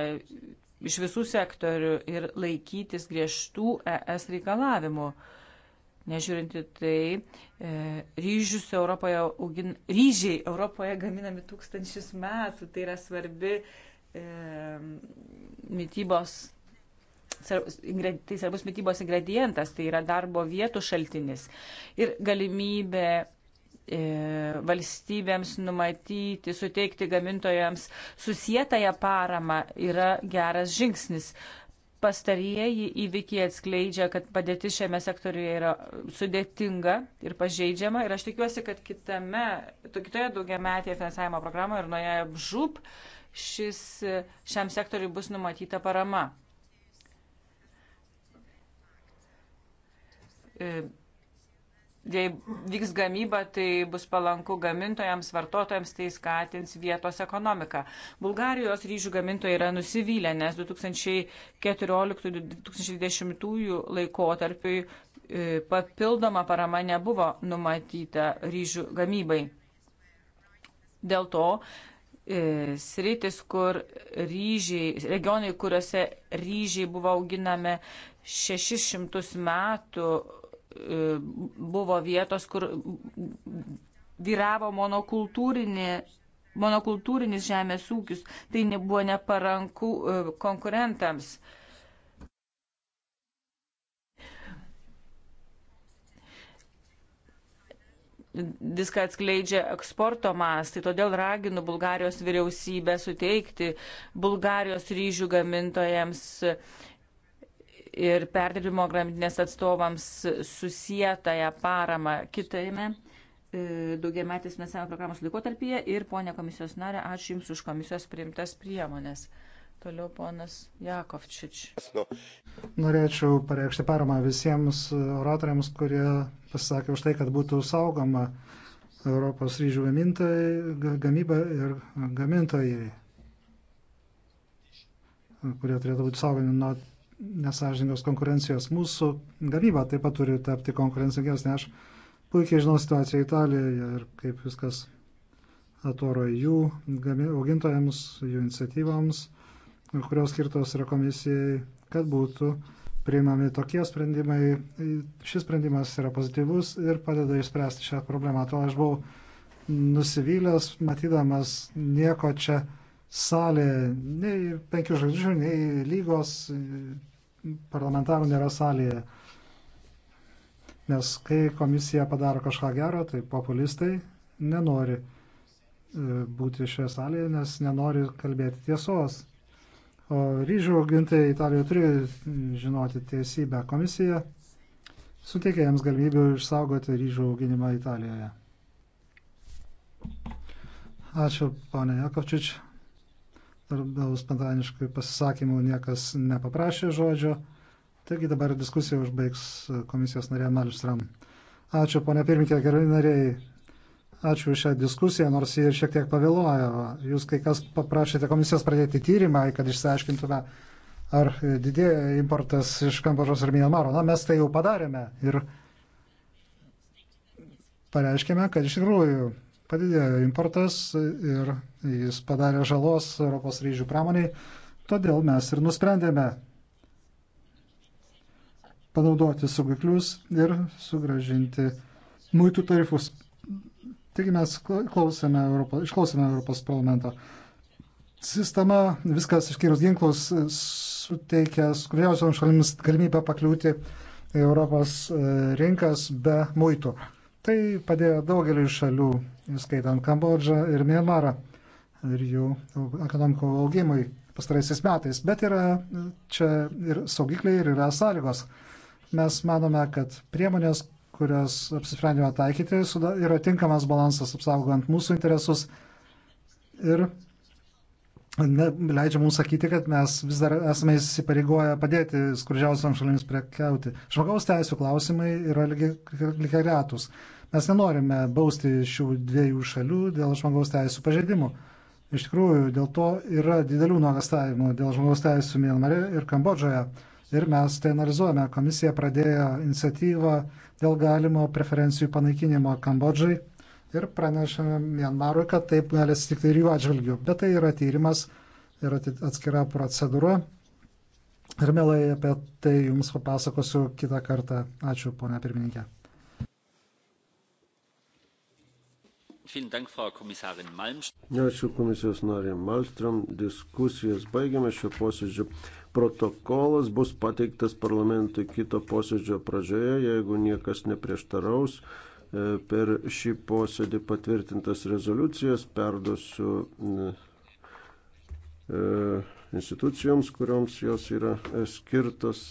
iš visų sektorių ir laikytis griežtų ES reikalavimų. E, Nežiūrinti tai, e, ryžius Europoje augin, ryžiai Europoje gaminami tūkstančius metų, tai yra svarbi e, mytybos, tai svarbus mytybos ingredientas, tai yra darbo vietų šaltinis ir galimybė e, valstybėms numatyti, suteikti gamintojams susietąją paramą yra geras žingsnis. Pastarieji įvykiai atskleidžia, kad padėtis šiame sektoriuje yra sudėtinga ir pažeidžiama. Ir aš tikiuosi, kad kitame, kitoje daugiametėje finansavimo programoje ir nuoje žūp šis, šiam sektoriui bus numatyta parama. E, jei vyks gamyba, tai bus palanku gamintojams, vartotojams, tai skatins vietos ekonomiką. Bulgarijos ryžių gamintojai yra nusivylę, nes 2014-2020 laikotarpiui e, papildoma parama nebuvo numatyta ryžių gamybai. Dėl to e, sritis, kur ryžiai, regionai, kuriuose ryžiai buvo auginami 600 metų, E, buvo vietos, kur vyravo monokultūrinė monokultūrinis žemės ūkis, tai buvo neparanku e, konkurentams. Viską atskleidžia eksporto mastai, todėl raginu Bulgarijos vyriausybę suteikti Bulgarijos ryžių gamintojams ir perdirbimo grandinės atstovams susietąją paramą kitame e, daugiametės finansavimo programos laikotarpyje. Ir, ponė komisijos narė, ačiū Jums už komisijos priimtas priemonės. Toliau ponas Jakovčič. Norėčiau pareikšti paramą visiems oratoriams, kurie pasisakė už tai, kad būtų saugoma Europos ryžių gamyba ir gamintojai, kurie turėtų būti saugomi nuo nesažininkos konkurencijos. Mūsų gamyba taip pat turi tapti konkurencingesnė. Aš puikiai žinau situaciją Italijoje ir kaip viskas atoro jų augintojams, jų iniciatyvams, kurios skirtos yra komisijai, kad būtų priimami tokie sprendimai. Šis sprendimas yra pozityvus ir padeda išspręsti šią problemą. To aš buvau nusivylęs, matydamas nieko čia salė, nei penkių žvaigždžių, nei lygos parlamentarų nėra salėje. Nes kai komisija padaro kažką gero, tai populistai nenori e, būti šioje salėje, nes nenori kalbėti tiesos. O ryžių augintojai Italijoje turi žinoti teisybę. Komisija suteikė jiems galimybių išsaugoti ryžių auginimą Italijoje. Ačiū, ponė Jakovčič labiau spontaniškai pasisakymų niekas nepaprašė žodžio. Taigi dabar diskusiją užbaigs komisijos narė Malistram. Ačiū, ponia pirmininkė, gerai nariai. Ačiū už šią diskusiją, nors jie šiek tiek pavėluojo. Jūs kai kas paprašėte komisijos pradėti tyrimą, kad išsiaiškintume, ar didėja importas iš Kambožos ir Mianmaro. Na, mes tai jau padarėme ir pareiškėme, kad iš tikrųjų Padidėjo importas ir jis padarė žalos Europos ryžių pramoniai, todėl mes ir nusprendėme panaudoti saugiklius ir sugražinti muitų tarifus. Taigi mes klausėme Europos, išklausėme Europos parlamento. Sistema, viskas išskyrus ginklus, suteikia skurdžiausioms šalims galimybę pakliūti Europos e, rinkas be muitų. Tai padėjo daugeliu šalių skaitant Kambodžą ir Myanmarą ir jų ekonomikų augimui pastaraisiais metais. Bet yra čia ir saugikliai, ir yra sąlygos. Mes manome, kad priemonės, kurios apsisprendėme taikyti, yra tinkamas balansas apsaugant mūsų interesus ir ne, leidžia mums sakyti, kad mes vis dar esame įsipareigoję padėti skurdžiausiam šalims prekiauti. Žmogaus teisų klausimai yra lygiai retus. Lygi Mes nenorime bausti šių dviejų šalių dėl žmogaus teisų pažeidimų. Iš tikrųjų, dėl to yra didelių nuogastavimų dėl žmogaus teisų Mianmare ir Kambodžoje. Ir mes tai analizuojame. Komisija pradėjo iniciatyvą dėl galimo preferencijų panaikinimo Kambodžai ir pranešėme Mianmarui, kad taip gali atsitikti ir jų atžvilgių. Bet tai yra tyrimas ir atskira procedūra. Ir mielai apie tai jums papasakosiu kitą kartą. Ačiū, ponia pirmininkė. Ačiū komisijos narė Malstrom. Diskusijas baigiame šio posėdžio. Protokolas bus pateiktas parlamentui kito posėdžio pradžioje, jeigu niekas neprieštaraus. E, per šį posėdį patvirtintas rezoliucijas perduosiu e, institucijoms, kurioms jos yra e, skirtas,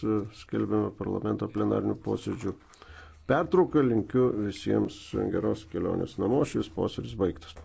skelbiame parlamento plenarnių posėdžių pertrauką, linkiu visiems geros kelionės namo, šis posėdis baigtas.